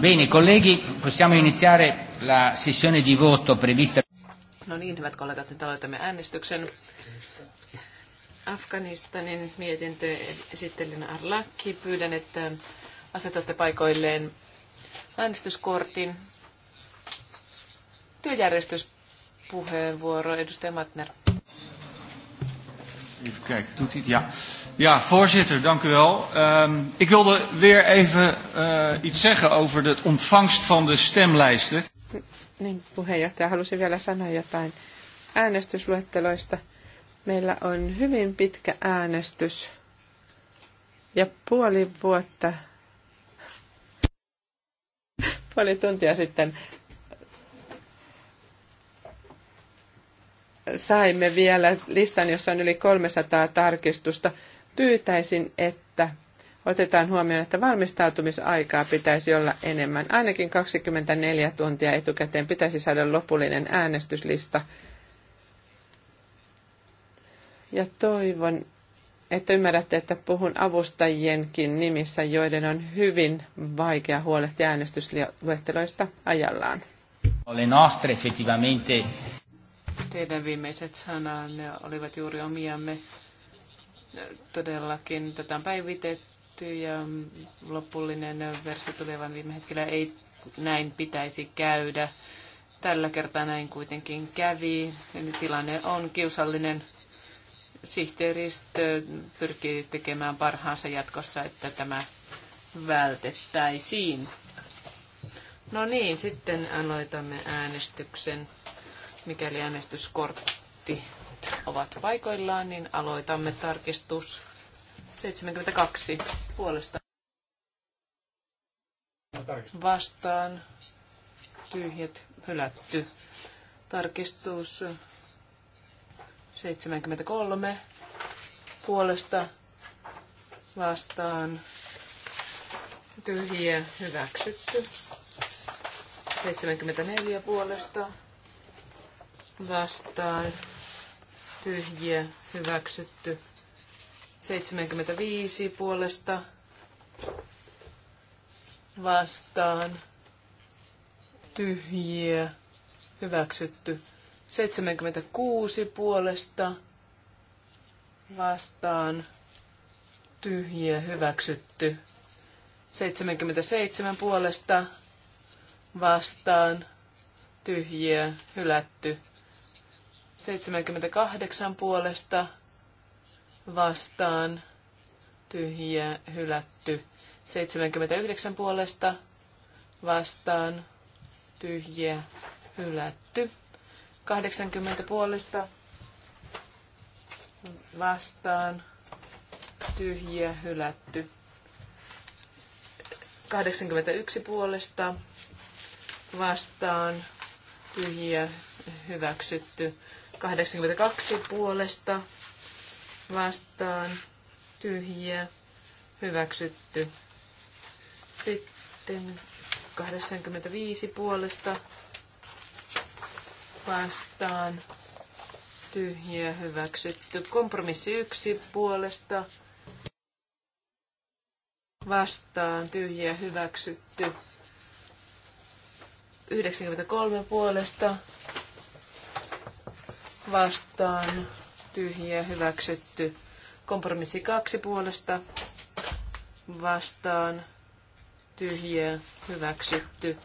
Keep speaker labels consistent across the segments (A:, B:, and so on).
A: Bene,
B: colleghi, possiamo iniziare la sessione di voto prevista.
A: No niin, hyvät kollegat, nyt aloitamme äänestyksen. Afganistanin mietintö esittelin Arlaki. Pyydän, että asetatte paikoilleen äänestyskortin. Työjärjestyspuheenvuoro, edustaja Matner.
C: Even kijken, doet hij het? Ja. Ja, voorzitter, dank u wel. Um, ik wilde weer even uh, iets zeggen over de ontvangst van de stemlijsten.
D: Niin, puheenjohtaja halusi vielä sanoa jotain äänestysluetteloista. Meillä on hyvin pitkä äänestys ja puoli vuotta, puoli tuntia sitten saimme vielä listan, jossa on yli 300 tarkistusta. Pyytäisin, että otetaan huomioon, että valmistautumisaikaa pitäisi olla enemmän. Ainakin 24 tuntia etukäteen pitäisi saada lopullinen äänestyslista. Ja toivon, että ymmärrätte, että puhun avustajienkin nimissä, joiden on hyvin vaikea huolehtia äänestysluetteloista ajallaan.
B: Le nostre effettivamente
A: Teidän viimeiset sananne olivat juuri omiamme. Todellakin tätä on päivitetty ja lopullinen versio tuli vain viime hetkellä. Ei näin pitäisi käydä. Tällä kertaa näin kuitenkin kävi. Eli tilanne on kiusallinen. Sihteeristö pyrkii tekemään parhaansa jatkossa, että tämä vältettäisiin. No niin, sitten aloitamme äänestyksen. Mikäli äänestyskortti ovat paikoillaan, niin aloitamme tarkistus 72 puolesta. Vastaan tyhjät hylätty. Tarkistus 73 puolesta vastaan tyhjiä hyväksytty. 74 puolesta vastaan tyhjiä hyväksytty. 75 puolesta vastaan tyhjiä hyväksytty. 76 puolesta vastaan tyhjiä hyväksytty. 77 puolesta vastaan tyhjiä hylätty. 78 puolesta vastaan tyhjiä hylätty. 79 puolesta vastaan tyhjiä hylätty. 80 puolesta vastaan tyhjiä hylätty. 81 puolesta vastaan tyhjiä hyväksytty. 82 puolesta vastaan tyhjiä hyväksytty. Sitten 85 puolesta vastaan tyhjiä hyväksytty. Kompromissi 1 puolesta vastaan tyhjiä hyväksytty. 93 puolesta vastaan tyhjiä hyväksytty. Kompromissi kaksi puolesta vastaan tyhjiä hyväksytty.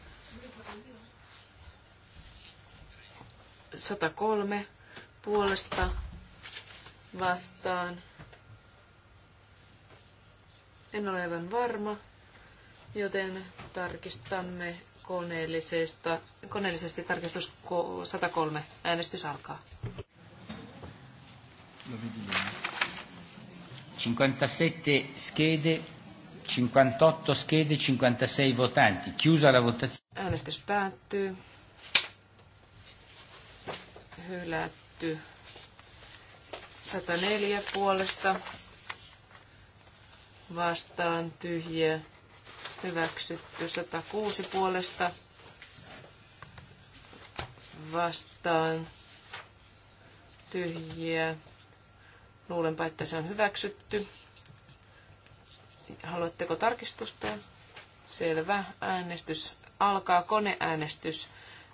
A: 103 puolesta vastaan. En ole aivan varma, joten tarkistamme koneellisesta, koneellisesti tarkistus 103. Äänestys alkaa.
B: 57 schede, 58 schede, 56 votanti. Chiusa la votazione.
A: Äänestys päättyy. Hylätty. 104 puolesta vastaan tyhjä hyväksytty 106 puolesta vastaan tyhjiä. Luulenpa, että se on hyväksytty. Haluatteko tarkistusta? Selvä. Äänestys alkaa. Koneäänestys.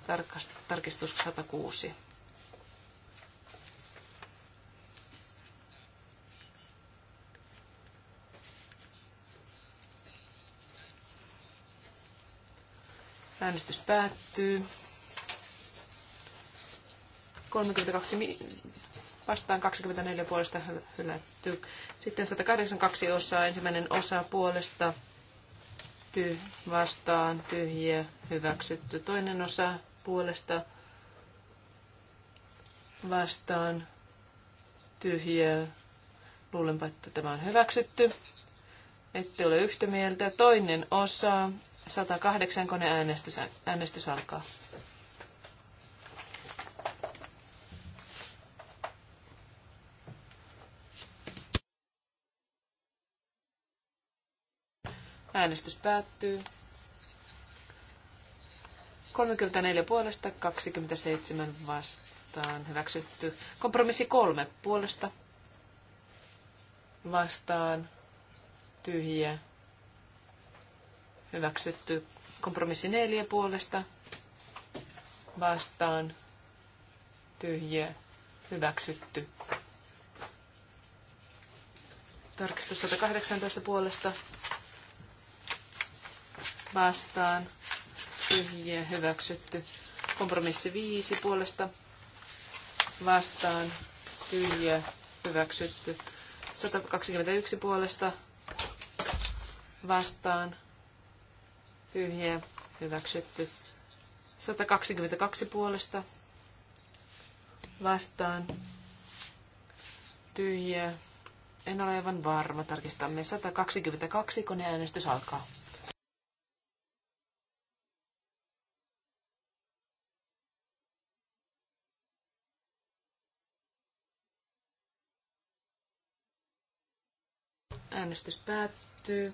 A: Tarkastus, tarkistus 106. Äänestys päättyy. 32 vastaan 24 puolesta hylätty. Sitten 182 osaa, ensimmäinen osa puolesta ty, vastaan, tyhjiä, hyväksytty. Toinen osa puolesta vastaan, tyhjiä. Luulenpa, että tämä on hyväksytty. Ette ole yhtä mieltä. Toinen osa 108 kone äänestys, äänestys alkaa. Äänestys päättyy. 34 puolesta, 27 vastaan. Hyväksytty. Kompromissi kolme puolesta. Vastaan. Tyhjä. Hyväksytty. Kompromissi neljä puolesta. Vastaan. Tyhjiä. Hyväksytty. Tarkistus 118 puolesta. Vastaan. Tyhjiä. Hyväksytty. Kompromissi viisi puolesta. Vastaan. Tyhjiä. Hyväksytty. 121 puolesta vastaan pyhiä, hyväksytty. 122 puolesta vastaan, tyhjiä. En ole aivan varma, tarkistamme 122, äänestys alkaa. Äänestys päättyy.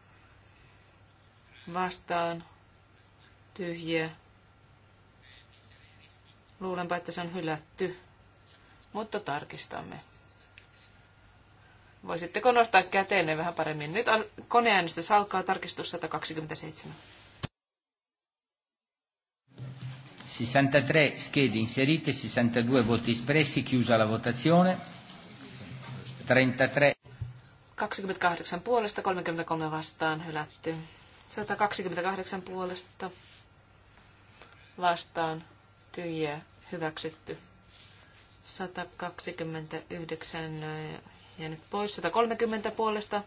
A: vastaan tyhjiä. Luulenpa, että se on hylätty, mutta tarkistamme. Voisitteko nostaa käteenne vähän paremmin? Nyt koneäänestys alkaa tarkistus 127.
B: 63 schede inserite, 62 voti espressi, chiusa la votazione. 33.
A: 28 puolesta, 33 vastaan, hylätty. 128 puolesta vastaan tyhjää hyväksytty. 129 ja nyt pois. 130 puolesta.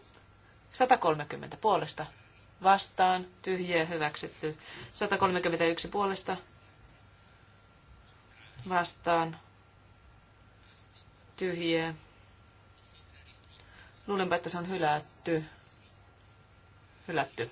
A: 130 puolesta vastaan tyhjää hyväksytty. 131 puolesta vastaan tyhjää. Luulenpa, että se on hylätty. Hylätty.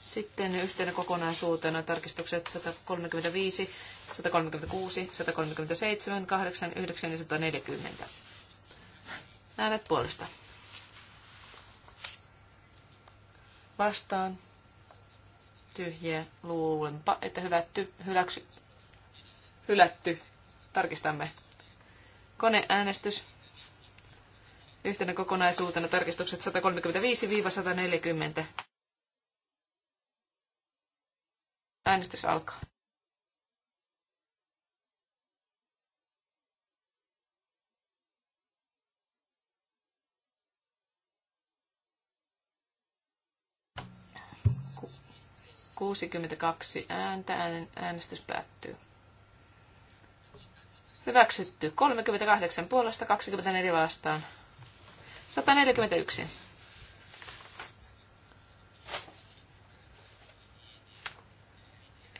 A: Sitten yhtenä kokonaisuutena tarkistukset 135, 136, 137, 8, 9 ja 140. Äänet puolesta. Vastaan. Tyhjiä. Luulenpa, että hyvätty, hyläksy, hylätty. Tarkistamme. Koneäänestys. Yhtenä kokonaisuutena tarkistukset 135-140. Äänestys alkaa. Ku- 62 ääntä. Äänestys päättyy. Hyväksytty. 38 puolesta, 24 vastaan. 141.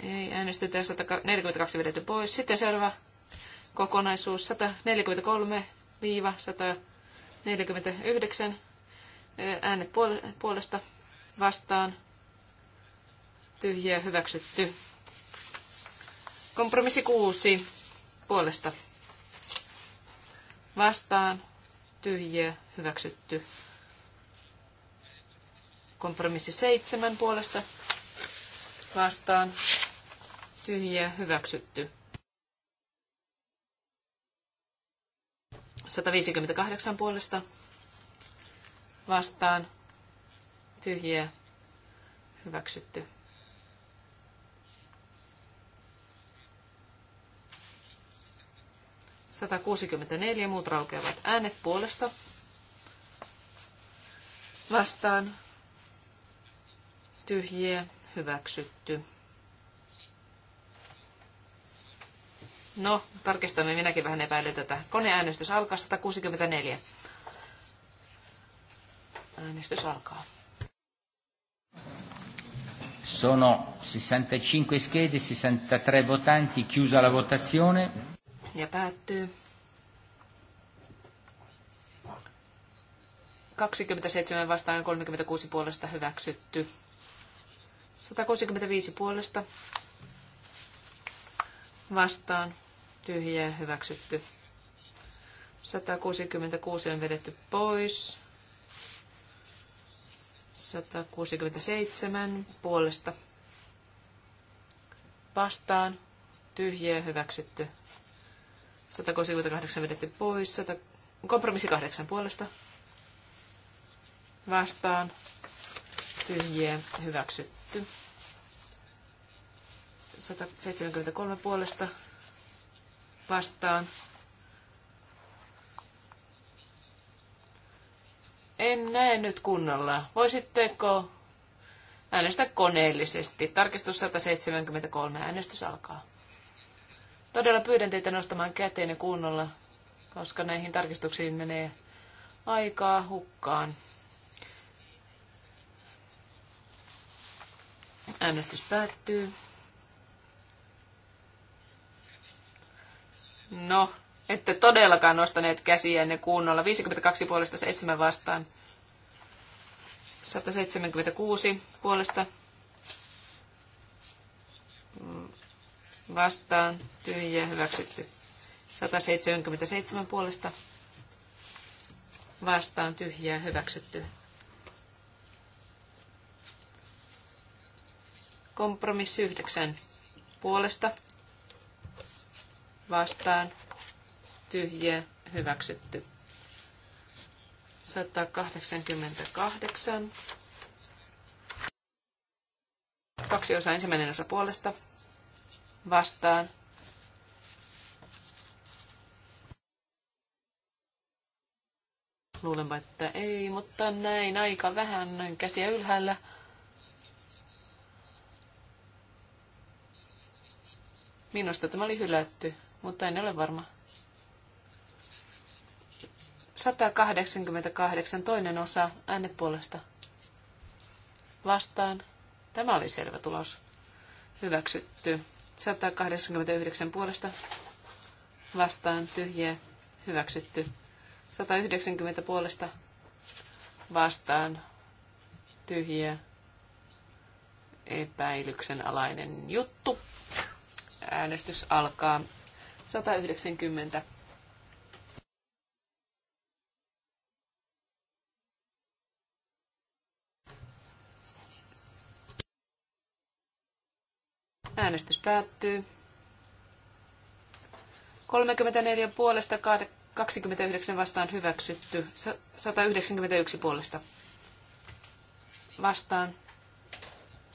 A: Ei äänestetä 142 vedetty pois. Sitten seuraava kokonaisuus 143-149. Äänet puolesta vastaan. Tyhjiä hyväksytty. Kompromissi 6 puolesta vastaan. Tyhjiä hyväksytty. Kompromissi 7 puolesta vastaan tyhjiä hyväksytty. 158 puolesta vastaan tyhjiä hyväksytty. Sata kuusikymmentäneljä muut raukeavat äänet puolesta vastaan tyhjiä hyväksytty. No, tarkistamme, minäkin vähän epäilen tätä. Koneäänestys alkaa 164. Äänestys alkaa.
B: Sono 65 schede, 63 votanti, chiusa la votazione.
A: Ja päättyy. 27 vastaan 36 puolesta hyväksytty. 165 puolesta vastaan tyhjää hyväksytty. 166 on vedetty pois. 167 puolesta vastaan tyhjää hyväksytty. 168 vedetty pois. 100, kompromissi 8 puolesta vastaan tyhjää hyväksytty. 173 puolesta vastaan. En näe nyt kunnolla. Voisitteko äänestää koneellisesti? Tarkistus 173. Äänestys alkaa. Todella pyydän teitä nostamaan käteenne kunnolla, koska näihin tarkistuksiin menee aikaa hukkaan. Äänestys päättyy. No, ette todellakaan nostaneet ennen kuunnolla. 52 puolesta 7 vastaan. 176 puolesta vastaan. Tyhjä hyväksytty. 177 puolesta vastaan. Tyhjä hyväksytty. Kompromissi 9 puolesta vastaan tyhjiä hyväksytty. 188. Kaksi osaa ensimmäinen osa puolesta vastaan Luulenpa, että ei, mutta näin aika vähän, näin käsiä ylhäällä. Minusta tämä oli hylätty mutta en ole varma. 188, toinen osa, äänet puolesta. Vastaan. Tämä oli selvä tulos. Hyväksytty. 189 puolesta. Vastaan Tyhjä. Hyväksytty. 190 puolesta. Vastaan tyhjiä. Epäilyksen alainen juttu. Äänestys alkaa. 190. Äänestys päättyy. 34 puolesta 29 vastaan hyväksytty. 191 puolesta vastaan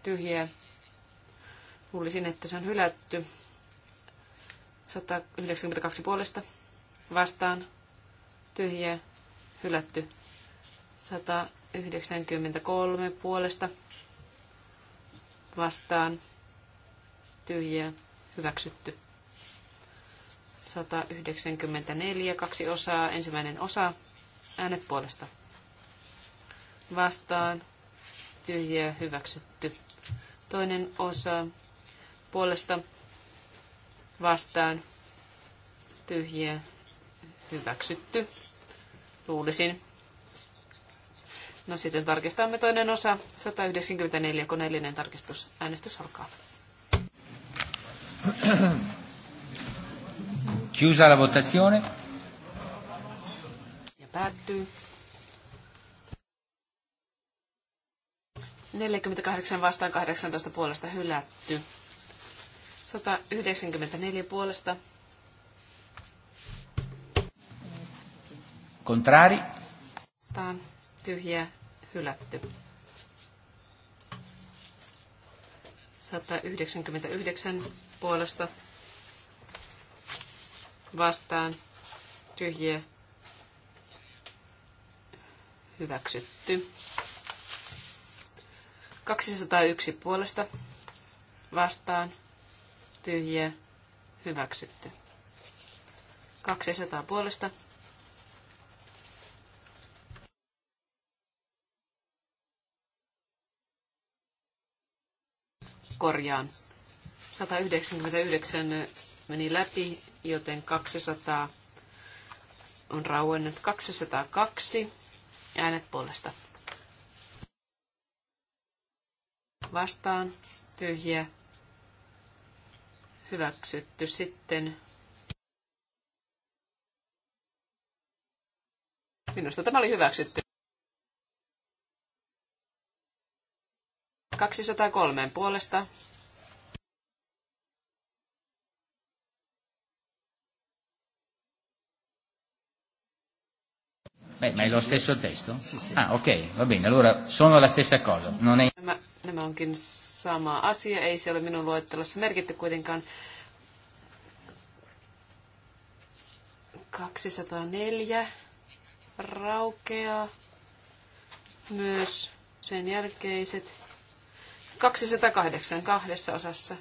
A: tyhjiä. Luulisin, että se on hylätty. 192 puolesta vastaan tyhjä hylätty. 193 puolesta vastaan tyhjä hyväksytty. 194, kaksi osaa, ensimmäinen osa, äänet puolesta. Vastaan, tyhjä hyväksytty. Toinen osa, puolesta vastaan tyhjiä hyväksytty. Luulisin. No sitten tarkistamme toinen osa. 194 koneellinen tarkistus. Äänestys alkaa.
B: Chiusa la votazione. Ja päättyy.
A: 48 vastaan 18 puolesta hylätty. 194 puolesta. Contrari. Vastaan. Tyhjä. Hylätty. 199 puolesta. Vastaan. Tyhjä. Hyväksytty. 201 puolesta vastaan, tyhjiä, hyväksytty. 200 puolesta. Korjaan. 199 meni läpi, joten 200 on rauennut 202 äänet puolesta. Vastaan tyhjiä, hyväksytty. Sitten minusta tämä oli hyväksytty. 203 puolesta
B: Beh, ma è lo stesso testo? Sì, sì. Ah, ok, va bene. Allora sono la stessa cosa. Non è...
A: nämä, nämä onkin sama asia. Ei se ole minun luettelossa merkitty kuitenkaan. 204 raukeaa myös sen jälkeiset 208 kahdessa osassa.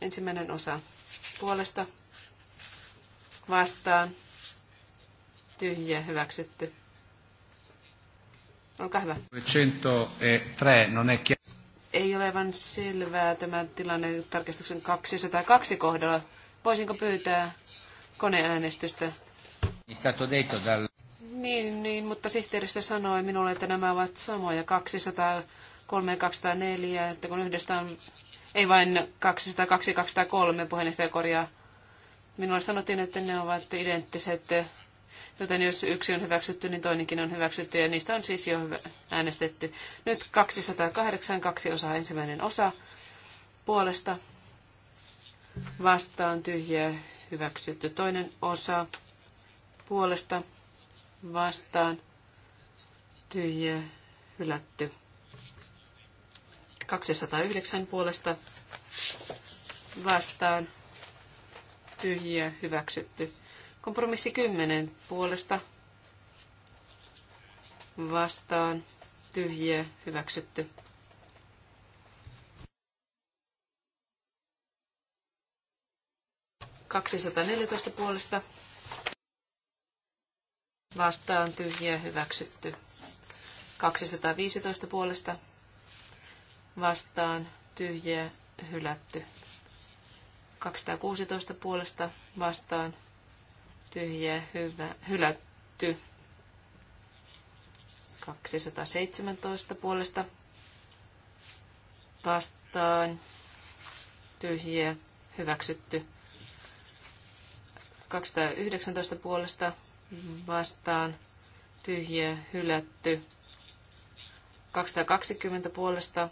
A: Ensimmäinen osa puolesta vastaan tyhjiä hyväksytty. Olkaa hyvä. E ei ole vain selvää tämä tilanne tarkistuksen 202 kohdalla. Voisinko pyytää koneäänestystä? Niin, niin, mutta sihteeristö sanoi minulle, että nämä ovat samoja 203 ja 204, että kun yhdestä on, ei vain 202 203 puheenjohtaja korjaa. Minulle sanottiin, että ne ovat identtiset Joten jos yksi on hyväksytty, niin toinenkin on hyväksytty ja niistä on siis jo äänestetty. Nyt 208, kaksi osaa, ensimmäinen osa puolesta vastaan tyhjää hyväksytty. Toinen osa puolesta vastaan tyhjää hylätty. 209 puolesta vastaan tyhjiä hyväksytty. Kompromissi 10 puolesta vastaan tyhjiä hyväksytty. Kaksisataaneljätoista puolesta vastaan tyhjiä hyväksytty. 215 puolesta vastaan tyhjiä hylätty. 216 puolesta vastaan tyhjä hyvä, hylätty. 217 puolesta vastaan tyhjiä hyväksytty. 219 puolesta vastaan tyhjiä hylätty. 220 puolesta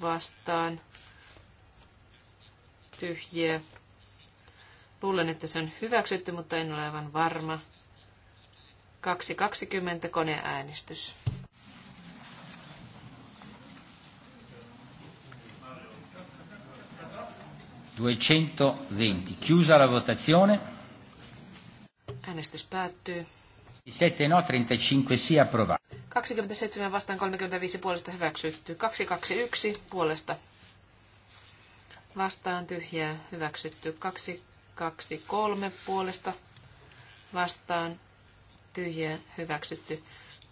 A: vastaan tyhjiä Luulen, että se on hyväksytty, mutta en ole aivan varma. 2.20 koneäänestys.
B: Chiusa la votazione.
A: Äänestys päättyy.
B: 7 no, 35 si approvato.
A: 27 vastaan 35 puolesta hyväksytty. 221 puolesta vastaan tyhjää hyväksytty. 2 kaksi kolme puolesta vastaan tyhjää hyväksytty.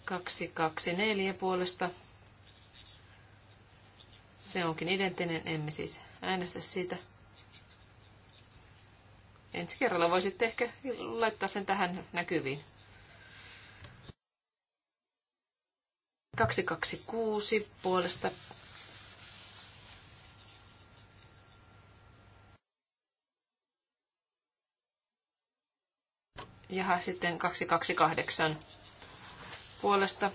A: kaksi kaksi neljä puolesta. Se onkin identtinen, emme siis äänestä siitä. Ensi kerralla voisitte ehkä laittaa sen tähän näkyviin. 226 puolesta Ja sitten 228 puolesta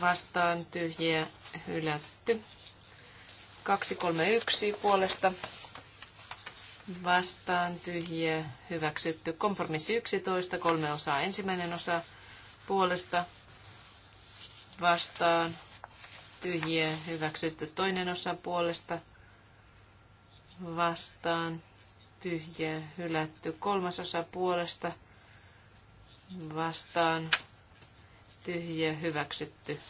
A: vastaan tyhjiä hylätty. 231 puolesta vastaan tyhjiä hyväksytty. Kompromissi 11, kolme osaa. Ensimmäinen osa puolesta vastaan tyhjiä hyväksytty. Toinen osa puolesta vastaan tyhjää hylätty. Kolmasosa puolesta vastaan tyhjä hyväksytty.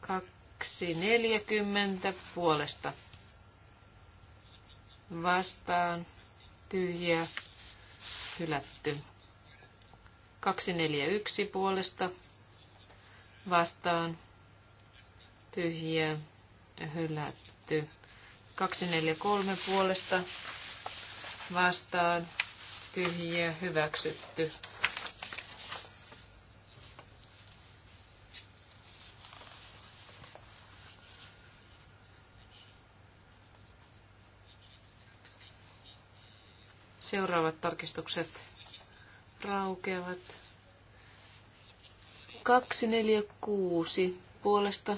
A: Kaksi neljäkymmentä puolesta vastaan tyhjä hylätty. Kaksi neljä yksi puolesta vastaan tyhjä hylätty. 243 puolesta vastaan tyhjiä hyväksytty. Seuraavat tarkistukset raukeavat. 246 puolesta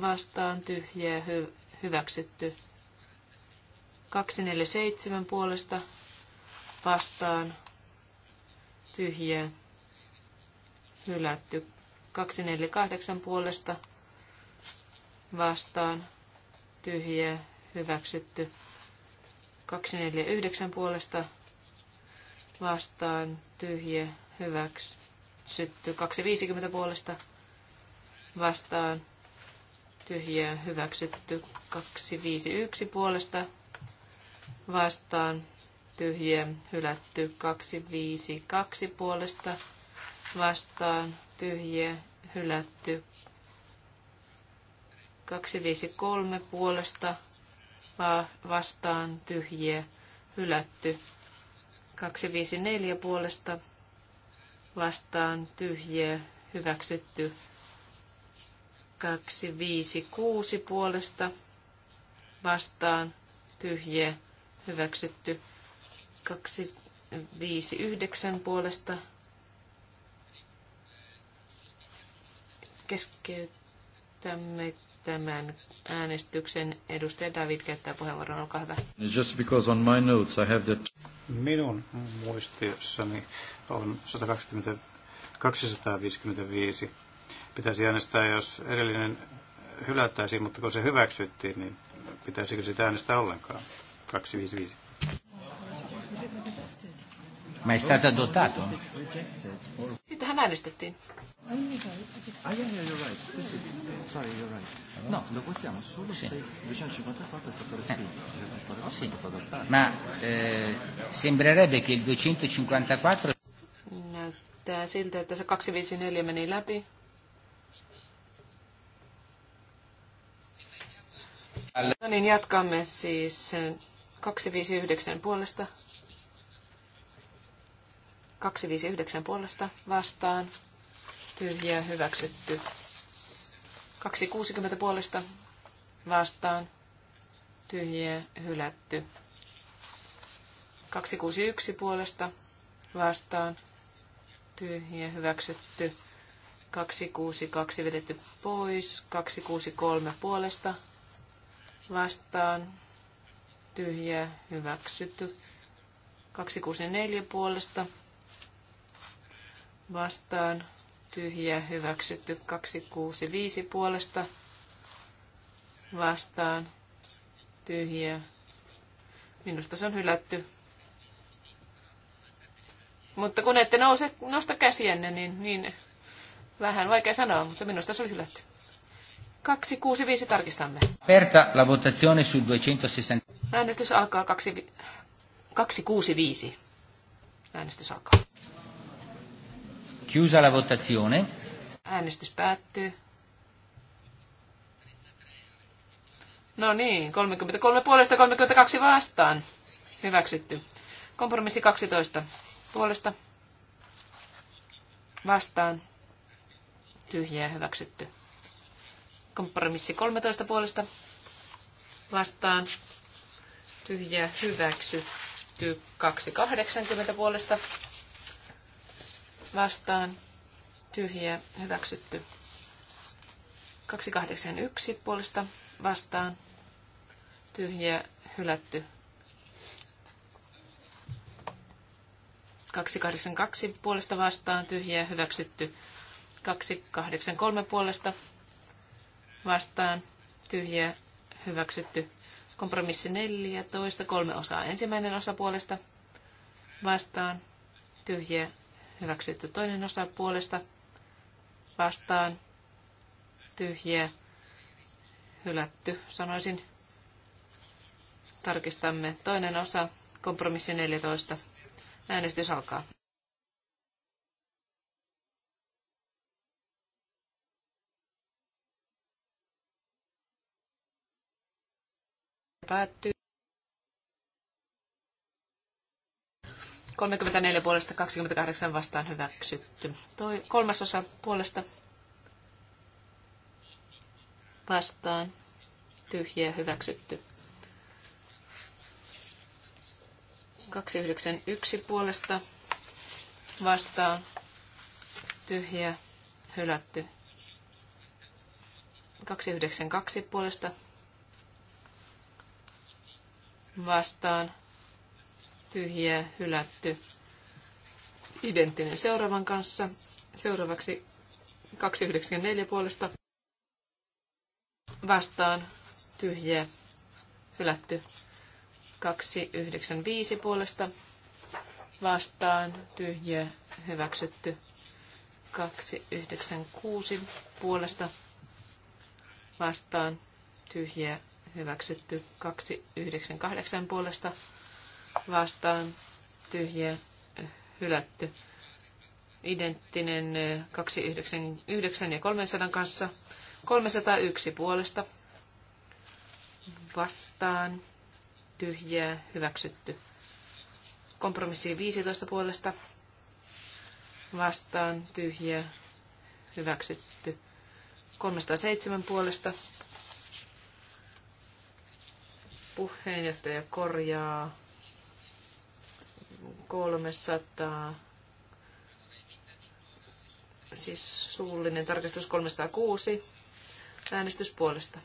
A: vastaan tyhjää hy- hyväksytty. 247 puolesta vastaan tyhjää hylätty. 248 puolesta vastaan tyhjää hyväksytty. 249 puolesta vastaan tyhjä hyväksytty. 250 puolesta vastaan tyhjiä hyväksytty 251 puolesta vastaan tyhjiä hylätty 252 puolesta vastaan tyhjiä hylätty 253 puolesta vastaan tyhjiä hylätty 254 puolesta vastaan tyhjiä hyväksytty 2, 5, 6 puolesta vastaan tyhjiä hyväksytty. 2, 5, 9 puolesta keskeytämme tämän äänestyksen. Edustaja David käyttää puheenvuoron, olkaa hyvä.
C: Just because on my notes I have that... Minun muistiossani on 120, 255 pitäisi äänestää, jos edellinen hylättäisiin, mutta kun se hyväksyttiin, niin pitäisikö sitä äänestää ollenkaan? 255. Ma hän adottato?
A: äänestettiin.
B: Ah, no, solo 254 eh. Ma 254... Eh,
A: Näyttää siltä, että se 254 meni läpi. No niin, jatkamme siis 259 eh, puolesta. 259 puolesta vastaan. Tyhjää hyväksytty. 260 puolesta vastaan. Tyhjää hylätty. 261 puolesta vastaan. Tyhjää hyväksytty. 262 vedetty pois. 263 puolesta vastaan tyhjä hyväksytty. 264 puolesta vastaan tyhjä hyväksytty. 265 puolesta vastaan tyhjä Minusta se on hylätty. Mutta kun ette nouse, nosta käsiänne, niin, niin vähän vaikea sanoa, mutta minusta se oli hylätty. 265 tarkistamme.
B: Perta la votazione sul 260.
A: Äänestys alkaa 265. Äänestys alkaa.
B: Chiusa la votazione.
A: Äänestys päättyy. No niin, 33 puolesta 32 vastaan. Hyväksytty. Kompromissi 12 puolesta vastaan. Tyhjää hyväksytty. Kompromissi 13 puolesta vastaan. Tyhjä hyväksytty 280 puolesta vastaan. Tyhjä hyväksytty 281 puolesta vastaan. Tyhjä hylätty 282 puolesta vastaan, tyhjää hyväksytty 283 puolesta vastaan tyhjä hyväksytty. Kompromissi 14, kolme osaa. Ensimmäinen osa puolesta vastaan tyhjä hyväksytty. Toinen osa puolesta vastaan tyhjä hylätty, sanoisin. Tarkistamme toinen osa, kompromissi 14. Äänestys alkaa. päättyy. 34 puolesta 28 vastaan hyväksytty. Toi kolmas osa puolesta vastaan tyhjiä hyväksytty. 291 puolesta vastaan tyhjiä hylätty. 292 puolesta vastaan tyhjä hylätty. Identtinen seuraavan kanssa. Seuraavaksi 294 puolesta vastaan tyhjiä hylätty. 295 puolesta vastaan tyhjiä hyväksytty. 296 puolesta vastaan tyhjä hyväksytty 298 puolesta vastaan tyhjä hylätty. Identtinen 299 ja 300 kanssa. 301 puolesta vastaan tyhjää hyväksytty. Kompromissi 15 puolesta vastaan tyhjää hyväksytty. 307 puolesta Puheenjohtaja korjaa 300, siis suullinen tarkastus 306, äänestyspuolesta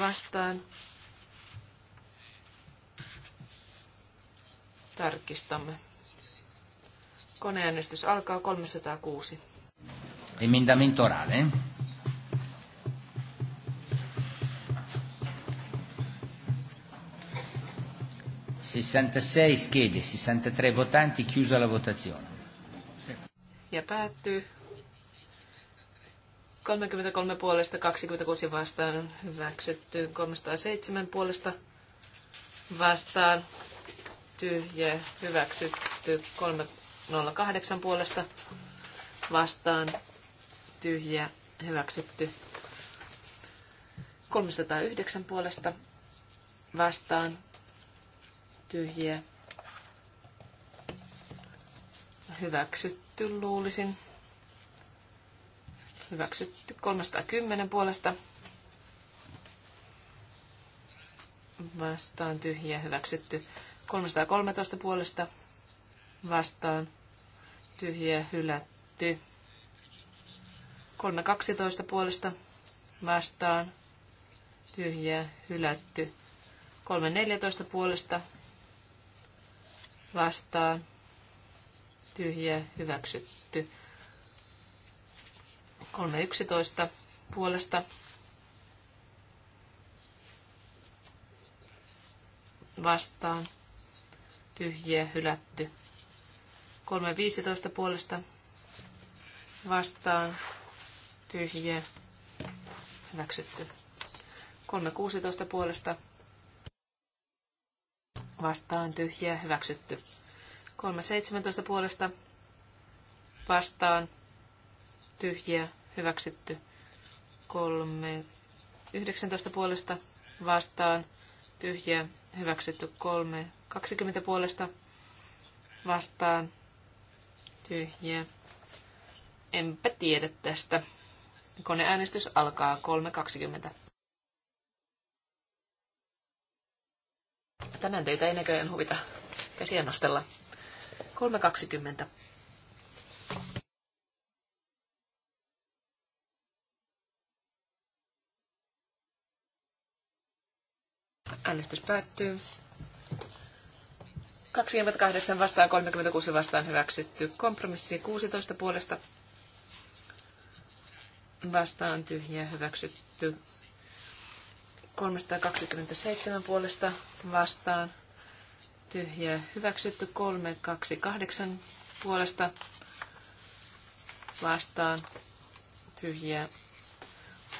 A: vastaan. Tarkistamme. Koneäänestys alkaa 306.
B: Emendamento orale. 66 schede, 63 votanti, chiusa la votazione.
A: Ja päättyy 33 puolesta, 26 vastaan, hyväksytty 307 puolesta vastaan, tyhjä, hyväksytty 308 puolesta vastaan, tyhjä, hyväksytty 309 puolesta vastaan, tyhjiä. Hyväksytty luulisin. Hyväksytty 310 puolesta. Vastaan tyhjiä hyväksytty 313 puolesta. Vastaan tyhjiä hylätty. 312 puolesta vastaan tyhjiä hylätty. 3.14 puolesta vastaan tyhjä hyväksytty. 3.11 puolesta vastaan tyhjä hylätty. 3.15 puolesta vastaan tyhjä hyväksytty. 3.16 puolesta vastaan, vastaan tyhjä hyväksytty. 3.17 puolesta vastaan tyhjä hyväksytty. 3.19 puolesta vastaan tyhjä hyväksytty. 3.20 puolesta vastaan tyhjä Enpä tiedä tästä. Koneäänestys alkaa 3.20. Tänään teitä ei näköjään huvita käsiä nostella. 3.20. Äänestys päättyy. 28 vastaan, 36 vastaan hyväksytty. Kompromissi 16 puolesta vastaan tyhjä hyväksytty. 327 puolesta vastaan. Tyhjää hyväksytty 328 puolesta vastaan. Tyhjää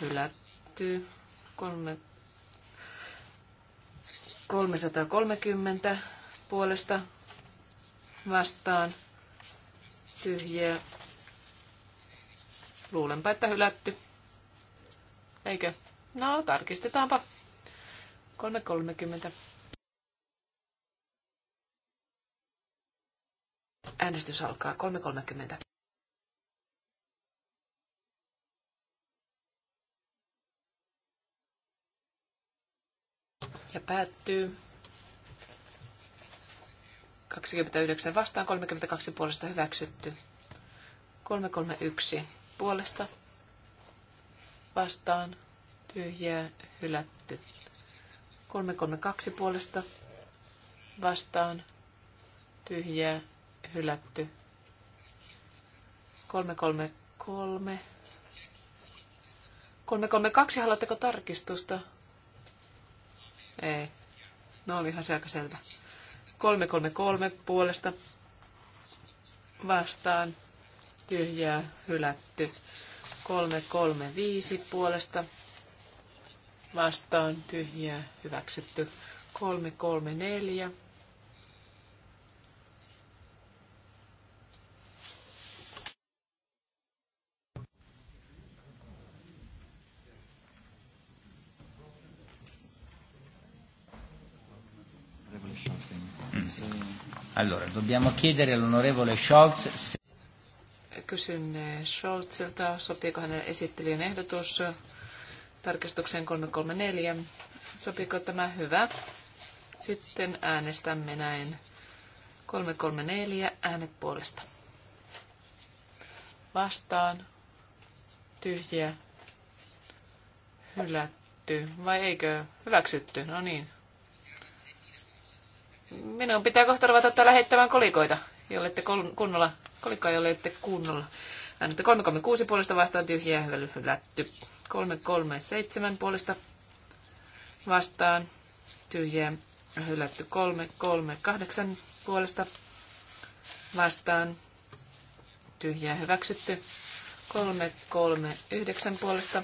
A: hylätty 3, 330 puolesta vastaan. Tyhjää. Luulenpa, että hylätty. Eikö? No, tarkistetaanpa. 3.30. Äänestys alkaa 3.30. Ja päättyy. 29 vastaan, 32 puolesta hyväksytty. 331 puolesta vastaan, tyhjää hylätty. 332 puolesta vastaan tyhjää hylätty. 333 332, haluatteko tarkistusta? Ei. No oli ihan se aika selvä. 333 puolesta vastaan tyhjää hylätty. 335 puolesta vastaan tyhjää hyväksytty. 334 mm.
B: Allora, dobbiamo chiedere all'onorevole Scholz se...
A: Kysyn eh, Scholzilta, sopiiko hänen esittelijän ehdotus tarkistukseen 334. Sopiiko tämä hyvä? Sitten äänestämme näin. 334 äänet puolesta. Vastaan. tyhjä, Hylätty. Vai eikö? Hyväksytty. No niin. Minun pitää kohta ruveta täällä heittämään kolikoita, jollette kunnolla, kolikkoa, jollette kunnolla Äänestä 336 puolesta vastaan tyhjiä tyhjää hylätty. 337 puolesta vastaan tyhjiä ja hylätty. 338 puolesta vastaan tyhjiä ja hyväksytty. 339 puolesta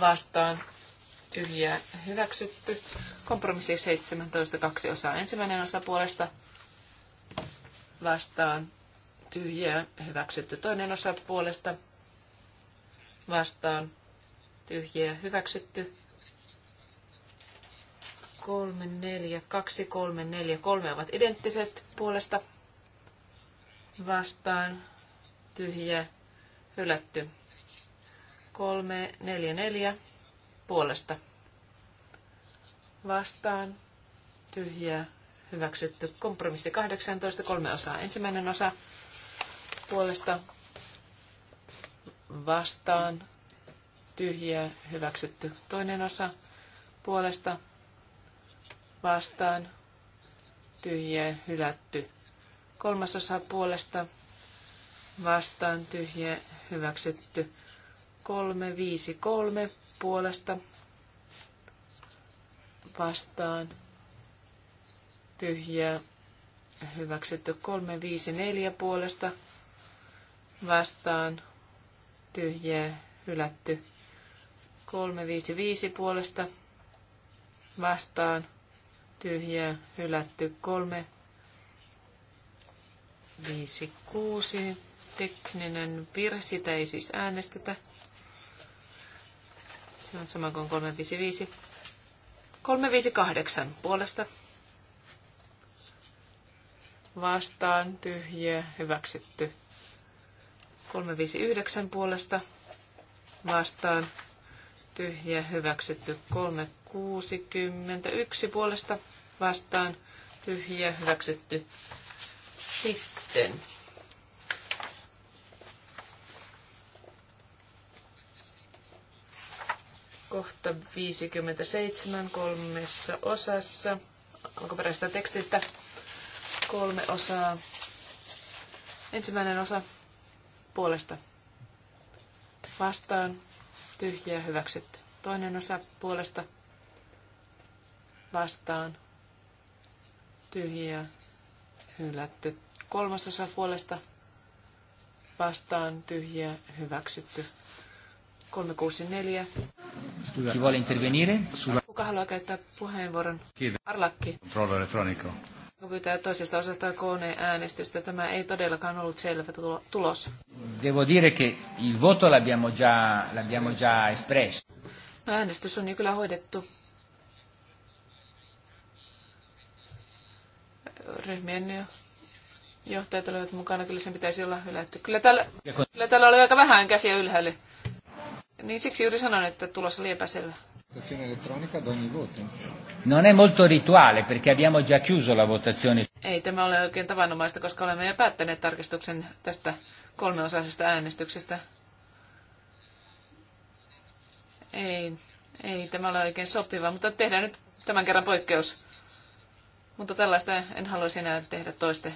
A: vastaan tyhjiä ja hyväksytty. Kompromissi 17, kaksi osaa. Ensimmäinen osa puolesta vastaan tyhjää hyväksytty. Toinen osa puolesta vastaan tyhjää hyväksytty. 3, 4, 2, 3, 4, 3 ovat identtiset puolesta vastaan tyhjää hylätty. 3, 4, 4 puolesta vastaan tyhjää hyväksytty. Kompromissi 18, kolme osaa. Ensimmäinen osa puolesta vastaan tyhjiä hyväksytty. Toinen osa puolesta vastaan tyhjiä hylätty. Kolmas osa puolesta vastaan tyhjiä hyväksytty. Kolme, viisi, kolme puolesta vastaan tyhjiä hyväksytty. Kolme, viisi, neljä puolesta vastaan vastaan tyhjää hylätty. 355 puolesta vastaan tyhjää hylätty. 356 tekninen virhe, sitä ei siis äänestetä. Se on sama kuin 355. 358 puolesta vastaan tyhjä hyväksytty. 359 puolesta vastaan tyhjä hyväksytty 361 puolesta vastaan tyhjä hyväksytty sitten. Kohta 57 kolmessa osassa. Alkuperäisestä tekstistä kolme osaa. Ensimmäinen osa puolesta vastaan, tyhjää hyväksytty. Toinen osa puolesta vastaan, tyhjää hylätty. Kolmas osa puolesta vastaan, tyhjää hyväksytty. 364. Kuka haluaa käyttää puheenvuoron? Kiitos. Arlakki. elettronico pyytää toisesta osasta Tämä ei todellakaan ollut selvä tulos.
B: Devo dire che il voto l'abbiamo già, l'abbiamo già espresso.
A: No, äänestys on jo kyllä hoidettu. Ryhmien johtajat olivat mukana, kyllä sen pitäisi olla hylätty. Kyllä täällä, kyllä täällä oli aika vähän käsiä ylhäällä. Niin siksi juuri sanon, että tulos oli epäselvä.
B: Non è molto rituale, perché abbiamo già chiuso la votazione.
A: Ei tämä ole oikein tavanomaista, koska olemme jo päättäneet tarkistuksen tästä kolmeosaisesta äänestyksestä. Ei, ei tämä ole oikein sopiva, mutta tehdään nyt tämän kerran poikkeus. Mutta tällaista en haluaisi enää tehdä toiste.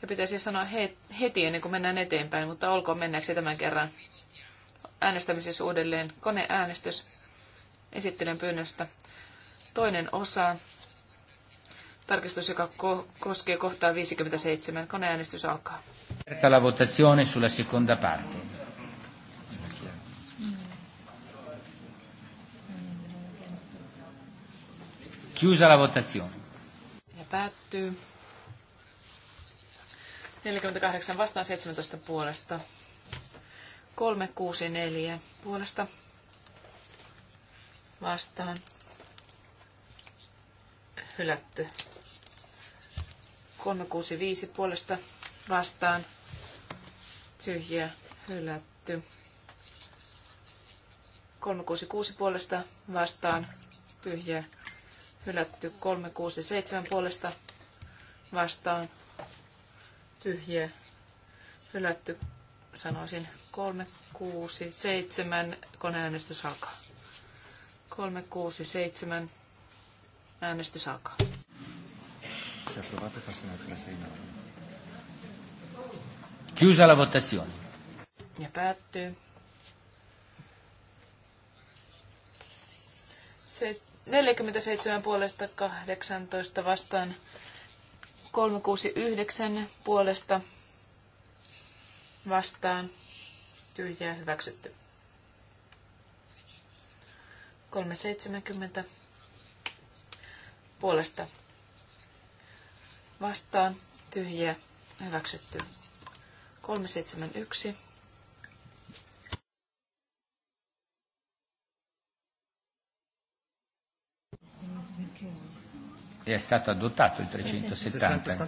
A: Se pitäisi sanoa heti ennen kuin mennään eteenpäin, mutta olkoon mennäksi tämän kerran. Äänestämisessä uudelleen koneäänestys esittelen pyynnöstä. Toinen osa, tarkistus, joka ko- koskee kohtaa 57. Koneäänestys alkaa.
B: Aperta la votazione sulla seconda parte. Chiusa la votazione.
A: Ja päättyy. 48 vastaan 17 puolesta. 364 puolesta vastaan hylätty. 365 puolesta vastaan tyhjä hylätty. 366 puolesta vastaan tyhjä hylätty. 367 puolesta vastaan tyhjä hylätty sanoisin 367 koneäänestys alkaa. 367. Äänestys alkaa.
B: Se approvato passato la Chiusa la votazione.
A: Ja päättyy. Se 47 puolesta 18 vastaan 369 puolesta vastaan tyhjää hyväksytty. 370 puolesta vastaan tyhjiä hyväksytty. 371
B: è stato adottato il 370.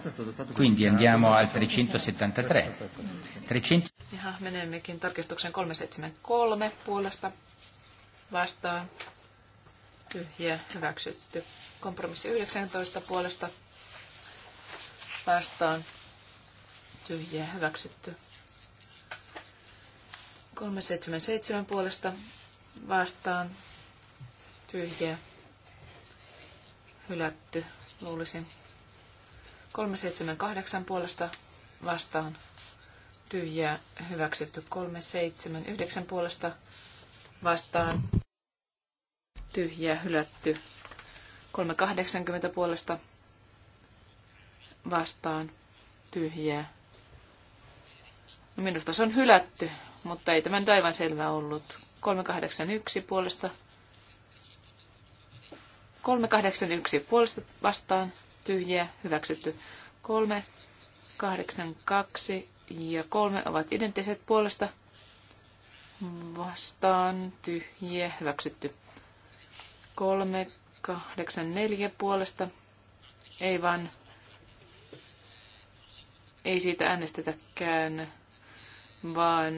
B: Quindi andiamo al 373. 300...
A: Jaha, menemmekin tarkistuksen 373 puolesta vastaan tyhjiä hyväksytty. Kompromissi 19 puolesta vastaan tyhjiä hyväksytty. 377 puolesta vastaan tyhjiä hylätty, luulisin. 378 puolesta vastaan tyhjiä, hyväksytty 379 puolesta vastaan tyhjä, hylätty. 380 puolesta vastaan tyhjää. No, minusta se on hylätty, mutta ei tämä nyt aivan selvä ollut. 381 puolesta 381 puolesta vastaan tyhjää hyväksytty. 382 ja 3 ovat identtiset puolesta vastaan tyhjä hyväksytty. 3, 8, 4 puolesta. Ei vaan, ei siitä äänestetäkään, vaan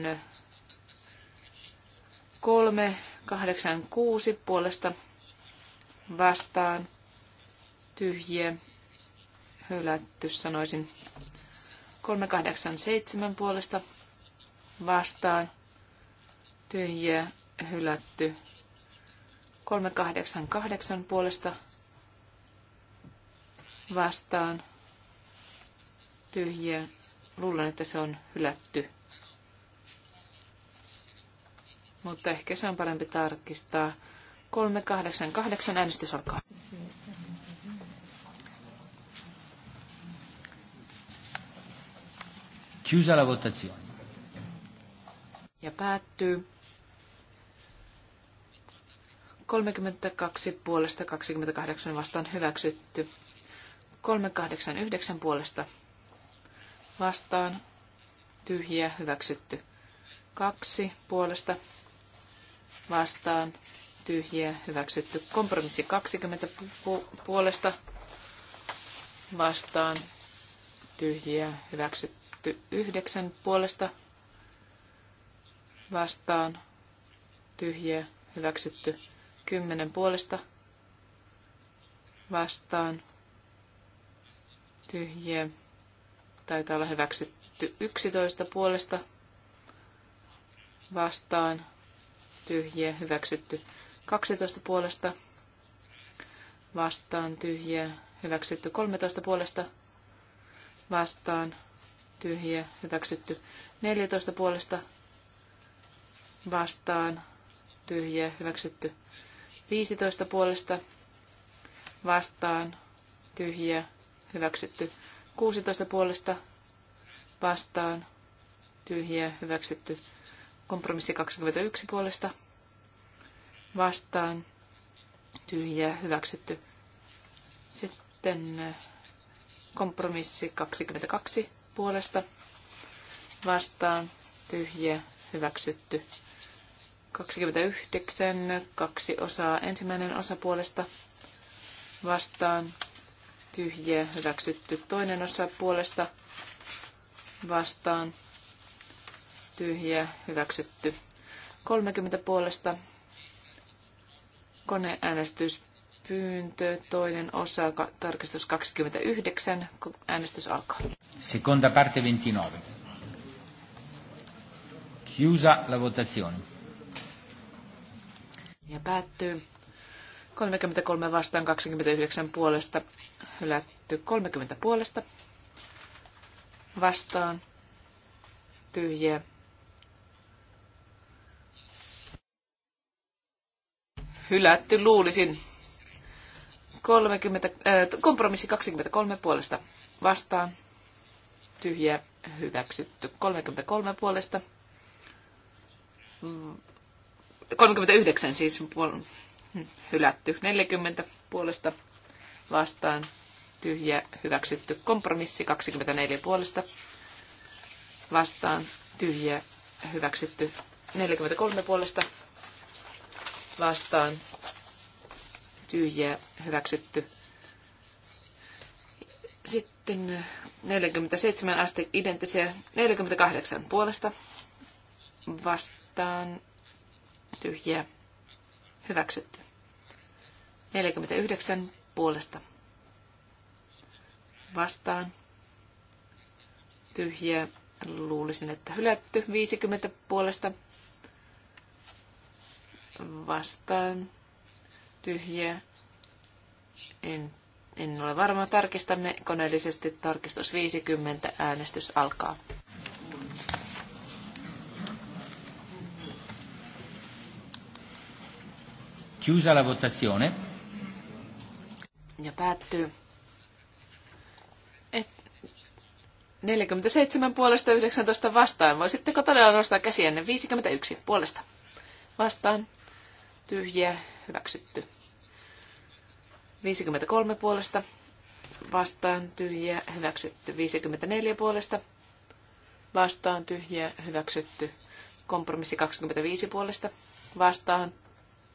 A: 3, 8, 6 puolesta vastaan. Tyhjiä, hylätty sanoisin. 387 puolesta vastaan. Tyhjiä, hylätty 388 puolesta vastaan tyhjiä. Luulen, että se on hylätty. Mutta ehkä se on parempi tarkistaa. 388 äänestys alkaa.
B: Chiusa la votazione.
A: Ja päättyy. 32 puolesta 28 vastaan hyväksytty. 389 puolesta vastaan tyhjiä hyväksytty. 2 puolesta vastaan tyhjiä hyväksytty. Kompromissi 20 pu- puolesta vastaan tyhjiä hyväksytty. 9 puolesta vastaan tyhjiä hyväksytty kymmenen puolesta vastaan tyhjiä. Taitaa olla hyväksytty 11 puolesta vastaan tyhjiä. Hyväksytty 12 puolesta vastaan tyhjiä. Hyväksytty 13 puolesta vastaan tyhjiä. Hyväksytty 14 puolesta vastaan tyhjiä. Hyväksytty 15 puolesta vastaan tyhjiä hyväksytty. 16 puolesta vastaan tyhjiä hyväksytty. Kompromissi 21 puolesta vastaan tyhjiä hyväksytty. Sitten eh, kompromissi 22 puolesta vastaan tyhjiä hyväksytty. 29, kaksi osaa. Ensimmäinen osa puolesta vastaan, tyhjiä, hyväksytty. Toinen osa puolesta vastaan, tyhjiä, hyväksytty. 30 puolesta pyyntö toinen osa, tarkistus 29, äänestys alkaa.
B: Seconda parte 29. Chiusa la votazione
A: ja päättyy. 33 vastaan 29 puolesta hylätty 30 puolesta vastaan tyhjiä. Hylätty luulisin. 30, äh, kompromissi 23 puolesta vastaan tyhjiä hyväksytty 33 puolesta 39 siis puol- hylätty. 40 puolesta vastaan tyhjä hyväksytty. Kompromissi 24 puolesta vastaan tyhjä hyväksytty. 43 puolesta vastaan tyhjä hyväksytty. Sitten 47 asti identtisiä 48 puolesta vastaan tyhjiä hyväksytty. 49 puolesta vastaan tyhjiä luulisin, että hylätty. 50 puolesta vastaan tyhjiä. En, en ole varma. Tarkistamme koneellisesti. Tarkistus 50. Äänestys alkaa.
B: Chiusa la votazione.
A: Ja päättyy. Et 47 puolesta 19 vastaan. Voisitteko todella nostaa käsiänne 51 puolesta? Vastaan. Tyhjiä. Hyväksytty. 53 puolesta. Vastaan. Tyhjiä. Hyväksytty. 54 puolesta. Vastaan. Tyhjiä. Hyväksytty. Kompromissi 25 puolesta. Vastaan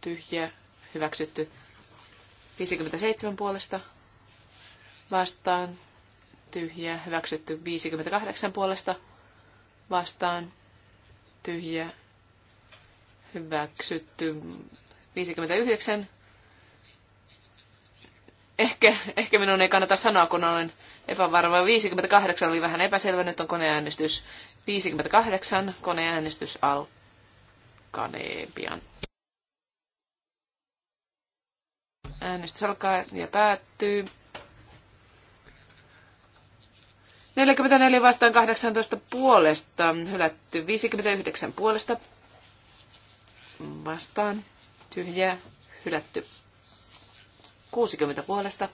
A: tyhjä, hyväksytty. 57 puolesta vastaan, tyhjä, hyväksytty. 58 puolesta vastaan, tyhjä, hyväksytty. 59. Ehkä, ehkä minun ei kannata sanoa, kun olen epävarma. 58 oli vähän epäselvä, nyt on koneäänestys. 58 koneäänestys alkaa pian. Äänestys alkaa ja päättyy. 44 vastaan 18 puolesta, hylätty 59 puolesta, vastaan, tyhjää, hylätty 60 puolesta,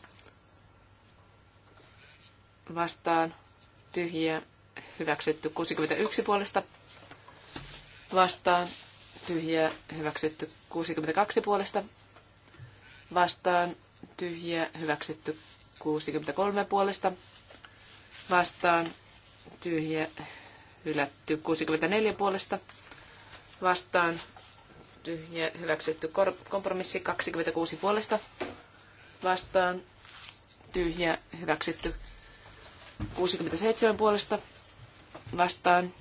A: vastaan, tyhjää, hyväksytty 61 puolesta, vastaan, tyhjää, hyväksytty 62 puolesta, vastaan tyhjiä hyväksytty 63 puolesta vastaan tyhjiä hylätty 64 puolesta vastaan tyhjiä hyväksytty kompromissi 26 puolesta vastaan tyhjiä hyväksytty 67 puolesta vastaan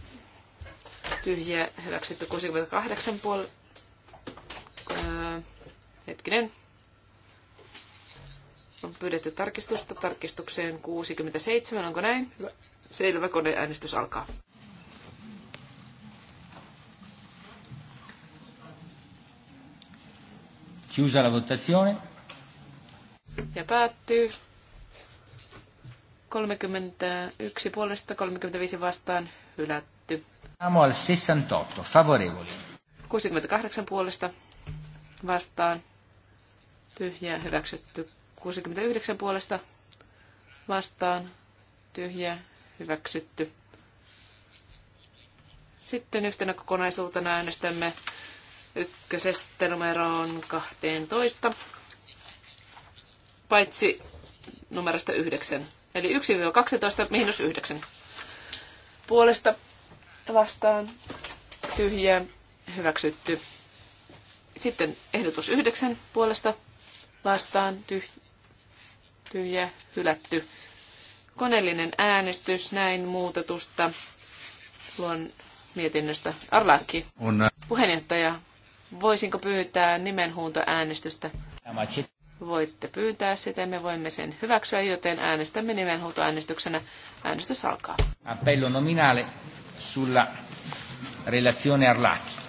A: tyhjiä hyväksytty 68 puolesta. Öö, hetkinen, on pyydetty tarkistusta tarkistukseen 67, onko näin? Hyvä. Selvä, koneäänestys alkaa.
B: Chiusa la votazione.
A: Ja päättyy. 31 puolesta, 35 vastaan, hylätty.
B: Siamo al 68, favorevoli.
A: 68 puolesta, vastaan, tyhjää, hyväksytty. 69 puolesta vastaan tyhjä hyväksytty. Sitten yhtenä kokonaisuutena äänestämme ykkösestä numeroon 12, paitsi numerosta 9. Eli 1-12 miinus 9. Puolesta vastaan tyhjä hyväksytty. Sitten ehdotus 9 puolesta vastaan tyhjä tyhjä, hylätty. Koneellinen äänestys näin muutetusta luon mietinnöstä. Arlaki, on. puheenjohtaja, voisinko pyytää nimenhuuntoäänestystä? Voitte pyytää sitä, me voimme sen hyväksyä, joten äänestämme nimenhuutoäänestyksenä.
B: Äänestys alkaa. Appello nominale sulla relazione Arlacchi.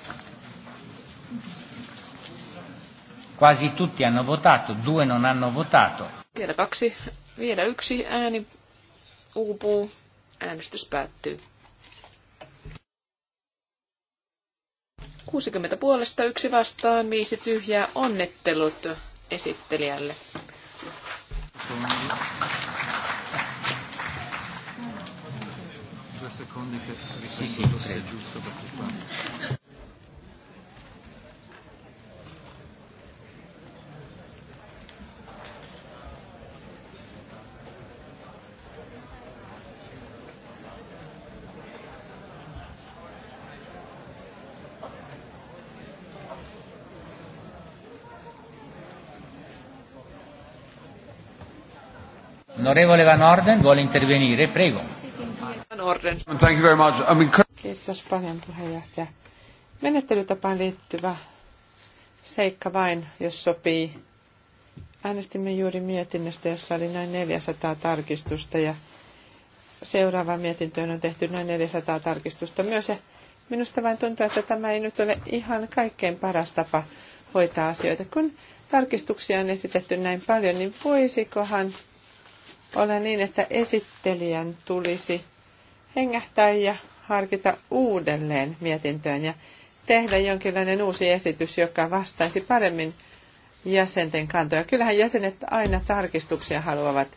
B: Quasi tutti hanno votato, due non hanno votato.
A: Vielä kaksi, vielä yksi ääni uupuu. Äänestys päättyy. 60 puolesta yksi vastaan, viisi tyhjää. onnettelut esittelijälle.
E: Sì, sì,
B: Onorevole Van Orden vuole intervenire, prego.
D: Kiitos paljon puheenjohtaja. Menettelytapaan liittyvä seikka vain, jos sopii. Äänestimme juuri mietinnöstä, jossa oli noin 400 tarkistusta ja seuraava mietintöön on tehty noin 400 tarkistusta myös. Ja minusta vain tuntuu, että tämä ei nyt ole ihan kaikkein paras tapa hoitaa asioita. Kun tarkistuksia on esitetty näin paljon, niin voisikohan ole niin, että esittelijän tulisi hengähtää ja harkita uudelleen mietintöön ja tehdä jonkinlainen uusi esitys, joka vastaisi paremmin jäsenten kantoja. Kyllähän jäsenet aina tarkistuksia haluavat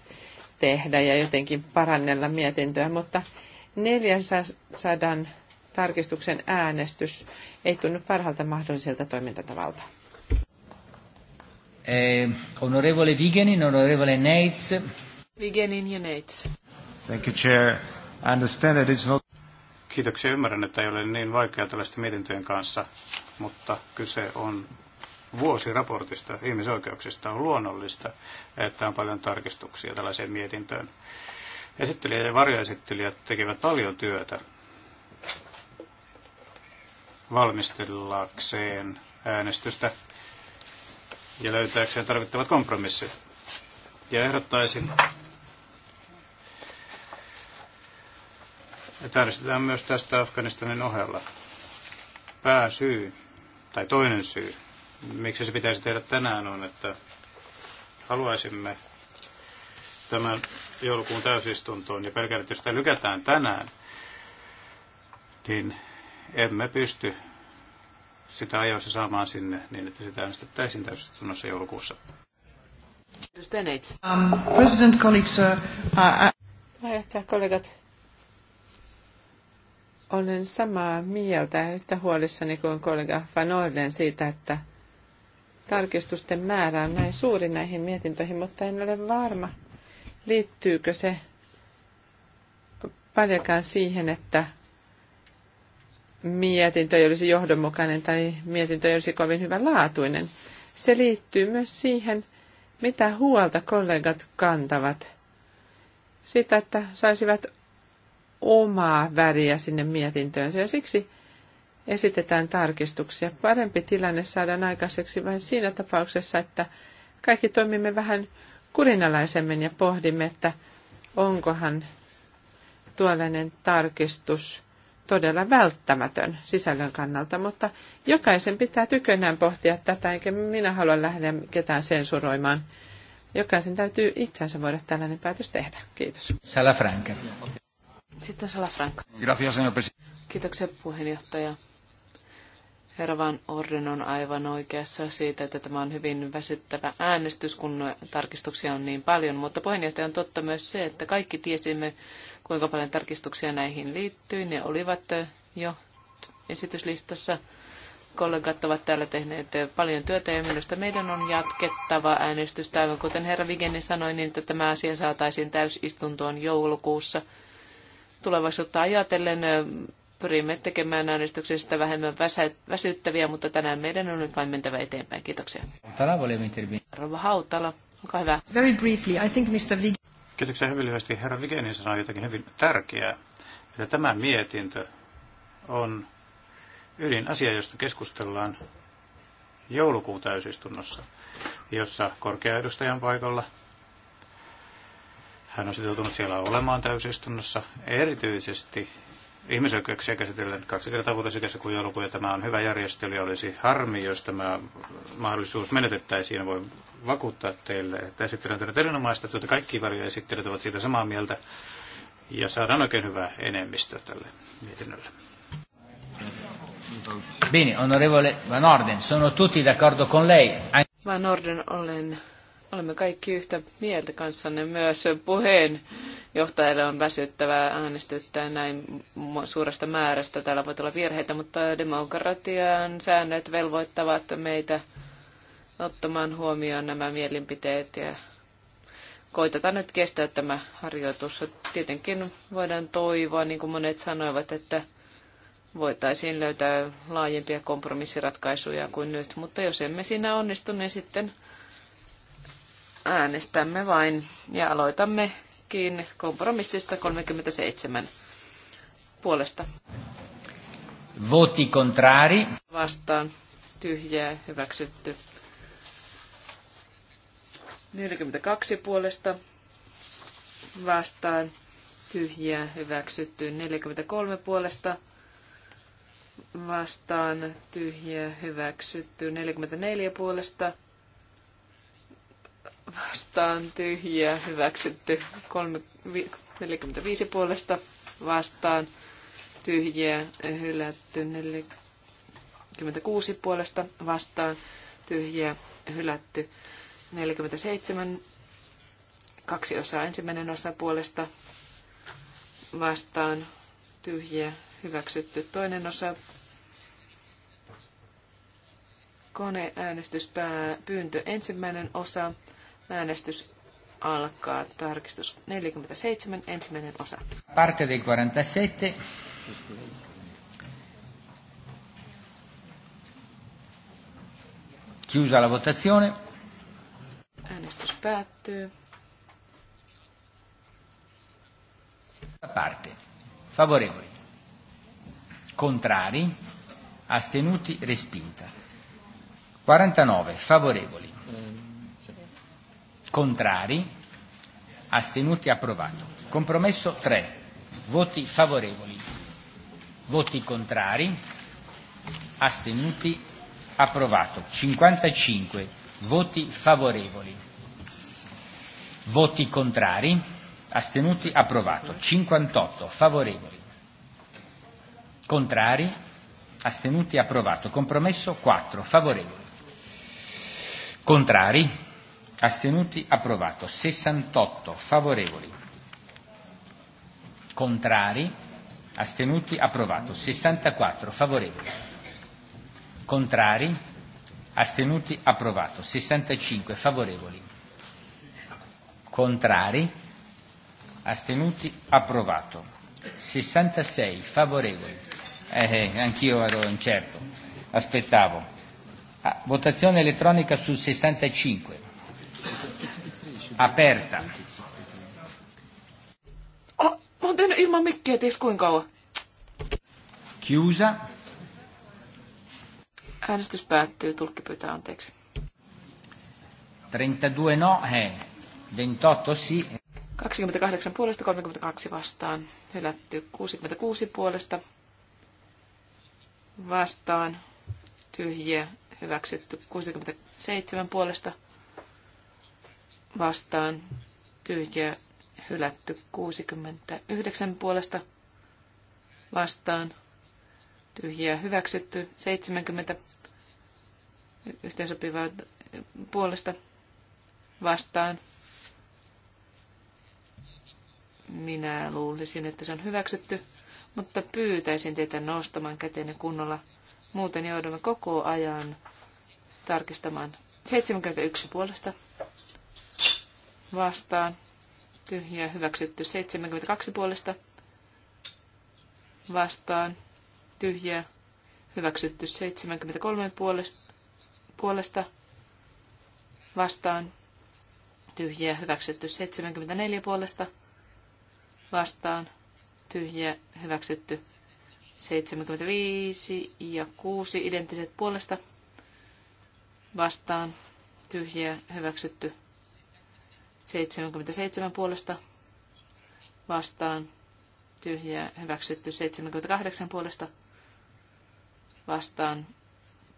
D: tehdä ja jotenkin parannella mietintöä, mutta 400 tarkistuksen äänestys ei
B: tunnu parhaalta mahdolliselta toimintatavalta. Eh, onorevole Vigenin, onorevole Neitz,
A: Vigenin ja
C: Thank you, Chair. I understand that it's not... Kiitoksia. Ymmärrän, että ei ole niin vaikeaa tällaisten mietintöjen kanssa, mutta kyse on vuosiraportista ihmisoikeuksista. On luonnollista, että on paljon tarkistuksia tällaiseen mietintöön. Esittelijät ja varjoesittelijät tekevät paljon työtä valmistellakseen äänestystä ja löytääkseen tarvittavat kompromissit. Ja ehdottaisin, Että äänestetään myös tästä Afganistanin ohella. Pääsyy, tai toinen syy, miksi se pitäisi tehdä tänään on, että haluaisimme tämän joulukuun täysistuntoon ja pelkään, että jos sitä lykätään tänään, niin emme pysty sitä ajoissa saamaan sinne niin, että sitä äänestettäisiin täysistunnossa joulukuussa.
D: Um,
F: president, colleagues, uh, uh,
D: Puheenjohtaja, kollegat, olen samaa mieltä yhtä huolissani kuin kollega Van Orden siitä, että tarkistusten määrä on näin suuri näihin mietintöihin, mutta en ole varma, liittyykö se paljonkaan siihen, että mietintö ei olisi johdonmukainen tai mietintö ei olisi kovin hyvänlaatuinen. Se liittyy myös siihen, mitä huolta kollegat kantavat. Sitä, että saisivat omaa väriä sinne mietintöönsä ja siksi esitetään tarkistuksia. Parempi tilanne saadaan aikaiseksi vain siinä tapauksessa, että kaikki toimimme vähän kurinalaisemmin ja pohdimme, että onkohan tuollainen tarkistus todella välttämätön sisällön kannalta, mutta jokaisen pitää tykönään pohtia tätä, enkä minä halua lähteä ketään sensuroimaan. Jokaisen täytyy itsensä voida tällainen päätös tehdä. Kiitos.
B: Salafranca.
D: Sitten Salafranca. Gracias, señor Kiitoksia puheenjohtaja.
A: Herra Van Orden on aivan oikeassa siitä, että tämä on hyvin väsyttävä äänestys, kun tarkistuksia on niin paljon. Mutta puheenjohtaja on totta myös se, että kaikki tiesimme, kuinka paljon tarkistuksia näihin liittyy. Ne olivat jo esityslistassa. Kollegat ovat täällä tehneet paljon työtä ja minusta meidän on jatkettava äänestystä. Aivan kuten herra Vigeni sanoi, niin että tämä asia saataisiin täysistuntoon joulukuussa – tulevaisuutta ajatellen pyrimme tekemään äänestyksestä vähemmän väsyttäviä, mutta tänään meidän on nyt vain mentävä eteenpäin. Kiitoksia. Rova Hautala, olkaa hyvä. Very briefly, I think Mr. Vig-
C: Kiitoksia hyvin lyhyesti. Herra Vigenin sanoi jotakin hyvin tärkeää, että tämä mietintö on ydin asia, josta keskustellaan joulukuun täysistunnossa, jossa korkea edustajan paikalla – hän on sitoutunut siellä olemaan täysistunnossa erityisesti ihmisoikeuksia käsitellen kaksi kertaa vuodessa kuin joulukuun, ja tämä on hyvä järjestely, ja olisi harmi, jos tämä mahdollisuus menetettäisiin. voi vakuuttaa teille, että esittelen tänne erinomaista että Kaikki varjoesittelijät ovat siitä samaa mieltä, ja saadaan oikein hyvä enemmistö tälle mietinnölle.
B: Bene, onorevole Van Orden, sono tutti d'accordo con lei.
A: Van Orden, olen Olemme kaikki yhtä mieltä kanssanne myös johtajalle on väsyttävää äänestyttää näin suuresta määrästä. Täällä voi olla virheitä, mutta demokratian säännöt velvoittavat meitä ottamaan huomioon nämä mielipiteet ja koitetaan nyt kestää tämä harjoitus. Tietenkin voidaan toivoa, niin kuin monet sanoivat, että voitaisiin löytää laajempia kompromissiratkaisuja kuin nyt, mutta jos emme siinä onnistu, niin sitten äänestämme vain ja aloitamme kiinni kompromissista 37 puolesta.
B: Voti contrari.
A: Vastaan. Tyhjää. Hyväksytty. 42 puolesta. Vastaan. Tyhjää. Hyväksytty. 43 puolesta. Vastaan. Tyhjää. Hyväksytty. 44 puolesta vastaan tyhjiä, hyväksytty 45 puolesta vastaan tyhjiä, hylätty 46 puolesta vastaan tyhjiä, hylätty 47, kaksi osaa ensimmäinen osa puolesta vastaan tyhjiä, hyväksytty toinen osa koneäänestyspyyntö ensimmäinen osa Äänestys alkaa. Tarkistus 47, ensimmäinen osa.
B: Parte del 47. Chiusa la votazione.
A: Äänestys päättyy.
B: Parte. Favorevoli. Contrari. Astenuti. Respinta. 49. Favorevoli Contrari? Astenuti? E approvato. Compromesso 3. Voti favorevoli. Voti contrari? Astenuti? Approvato. 55. Voti favorevoli. Voti contrari? Astenuti? Approvato. 58. Favorevoli. Contrari? Astenuti? Approvato. Compromesso 4. Favorevoli. Contrari? astenuti, approvato. 68 favorevoli, contrari, astenuti, approvato. 64 favorevoli, contrari, astenuti, approvato. 65 favorevoli, contrari, astenuti, approvato. 66 favorevoli, eh, eh, anch'io ero incerto, aspettavo. Ah, votazione elettronica sul 65 aperta.
A: Oh, mä oon tehnyt ilman mikkiä, ties kuinka kauan. Kiusa. Äänestys päättyy, tulkki pyytää anteeksi.
B: 32 no, he. 28 si.
A: 28 puolesta, 32 vastaan. Hylätty 66 puolesta. Vastaan. Tyhjiä. Hyväksytty 67 puolesta vastaan tyhjä hylätty 69 puolesta vastaan tyhjä hyväksytty 70 yhteensopivaa puolesta vastaan. Minä luulisin, että se on hyväksytty, mutta pyytäisin teitä nostamaan käteen kunnolla. Muuten joudumme koko ajan tarkistamaan 71 puolesta vastaan, tyhjää hyväksytty 72 puolesta vastaan, tyhjää hyväksytty 73 puolesta, puolesta vastaan, tyhjää hyväksytty 74 puolesta vastaan, tyhjää hyväksytty 75 ja 6 identtiset puolesta vastaan, tyhjää hyväksytty 77 puolesta vastaan tyhjää hyväksytty 78 puolesta vastaan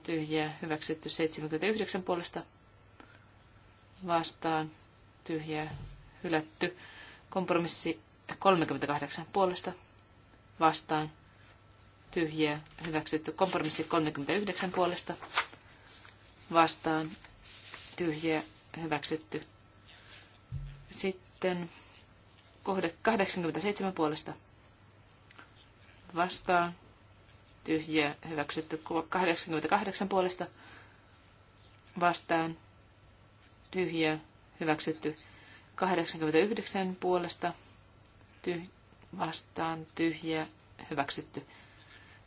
A: tyhjää hyväksytty 79 puolesta vastaan tyhjää hylätty kompromissi 38 puolesta vastaan tyhjää hyväksytty kompromissi 39 puolesta vastaan tyhjää hyväksytty sitten kohde 87 puolesta vastaan. Tyhjiä hyväksytty 88 puolesta vastaan. Tyhjiä hyväksytty 89 puolesta tyh- vastaan. Tyhjiä hyväksytty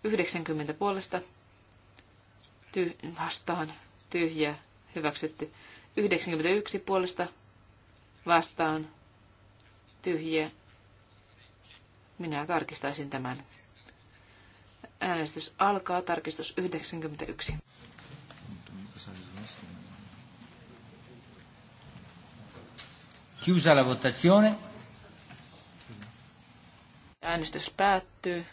A: 90 puolesta ty- vastaan. Tyhjiä hyväksytty 91 puolesta vastaan tyhjiä. Minä tarkistaisin tämän. Äänestys alkaa. Tarkistus 91.
B: Chiusa la votazione.
A: Äänestys päättyy.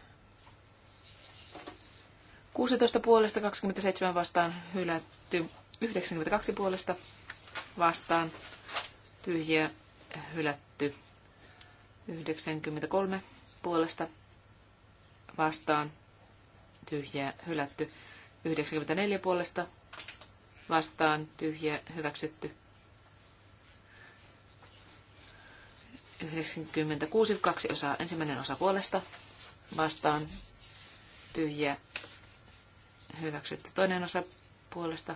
A: 16 puolesta 27 vastaan hylätty. 92 puolesta vastaan tyhjiä hylätty 93 puolesta vastaan tyhjiä hylätty 94 puolesta vastaan tyhjiä hyväksytty 96 kaksi osaa ensimmäinen osa puolesta vastaan tyhjiä hyväksytty toinen osa puolesta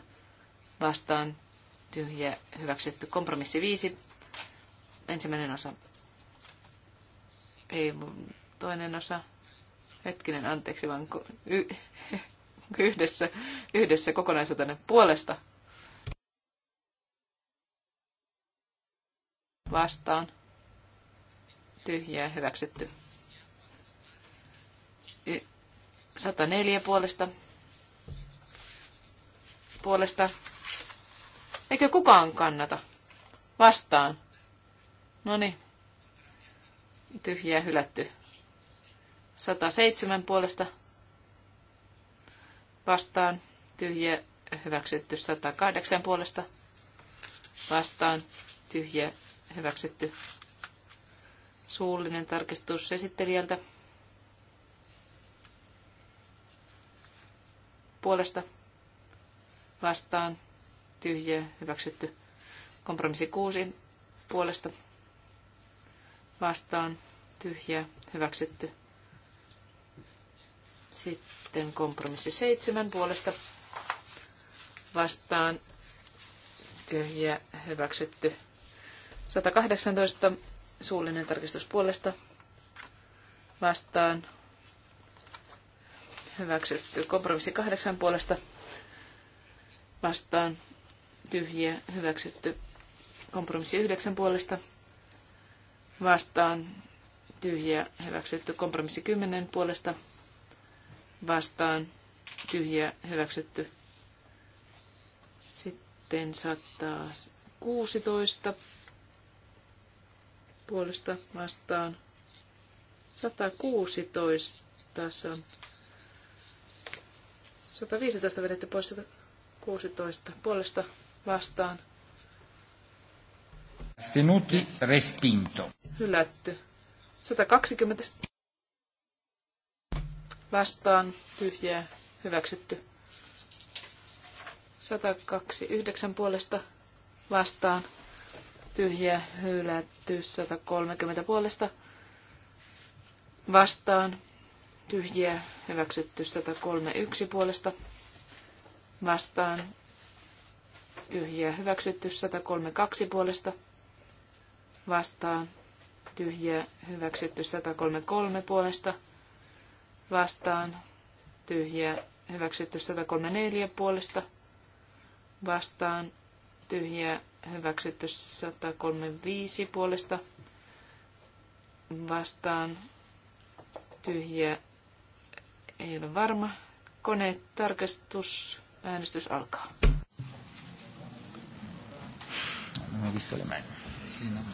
A: vastaan tyhjä hyväksytty. Kompromissi 5, ensimmäinen osa. Ei, toinen osa. Hetkinen, anteeksi, vaan y- yhdessä, yhdessä kokonaisuutena puolesta. Vastaan. Tyhjää hyväksytty. Y- 104 puolesta. Puolesta Eikö kukaan kannata? Vastaan. No niin. Tyhjä, hylätty. 107 puolesta vastaan. Tyhjä hyväksytty 108 puolesta vastaan. Tyhjä hyväksytty. Suullinen tarkistus esittelijältä. Puolesta vastaan tyhjä, hyväksytty. Kompromissi 6 puolesta vastaan, tyhjä, hyväksytty. Sitten kompromissi 7 puolesta vastaan, tyhjä, hyväksytty. 118 suullinen tarkistus puolesta vastaan, hyväksytty. Kompromissi 8 puolesta vastaan, tyhjiä hyväksytty. Kompromissi yhdeksän puolesta vastaan tyhjiä hyväksytty. Kompromissi kymmenen puolesta vastaan tyhjiä hyväksytty. Sitten 116 puolesta vastaan 116 tässä on 115 vedetty pois 16 puolesta vastaan.
B: Astenuti respinto.
A: Hylätty. 120 vastaan tyhjää hyväksytty. 129 puolesta vastaan tyhjää hylätty. 130 puolesta vastaan tyhjää hyväksytty. 131 puolesta vastaan tyhjiä hyväksytty 132 puolesta vastaan, tyhjiä hyväksytty 133 puolesta vastaan, tyhjiä hyväksytty 134 puolesta vastaan, tyhjiä hyväksytty 135 puolesta vastaan, tyhjiä ei ole varma. Kone tarkastus, äänestys alkaa.
B: non ho visto le mani. Sì, no.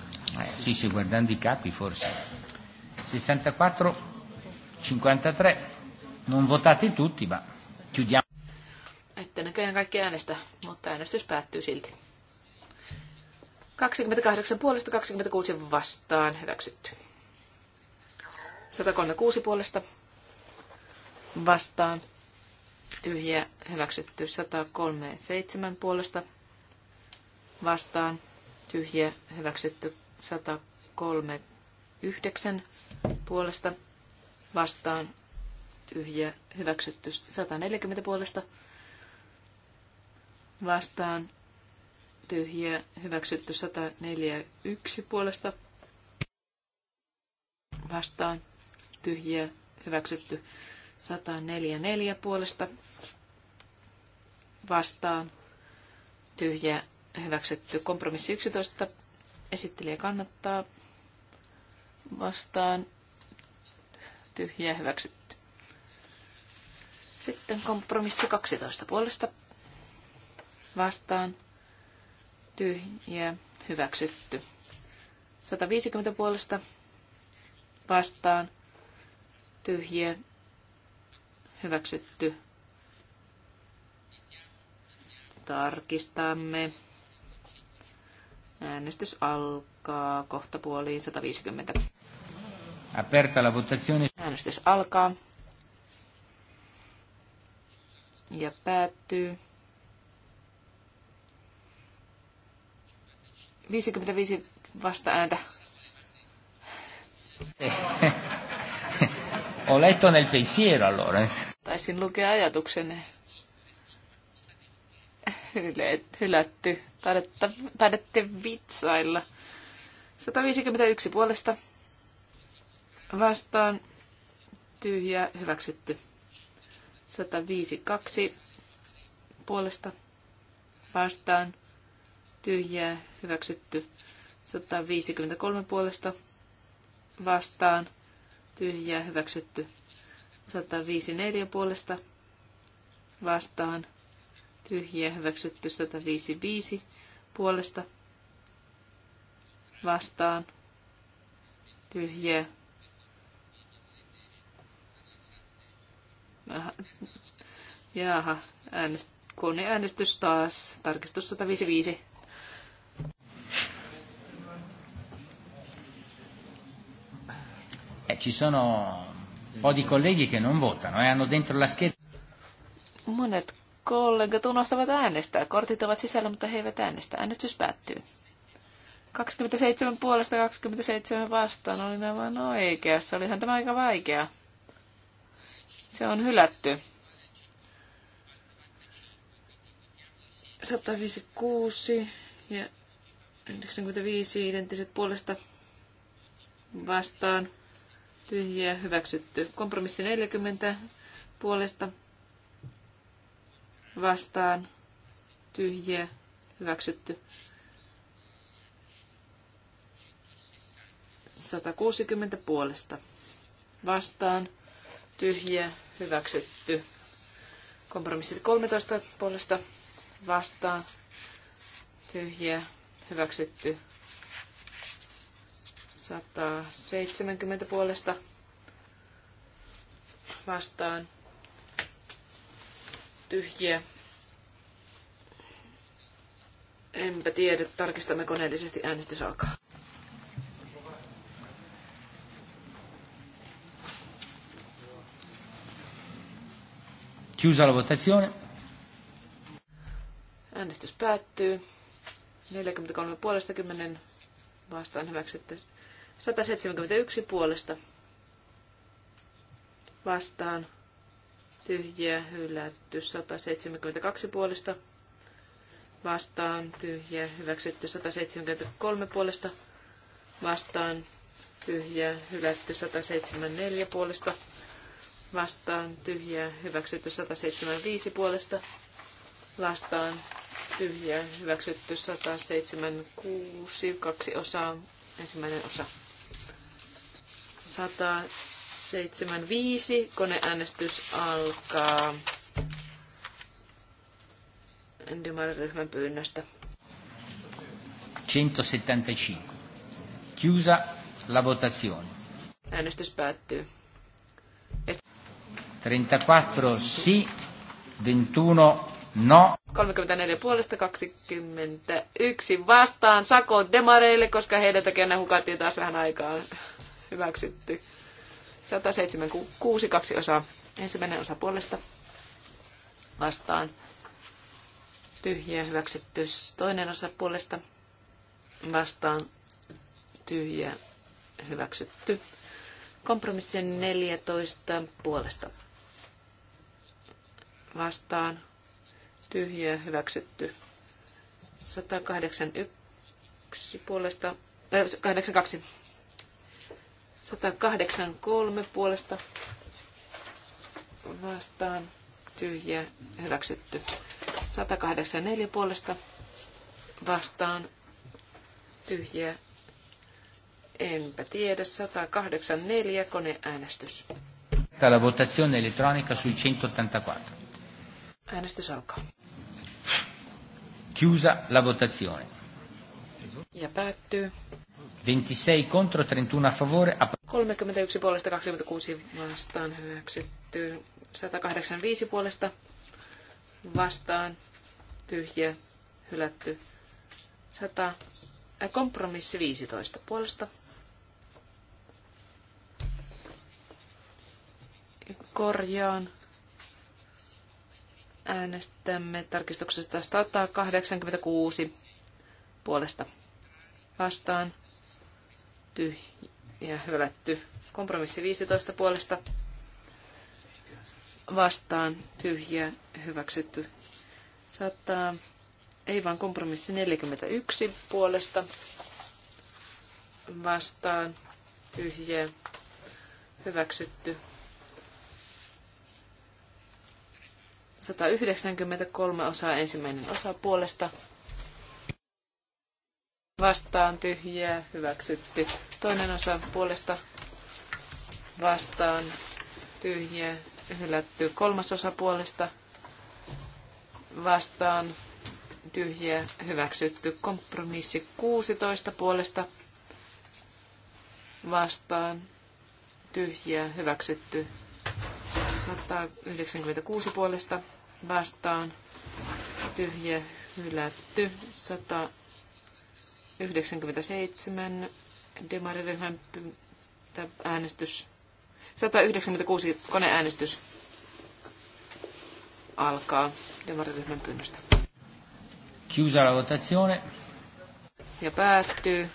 B: eh, sì, sì, guardando i capi forse. 64, 53. Non votate tutti, ma chiudiamo.
A: Ette näköjään kaikki äänestä, mutta äänestys päättyy silti. 28 puolesta, 26 vastaan hyväksytty. 136 puolesta vastaan tyhjä hyväksytty. 137 puolesta vastaan tyhjä hyväksytty 139 puolesta vastaan tyhjä hyväksytty 140 puolesta vastaan tyhjä hyväksytty 141 puolesta vastaan tyhjä hyväksytty 144 puolesta vastaan tyhjä hyväksytty. Kompromissi 11 esittelijä kannattaa vastaan tyhjä hyväksytty. Sitten kompromissi 12 puolesta vastaan tyhjä hyväksytty. 150 puolesta vastaan tyhjä hyväksytty. Tarkistamme Äänestys alkaa kohta puoliin 150.
B: Aperta la votazione.
A: Äänestys alkaa. Ja päättyy. 55 vastaääntä.
B: Ho letto nel pensiero allora.
A: Taisin lukea ajatuksenne hylätty. taidette taidette vitsailla. 151 puolesta vastaan tyhjä hyväksytty. 152 puolesta vastaan tyhjää hyväksytty. 153 puolesta vastaan tyhjää hyväksytty. 154 puolesta vastaan tyhjiä hyväksytty 155 puolesta vastaan tyhjiä. Aha. Jaha, äänest, koneäänestys taas, tarkistus 155.
B: Eh, ci sono un um, po' di colleghi che non votano e eh, hanno dentro la scheda.
A: Monet kollegat unohtavat äänestää. Kortit ovat sisällä, mutta he eivät äänestä. Äänestys päättyy. 27 puolesta 27 vastaan oli aivan oikeassa. Olihan tämä aika vaikea. Se on hylätty. 156 ja 95 identtiset puolesta vastaan. Tyhjiä hyväksytty. Kompromissi 40 puolesta vastaan tyhjiä hyväksytty. 160 puolesta vastaan tyhjiä hyväksytty. Kompromissit 13 puolesta vastaan tyhjiä hyväksytty. 170 puolesta vastaan tyhjiä. Enpä tiedä, tarkistamme koneellisesti äänestys
B: alkaa. Chiusa la votazione.
A: Äänestys päättyy. 43 puolesta 10 vastaan hyväksytty. 171 puolesta vastaan tyhjiä hylätty 172 puolesta vastaan tyhjiä hyväksytty 173 puolesta vastaan tyhjiä hylätty 174 puolesta vastaan tyhjiä hyväksytty 175 puolesta vastaan tyhjiä hyväksytty 176 kaksi osaa ensimmäinen osa 100 75. Koneäänestys alkaa. Demariryhmän pyynnöstä.
B: 175. Chiusa la votazione.
A: Äänestys päättyy.
B: 34 sì, 21 no.
A: 34 puolesta 21 vastaan Sako demareille, koska heidän takia ne hukattiin taas vähän aikaa. Hyväksytty. 176, kaksi osaa. Ensimmäinen osa puolesta vastaan. Tyhjiä hyväksytty. Toinen osa puolesta vastaan. Tyhjiä hyväksytty. Kompromissin 14 puolesta vastaan. Tyhjiä hyväksytty. 181 puolesta, äh, 82 183 puolesta vastaan tyhjä hyväksytty. 184 puolesta vastaan tyhjä. Enpä tiedä. 184 koneäänestys.
B: Tällä votazione elettronica sul 184.
A: Äänestys alkaa.
B: Chiusa la votazione.
A: Ja päättyy.
B: 26 contro 31 a favore.
A: 31 puolesta 26 vastaan hyväksytty. 185 puolesta vastaan tyhjä hylätty. 100, äh, kompromissi 15 puolesta. Korjaan. Äänestämme tarkistuksesta 186 puolesta vastaan tyhjä ja hylätty. Kompromissi 15 puolesta vastaan tyhjä hyväksytty saattaa Ei vaan kompromissi 41 puolesta vastaan tyhjä hyväksytty 193 osaa ensimmäinen osa puolesta vastaan tyhjiä, hyväksytty. Toinen osa puolesta vastaan tyhjiä, hylätty. Kolmas osa puolesta vastaan tyhjiä, hyväksytty. Kompromissi 16 puolesta vastaan tyhjiä, hyväksytty. 196 puolesta vastaan tyhjä hylätty. 100 97 demariryhmän äänestys. 196 koneäänestys alkaa demariryhmän
B: pyynnöstä. Chiusa la votazione.
A: Ja päättyy.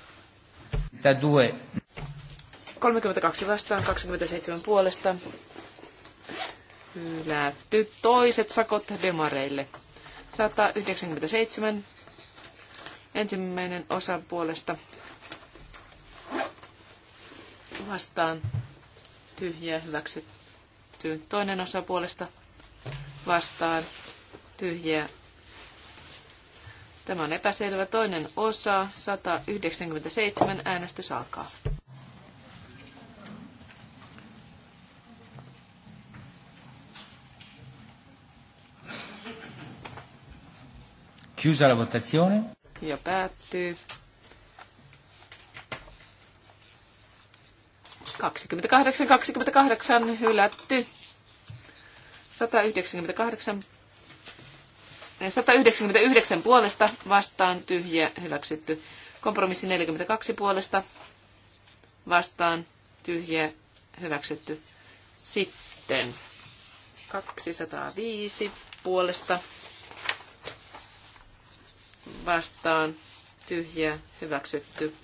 A: due. 32 vastaan, 27 puolesta. Hylätty toiset sakot demareille. 197 Ensimmäinen osa puolesta vastaan tyhjä hyväksytty. Toinen osa puolesta vastaan tyhjä. Tämä on epäselvä. Toinen osa, 197, äänestys alkaa.
B: Chiusa la votazione
A: ja päättyy. 28, 28 hylätty. 198 199 puolesta vastaan tyhjä hyväksytty. Kompromissi 42 puolesta vastaan tyhjä hyväksytty. Sitten 205 puolesta vastaan tyhjä hyväksytty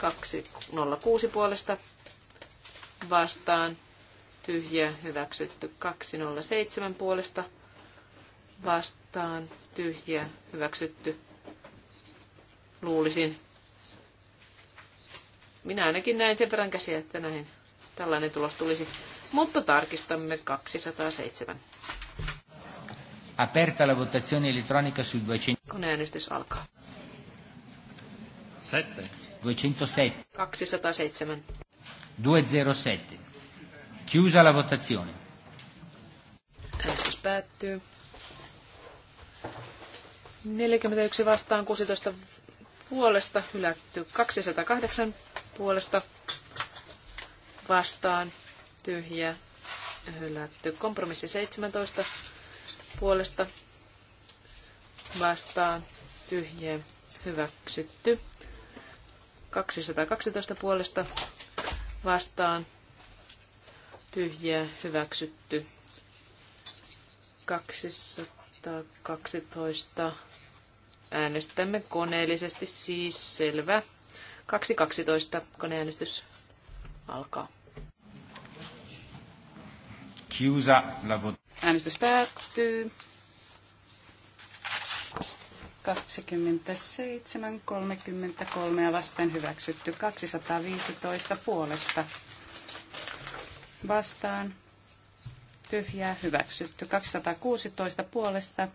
A: 206 puolesta vastaan tyhjä hyväksytty 207 puolesta vastaan tyhjä hyväksytty luulisin. Minä ainakin näin sen verran käsiä, että näin tällainen tulos tulisi. Mutta tarkistamme 207.
B: Aperta la votazione elettronica sul
A: Koneäänestys alkaa.
B: 7. 207.
A: 207.
B: 207. Chiusa la votazione.
A: Äänestys päättyy. 41 vastaan 16 puolesta hylätty. 208 puolesta vastaan tyhjä hylätty. Kompromissi 17 puolesta vastaan tyhjä hyväksytty. 212 puolesta vastaan tyhjä hyväksytty. 212 äänestämme koneellisesti siis selvä. 212 koneäänestys alkaa. Kiusa Äänestys päättyy.
G: 27, 33 ja vasten hyväksytty. 215 puolesta vastaan tyhjää hyväksytty. 216 puolesta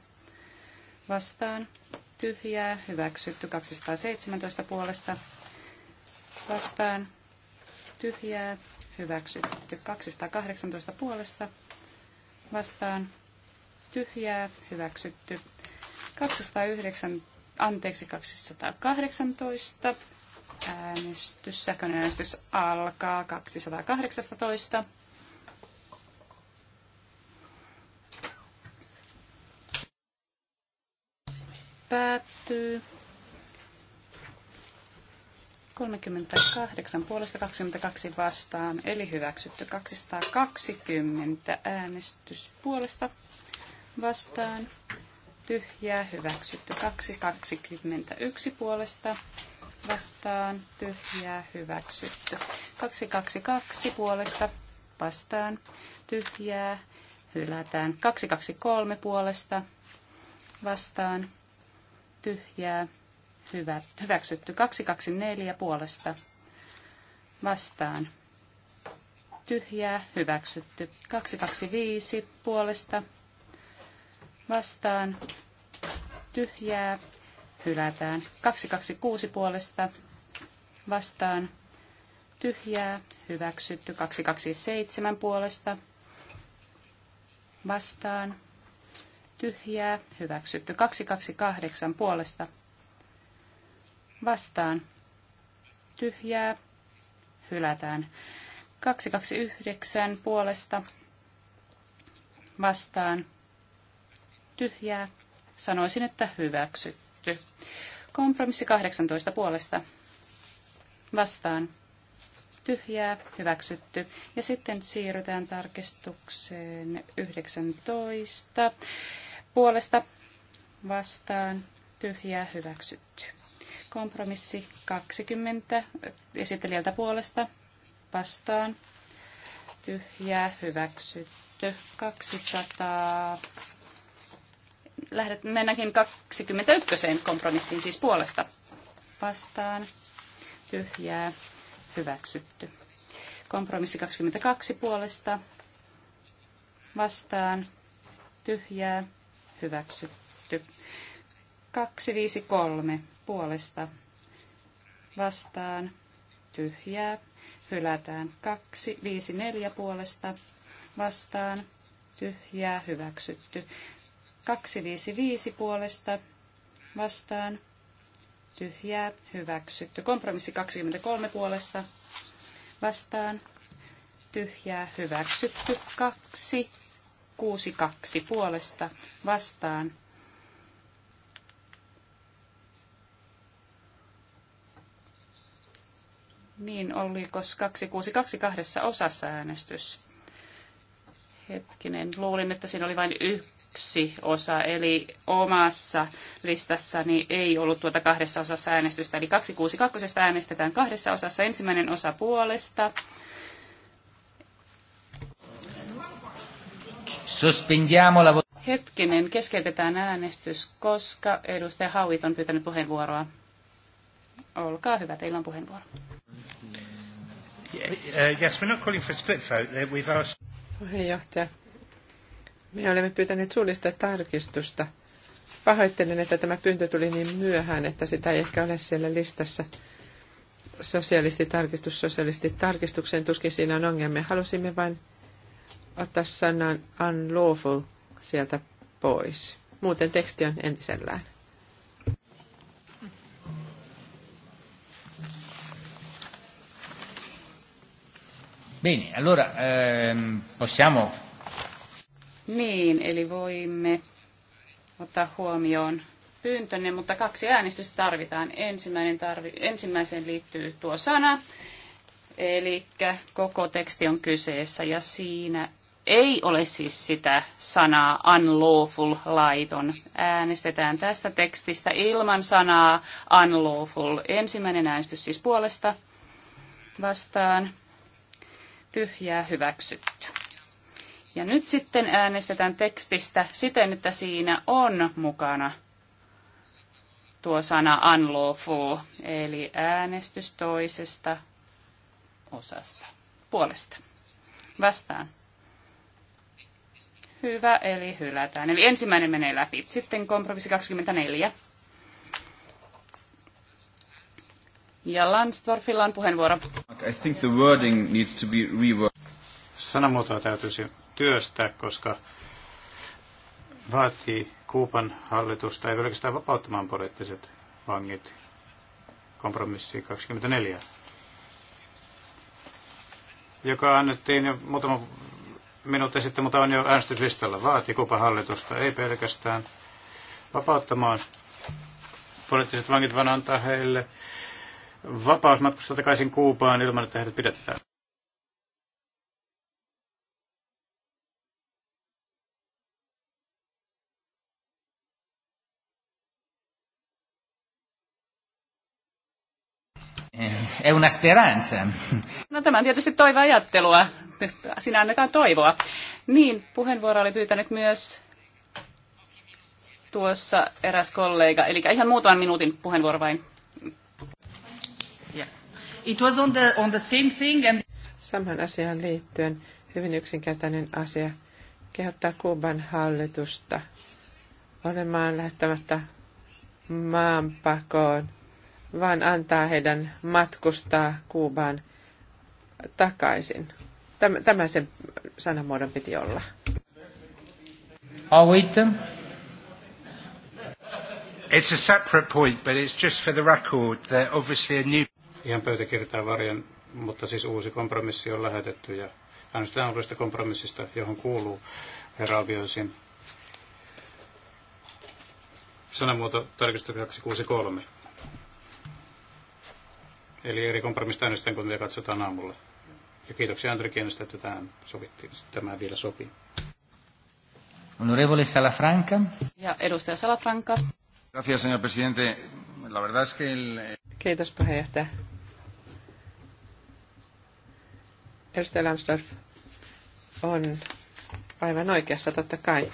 G: vastaan tyhjää hyväksytty. 217 puolesta vastaan tyhjää hyväksytty. 218 puolesta vastaan tyhjää hyväksytty. 209, anteeksi 218. Äänestys, sähköinen äänestys alkaa 218. Päättyy. 38 puolesta 22 vastaan, eli hyväksytty 220 äänestys puolesta vastaan, tyhjää, hyväksytty. 221 puolesta vastaan, tyhjää, hyväksytty. 222 puolesta vastaan, tyhjää, hylätään. 223 puolesta vastaan, tyhjää, hyvä, hyväksytty. 224 puolesta vastaan, tyhjää, hyväksytty. 225 puolesta vastaan vastaan tyhjää hylätään. 226 puolesta vastaan tyhjää hyväksytty. 227 puolesta vastaan tyhjää hyväksytty. 228 puolesta vastaan tyhjää hylätään. 229 puolesta vastaan tyhjää. Sanoisin, että hyväksytty. Kompromissi 18 puolesta vastaan tyhjää, hyväksytty. Ja sitten siirrytään tarkistukseen 19. Puolesta vastaan tyhjää, hyväksytty. Kompromissi 20 esittelijältä puolesta vastaan tyhjää, hyväksytty. 200 lähdet, mennäänkin 21 kompromissiin siis puolesta. Vastaan. Tyhjää. Hyväksytty. Kompromissi 22 puolesta. Vastaan. Tyhjää. Hyväksytty. 253 puolesta. Vastaan. Tyhjää. Hylätään. 254 puolesta. Vastaan. Tyhjää. Hyväksytty. 255 puolesta vastaan tyhjää hyväksytty. Kompromissi 23 puolesta vastaan tyhjää hyväksytty. 62 puolesta vastaan Niin oli, koska 262 kahdessa osassa äänestys. Hetkinen, luulin, että siinä oli vain yksi yksi osa, eli omassa listassani ei ollut tuota kahdessa osassa äänestystä, eli 262 äänestetään kahdessa osassa, ensimmäinen osa puolesta.
B: Sospendiamo la
G: Hetkinen, keskeytetään äänestys, koska edustaja Hauit on pyytänyt puheenvuoroa. Olkaa hyvä, teillä on puheenvuoro.
D: Puheenjohtaja, me olemme pyytäneet suullista tarkistusta. Pahoittelen, että tämä pyyntö tuli niin myöhään, että sitä ei ehkä ole siellä listassa. Sosialistitarkistus sosialistitarkistukseen tuskin siinä on ongelmia. Halusimme vain ottaa sanan unlawful sieltä pois. Muuten teksti on entisellään.
B: Bene, allora ehm, possiamo
G: niin, eli voimme ottaa huomioon pyyntönne, mutta kaksi äänestystä tarvitaan. Ensimmäinen tarvi, ensimmäiseen liittyy tuo sana, eli koko teksti on kyseessä ja siinä ei ole siis sitä sanaa unlawful, laiton. Äänestetään tästä tekstistä ilman sanaa unlawful. Ensimmäinen äänestys siis puolesta vastaan. Tyhjää hyväksytty. Ja nyt sitten äänestetään tekstistä siten, että siinä on mukana tuo sana unlawful, eli äänestys toisesta osasta, puolesta, vastaan. Hyvä, eli hylätään. Eli ensimmäinen menee läpi. Sitten kompromissi 24. Ja Lansdorfilla on puheenvuoro.
C: I think the wording needs to be reworked. Sanamuotoa täytyisi työstää, koska vaatii Kuupan hallitusta ei pelkästään vapauttamaan poliittiset vangit kompromissi 24, joka annettiin jo muutama minuutti sitten, mutta on jo äänestyslistalla. Vaatii Kuupan hallitusta ei pelkästään vapauttamaan poliittiset vangit, vaan antaa heille vapausmatkusta takaisin Kuupaan ilman, että heidät pidetään.
B: è una speranza.
G: No tämä on tietysti toiveajattelua. Sinä annetaan toivoa. Niin, puheenvuoro oli pyytänyt myös tuossa eräs kollega. Eli ihan muutaman minuutin puheenvuoro vain.
D: Yeah. It was on the, on the same thing and... Saman asiaan liittyen hyvin yksinkertainen asia kehottaa Kuuban hallitusta olemaan lähettämättä maanpakoon – vaan antaa heidän matkustaa Kuubaan takaisin. Tämä, tämä sen sanamuodon piti olla.
B: I'll wait them.
C: It's a separate point, but it's just for the record. that obviously a new... Ihan pöytäkirjaa varjan, mutta siis uusi kompromissi on lähetetty ja äänestetään uudesta kompromissista, johon kuuluu herra Albiosin sanamuoto tarkistus 263. Eli eri kompromista äänestetään, kun katsotaan aamulla. Ja kiitoksia Kienestä, että tähän sovittiin. Tämä vielä sopii.
B: Honorevole Salafranca.
G: Ja edustaja Salafranca.
B: Gracias, señor presidente. La verdad es que el... Eh,
D: Kiitos puheenjohtaja. Edustaja Lambsdorff on aivan oikeassa totta kai,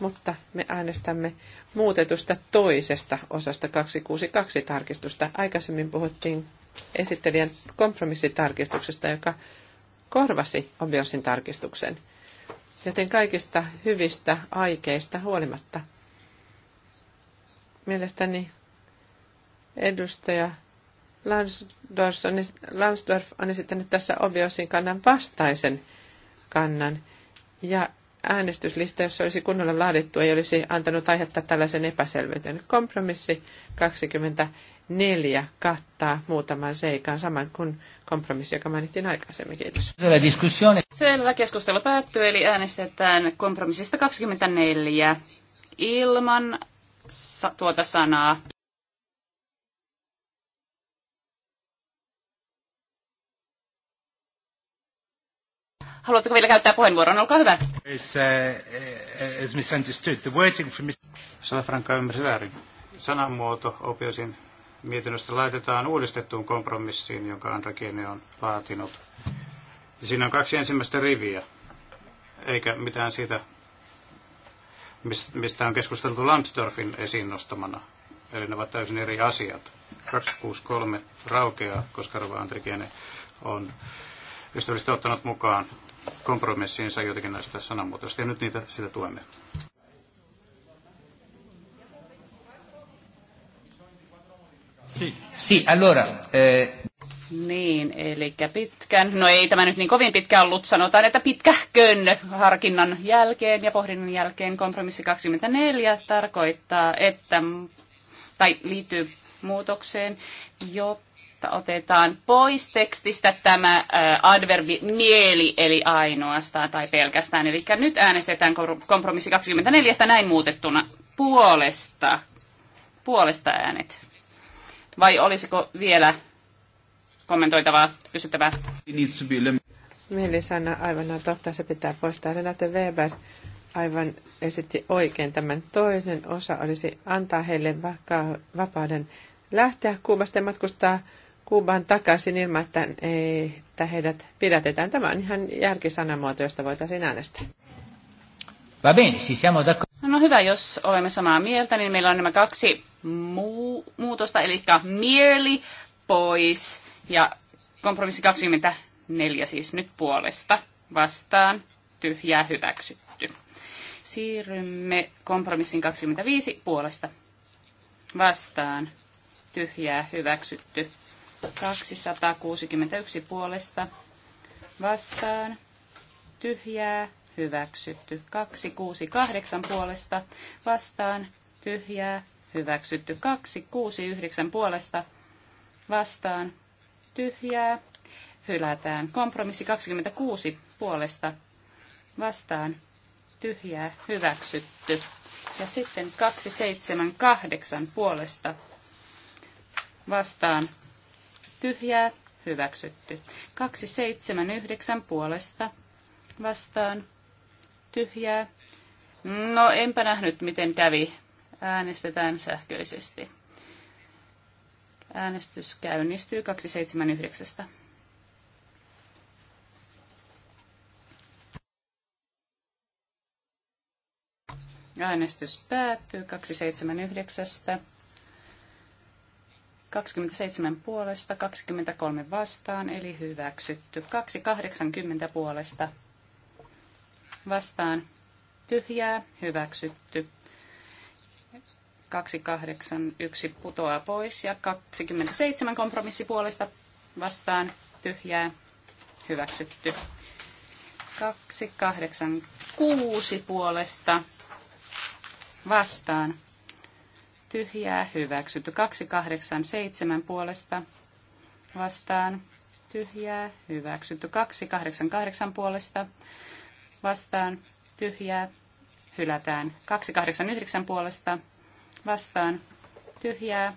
D: mutta me äänestämme muutetusta toisesta osasta 262 tarkistusta. Aikaisemmin puhuttiin esittelijän kompromissitarkistuksesta, joka korvasi Obiosin tarkistuksen. Joten kaikista hyvistä aikeista huolimatta. Mielestäni edustaja Lansdorf on, esittänyt tässä Obiosin kannan vastaisen kannan. Ja äänestyslista, jos olisi kunnolla laadittu, ei olisi antanut aihetta tällaisen epäselvyyteen. Kompromissi 20 neljä kattaa muutaman seikan, saman kuin kompromissi, joka mainittiin aikaisemmin. Kiitos. Selvä keskustelu
G: päättyy, eli äänestetään kompromissista 24 ilman sa- tuota sanaa. Haluatteko vielä käyttää puheenvuoron? Olkaa hyvä.
C: Is, uh, is uh, misunderstood. The wording from... Sana Franka ymmärsi väärin. Sanamuoto opiosin mietinnöstä laitetaan uudistettuun kompromissiin, jonka Andra Kiene on laatinut. Ja siinä on kaksi ensimmäistä riviä, eikä mitään siitä, mistä on keskusteltu Lambsdorffin esiin nostamana. Eli ne ovat täysin eri asiat. 263 raukeaa, koska Rova Andrikiene on ystävällisesti ottanut mukaan kompromissiinsa jotenkin näistä sanamuotoista, ja nyt niitä sitä tuemme.
B: Sì. Sì, allora, eh...
G: Niin, eli pitkän, no ei tämä nyt niin kovin pitkä ollut, sanotaan, että pitkähkön harkinnan jälkeen ja pohdinnan jälkeen kompromissi 24 tarkoittaa, että, tai liittyy muutokseen, jotta otetaan pois tekstistä tämä adverbi mieli, eli ainoastaan tai pelkästään. Eli nyt äänestetään kompromissi 24 näin muutettuna puolesta, puolesta äänet vai olisiko vielä kommentoitavaa, kysyttävää?
D: Mielisana aivan no totta, se pitää poistaa. Renate Weber aivan esitti oikein tämän toisen osa olisi antaa heille vapauden lähteä Kuubasta ja matkustaa Kuuban takaisin ilman, että, että heidät pidätetään. Tämä on ihan järkisanamuoto, josta voitaisiin äänestää.
B: Va bene, ci siamo d'accordo.
D: No hyvä,
G: jos olemme samaa mieltä, niin meillä on nämä kaksi muu- muutosta, eli merely pois ja kompromissi 24 siis nyt puolesta vastaan tyhjää hyväksytty. Siirrymme kompromissin 25 puolesta vastaan tyhjää hyväksytty. 261 puolesta vastaan tyhjää hyväksytty. 268 puolesta vastaan tyhjää hyväksytty. 269 puolesta vastaan tyhjää hylätään. Kompromissi 26 puolesta vastaan tyhjää hyväksytty. Ja sitten 278 puolesta vastaan tyhjää hyväksytty. 279 puolesta vastaan Tyhjää. No enpä nähnyt, miten kävi. Äänestetään sähköisesti. Äänestys käynnistyy 279. Äänestys päättyy 279. 27 puolesta, 23 vastaan, eli hyväksytty. 280 puolesta, vastaan tyhjää hyväksytty. 281 putoaa pois ja 27 puolesta vastaan tyhjää hyväksytty. 286 puolesta vastaan tyhjää hyväksytty. 287 puolesta vastaan tyhjää hyväksytty. 288 puolesta vastaan tyhjää hylätään. 289 puolesta vastaan tyhjää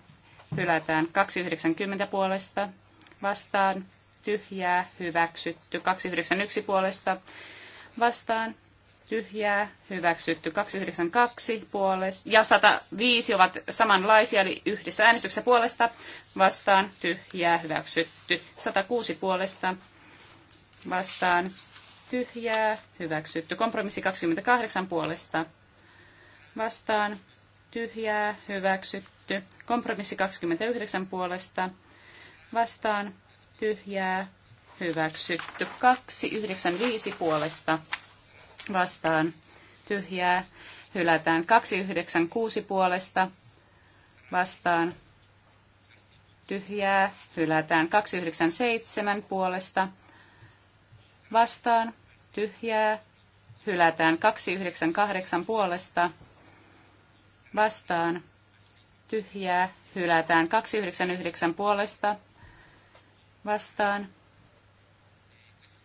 G: hylätään. 290 puolesta vastaan tyhjää hyväksytty. 291 puolesta vastaan tyhjää, hyväksytty 292 puolesta ja 105 ovat samanlaisia, eli yhdessä äänestyksessä puolesta vastaan tyhjää, hyväksytty 106 puolesta vastaan tyhjää, hyväksytty. Kompromissi 28 puolesta vastaan, tyhjää, hyväksytty. Kompromissi 29 puolesta vastaan, tyhjää, hyväksytty. 295 puolesta vastaan, tyhjää, hylätään. 296 puolesta vastaan, tyhjää, hylätään. 297 puolesta vastaan, tyhjää, hylätään 298 puolesta vastaan, tyhjää, hylätään 299 puolesta vastaan.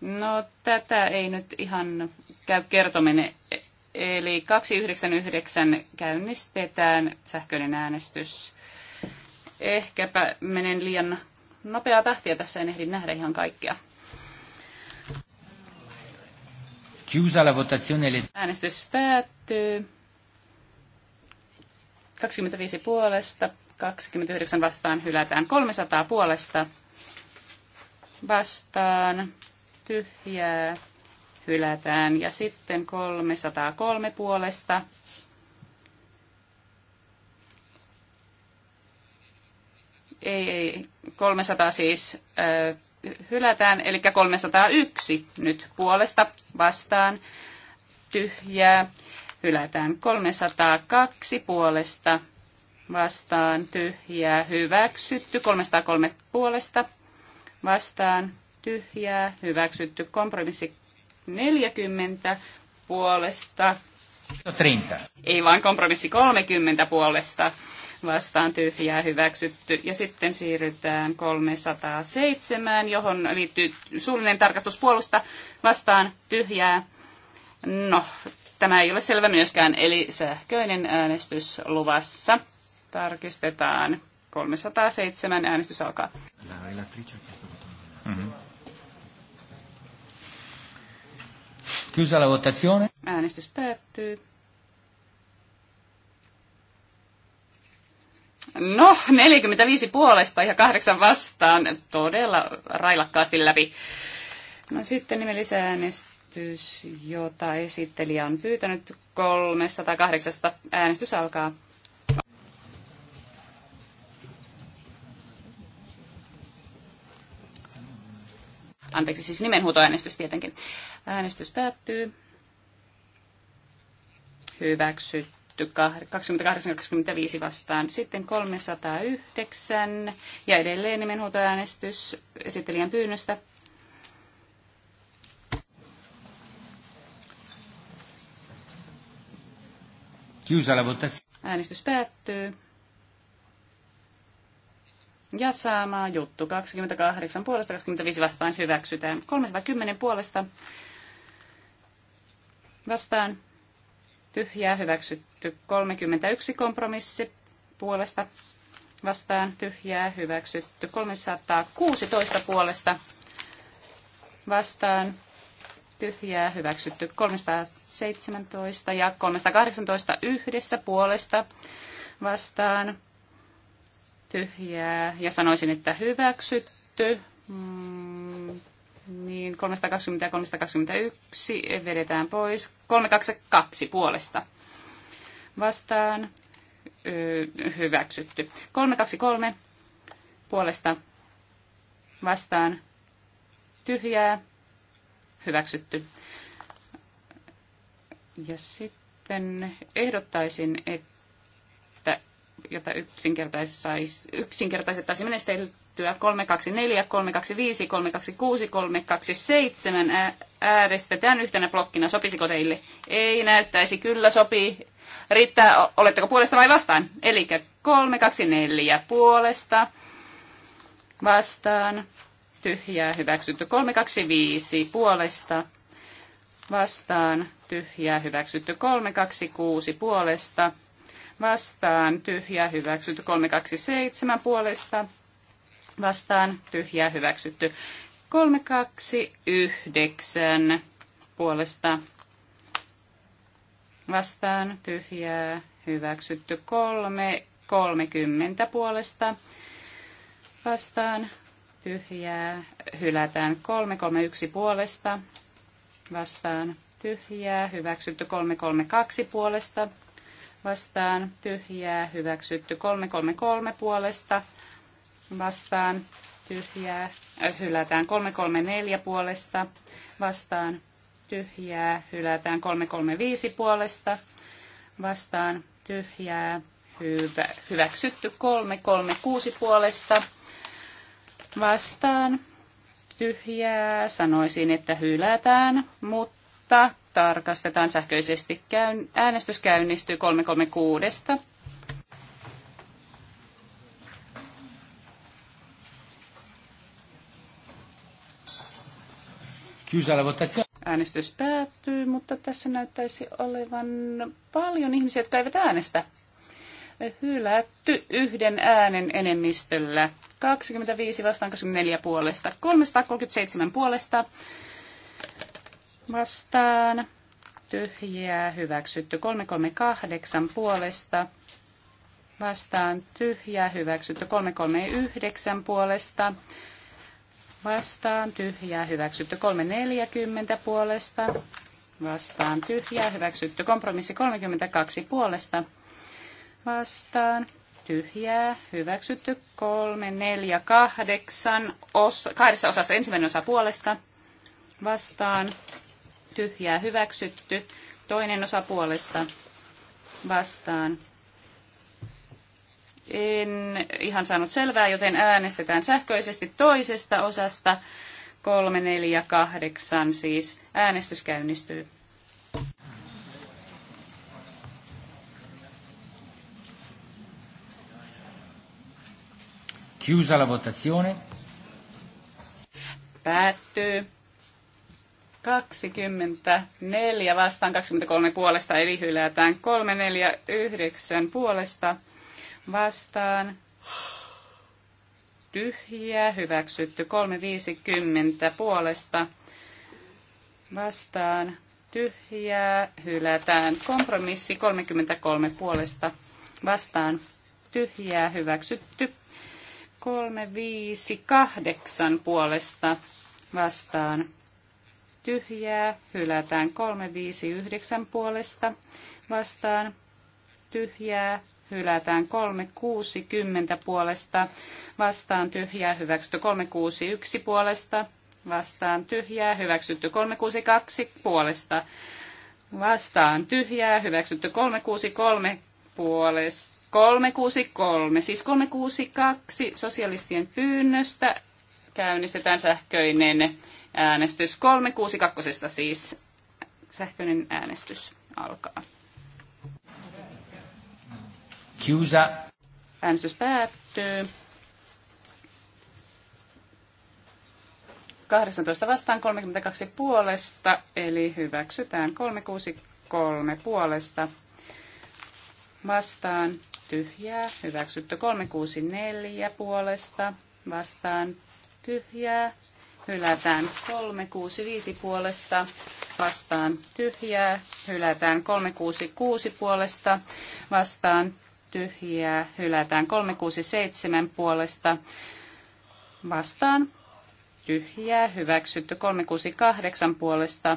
G: No tätä ei nyt ihan käy kertominen. Eli 299 käynnistetään sähköinen äänestys. Ehkäpä menen liian nopeaa tahtia tässä, en ehdi nähdä ihan kaikkea.
B: Chiusa la votazione.
G: Äänestys päättyy. 25 puolesta, 29 vastaan hylätään, 300 puolesta vastaan, tyhjää, hylätään. Ja sitten 303 puolesta. Ei, ei, 300 siis äh, hylätään, eli 301 nyt puolesta vastaan tyhjää, hylätään 302 puolesta vastaan tyhjää, hyväksytty 303 puolesta vastaan tyhjää, hyväksytty kompromissi 40 puolesta. 30. No, Ei vaan kompromissi 30 puolesta vastaan tyhjää hyväksytty. Ja sitten siirrytään 307, johon liittyy suullinen tarkastus puolusta vastaan tyhjää. No, tämä ei ole selvä myöskään, eli sähköinen äänestys luvassa. Tarkistetaan. 307 äänestys alkaa.
B: Mhm. Chiusa la votazione.
G: Äänestys päättyy. No, 45 puolesta ja kahdeksan vastaan. Todella railakkaasti läpi. No sitten nimellisäänestys, jota esittelijä on pyytänyt 308. Äänestys alkaa. Anteeksi, siis nimenhuutoäänestys tietenkin. Äänestys päättyy. Hyväksyt hylätty 28-25 vastaan. Sitten 309 ja edelleen nimenhuutoäänestys esittelijän pyynnöstä. Äänestys päättyy. Ja sama juttu. 28 puolesta, 25 vastaan hyväksytään. 310 puolesta vastaan tyhjää hyväksytty. 31 kompromissi puolesta vastaan tyhjää hyväksytty. 316 puolesta vastaan tyhjää hyväksytty. 317 ja 318 yhdessä puolesta vastaan tyhjää ja sanoisin, että hyväksytty. Mm, niin, 320 ja 321 vedetään pois. 322 puolesta vastaan hyväksytty. 323 puolesta vastaan tyhjää hyväksytty. Ja sitten ehdottaisin, että jota yksinkertaisettaisiin menestelty hylättyä. 324, 325, 326, 327 äärestetään yhtenä blokkina. Sopisiko teille? Ei näyttäisi. Kyllä sopii. Riittää, oletteko puolesta vai vastaan? Eli 324 puolesta vastaan. Tyhjää hyväksytty. 325 puolesta vastaan. Tyhjää hyväksytty. 326 puolesta vastaan, tyhjä hyväksytty 327 puolesta, vastaan tyhjää hyväksytty. 329 puolesta vastaan tyhjää hyväksytty. 330 puolesta vastaan tyhjää hylätään. 331 puolesta vastaan tyhjää hyväksytty. 332 puolesta vastaan tyhjää hyväksytty. 333 puolesta vastaan, vastaan tyhjää äh, hylätään 334 puolesta vastaan tyhjää hylätään 335 puolesta vastaan tyhjää hyvä, hyväksytty 336 puolesta vastaan tyhjää sanoisin että hylätään mutta tarkastetaan sähköisesti käyn, äänestys käynnistyy 336 Äänestys päättyy, mutta tässä näyttäisi olevan paljon ihmisiä, jotka eivät äänestä. Hylätty yhden äänen enemmistöllä. 25 vastaan 24 puolesta. 337 puolesta vastaan. Tyhjää hyväksytty. 338 puolesta vastaan. Tyhjää hyväksytty. 339 puolesta vastaan tyhjää hyväksytty 340 puolesta, vastaan tyhjää hyväksytty kompromissi 32 puolesta, vastaan tyhjää hyväksytty 348 osa, kahdessa osassa ensimmäinen osa puolesta, vastaan tyhjää hyväksytty toinen osa puolesta, vastaan en ihan saanut selvää, joten äänestetään sähköisesti toisesta osasta. 348 siis. Äänestys käynnistyy.
B: Chiusa la votazione.
G: Päättyy. 24 vastaan 23 puolesta, eli hylätään 349 puolesta vastaan tyhjiä, hyväksytty 350 puolesta vastaan tyhjää, hylätään kompromissi 33 puolesta vastaan tyhjää, hyväksytty 358 puolesta vastaan tyhjää, hylätään 359 puolesta vastaan tyhjää, hylätään 360 puolesta, vastaan tyhjää hyväksytty 361 puolesta, vastaan tyhjää hyväksytty 362 puolesta, vastaan tyhjää hyväksytty 363 puolesta. 363, siis 362 sosialistien pyynnöstä käynnistetään sähköinen äänestys. 362 siis sähköinen äänestys alkaa. Chiusa. Äänestys päättyy. 18 vastaan 32 puolesta, eli hyväksytään 363 puolesta. Vastaan
A: tyhjää,
G: hyväksytty 364 puolesta, vastaan tyhjää, hylätään 365 puolesta, vastaan tyhjää, hylätään 366 puolesta, vastaan tyhjää, hylätään 367 puolesta vastaan, tyhjää, hyväksytty 368 puolesta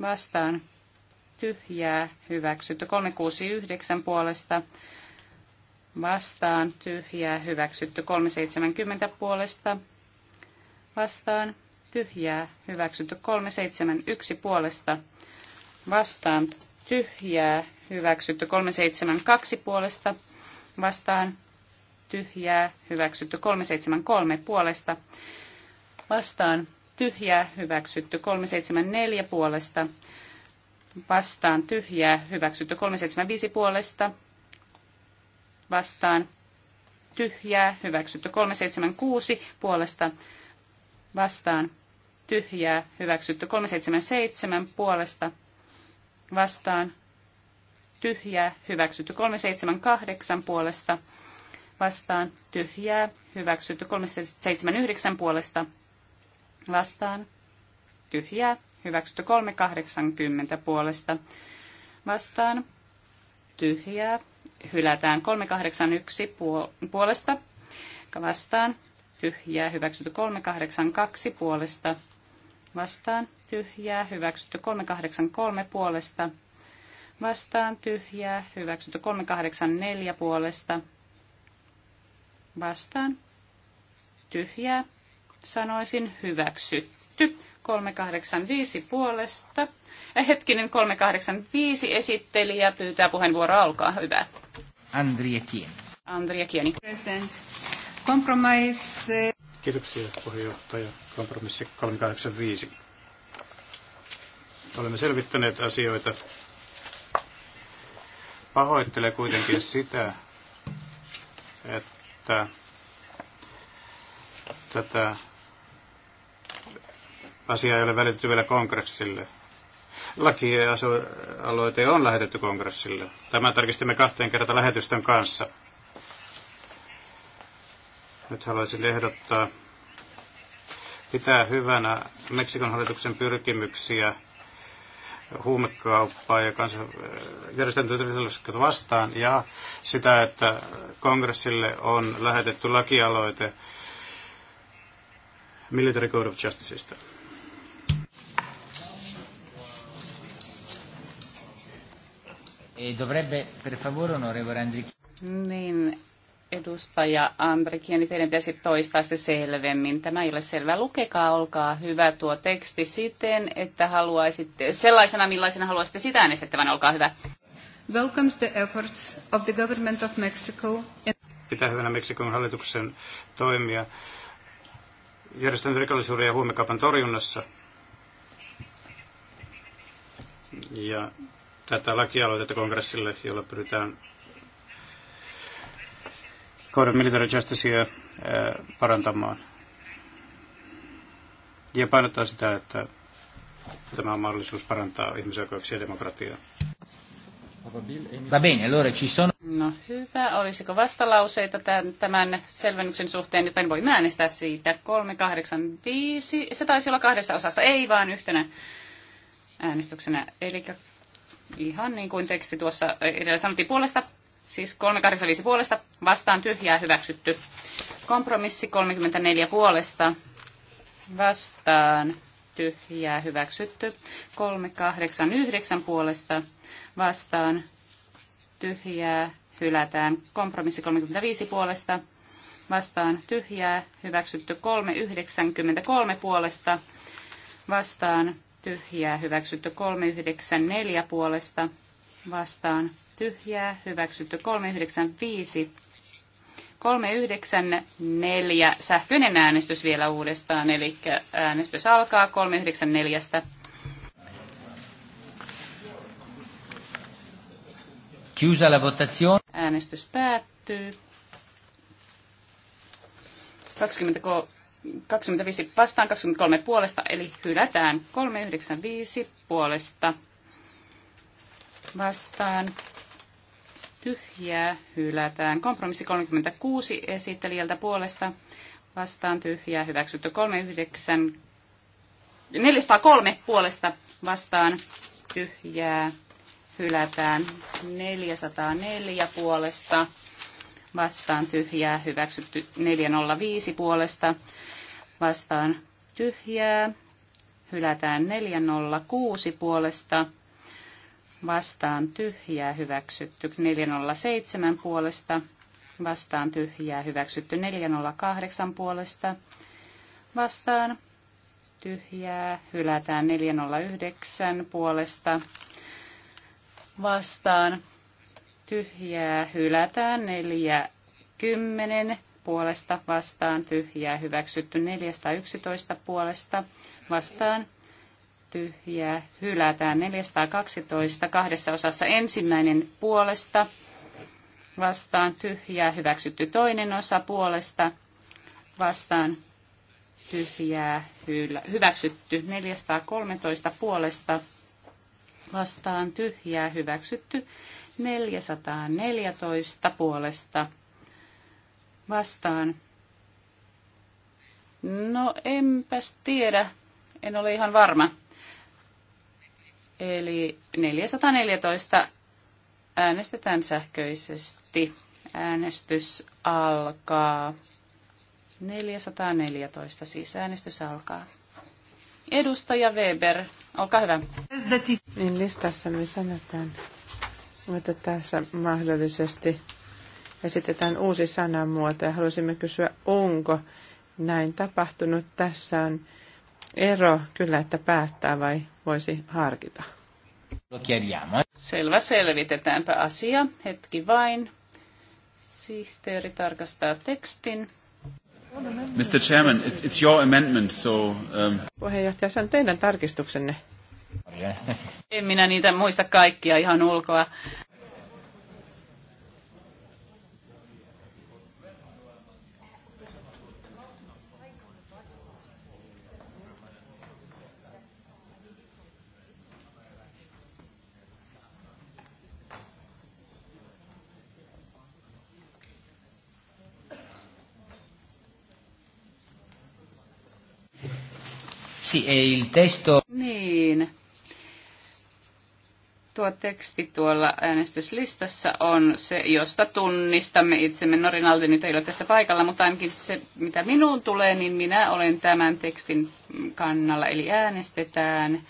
G: vastaan, tyhjää, hyväksytty 369 puolesta vastaan, tyhjää, hyväksytty 370 puolesta vastaan, tyhjää, hyväksytty 371 puolesta vastaan, tyhjää hyväksytty. 372 puolesta vastaan tyhjää hyväksytty. 373 puolesta vastaan tyhjää hyväksytty. 374 puolesta vastaan tyhjää hyväksytty. 375 puolesta vastaan tyhjää hyväksytty. 376 puolesta vastaan tyhjää hyväksytty. 377 puolesta vastaan, vastaan tyhjää hyväksytty 378 puolesta vastaan tyhjää hyväksytty 379 puolesta vastaan tyhjää hyväksytty 380 puolesta vastaan tyhjää hylätään 381 puolesta vastaan tyhjää hyväksytty 382 puolesta vastaan tyhjää, hyväksytty 383 puolesta, vastaan tyhjää, hyväksytty 384 puolesta, vastaan tyhjää, sanoisin hyväksytty 385 puolesta. Äh, hetkinen 385 esittelijä pyytää puheenvuoroa, olkaa Hyvä.
B: Andrija Kieni.
G: Andrija Kieni. President. Compromise eh,
C: Kiitoksia puheenjohtaja. Kompromissi 385. Olemme selvittäneet asioita. Pahoittelen kuitenkin sitä, että tätä asiaa ei ole välitetty vielä kongressille. Lakialoite on lähetetty kongressille. Tämä tarkistimme kahteen kertaan lähetysten kanssa. Nyt haluaisin ehdottaa pitää hyvänä Meksikon hallituksen pyrkimyksiä huumekauppaa ja kansan, järjestäytynyt vastaan ja sitä, että kongressille on lähetetty lakialoite Military Code of Justiceista.
B: E dovrebbe, per favore, onorevole
G: Niin, Edustaja Andrikieni, teidän pitäisi toistaa se selvemmin. Tämä ei ole selvä. Lukekaa, olkaa hyvä tuo teksti siten, että haluaisitte, sellaisena millaisena haluaisitte sitä äänestettävän, olkaa hyvä. Welcomes the efforts of the government of Mexico.
C: Pitää hyvänä Meksikon hallituksen toimia järjestön rikollisuuden ja huumekaupan torjunnassa. Ja tätä lakialoitetta kongressille, jolla pyritään Court of Military Justicea parantamaan. Ja painottaa sitä, että tämä on mahdollisuus parantaa ihmisoikeuksia ja demokratiaa.
B: Va bene, allora ci sono...
G: No hyvä, olisiko vastalauseita tämän selvennyksen suhteen, joten voimme äänestää siitä 385. Se taisi olla kahdessa osassa, ei vaan yhtenä äänestyksenä. Eli ihan niin kuin teksti tuossa edellä sanottiin puolesta Siis 385 puolesta vastaan tyhjää hyväksytty. Kompromissi 34 puolesta vastaan tyhjää hyväksytty. 389 puolesta vastaan tyhjää hylätään. Kompromissi 35 puolesta vastaan tyhjää hyväksytty. 393 puolesta vastaan tyhjää hyväksytty. 394 puolesta vastaan tyhjää, hyväksytty 395. 394 sähköinen äänestys vielä uudestaan, eli äänestys alkaa 394.
B: Chiusa la votazione.
G: Äänestys päättyy. 20, 25 vastaan, 23 puolesta, eli hylätään 395 puolesta vastaan tyhjää hylätään. Kompromissi 36 esittelijältä puolesta vastaan tyhjää hyväksytty 39, 403 puolesta vastaan tyhjää hylätään 404 puolesta vastaan tyhjää hyväksytty 405 puolesta vastaan tyhjää hylätään 406 puolesta vastaan tyhjää hyväksytty 407 puolesta, vastaan tyhjää hyväksytty 408 puolesta, vastaan tyhjää hylätään 409 puolesta, vastaan tyhjää hylätään 410 puolesta, vastaan tyhjää hyväksytty 411 puolesta, vastaan tyhjää hylätään. 412 kahdessa osassa ensimmäinen puolesta vastaan tyhjää hyväksytty toinen osa puolesta vastaan tyhjää hyväksytty 413 puolesta vastaan tyhjää hyväksytty 414 puolesta vastaan. No enpäs tiedä, en ole ihan varma. Eli 414 äänestetään sähköisesti. Äänestys alkaa. 414 siis äänestys alkaa. Edustaja Weber, olkaa hyvä.
D: Niin listassa me sanotaan, että tässä mahdollisesti esitetään uusi sanamuoto ja haluaisimme kysyä, onko näin tapahtunut. Tässä on ero kyllä, että päättää vai voisi harkita.
G: Selvä, selvitetäänpä asia. Hetki vain. Sihteeri tarkastaa tekstin. Mr.
B: Chairman, it's, it's your amendment,
F: so... Um...
D: Puheenjohtaja, se on teidän tarkistuksenne. en minä niitä
G: muista kaikkia ihan ulkoa.
B: Sì, e il testo...
G: Niin. Tuo teksti tuolla äänestyslistassa on se, josta tunnistamme itsemme. No Rinaldi nyt ei ole tässä paikalla, mutta ainakin se, mitä minuun tulee, niin minä olen tämän tekstin kannalla. Eli äänestetään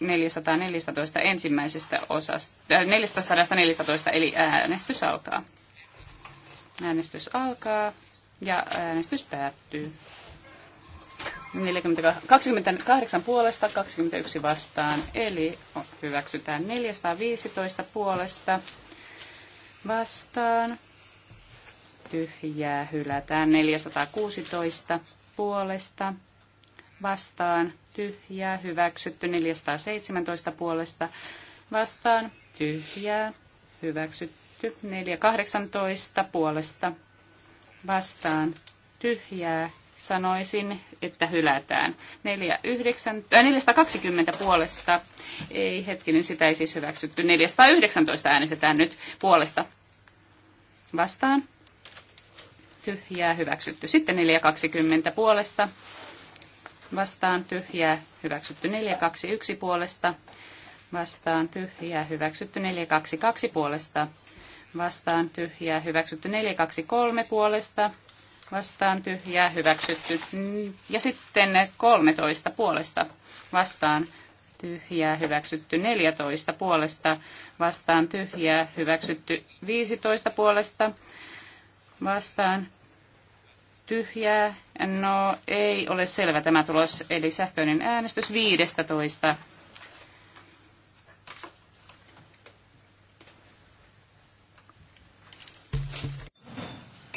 G: 414 ensimmäisestä osasta, 414 äh, eli äänestys alkaa. Äänestys alkaa ja äänestys päättyy. 28 puolesta, 21 vastaan, eli hyväksytään 415 puolesta vastaan. Tyhjää hylätään 416 puolesta vastaan, tyhjää hyväksytty 417 puolesta vastaan, tyhjää hyväksytty 418 puolesta vastaan, tyhjää sanoisin, että hylätään. 49, äh, 420 puolesta, ei hetkinen, sitä ei siis hyväksytty. 419 äänestetään nyt puolesta vastaan. Tyhjää hyväksytty. Sitten 420 puolesta vastaan tyhjää hyväksytty. 421 puolesta vastaan tyhjää hyväksytty. 422 puolesta vastaan tyhjää hyväksytty. 423 puolesta vastaan tyhjää hyväksytty. Ja sitten 13 puolesta vastaan tyhjää hyväksytty. 14 puolesta vastaan tyhjää hyväksytty. 15 puolesta vastaan tyhjää. No ei ole selvä tämä tulos, eli sähköinen äänestys 15.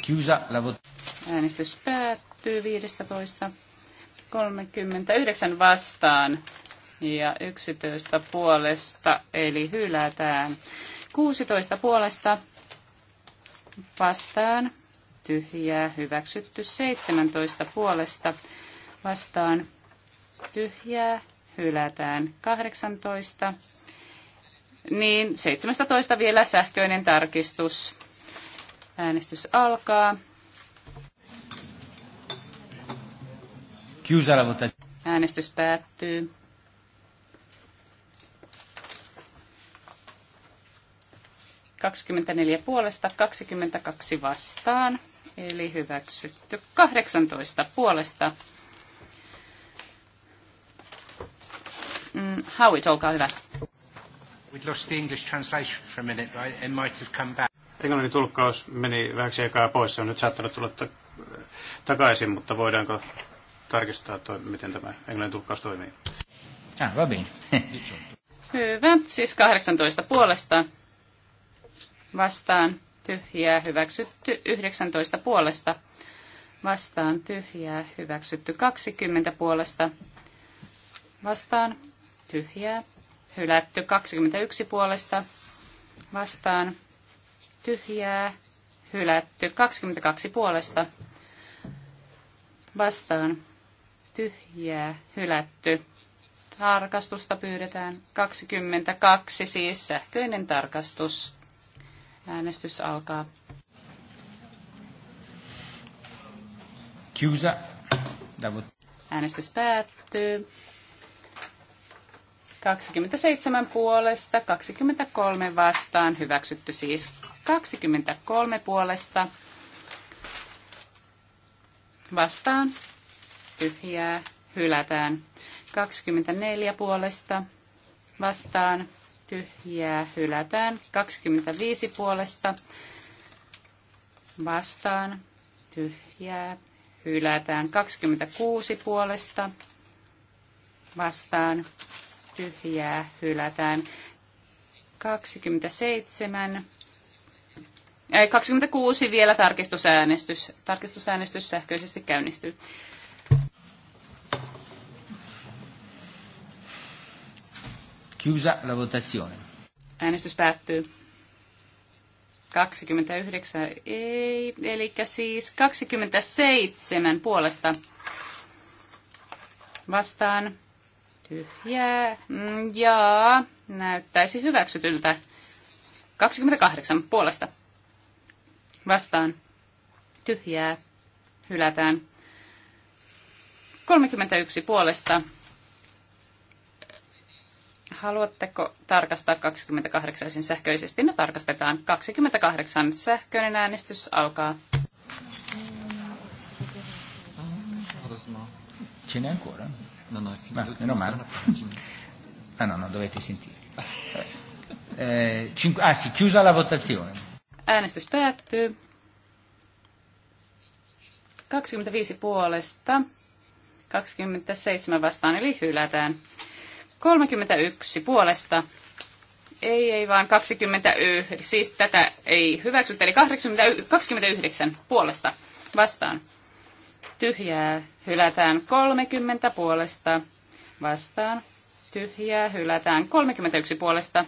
B: Chiusa la votazione.
G: Äänestys päättyy 15.39 vastaan ja 11 puolesta, eli hylätään. 16 puolesta vastaan, tyhjää, hyväksytty. 17 puolesta vastaan, tyhjää, hylätään. 18, niin 17 vielä sähköinen tarkistus. Äänestys alkaa.
B: Chiusa mutta...
G: Äänestys päättyy. Kaksikymmentäneljä puolesta, 22 vastaan, eli hyväksytty. 18 puolesta. Mm, Howit,
B: olkaa hyvä. We'd lost the English translation for a minute, but it might have come back.
C: Englannin tulkkaus meni vähäksi aikaa pois, se on nyt saattanut tulla takaisin, mutta voidaanko tarkistaa, toi, miten tämä englannin tulkkaus toimii. Ah, va bene.
G: Hyvä. Siis 18 puolesta vastaan tyhjää hyväksytty 19 puolesta vastaan tyhjää hyväksytty 20 puolesta vastaan tyhjää hylätty 21 puolesta vastaan tyhjää hylätty 22 puolesta vastaan tyhjää hylätty. Tarkastusta pyydetään 22, siis sähköinen tarkastus. Äänestys alkaa. Kiusa. Äänestys päättyy. 27 puolesta, 23 vastaan, hyväksytty siis 23 puolesta vastaan, tyhjää hylätään. 24 puolesta vastaan tyhjää hylätään. 25 puolesta vastaan tyhjää hylätään. 26 puolesta vastaan tyhjää hylätään. 27 ei, 26 vielä tarkistusäänestys. Tarkistusäänestys sähköisesti käynnistyy.
B: Chiusa la votazione.
G: Äänestys päättyy. 29 ei, eli siis 27 puolesta vastaan tyhjää mm, ja näyttäisi hyväksytyltä 28 puolesta vastaan tyhjää hylätään 31 puolesta Haluatteko tarkastaa 28 siis sähköisesti? No tarkastetaan. 28 sähköinen äänestys alkaa.
B: Ce n'è ancora? No, no, è finito. No, meno male. Ah, no, no, dovete sentire. Eh, ah, sì, chiusa la votazione.
G: Äänestys päättyy. 25 puolesta, 27 vastaan, eli hylätään. 31 puolesta. Ei, ei vaan 29. Siis tätä ei hyväksytä. Eli 80, 29 puolesta vastaan. Tyhjää hylätään 30 puolesta vastaan. Tyhjää hylätään 31 puolesta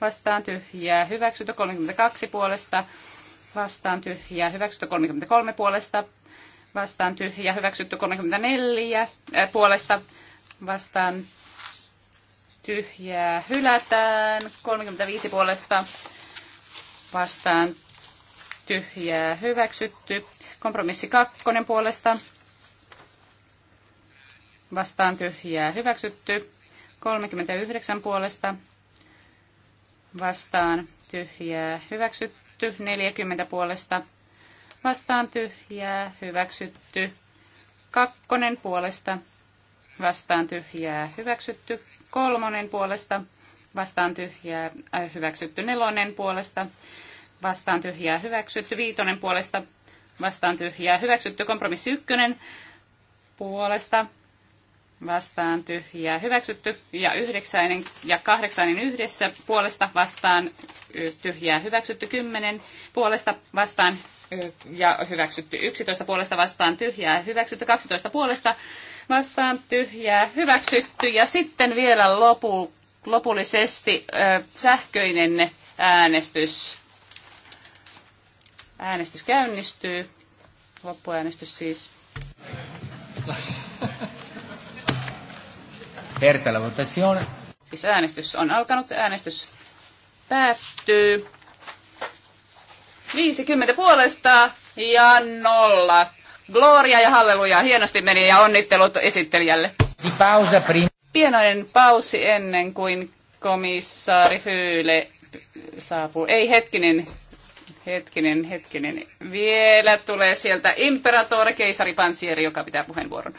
G: vastaan. Tyhjää hyväksytä 32 puolesta vastaan. Tyhjää hyväksytä 33 puolesta vastaan. Tyhjää hyväksytty 34 äh, puolesta vastaan tyhjää hylätään. 35 puolesta vastaan tyhjää hyväksytty. Kompromissi kakkonen puolesta vastaan tyhjää hyväksytty. 39 puolesta vastaan tyhjää hyväksytty. 40 puolesta vastaan tyhjää hyväksytty. Kakkonen puolesta vastaan tyhjää hyväksytty kolmonen puolesta vastaan tyhjää äh, hyväksytty nelonen puolesta vastaan tyhjää hyväksytty viitonen puolesta vastaan tyhjää hyväksytty kompromissi ykkönen puolesta vastaan tyhjää hyväksytty ja yhdeksäinen ja kahdeksainen yhdessä puolesta vastaan tyhjää hyväksytty kymmenen puolesta vastaan ja hyväksytty 11 puolesta vastaan tyhjää, hyväksytty 12 puolesta vastaan tyhjää, hyväksytty ja sitten vielä lopu, lopullisesti ö, sähköinen äänestys. Äänestys käynnistyy, loppuäänestys siis.
B: Pertä votazione.
G: Siis äänestys on alkanut, äänestys päättyy. 50 puolesta ja nolla. Gloria ja halleluja. Hienosti meni ja onnittelut
A: esittelijälle.
G: Pienoinen pausi ennen kuin komissaari Hyyle saapuu. Ei hetkinen, hetkinen, hetkinen. Vielä tulee sieltä imperatori, keisari Pansieri, joka pitää puheenvuoron.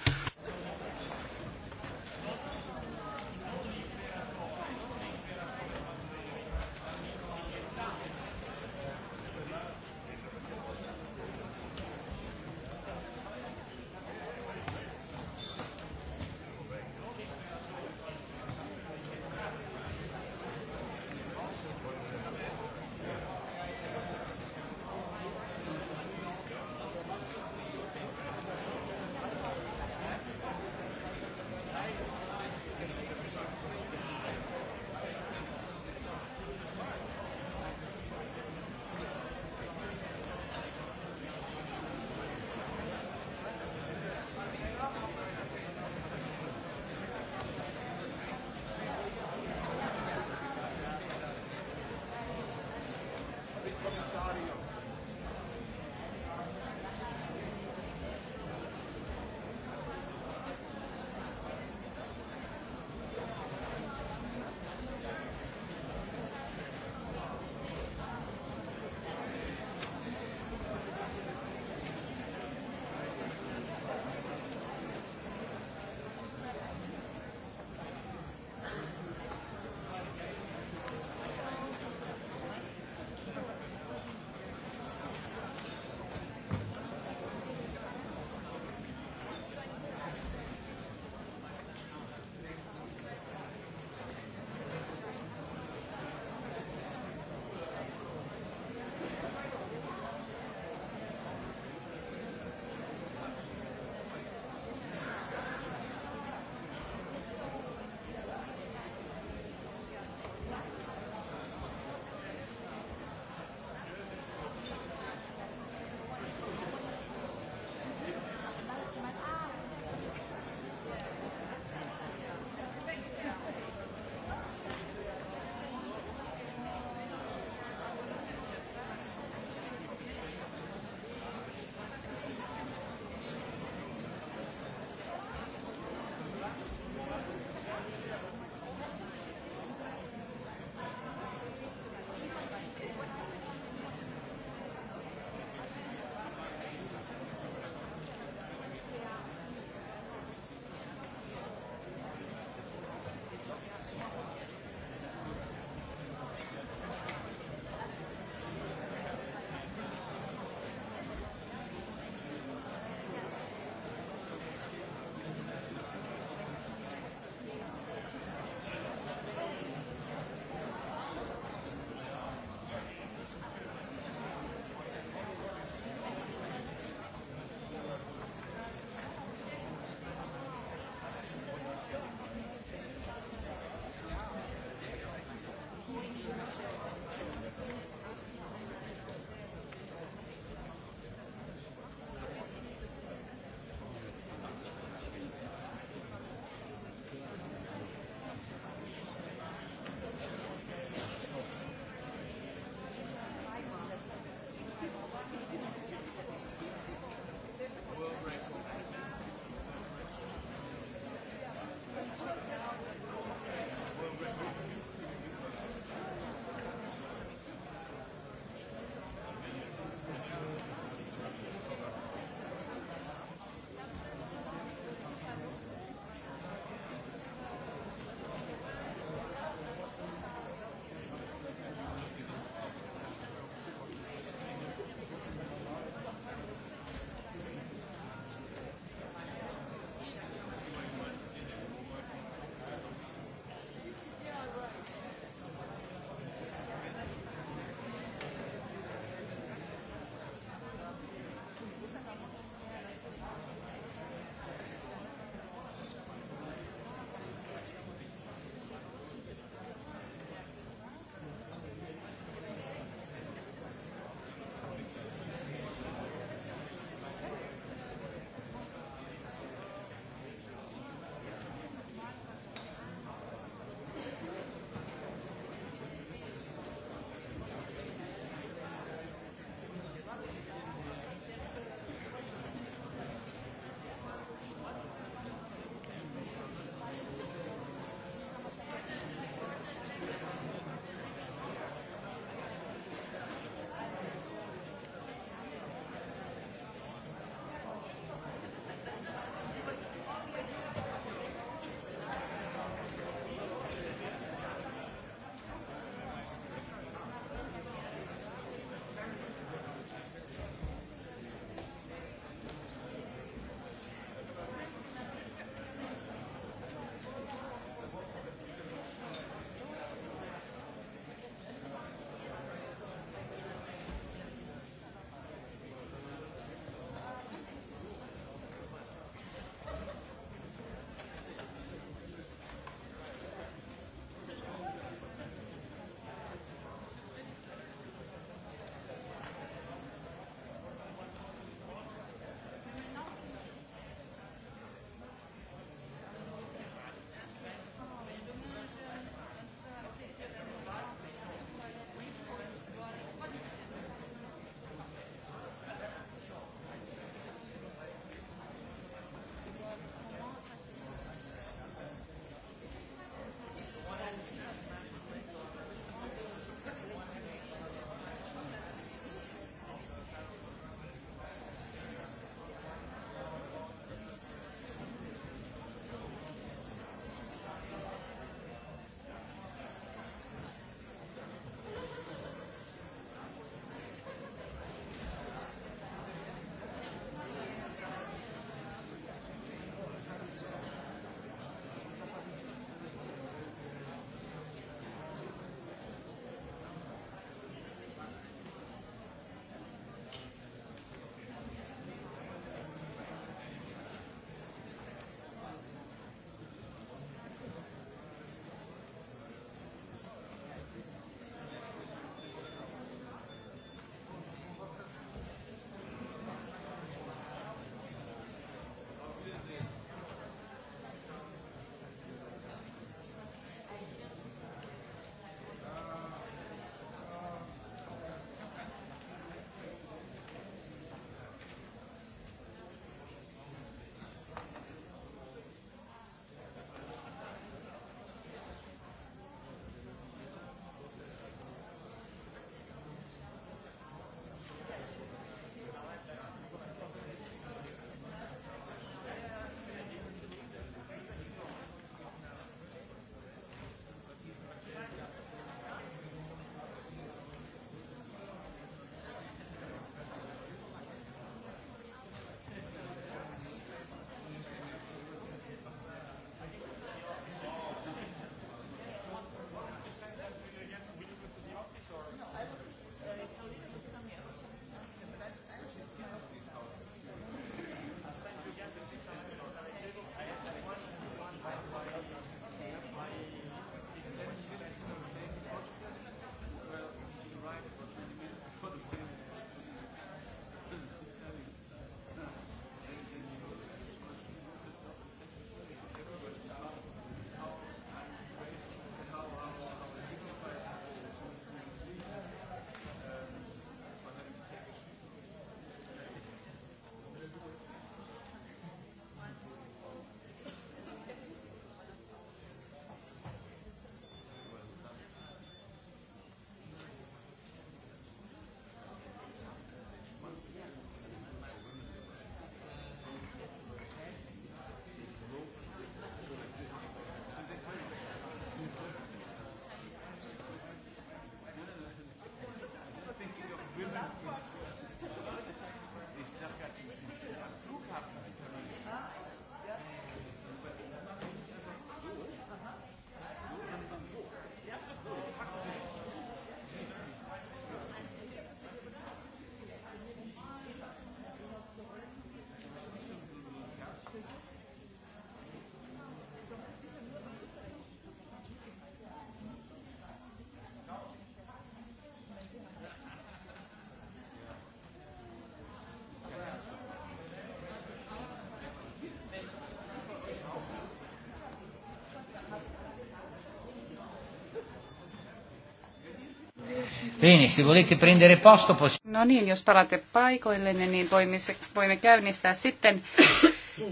G: Bene,
B: se volete prendere posto, possiamo...
G: No niin, jos palate paikoille, niin voimme, voimme käynnistää sitten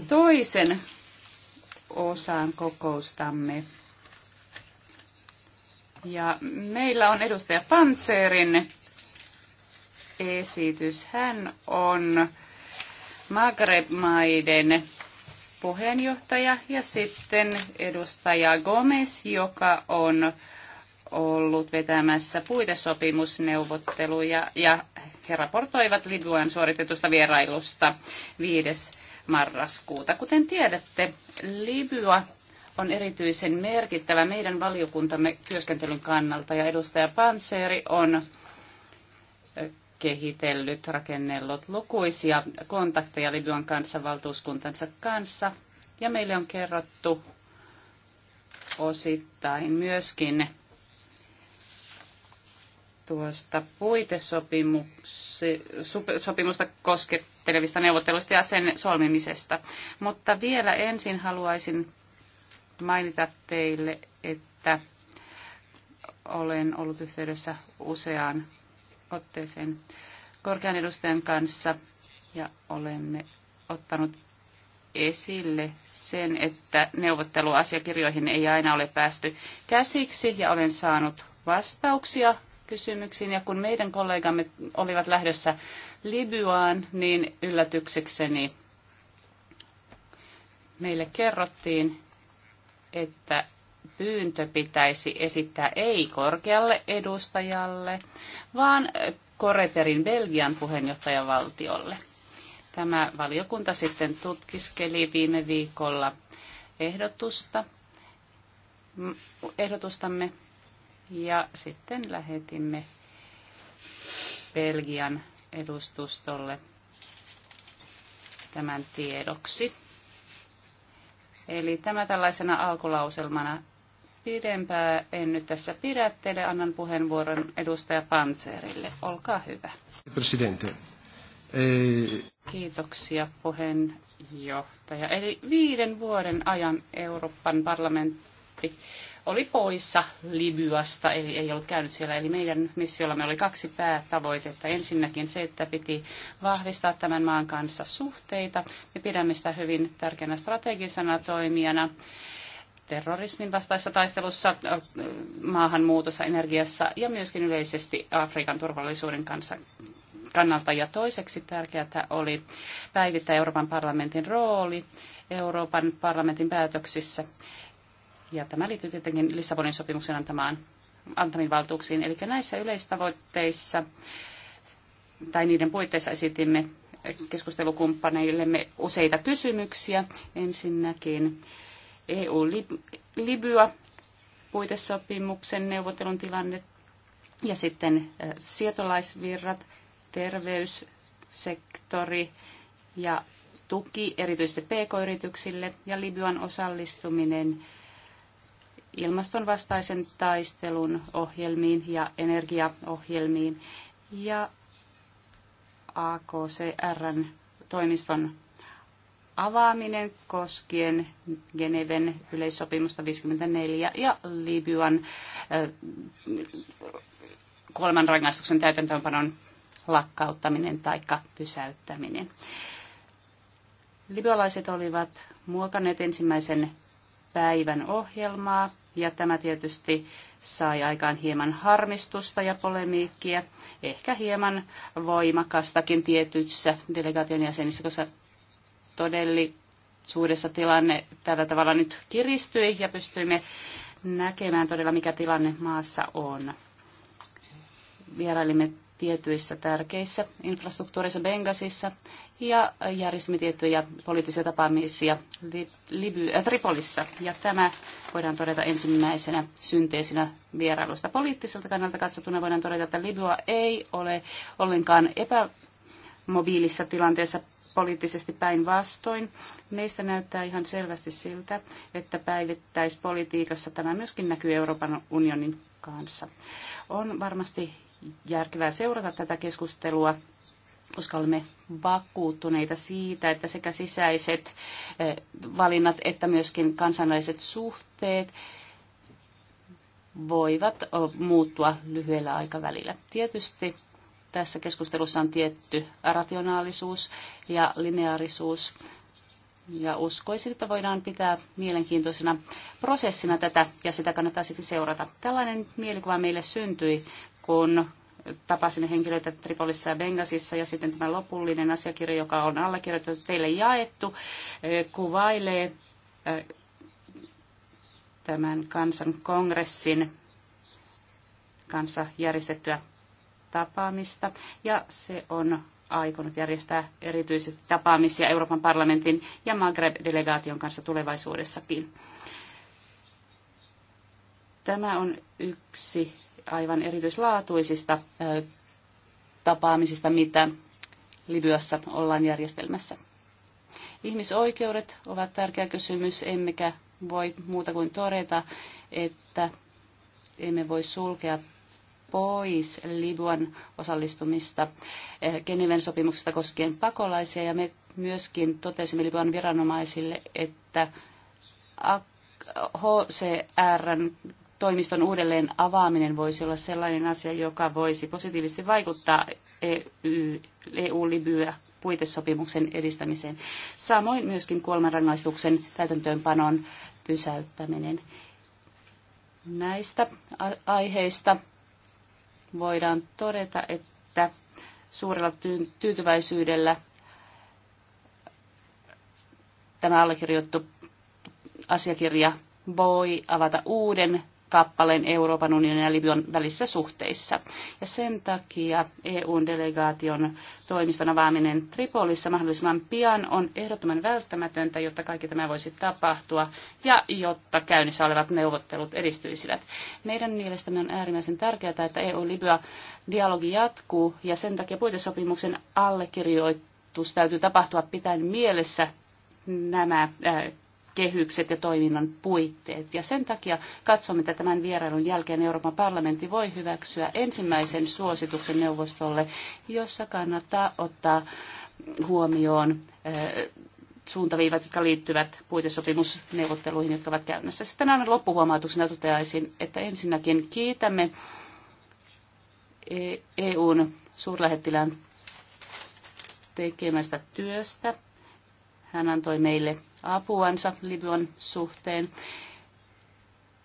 G: toisen osan kokoustamme. Ja meillä on edustaja Panzerin esitys. Hän on magreb maiden puheenjohtaja ja sitten edustaja Gomez, joka on ollut vetämässä puitesopimusneuvotteluja ja he raportoivat Libyan suoritetusta vierailusta 5. marraskuuta. Kuten tiedätte, Libya on erityisen merkittävä meidän valiokuntamme työskentelyn kannalta ja edustaja Panseeri on kehitellyt, rakennellut lukuisia kontakteja Libyan kanssa, valtuuskuntansa kanssa. Ja meille on kerrottu osittain myöskin tuosta puitesopimusta koskettelevista neuvotteluista ja sen solmimisesta. Mutta vielä ensin haluaisin mainita teille, että olen ollut yhteydessä useaan otteeseen korkean edustajan kanssa ja olemme ottanut esille sen, että neuvotteluasiakirjoihin ei aina ole päästy käsiksi ja olen saanut vastauksia kysymyksiin. Ja kun meidän kollegamme olivat lähdössä Libyaan, niin yllätyksekseni meille kerrottiin, että pyyntö pitäisi esittää ei korkealle edustajalle, vaan Koreperin Belgian puheenjohtajavaltiolle. Tämä valiokunta sitten tutkiskeli viime viikolla ehdotusta, ehdotustamme ja sitten lähetimme Belgian edustustolle tämän tiedoksi. Eli tämä tällaisena alkulauselmana pidempää en nyt tässä pidättele. Annan puheenvuoron edustaja Panzerille. Olkaa hyvä.
C: Presidente. Ei... Eh,
G: Kiitoksia puheenjohtaja. Eli viiden vuoden ajan Euroopan parlamentti oli poissa Libyasta, eli ei ollut käynyt siellä. Eli meidän me oli kaksi päätavoitetta. Ensinnäkin se, että piti vahvistaa tämän maan kanssa suhteita. Me pidämme sitä hyvin tärkeänä strategisena toimijana terrorismin vastaisessa taistelussa, maahanmuutossa, energiassa ja myöskin yleisesti Afrikan turvallisuuden kanssa kannalta. Ja toiseksi tärkeää oli päivittää Euroopan parlamentin rooli Euroopan parlamentin päätöksissä ja tämä liittyy tietenkin Lissabonin sopimuksen antamaan, antamiin valtuuksiin. Eli näissä yleistavoitteissa tai niiden puitteissa esitimme keskustelukumppaneillemme useita kysymyksiä. Ensinnäkin EU-Libya puitesopimuksen neuvottelun tilanne ja sitten sietolaisvirrat, terveyssektori ja tuki erityisesti pk-yrityksille ja Libyan osallistuminen ilmastonvastaisen taistelun ohjelmiin ja energiaohjelmiin ja AKCRn toimiston avaaminen koskien Geneven yleissopimusta 54 ja Libyan kolman rangaistuksen täytäntöönpanon lakkauttaminen tai pysäyttäminen. Libyalaiset olivat muokanneet ensimmäisen päivän ohjelmaa ja tämä tietysti sai aikaan hieman harmistusta ja polemiikkia, ehkä hieman voimakastakin tietyissä delegaation jäsenissä, koska todellisuudessa tilanne tällä tavalla nyt kiristyi ja pystyimme näkemään todella, mikä tilanne maassa on. Vierailimme tietyissä tärkeissä infrastruktuureissa Bengasissa ja järjestimme tiettyjä poliittisia tapaamisia Liby, äh, Tripolissa. Ja tämä voidaan todeta ensimmäisenä synteesinä vierailusta. Poliittiselta kannalta katsottuna voidaan todeta, että Libya ei ole ollenkaan epämobiilissa tilanteessa poliittisesti päinvastoin. Meistä näyttää ihan selvästi siltä, että päivittäispolitiikassa tämä myöskin näkyy Euroopan unionin kanssa. On varmasti järkevää seurata tätä keskustelua, koska olemme vakuuttuneita siitä, että sekä sisäiset eh, valinnat että myöskin kansainväliset suhteet voivat muuttua lyhyellä aikavälillä. Tietysti tässä keskustelussa on tietty rationaalisuus ja lineaarisuus. Ja uskoisin, että voidaan pitää mielenkiintoisena prosessina tätä ja sitä kannattaa sitten seurata. Tällainen mielikuva meille syntyi, kun tapasimme henkilöitä Tripolissa ja Bengasissa ja sitten tämä lopullinen asiakirja, joka on allekirjoitettu teille jaettu, eh, kuvailee eh, tämän kansan kongressin kanssa järjestettyä tapaamista ja se on aikonut järjestää erityisesti tapaamisia Euroopan parlamentin ja Maghreb-delegaation kanssa tulevaisuudessakin. Tämä on yksi aivan erityislaatuisista tapaamisista, mitä Libyassa ollaan järjestelmässä. Ihmisoikeudet ovat tärkeä kysymys, emmekä voi muuta kuin todeta, että emme voi sulkea pois Libyan osallistumista Geneven sopimuksesta koskien pakolaisia. Ja me myöskin totesimme Libyan viranomaisille, että HCRn toimiston uudelleen avaaminen voisi olla sellainen asia, joka voisi positiivisesti vaikuttaa EU-Libyä e puitesopimuksen edistämiseen. Samoin myöskin kuolemanrangaistuksen täytäntöönpanon pysäyttäminen. Näistä aiheista voidaan todeta, että suurella tyytyväisyydellä tämä allekirjoittu asiakirja voi avata uuden kappaleen Euroopan unionin ja Libyan välissä suhteissa. Ja sen takia EU-delegaation toimiston avaaminen Tripolissa mahdollisimman pian on ehdottoman välttämätöntä, jotta kaikki tämä voisi tapahtua ja jotta käynnissä olevat neuvottelut edistyisivät. Meidän mielestämme on äärimmäisen tärkeää, että EU-Libya-dialogi jatkuu ja sen takia puitesopimuksen allekirjoittaminen täytyy tapahtua pitäen mielessä nämä kehykset ja toiminnan puitteet. Ja sen takia katsomme, että tämän vierailun jälkeen Euroopan parlamentti voi hyväksyä ensimmäisen suosituksen neuvostolle, jossa kannattaa ottaa huomioon suuntaviivat, jotka liittyvät puitesopimusneuvotteluihin, jotka ovat käynnissä. Sitten aina loppuhuomautuksena toteaisin, että ensinnäkin kiitämme e- EUn suurlähettilään tekemästä työstä. Hän antoi meille apuansa Libyan suhteen.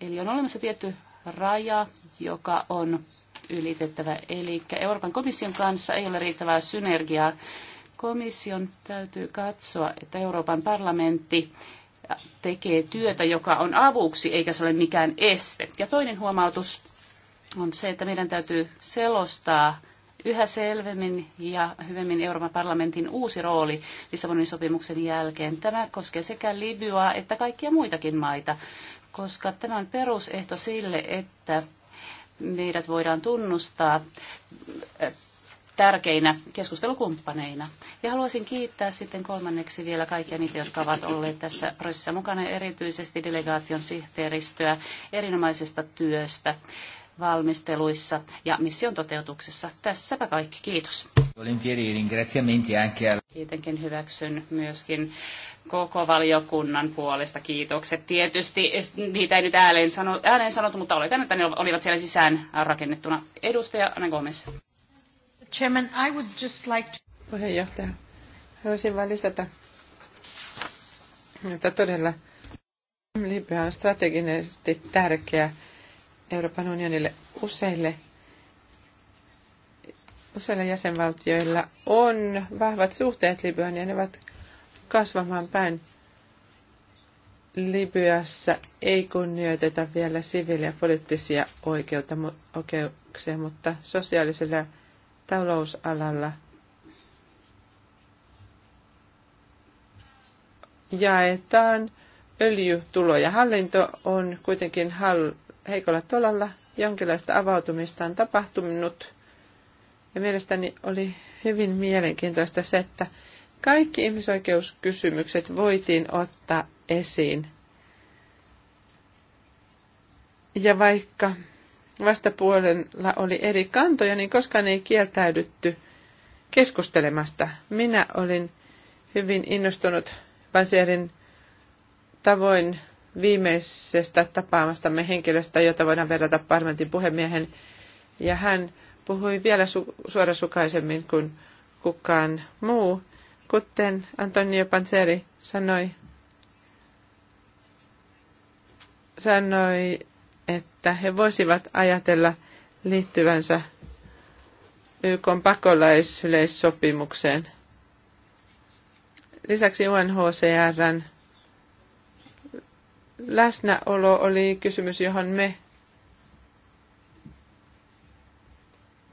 G: Eli on olemassa tietty raja, joka on ylitettävä. Eli Euroopan komission kanssa ei ole riittävää synergiaa. Komission täytyy katsoa, että Euroopan parlamentti tekee työtä, joka on avuksi eikä se ole mikään este. Ja toinen huomautus on se, että meidän täytyy selostaa yhä selvemmin ja hyvemmin Euroopan parlamentin uusi rooli Lissabonin sopimuksen jälkeen. Tämä koskee sekä Libyaa että kaikkia muitakin maita, koska tämä on perusehto sille, että meidät voidaan tunnustaa tärkeinä keskustelukumppaneina. Ja haluaisin kiittää sitten kolmanneksi vielä kaikkia niitä, jotka ovat olleet tässä prosessissa mukana, erityisesti delegaation sihteeristöä erinomaisesta työstä valmisteluissa ja mission toteutuksessa. Tässäpä kaikki. Kiitos. Kiitenkin hyväksyn myöskin koko valiokunnan puolesta kiitokset. Tietysti niitä ei nyt ääneen, sanottu, ääneen sanottu, mutta oletan, että ne olivat siellä sisään rakennettuna. Edustaja Anna Gomez. Chairman, I would just like to...
D: Puheenjohtaja, haluaisin vain lisätä, että todella Libya on strategisesti tärkeä Euroopan unionille useille, useille jäsenvaltioilla on vahvat suhteet Libyaan ja ne ovat kasvamaan päin. Libyassa ei kunnioiteta vielä siviili- ja poliittisia oikeuksia, mutta sosiaalisella talousalalla jaetaan öljytuloja. Hallinto on kuitenkin hall- heikolla tolalla, jonkinlaista avautumista on tapahtunut. Ja mielestäni oli hyvin mielenkiintoista se, että kaikki ihmisoikeuskysymykset voitiin ottaa esiin. Ja vaikka vastapuolella oli eri kantoja, niin koskaan ei kieltäydytty keskustelemasta. Minä olin hyvin innostunut Vansierin tavoin viimeisestä tapaamastamme henkilöstä, jota voidaan verrata parlamentin puhemiehen. Ja hän puhui vielä su- suorasukaisemmin kuin kukaan muu, kuten Antonio Panzeri sanoi, sanoi, että he voisivat ajatella liittyvänsä YK pakolaisyleissopimukseen. Lisäksi UNHCRn läsnäolo oli kysymys, johon me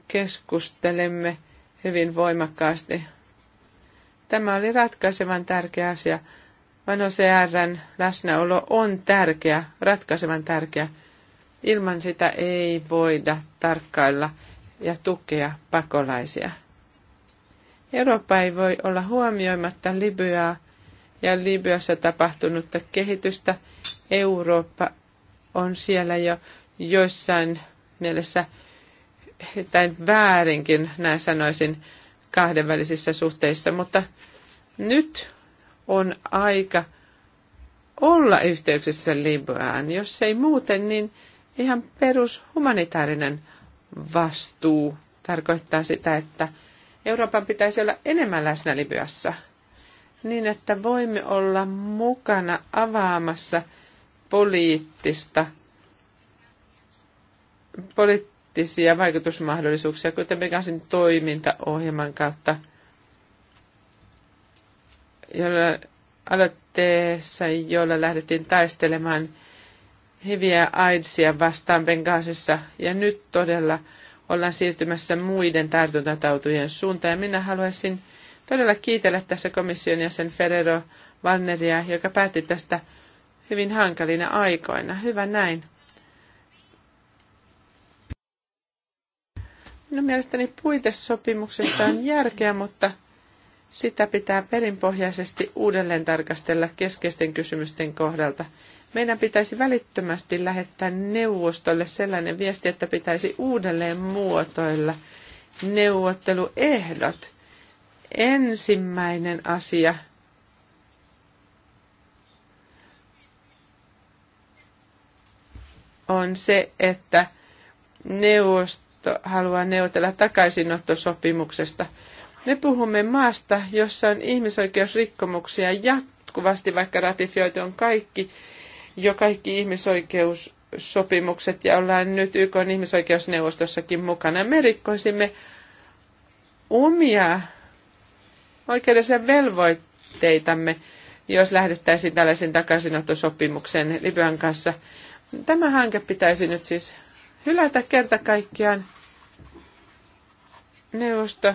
D: keskustelemme hyvin voimakkaasti. Tämä oli ratkaisevan tärkeä asia. Vano CRn läsnäolo on tärkeä, ratkaisevan tärkeä. Ilman sitä ei voida tarkkailla ja tukea pakolaisia. Eurooppa ei voi olla huomioimatta Libyaa ja Libyassa tapahtunutta kehitystä. Eurooppa on siellä jo joissain mielessä tai väärinkin, näin sanoisin, kahdenvälisissä suhteissa, mutta nyt on aika olla yhteyksissä Libyaan. Jos ei muuten, niin ihan perushumanitaarinen vastuu tarkoittaa sitä, että Euroopan pitäisi olla enemmän läsnä Libyassa – niin että voimme olla mukana avaamassa poliittista, poliittisia vaikutusmahdollisuuksia, kuten Megasin toimintaohjelman kautta, jolla aloitteessa, jolla lähdettiin taistelemaan hiviä AIDSia vastaan Bengaasissa ja nyt todella ollaan siirtymässä muiden tartuntatautujen suuntaan. Ja minä haluaisin todella kiitellä tässä komission jäsen Ferrero Valneria, joka päätti tästä hyvin hankalina aikoina. Hyvä näin. Minun no, mielestäni puitesopimuksesta on järkeä, mutta sitä pitää perinpohjaisesti uudelleen tarkastella keskeisten kysymysten kohdalta. Meidän pitäisi välittömästi lähettää neuvostolle sellainen viesti, että pitäisi uudelleen muotoilla neuvotteluehdot – Ensimmäinen asia. on se, että neuvosto haluaa neuvotella takaisinottosopimuksesta. Me puhumme maasta, jossa on ihmisoikeusrikkomuksia jatkuvasti, vaikka ratifioitu on kaikki, jo kaikki ihmisoikeussopimukset ja ollaan nyt YK ihmisoikeusneuvostossakin mukana. Me rikkoisimme omia oikeudellisia velvoitteitamme, jos lähdettäisiin tällaisen takaisinottosopimuksen Libyan kanssa. Tämä hanke pitäisi nyt siis hylätä kerta kaikkiaan. Neuvosto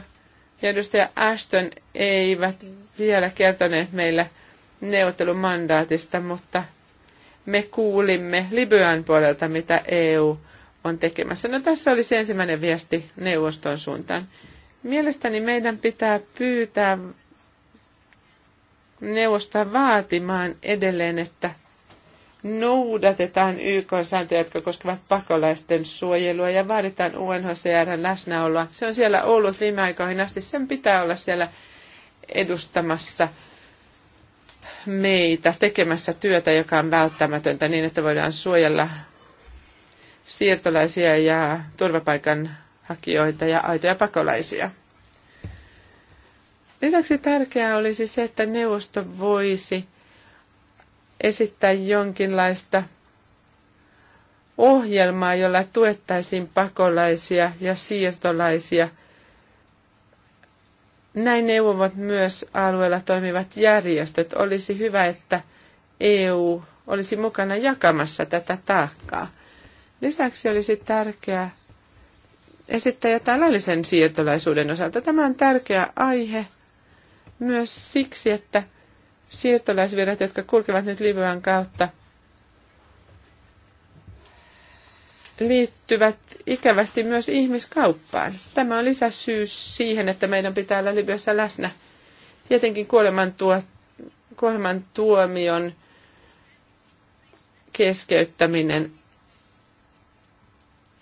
D: ja edustaja Ashton eivät vielä kertoneet meille neuvottelumandaatista, mutta me kuulimme Libyan puolelta, mitä EU on tekemässä. No tässä olisi ensimmäinen viesti neuvoston suuntaan. Mielestäni meidän pitää pyytää neuvosta vaatimaan edelleen, että noudatetaan YK-sääntöjä, jotka koskevat pakolaisten suojelua ja vaaditaan UNHCRn läsnäoloa. Se on siellä ollut viime aikoihin asti. Sen pitää olla siellä edustamassa meitä, tekemässä työtä, joka on välttämätöntä niin, että voidaan suojella siirtolaisia ja turvapaikan hakijoita ja aitoja pakolaisia. Lisäksi tärkeää olisi se, että neuvosto voisi esittää jonkinlaista ohjelmaa, jolla tuettaisiin pakolaisia ja siirtolaisia. Näin neuvovat myös alueella toimivat järjestöt. Olisi hyvä, että EU olisi mukana jakamassa tätä taakkaa. Lisäksi olisi tärkeää esittäjä tällaisen siirtolaisuuden osalta. Tämä on tärkeä aihe myös siksi, että siirtolaisvirrat, jotka kulkevat nyt Libyan kautta, liittyvät ikävästi myös ihmiskauppaan. Tämä on lisäsyy siihen, että meidän pitää olla Libyassa läsnä. Tietenkin kuolemantuomion keskeyttäminen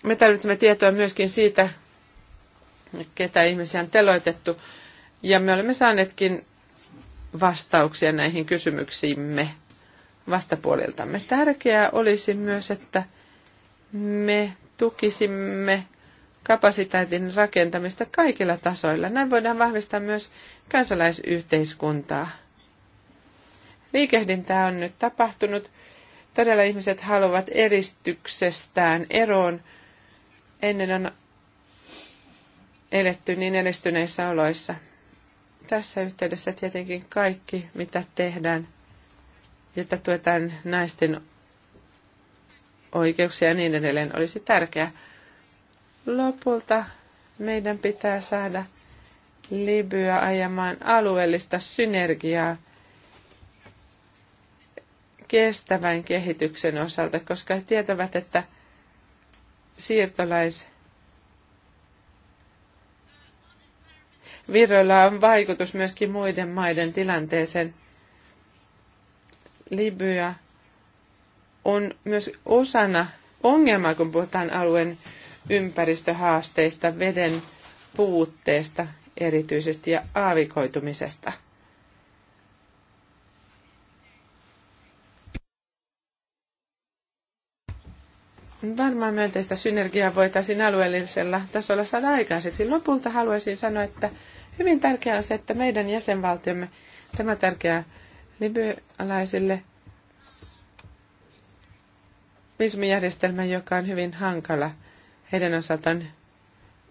D: me tarvitsemme tietoa myöskin siitä, ketä ihmisiä on teloitettu. Ja me olemme saaneetkin vastauksia näihin kysymyksiimme vastapuoliltamme. Tärkeää olisi myös, että me tukisimme kapasiteetin rakentamista kaikilla tasoilla. Näin voidaan vahvistaa myös kansalaisyhteiskuntaa. Liikehdintää on nyt tapahtunut. Todella ihmiset haluavat eristyksestään eroon – ennen on eletty niin edistyneissä oloissa. Tässä yhteydessä tietenkin kaikki, mitä tehdään, jotta tuetaan naisten oikeuksia ja niin edelleen, olisi tärkeää. Lopulta meidän pitää saada Libyä ajamaan alueellista synergiaa kestävän kehityksen osalta, koska he tietävät, että – siirtolais Virroilla on vaikutus myöskin muiden maiden tilanteeseen. Libya on myös osana ongelmaa, kun puhutaan alueen ympäristöhaasteista, veden puutteesta erityisesti ja aavikoitumisesta – Varmaan myönteistä synergiaa voitaisiin alueellisella tasolla saada aikaiseksi. Lopulta haluaisin sanoa, että hyvin tärkeää on se, että meidän jäsenvaltiomme, tämä tärkeää libyalaisille, viisumijärjestelmä, joka on hyvin hankala. Heidän osaltaan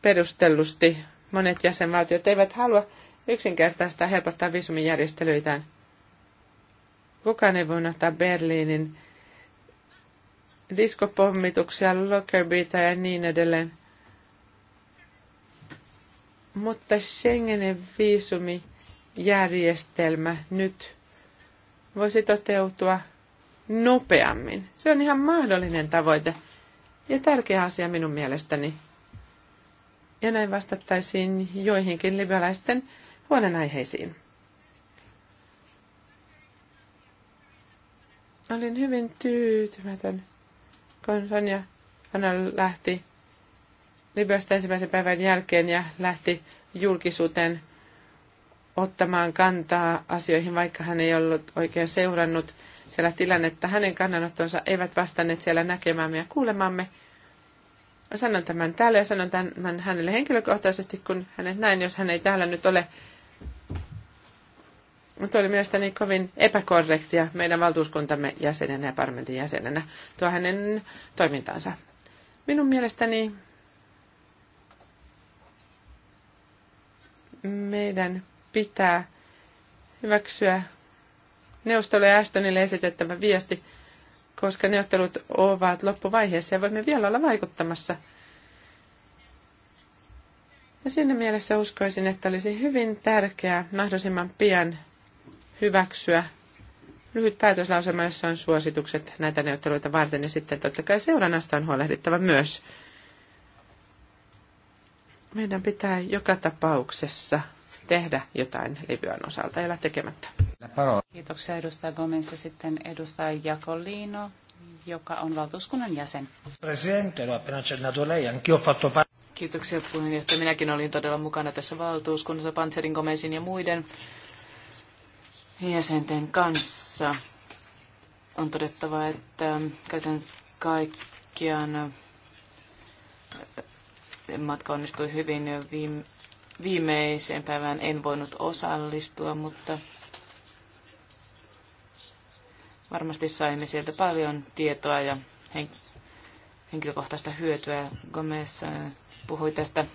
D: perustellusti monet jäsenvaltiot eivät halua yksinkertaistaa helpottaa viisumijärjestelyitään. Kukaan ei voi ottaa Berliinin diskopommituksia, lockerbeita ja niin edelleen. Mutta Schengenin viisumijärjestelmä nyt voisi toteutua nopeammin. Se on ihan mahdollinen tavoite ja tärkeä asia minun mielestäni. Ja näin vastattaisiin joihinkin libyalaisten huolenaiheisiin. Olin hyvin tyytymätön kun Sonja hän lähti Libyasta ensimmäisen päivän jälkeen ja lähti julkisuuteen ottamaan kantaa asioihin, vaikka hän ei ollut oikein seurannut siellä tilannetta. Hänen kannanottonsa eivät vastanneet siellä näkemämme ja kuulemamme. Sanon tämän täällä ja sanon tämän hänelle henkilökohtaisesti, kun hänet näin, jos hän ei täällä nyt ole mutta oli mielestäni kovin epäkorrektia meidän valtuuskuntamme jäsenenä ja parlamentin jäsenenä tuo hänen toimintansa. Minun mielestäni meidän pitää hyväksyä neuvostolle ja Ashtonille esitettävä viesti, koska neuvottelut ovat loppuvaiheessa ja voimme vielä olla vaikuttamassa. Ja siinä mielessä uskoisin, että olisi hyvin tärkeää mahdollisimman pian hyväksyä lyhyt päätöslausema, jossa on suositukset näitä neuvotteluita varten, ja sitten totta kai seurannasta on huolehdittava myös. Meidän pitää joka tapauksessa tehdä jotain Libyan osalta, elää tekemättä.
G: Kiitoksia edustaja Gomez ja sitten edustaja Jakolino, joka on valtuuskunnan jäsen.
C: Presidente, lo no, lei, fatto
A: Kiitoksia puheenjohtaja. Minäkin olin todella mukana tässä valtuuskunnassa Panzerin Gomezin ja muiden jäsenten kanssa. On todettava, että kaiken kaikkiaan äh, matka onnistui hyvin jo viimeiseen päivään. En voinut osallistua, mutta varmasti saimme sieltä paljon tietoa ja henkilökohtaista hyötyä. Gomez äh, puhui tästä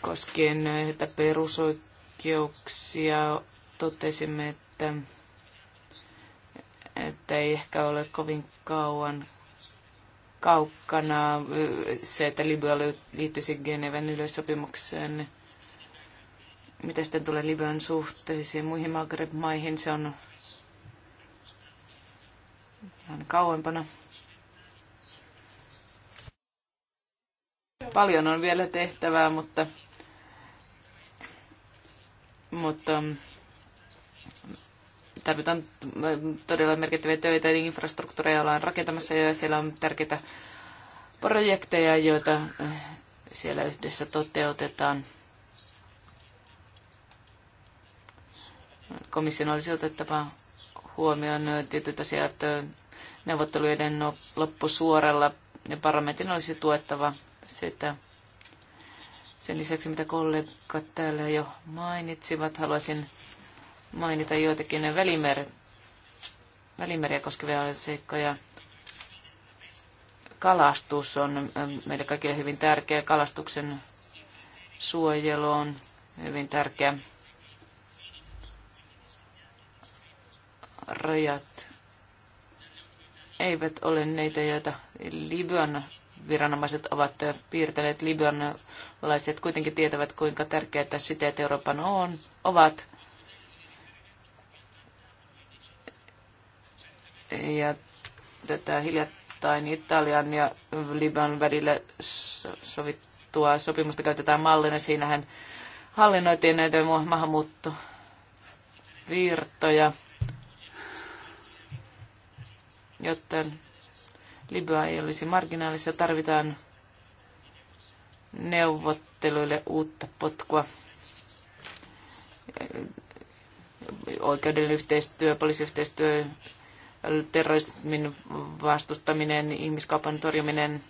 A: koskien näitä perusoikeuksia totesimme, että, että ei ehkä ole kovin kauan kaukana se, että Libya liittyisi Geneven yleissopimukseen. Mitä sitten tulee Libyan suhteisiin muihin Maghreb-maihin, se on ihan kauempana. Paljon on vielä tehtävää, mutta mutta tarvitaan todella merkittäviä töitä, eli infrastruktuureja ollaan rakentamassa ja siellä on tärkeitä projekteja, joita eh, siellä yhdessä toteutetaan. Komission olisi otettava huomioon eh, tietyt asiat eh, neuvotteluiden no- loppusuoralla ja parlamentin olisi tuettava sitä sen lisäksi, mitä kollegat täällä jo mainitsivat, haluaisin mainita joitakin välimer, välimeriä koskevia seikkoja. Kalastus on ähm, meille kaikille hyvin tärkeä. Kalastuksen suojelu on hyvin tärkeä. Rajat eivät ole neitä, joita Libyan viranomaiset ovat piirtäneet libyanlaiset kuitenkin tietävät, kuinka tärkeitä siteet Euroopan on, ovat. Ja tätä hiljattain Italian ja Libyan välillä sovittua sopimusta käytetään mallina. Siinähän hallinnoitiin näitä maahanmuuttovirtoja, joten Libya ei olisi marginaalissa, tarvitaan neuvotteluille uutta potkua. Oikeudellinen yhteistyö, poliisiyhteistyö, terrorismin vastustaminen, ihmiskaupan torjuminen,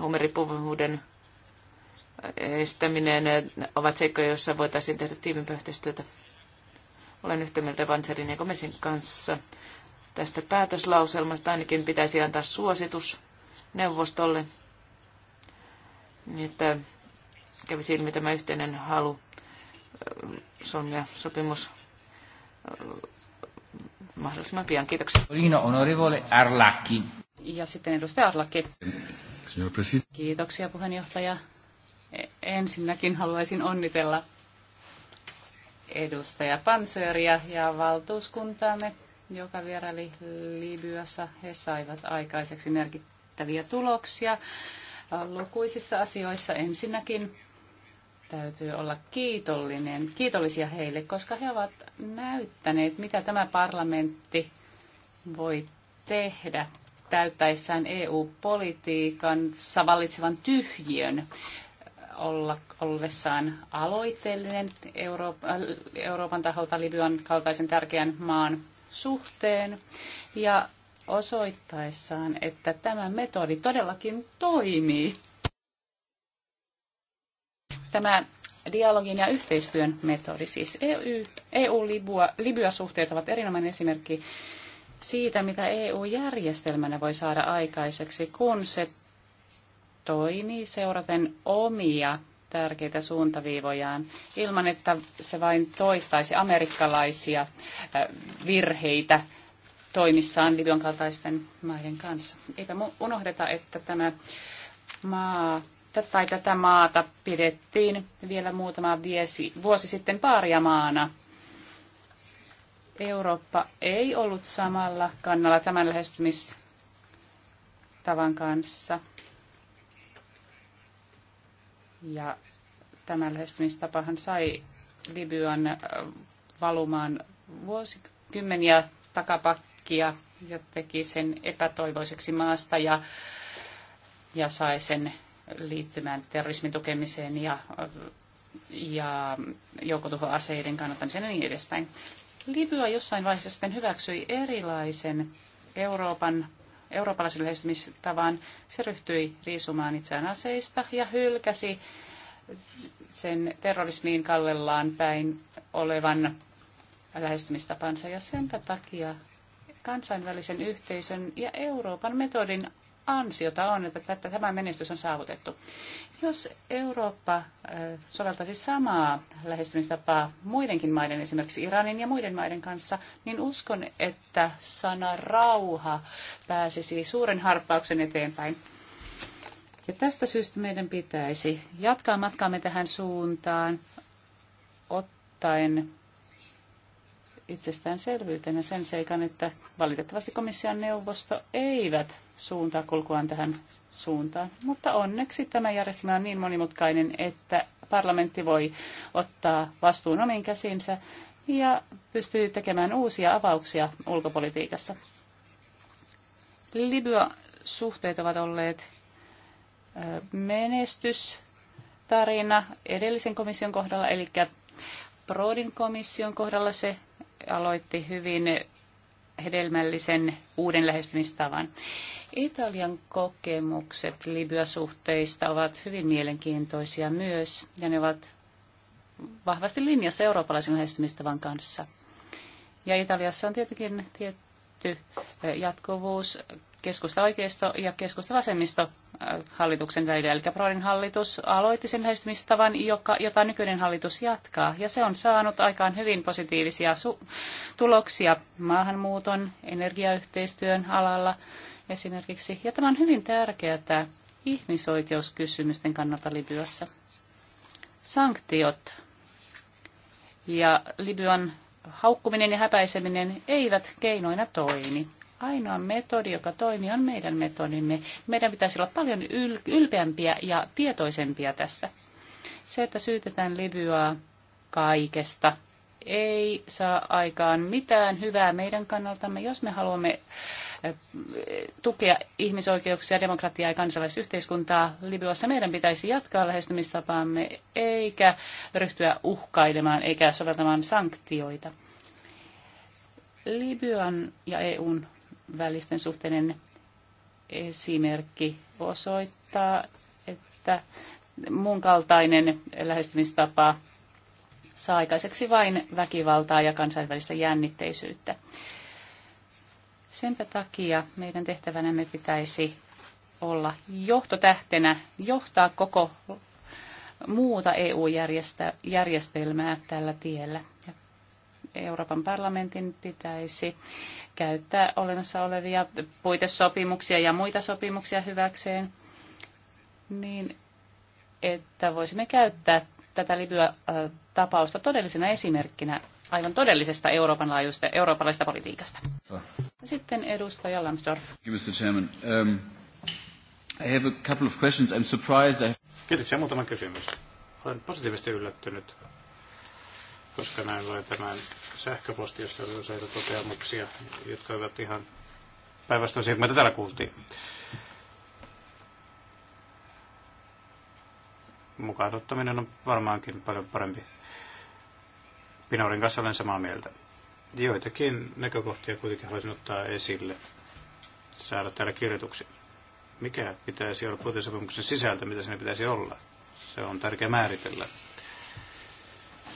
A: huumeripuvuuden estäminen ovat seikkoja, joissa voitaisiin tehdä tiivimpää yhteistyötä. Olen yhtä mieltä Vanserin ja Komesin kanssa tästä päätöslauselmasta. Ainakin pitäisi antaa suositus neuvostolle, niin että kävi ilmi tämä yhteinen halu solmia sopimus mahdollisimman pian. Kiitoksia.
B: Lino Onorevole Arlaki.
A: Ja sitten edustaja Arlaki.
G: Kiitoksia puheenjohtaja. E, ensinnäkin haluaisin onnitella edustaja Panseria ja valtuuskuntaamme joka vieraili Libyassa. He saivat aikaiseksi merkittäviä tuloksia lukuisissa asioissa. Ensinnäkin täytyy olla kiitollinen, kiitollisia heille, koska he ovat näyttäneet, mitä tämä parlamentti voi tehdä täyttäessään EU-politiikan savallitsevan tyhjiön olla, ollessaan aloitteellinen Euroopan taholta Libyan kaltaisen tärkeän maan suhteen ja osoittaessaan, että tämä metodi todellakin toimii. Tämä dialogin ja yhteistyön metodi, siis EU-Libya-suhteet e ovat erinomainen esimerkki siitä, mitä EU-järjestelmänä voi saada aikaiseksi, kun se toimii seuraten omia tärkeitä suuntaviivojaan ilman, että se vain toistaisi amerikkalaisia äh, virheitä toimissaan Libyan kaltaisten maiden kanssa. Eipä unohdeta, että tämä maa tai tätä maata pidettiin vielä muutama viesi, vuosi sitten paariamaana. Eurooppa ei ollut samalla kannalla tämän lähestymistavan kanssa. Ja tämä lähestymistapahan sai Libyan äh, valumaan vuosikymmeniä takapakkia ja teki sen epätoivoiseksi maasta ja, ja sai sen liittymään terrorismin tukemiseen ja, ja joukotuhoaseiden kannattamiseen ja niin edespäin. Libya jossain vaiheessa sitten hyväksyi erilaisen Euroopan eurooppalaisen lähestymistavan, se ryhtyi riisumaan itseään aseista ja hylkäsi sen terrorismiin kallellaan päin olevan lähestymistapansa. Ja sen takia kansainvälisen yhteisön ja Euroopan metodin ansiota on, että tämä menestys on saavutettu. Jos Eurooppa soveltaisi samaa lähestymistapaa muidenkin maiden, esimerkiksi Iranin ja muiden maiden kanssa, niin uskon, että sana rauha pääsisi suuren harppauksen eteenpäin. Ja tästä syystä meidän pitäisi jatkaa matkaamme tähän suuntaan, ottaen itsestäänselvyytenä sen seikan, että valitettavasti komission neuvosto eivät suuntaa kulkuaan tähän suuntaan. Mutta onneksi tämä järjestelmä on niin monimutkainen, että parlamentti voi ottaa vastuun omiin käsinsä ja pystyy tekemään uusia avauksia ulkopolitiikassa. Libya-suhteet ovat olleet menestystarina edellisen komission kohdalla, eli Prodin komission kohdalla se aloitti hyvin hedelmällisen uuden lähestymistavan. Italian kokemukset Libya-suhteista ovat hyvin mielenkiintoisia myös, ja ne ovat vahvasti linjassa eurooppalaisen lähestymistavan kanssa. Ja Italiassa on tietenkin tietty eh, jatkuvuus keskusta oikeisto ja keskusta vasemmisto äh, hallituksen välillä. Eli Prodin hallitus aloitti sen lähestymistavan, joka, jota nykyinen hallitus jatkaa. Ja se on saanut aikaan hyvin positiivisia tuloksia maahanmuuton, energiayhteistyön alalla esimerkiksi. Ja tämä on hyvin tärkeää ihmisoikeuskysymysten kannalta Libyassa. Sanktiot ja Libyan haukkuminen ja häpäiseminen eivät keinoina toimi ainoa metodi, joka toimii, on meidän metodimme. Meidän pitäisi olla paljon ylpeämpiä ja tietoisempia tästä. Se, että syytetään Libyaa kaikesta, ei saa aikaan mitään hyvää meidän kannaltamme, jos me haluamme äh, tukea ihmisoikeuksia, demokratiaa ja kansalaisyhteiskuntaa Libyassa. Meidän pitäisi jatkaa lähestymistapaamme eikä ryhtyä uhkailemaan eikä soveltamaan sanktioita. Libyan ja EUn välisten suhteiden esimerkki osoittaa, että mun kaltainen lähestymistapa saa aikaiseksi vain väkivaltaa ja kansainvälistä jännitteisyyttä. Senpä takia meidän tehtävänämme pitäisi olla johtotähtenä, johtaa koko muuta EU-järjestelmää tällä tiellä. Ja Euroopan parlamentin pitäisi käyttää olemassa olevia puitesopimuksia ja muita sopimuksia hyväkseen, niin että voisimme käyttää tätä Libya-tapausta todellisena esimerkkinä aivan todellisesta Euroopan laajuista, eurooppalaisesta politiikasta. Sitten edustaja Lambsdorff.
C: Mr. Um, I have a couple of questions. I'm surprised. I Kiitoksia. Muutama kysymys. Olen positiivisesti yllättynyt, koska näin luen tämän sähköposti, jossa oli useita toteamuksia, jotka ovat ihan päinvastoin siihen, mitä täällä kuultiin. Mukaan ottaminen on varmaankin paljon parempi. Pinorin kanssa olen samaa mieltä. Joitakin näkökohtia kuitenkin haluaisin ottaa esille, saada täällä kirjoituksi. Mikä pitäisi olla puitesopimuksen sisältö, mitä siinä pitäisi olla? Se on tärkeä määritellä.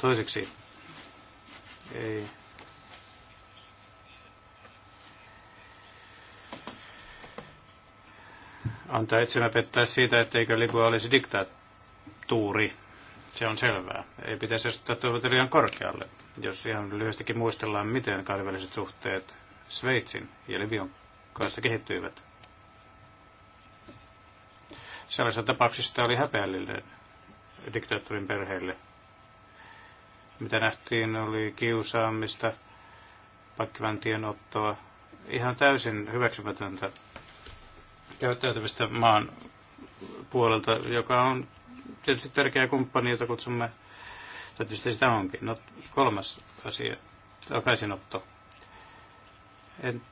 C: Toiseksi ei antaa itsemä pettää siitä, etteikö Libya olisi diktatuuri. Se on selvää. Ei pitäisi asettaa toivot liian korkealle, jos ihan lyhyestikin muistellaan, miten kahdenväliset suhteet Sveitsin ja Libyan kanssa kehittyivät. Sellaisessa tapauksessa oli häpeällinen diktaattorin perheelle – mitä nähtiin, oli kiusaamista, pankkivankien ottoa, ihan täysin hyväksymätöntä käyttäytymistä maan puolelta, joka on tietysti tärkeä kumppani, jota kutsumme, tai tietysti sitä onkin. No, kolmas asia, takaisinotto. En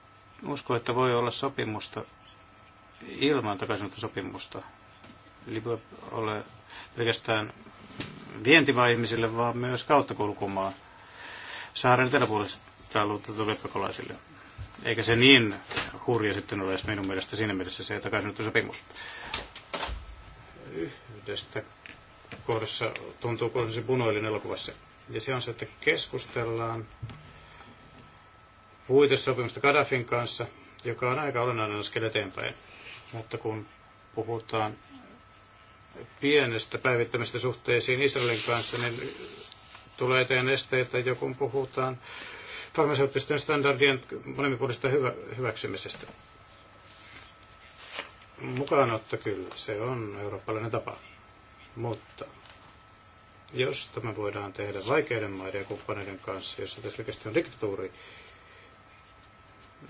C: usko, että voi olla sopimusta ilman takaisinottosopimusta. Eli voi ole pelkästään vientivaa ihmisille, vaan myös kauttakulkumaa saaren eteläpuolista alueelta tuleville Eikä se niin hurja sitten ole minun mielestä siinä mielessä se sopimus. Yhdestä kohdassa tuntuu kuin se punoilin elokuvassa. Ja se on se, että keskustellaan puitesopimusta Gaddafin kanssa, joka on aika olennainen askel eteenpäin. Mutta kun puhutaan pienestä päivittämistä suhteisiin Israelin kanssa, niin tulee eteen esteitä, jo kun puhutaan farmaseuttisten standardien molemminpuolisesta hyvä, hyväksymisestä. Mukaanotto kyllä, se on eurooppalainen tapa. Mutta jos tämä voidaan tehdä vaikeiden maiden ja kumppaneiden kanssa, jossa selkeästi on diktatuuri,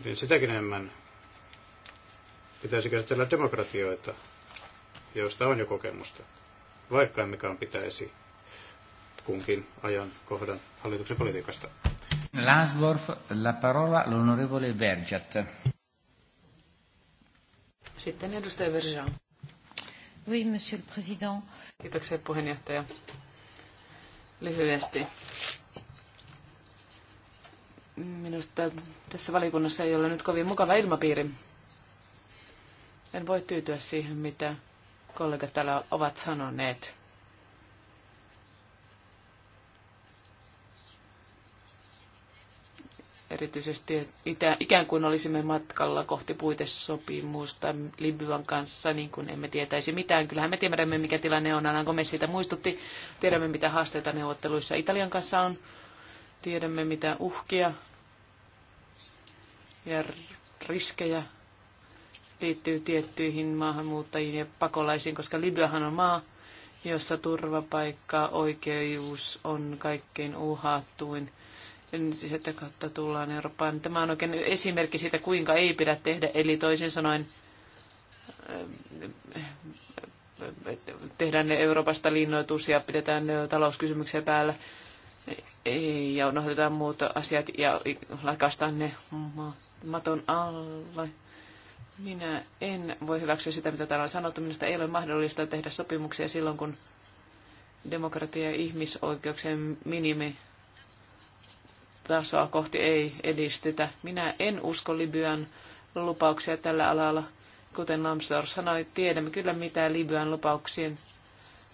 C: niin sitäkin enemmän pitäisi käsitellä demokratioita, joista on jo kokemusta, vaikka mikään pitäisi kunkin ajan kohdan hallituksen politiikasta.
B: Lansdorf, la parola l'onorevole Vergiat.
A: Sitten edustaja Verjean. Oui, monsieur le président. Kiitoksia puheenjohtaja. Lyhyesti. Minusta tässä valikunnassa ei ole nyt kovin mukava ilmapiiri. En voi tyytyä siihen, mitä kollegat täällä ovat sanoneet. Erityisesti että ikään kuin olisimme matkalla kohti puitesopimusta Libyan kanssa, niin kuin emme tietäisi mitään. Kyllähän me tiedämme, mikä tilanne on. kun me siitä muistutti. Tiedämme, mitä haasteita neuvotteluissa Italian kanssa on. Tiedämme, mitä uhkia ja riskejä liittyy tiettyihin maahanmuuttajiin ja pakolaisiin, koska Libyahan on maa, jossa turvapaikka, oikeus on kaikkein uhattuin. Siis sitä kautta tullaan Eurooppaan. Tämä on oikein esimerkki siitä, kuinka ei pidä tehdä. Eli toisin sanoen tehdään ne Euroopasta linnoitus ja pidetään talouskysymyksiä päällä ja unohdetaan muut asiat ja lakastaan ne maton alle. Minä en voi hyväksyä sitä, mitä täällä on sanottu. Minusta ei ole mahdollista tehdä sopimuksia silloin, kun demokratia ja ihmisoikeuksien minimi tasoa kohti ei edistytä. Minä en usko Libyan lupauksia tällä alalla. Kuten Lamsdor sanoi, tiedämme kyllä mitä Libyan lupauksien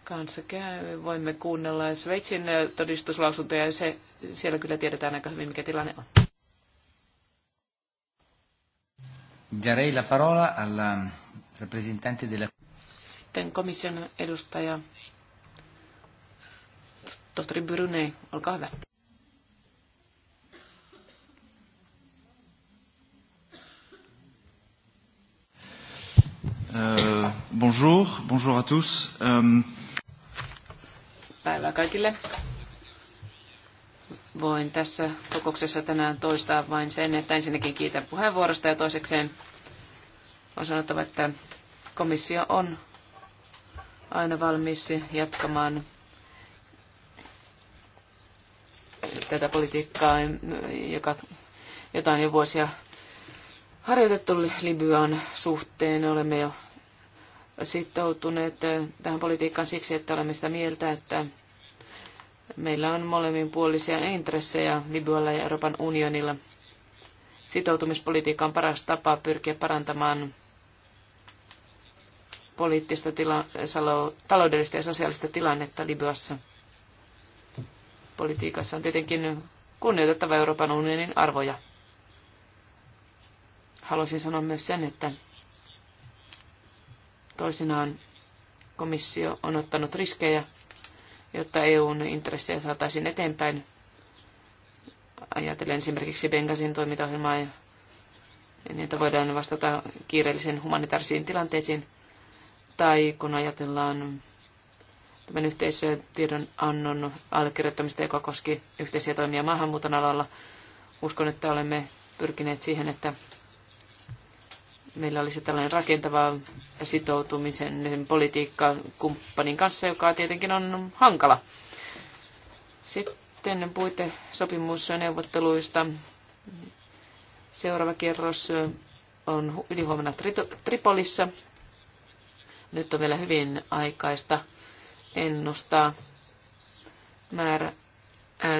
A: kanssa käy. Voimme kuunnella Sveitsin todistuslausuntoja ja se, siellä kyllä tiedetään aika hyvin, mikä tilanne on.
B: Darei la parola alla um, representante della...
A: Sitten komission edustaja tohtori Brune, olkaa hyvä.
H: Uh, bonjour, bonjour à tous. Um...
A: Päivää kaikille. Voin tässä kokouksessa tänään toistaa vain sen, että ensinnäkin kiitän puheenvuorosta ja toisekseen on sanottava, että komissio on aina valmis jatkamaan tätä politiikkaa, joka, jota on jo vuosia harjoitettu Libyan suhteen. Olemme jo sitoutuneet tähän politiikkaan siksi, että olemme sitä mieltä, että Meillä on molemminpuolisia intressejä Libyalla ja Euroopan unionilla. Sitoutumispolitiikka on paras tapa pyrkiä parantamaan poliittista, tila, taloudellista ja sosiaalista tilannetta Libyassa. Politiikassa on tietenkin kunnioitettava Euroopan unionin arvoja. Haluaisin sanoa myös sen, että toisinaan komissio on ottanut riskejä jotta EUn intressejä saataisiin eteenpäin. Ajatellen esimerkiksi Bengasin toimintaohjelmaa, ja niitä voidaan vastata kiireellisiin humanitaarisiin tilanteisiin. Tai kun ajatellaan tämän yhteisötiedon annon allekirjoittamista, joka koski yhteisiä toimia maahanmuuton alalla, uskon, että olemme pyrkineet siihen, että meillä olisi tällainen rakentava sitoutumisen politiikka kumppanin kanssa, joka tietenkin on hankala. Sitten puite sopimus neuvotteluista. Seuraava kerros on ylihuomenna Tripolissa. Nyt on vielä hyvin aikaista ennustaa määrä,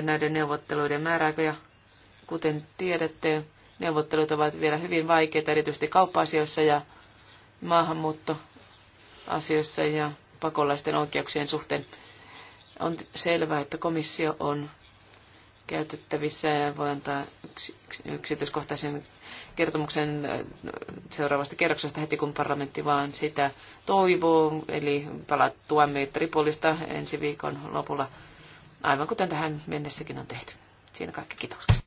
A: näiden neuvotteluiden määräaikoja. Kuten tiedätte, Neuvottelut ovat vielä hyvin vaikeita, erityisesti kauppa-asioissa ja maahanmuuttoasioissa ja pakolaisten oikeuksien suhteen. On selvää, että komissio on käytettävissä ja voi antaa yks, yks, yksityiskohtaisen kertomuksen äh, seuraavasta kerroksesta heti, kun parlamentti vaan sitä toivoo. Eli palattuamme Tripolista ensi viikon lopulla, aivan kuten tähän mennessäkin on tehty. Siinä kaikki. kiitokset.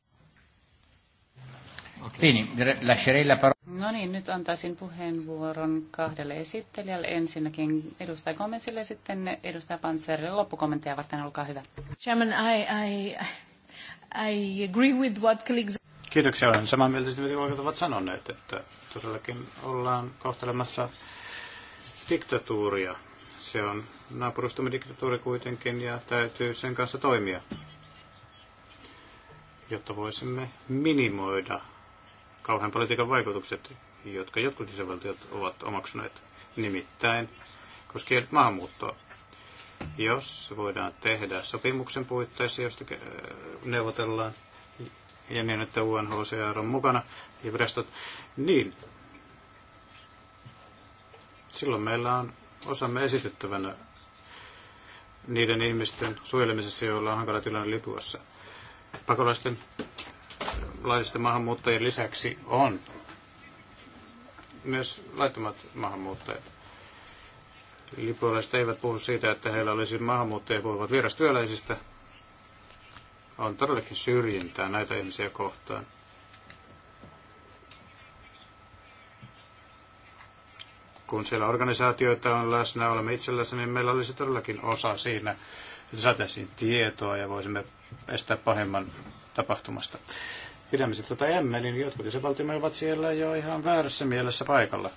B: Okay. Niin, niin,
G: no niin, nyt antaisin puheenvuoron kahdelle esittelijälle. Ensinnäkin edustaja Gomezille ja sitten edustaja Panzerille loppukommentteja varten. Olkaa hyvä. Chairman,
A: I, I, I agree with what colleagues...
C: Kiitoksia. Olen samaa mieltä siitä, mitä kollegat ovat sanoneet, että todellakin ollaan kohtelemassa diktatuuria. Se on naapurustamme diktatuuri kuitenkin ja täytyy sen kanssa toimia, jotta voisimme minimoida kauhean politiikan vaikutukset, jotka jotkut sisävaltiot ovat omaksuneet, nimittäin koskien maahanmuuttoa. Jos voidaan tehdä sopimuksen puitteissa, josta äh, neuvotellaan, ja niin, että UNHCR on mukana, ja virastot, niin silloin meillä on osamme esityttävänä niiden ihmisten suojelemisessa, joilla on hankala tilanne Lipuassa. Pakolaisten laillisten maahanmuuttajien lisäksi on myös laittomat maahanmuuttajat. Lipuolaiset eivät puhu siitä, että heillä olisi maahanmuuttajia puhuvat vierastyöläisistä. On todellakin syrjintää näitä ihmisiä kohtaan. kun siellä organisaatioita on läsnä, olemme itsellässä, niin meillä olisi todellakin osa siinä, että saataisiin tietoa ja voisimme estää pahemman tapahtumasta pidämme sitten tätä tuota emme, niin jotkut jäsenvaltiomme ovat siellä jo ihan väärässä mielessä paikalla.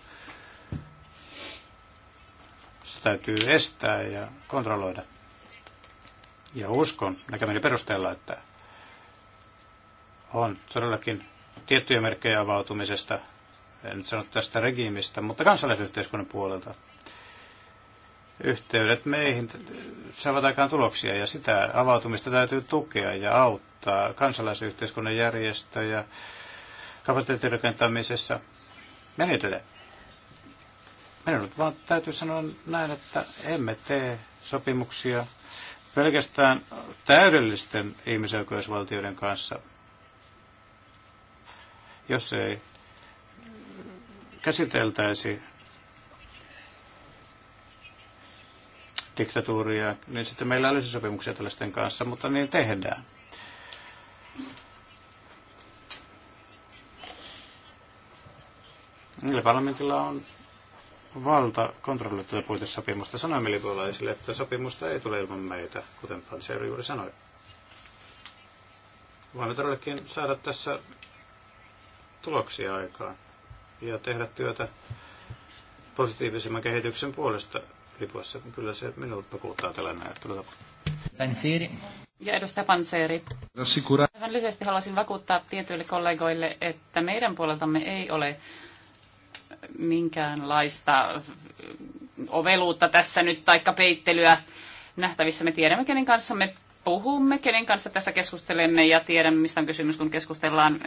C: Se täytyy estää ja kontrolloida. Ja uskon näkemäni perusteella, että on todellakin tiettyjä merkkejä avautumisesta, en nyt sano tästä regiimistä, mutta kansalaisyhteiskunnan puolelta yhteydet meihin saavat aikaan tuloksia ja sitä avautumista täytyy tukea ja auttaa auttaa kansalaisyhteiskunnan järjestöjä kapasiteetin rakentamisessa ja niin edelleen. nyt vaan täytyy sanoa näin, että emme tee sopimuksia pelkästään täydellisten ihmisoikeusvaltioiden kanssa, jos ei käsiteltäisi diktatuuria, niin sitten meillä olisi sopimuksia tällaisten kanssa, mutta niin tehdään. Niillä parlamentilla on valta kontrolloida tätä puitesopimusta. Sanoimme libolaisille, että sopimusta ei tule ilman meitä, kuten Panseri juuri sanoi. Voimme todellakin saada tässä tuloksia aikaan ja tehdä työtä positiivisemman kehityksen puolesta Lipuassa. Kyllä se minulle pakuuttaa tällainen ajattelu.
B: Panseri Ja
G: edustaja Panseeri. Vähän lyhyesti haluaisin vakuuttaa tietyille kollegoille, että meidän puoleltamme ei ole minkäänlaista oveluutta tässä nyt taikka peittelyä nähtävissä. Me tiedämme, kenen kanssa me puhumme, kenen kanssa tässä keskustelemme ja tiedämme, mistä on kysymys, kun keskustellaan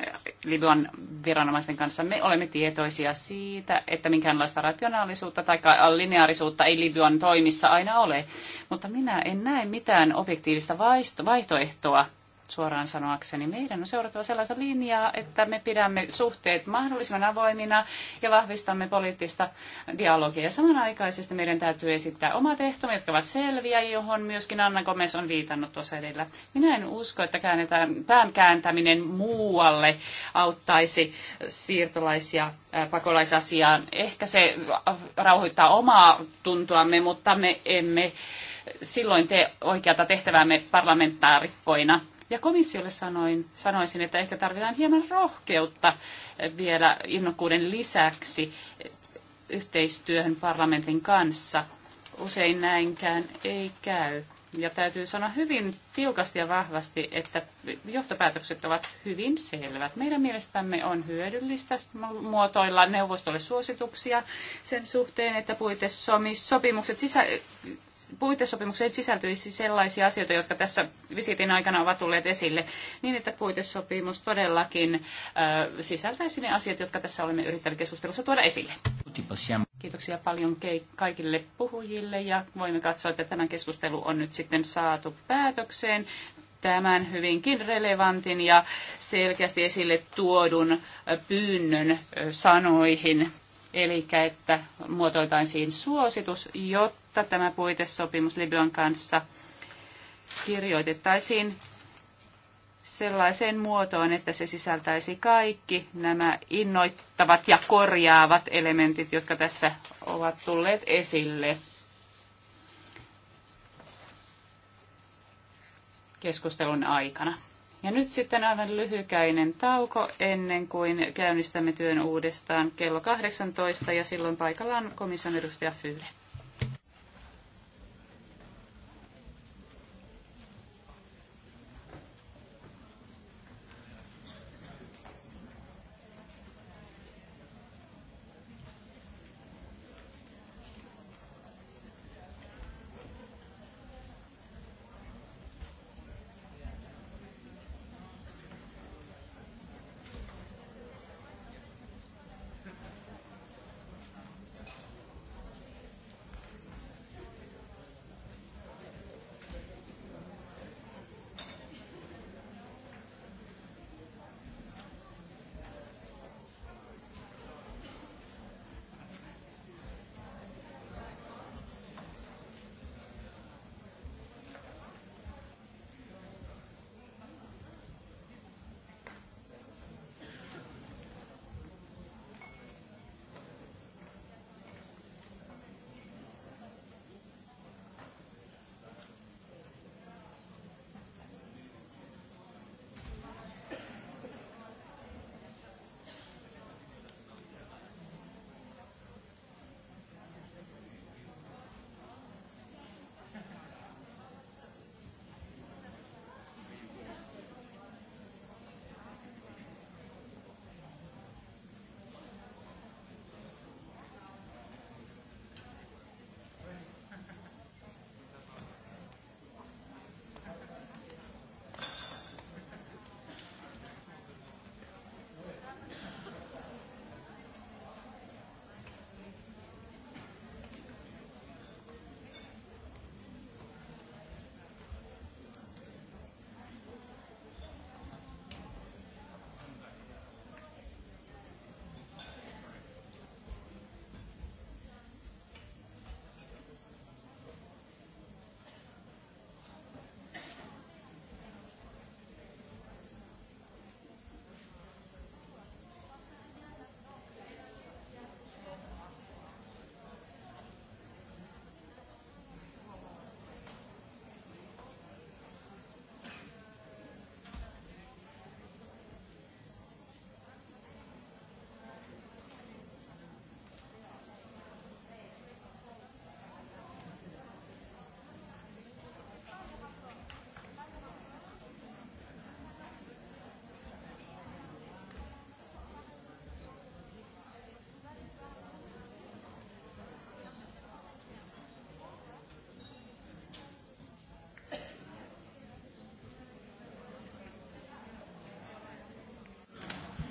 G: Libyan viranomaisten kanssa. Me olemme tietoisia siitä, että minkäänlaista rationaalisuutta tai lineaarisuutta ei Libyan toimissa aina ole, mutta minä en näe mitään objektiivista vaihtoehtoa suoraan sanoakseni. Meidän on seurattava sellaista linjaa, että me pidämme suhteet mahdollisimman avoimina ja vahvistamme poliittista dialogia. samanaikaisesti meidän täytyy esittää omat ehtomme, jotka ovat selviä, johon myöskin Anna Gomez on viitannut tuossa edellä. Minä en usko, että käännetään, pään kääntäminen muualle auttaisi siirtolaisia pakolaisasiaan. Ehkä se rauhoittaa omaa tuntuamme, mutta me emme silloin tee oikeata tehtävämme parlamentaarikkoina ja komissiolle sanoin, sanoisin, että ehkä tarvitaan hieman rohkeutta vielä innokkuuden lisäksi yhteistyöhön parlamentin kanssa. Usein näinkään ei käy. Ja täytyy sanoa hyvin tiukasti ja vahvasti, että johtopäätökset ovat hyvin selvät. Meidän mielestämme on hyödyllistä muotoilla neuvostolle suosituksia sen suhteen, että puitesopimukset sisä, puitesopimukseen sisältyisi sellaisia asioita, jotka tässä visitin aikana ovat tulleet esille, niin että puitesopimus todellakin sisältäisi ne asiat, jotka tässä olemme yrittäneet keskustelussa tuoda esille. Kiitoksia paljon kaikille puhujille ja voimme katsoa, että tämä keskustelu on nyt sitten saatu päätökseen tämän hyvinkin relevantin ja selkeästi esille tuodun pyynnön sanoihin eli että muotoiltaisiin suositus, jotta tämä puitesopimus Libyan kanssa kirjoitettaisiin sellaiseen muotoon, että se sisältäisi kaikki nämä innoittavat ja korjaavat elementit, jotka tässä ovat tulleet esille. keskustelun aikana. Ja nyt sitten aivan lyhykäinen tauko ennen kuin käynnistämme työn uudestaan kello 18 ja silloin paikallaan komission edustaja Fyyle.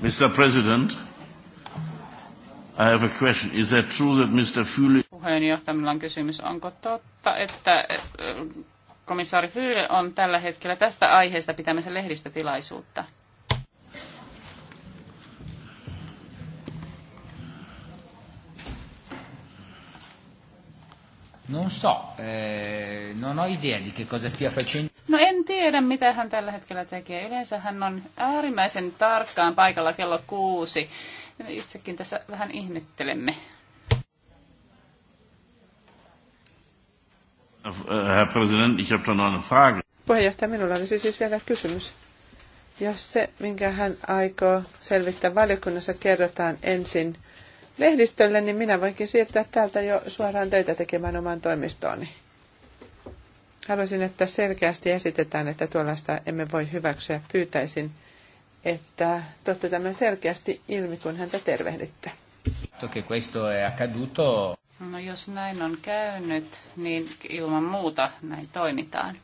C: Mr. President,
F: I have a question. Is that true that Mr. Füle...
G: Puheenjohtajalla on kysymys. Onko totta, että eh, komissaari Füle on tällä hetkellä tästä aiheesta pitämässä lehdistötilaisuutta?
B: Non so, eh, non ho idea di che cosa stia facendo
G: tiedä, mitä hän tällä hetkellä tekee. Yleensä hän on äärimmäisen tarkkaan paikalla kello kuusi. Itsekin tässä vähän ihmettelemme.
F: Herr Präsident, ich habe da noch eine Frage.
D: Puheenjohtaja, minulla olisi siis vielä kysymys. Jos se, minkä hän aikoo selvittää valiokunnassa, kerrotaan ensin lehdistölle, niin minä voinkin siirtää täältä jo suoraan töitä tekemään omaan toimistooni. Haluaisin, että selkeästi esitetään, että tuollaista emme voi hyväksyä. Pyytäisin, että totta tämän selkeästi ilmi, kun häntä tervehditte.
B: questo è accaduto.
G: No jos näin on käynyt, niin ilman muuta näin toimitaan.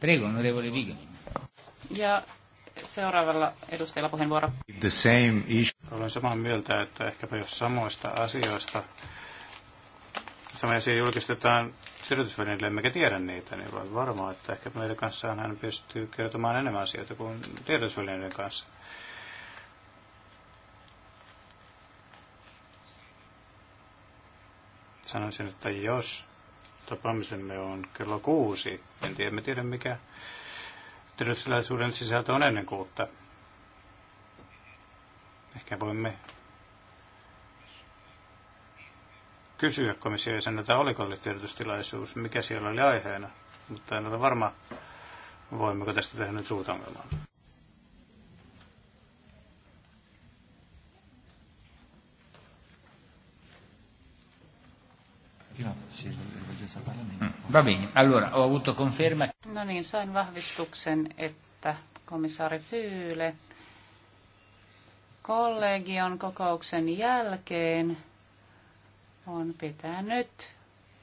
C: Prego, onorevole Viga.
G: Ja seuraavalla edustajalla puheenvuoro.
C: The same issue. Olen samaa mieltä, että ehkäpä jos samoista asioista, samoja asioita julkistetaan tiedotusvälineille, emmekä tiedä niitä, niin olen varma, että ehkä meidän kanssaan hän pystyy kertomaan enemmän asioita kuin tiedotusvälineiden kanssa. Sanoisin, että jos tapaamisemme on kello kuusi. En tiedä, me tiedä mikä tiedotustilaisuuden sisältö on ennen kuutta. Ehkä voimme kysyä komission jäseneltä, oliko oli tiedotustilaisuus, mikä siellä oli aiheena, mutta en ole varma, voimmeko tästä tehdä nyt suurta ongelmaa.
B: Joo, siinä Mm. Va bene, allora ho avuto conferma.
G: No niin, sain vahvistuksen, että komissaari Fyyle kollegion kokouksen jälkeen on pitänyt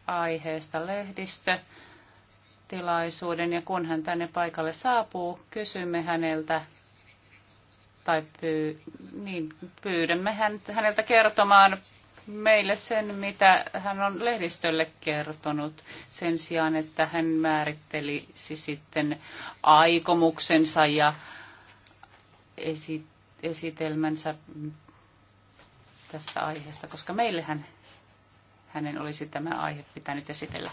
G: aiheesta lehdistö tilaisuuden ja kun hän tänne paikalle saapuu, kysymme häneltä tai pyy, niin, pyydämme häneltä kertomaan meille sen, mitä hän on lehdistölle kertonut, sen sijaan, että hän määrittelisi sitten aikomuksensa ja esi- esitelmänsä tästä aiheesta, koska meillähän hänen olisi tämä aihe pitänyt esitellä.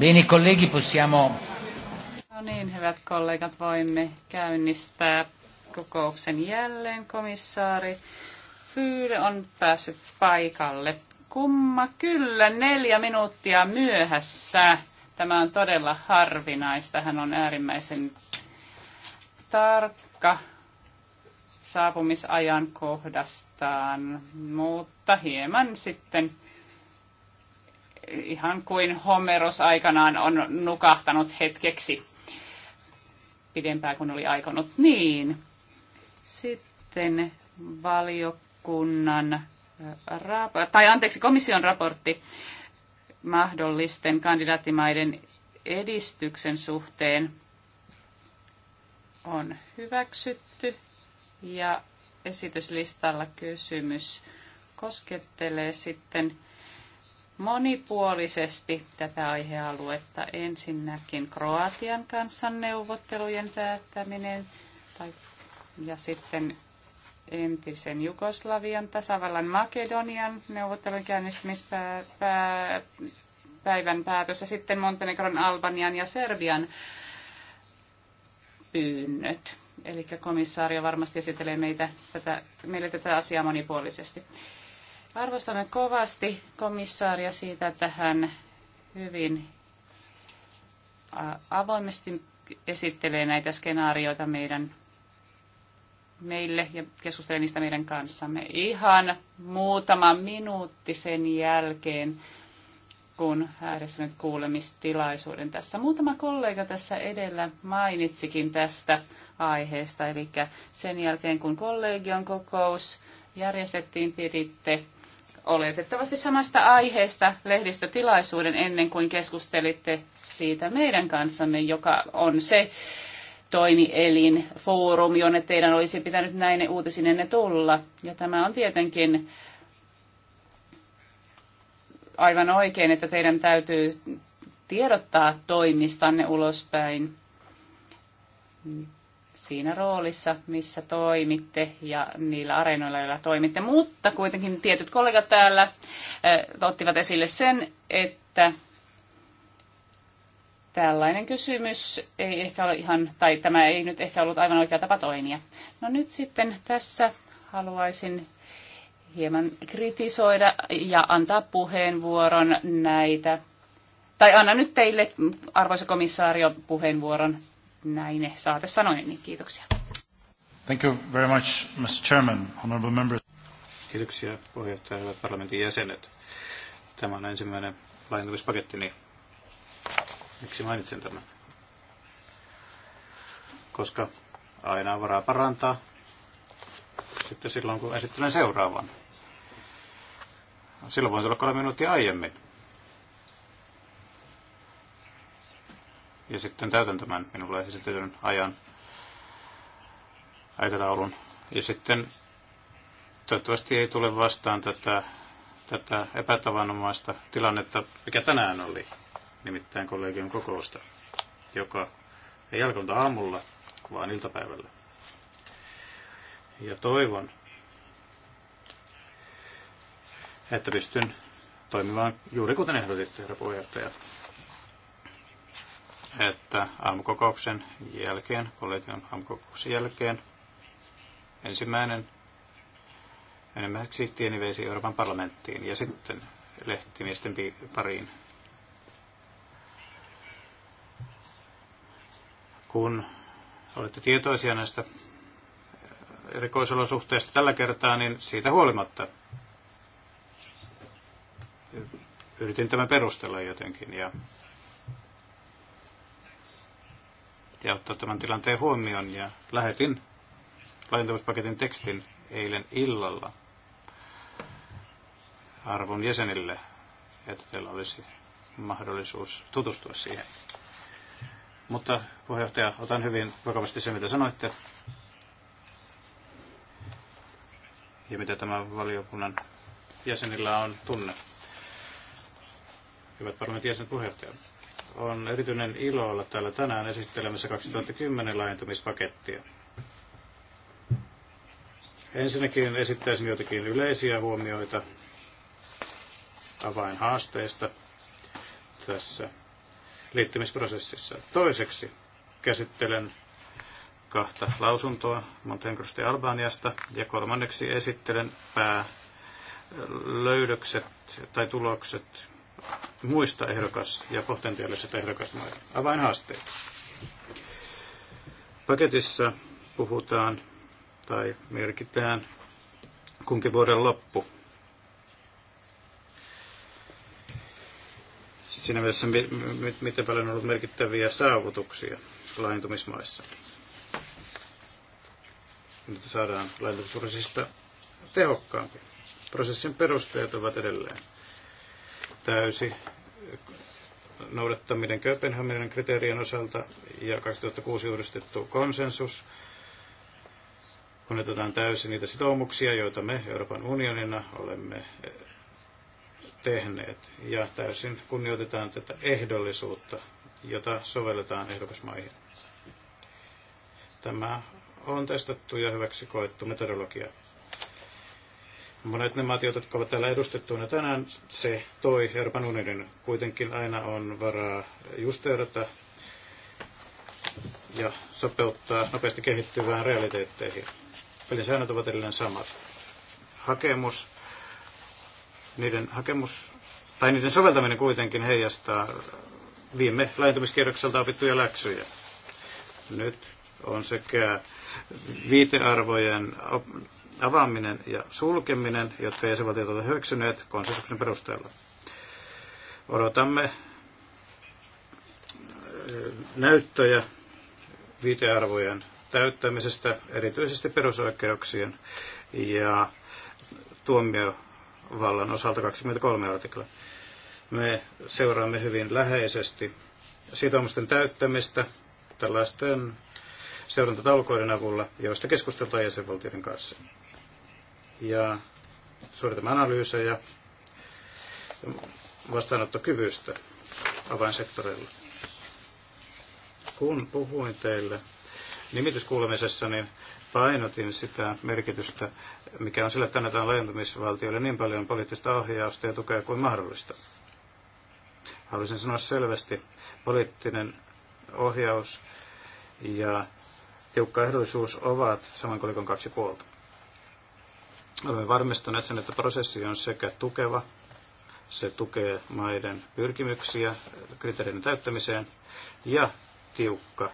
B: Bene, colleghi, possiamo...
G: No niin, hyvät kollegat, voimme käynnistää kokouksen jälleen. Komissaari Fyyle on päässyt paikalle. Kumma kyllä, neljä minuuttia myöhässä. Tämä on todella harvinaista. Hän on äärimmäisen tarkka saapumisajan kohdastaan, mutta hieman sitten ihan kuin Homeros aikanaan on nukahtanut hetkeksi pidempään kuin oli aikonut. Niin. Sitten valiokunnan, äh, tai anteeksi, komission raportti mahdollisten kandidaattimaiden edistyksen suhteen on hyväksytty. Ja esityslistalla kysymys koskettelee sitten monipuolisesti tätä aihealuetta. Ensinnäkin Kroatian kanssa neuvottelujen päättäminen tai, ja sitten entisen Jugoslavian tasavallan Makedonian neuvottelujen käynnistymispäivän päätös ja sitten Montenegron, Albanian ja Serbian pyynnöt. Eli komissaario varmasti esittelee meitä tätä, meille tätä asiaa monipuolisesti. Arvostamme kovasti komissaaria siitä, että hän hyvin avoimesti esittelee näitä skenaarioita meidän, meille ja keskustelee niistä meidän kanssamme ihan muutama minuutti sen jälkeen, kun nyt kuulemistilaisuuden tässä. Muutama kollega tässä edellä mainitsikin tästä aiheesta, eli sen jälkeen kun kollegion kokous järjestettiin, piditte oletettavasti samasta aiheesta lehdistötilaisuuden ennen kuin keskustelitte siitä meidän kanssamme, joka on se toimielin, foorumi, jonne teidän olisi pitänyt näin uutisinenne tulla. Ja tämä on tietenkin aivan oikein, että teidän täytyy tiedottaa toimistanne ulospäin siinä roolissa, missä toimitte ja niillä areenoilla, joilla toimitte. Mutta kuitenkin tietyt kollegat täällä eh, ottivat esille sen, että tällainen kysymys ei ehkä ole ihan, tai tämä ei nyt ehkä ollut aivan oikea tapa toimia. No nyt sitten tässä haluaisin hieman kritisoida ja antaa puheenvuoron näitä. Tai anna nyt teille, arvoisa komissaario, puheenvuoron näin saate sanoin,
C: niin kiitoksia. Thank you very much, Mr. Chairman, honorable members. Kiitoksia puheenjohtaja, ja parlamentin jäsenet. Tämä on ensimmäinen laajentumispaketti, niin miksi mainitsen tämän? Koska aina on varaa parantaa sitten silloin, kun esittelen seuraavan. Silloin voin tulla kolme minuuttia aiemmin ja sitten täytän tämän minulle esitetyn ajan aikataulun. Ja sitten toivottavasti ei tule vastaan tätä, tätä epätavanomaista tilannetta, mikä tänään oli, nimittäin kollegion kokousta, joka ei alkanut aamulla, vaan iltapäivällä. Ja toivon, että pystyn toimimaan juuri kuten ehdotettu, herra puheenjohtaja että aamukokouksen jälkeen, kollegion aamukokouksen jälkeen, ensimmäinen enemmäksi tieni veisi Euroopan parlamenttiin ja sitten lehtimiesten pariin. Kun olette tietoisia näistä erikoisolosuhteista tällä kertaa, niin siitä huolimatta yritin tämän perustella jotenkin ja ja ottaa tämän tilanteen huomioon. Ja lähetin laajentamispaketin tekstin eilen illalla arvon jäsenille, että teillä olisi mahdollisuus tutustua siihen. Mutta puheenjohtaja, otan hyvin vakavasti se, mitä sanoitte. Ja mitä tämän valiokunnan jäsenillä on tunne. Hyvät parlamentin jäsenet puheenjohtaja. On erityinen ilo olla täällä tänään esittelemässä 2010 laajentumispakettia. Ensinnäkin esittäisin jotakin yleisiä huomioita avainhaasteista tässä liittymisprosessissa. Toiseksi käsittelen kahta lausuntoa Montenegrosta ja Albaniasta ja kolmanneksi esittelen pää löydökset tai tulokset muista ehdokas- ja potentiaalisista ehdokasmaista. Avainhaasteet. Paketissa puhutaan tai merkitään kunkin vuoden loppu. Siinä mielessä, miten paljon on ollut merkittäviä saavutuksia laajentumismaissa. Nyt saadaan laajentumisprosessista tehokkaampi. Prosessin perusteet ovat edelleen täysi noudattaminen Kööpenhaminan kriteerien osalta ja 2006 uudistettu konsensus kunnioitetaan täysin niitä sitoumuksia, joita me Euroopan unionina olemme eh, tehneet, ja täysin kunnioitetaan tätä ehdollisuutta, jota sovelletaan ehdokasmaihin. Tämä on testattu ja hyväksi koettu metodologia. Monet ne maat, jotka ovat täällä edustettuina tänään, se toi Euroopan unionin. Kuitenkin aina on varaa justeudata ja sopeuttaa nopeasti kehittyvään realiteetteihin. Pelin säännöt ovat edelleen samat. Hakemus, niiden hakemus, tai niiden soveltaminen kuitenkin heijastaa viime laajentumiskierrokselta opittuja läksyjä. Nyt on sekä viitearvojen avaaminen ja sulkeminen, jotka jäsenvaltiot ovat hyväksyneet konsensuksen perusteella. Odotamme äh, näyttöjä viitearvojen täyttämisestä, erityisesti perusoikeuksien ja tuomiovallan osalta 23 artikla. Me seuraamme hyvin läheisesti sitoumusten täyttämistä tällaisten seurantataulukoiden avulla, joista keskustellaan jäsenvaltioiden kanssa ja suoritamme analyysejä vastaanottokyvystä avainsektoreilla. Kun puhuin teille nimityskuulemisessa, niin painotin sitä merkitystä, mikä on sillä, että annetaan laajentumisvaltioille niin paljon poliittista ohjausta ja tukea kuin mahdollista. Haluaisin sanoa selvästi, poliittinen ohjaus ja tiukka ehdollisuus ovat saman kolikon kaksi puolta. Olemme varmistuneet sen, että prosessi on sekä tukeva, se tukee maiden pyrkimyksiä kriteerin täyttämiseen ja tiukka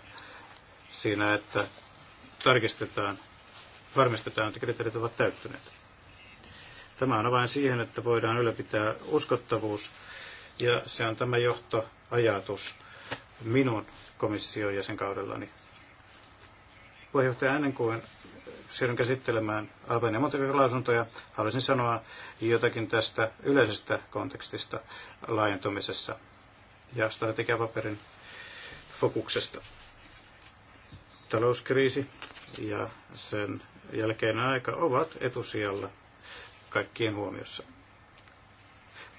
C: siinä, että tarkistetaan, varmistetaan, että kriteerit ovat täyttyneet. Tämä on avain siihen, että voidaan ylläpitää uskottavuus ja se on tämä johtoajatus minun komission jäsenkaudellani. Puheenjohtaja, ennen kuin siirryn käsittelemään Albania Montenegron lausuntoja, haluaisin sanoa jotakin tästä yleisestä kontekstista laajentumisessa ja strategiapaperin fokuksesta. Talouskriisi ja sen jälkeinen aika ovat etusijalla kaikkien huomiossa.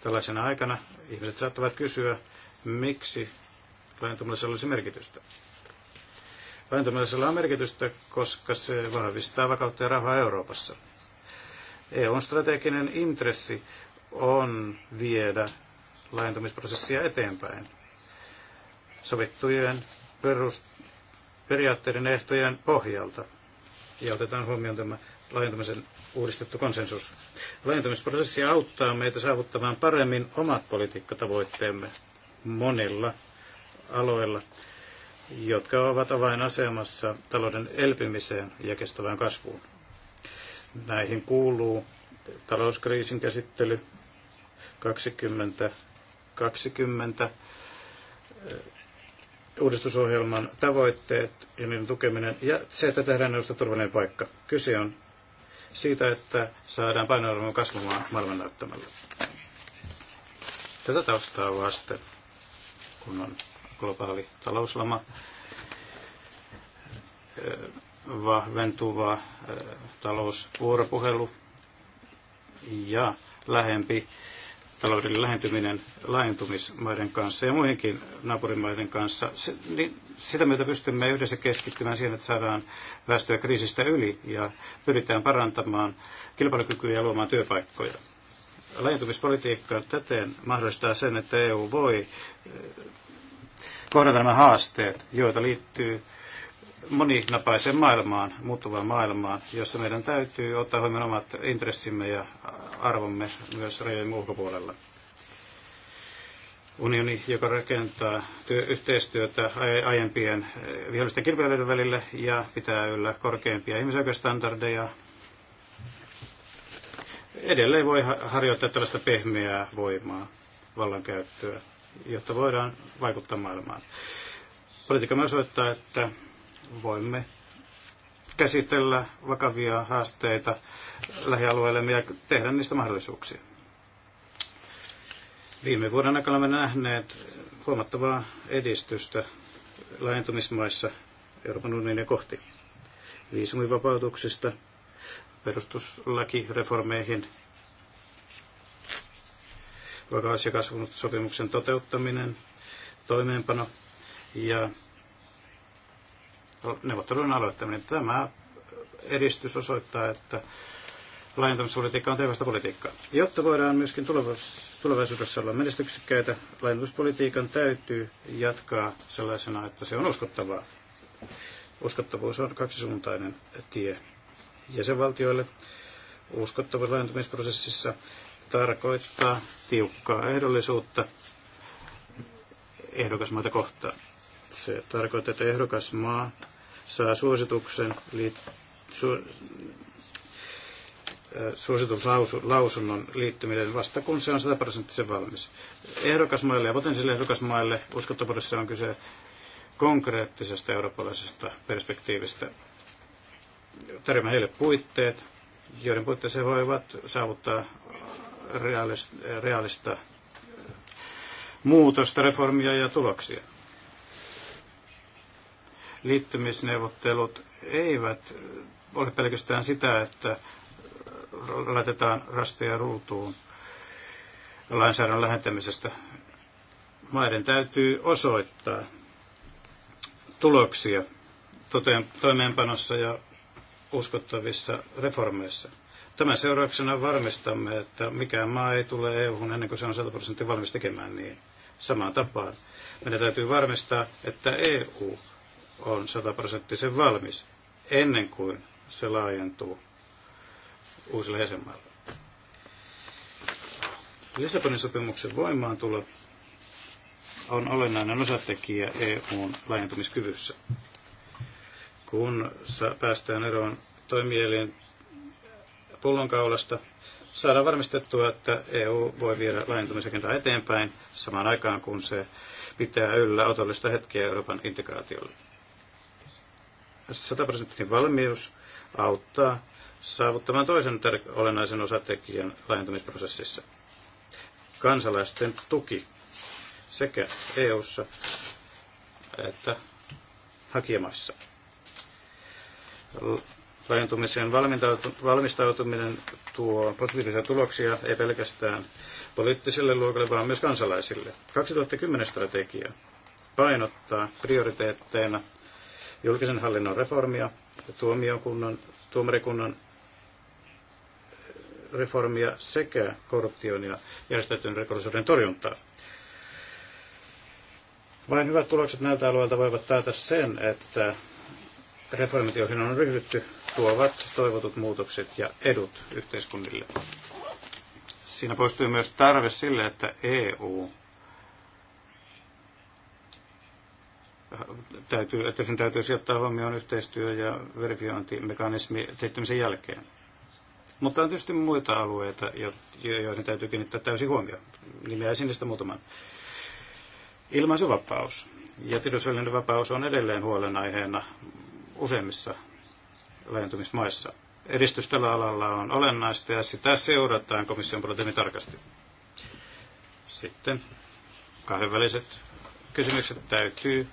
C: Tällaisena aikana ihmiset saattavat kysyä, miksi laajentumisella olisi merkitystä vähentämisellä on merkitystä, koska se vahvistaa vakautta ja rahaa Euroopassa. EUn strateginen intressi on viedä laajentumisprosessia eteenpäin sovittujen periaatteiden ehtojen pohjalta. Ja otetaan huomioon tämä laajentumisen uudistettu konsensus. Laajentumisprosessi auttaa meitä saavuttamaan paremmin omat politiikkatavoitteemme monilla aloilla jotka ovat avainasemassa talouden elpymiseen ja kestävään kasvuun. Näihin kuuluu talouskriisin käsittely 2020, uudistusohjelman tavoitteet ja niiden tukeminen ja se, että tehdään neuvosta turvallinen paikka. Kyse on siitä, että saadaan painoarvoa kasvamaan näyttämällä. Tätä taustaa vasten, kun on globaali talouslama, eh, vahventuva eh, talousvuoropuhelu ja lähempi talouden lähentyminen laajentumismaiden kanssa ja muihinkin naapurimaiden kanssa. Se, niin sitä myötä pystymme yhdessä keskittymään siihen, että saadaan väestöä kriisistä yli ja pyritään parantamaan kilpailukykyä ja luomaan työpaikkoja. Laajentumispolitiikka täten mahdollistaa sen, että EU voi eh, kohdata nämä haasteet, joita liittyy moninapaiseen maailmaan, muuttuvaan maailmaan, jossa meidän täytyy ottaa huomioon omat intressimme ja arvomme myös rajojen ulkopuolella. Unioni, joka rakentaa työ- yhteistyötä aiempien vihollisten kilpailijoiden välillä ja pitää yllä korkeimpia ihmisoikeusstandardeja, edelleen voi harjoittaa tällaista pehmeää voimaa, vallankäyttöä jotta voidaan vaikuttaa maailmaan. Politiikka myös osoittaa, että voimme käsitellä vakavia haasteita lähialueille ja tehdä niistä mahdollisuuksia. Viime vuoden aikana olemme nähneet huomattavaa edistystä laajentumismaissa Euroopan unionia kohti. Viisumivapautuksista perustuslakireformeihin vakaus- ja kasvusopimuksen toteuttaminen, toimeenpano ja neuvottelujen aloittaminen. Tämä edistys osoittaa, että laajentumispolitiikka on tehokasta politiikkaa. Jotta voidaan myöskin tulevaisuudessa olla menestyksekkäitä, laajentumispolitiikan täytyy jatkaa sellaisena, että se on uskottavaa. Uskottavuus on kaksisuuntainen tie jäsenvaltioille uskottavuus laajentumisprosessissa tarkoittaa tiukkaa ehdollisuutta ehdokasmaita kohtaan. Se tarkoittaa, että ehdokasmaa saa suosituksen liitt- su- äh, suosituslausunnon liittyminen vasta, kun se on prosenttisen valmis. Ehdokasmaille ja potentiaalisille ehdokasmaille uskottavuudessa on kyse konkreettisesta eurooppalaisesta perspektiivistä. Tarjoamme heille puitteet, joiden puitteissa he voivat saavuttaa reaalista muutosta, reformia ja tuloksia. Liittymisneuvottelut eivät ole pelkästään sitä, että laitetaan rasteja ruutuun lainsäädännön lähentämisestä. Maiden täytyy osoittaa tuloksia toimeenpanossa ja uskottavissa reformeissa. Tämän seurauksena varmistamme, että mikään maa ei tule EU-hun ennen kuin se on 100 prosenttia valmis tekemään niin. Samaan tapaan meidän täytyy varmistaa, että EU on 100 prosenttisen valmis ennen kuin se laajentuu uusille jäsenmaille. Lissabonin sopimuksen voimaantulo on olennainen osatekijä EUn laajentumiskyvyssä. Kun päästään eroon toimielin pullonkaulasta. Saadaan varmistettua, että EU voi viedä laajentumisagendaa eteenpäin samaan aikaan, kun se pitää yllä otollista hetkeä Euroopan integraatiolle. 100 prosenttinen valmius auttaa saavuttamaan toisen ter- olennaisen osatekijän laajentumisprosessissa. Kansalaisten tuki sekä EU:ssa että hakijamaissa. Laajentumiseen valmistautuminen tuo positiivisia tuloksia ei pelkästään poliittiselle luokalle, vaan myös kansalaisille. 2010 strategia painottaa prioriteetteina julkisen hallinnon reformia, tuomiokunnan, tuomarikunnan reformia sekä korruption ja järjestäytyneen rikollisuuden torjuntaa. Vain hyvät tulokset näiltä alueilta voivat taata sen, että reformit, joihin on ryhdytty, tuovat toivotut muutokset ja edut yhteiskunnille. Siinä poistui myös tarve sille, että EU täytyy, että sen täytyy sijoittaa huomioon yhteistyö- ja verifiointimekanismi teettämisen jälkeen. Mutta on tietysti muita alueita, joihin täytyy kiinnittää täysin huomioon. Nimeäisin niistä muutaman. Ilmaisuvapaus ja tiedotusvälineiden vapaus on edelleen huolenaiheena useimmissa laajentumismaissa. Edistys tällä alalla on olennaista ja sitä seurataan komission puolelta tarkasti. Sitten kahdenväliset kysymykset täytyy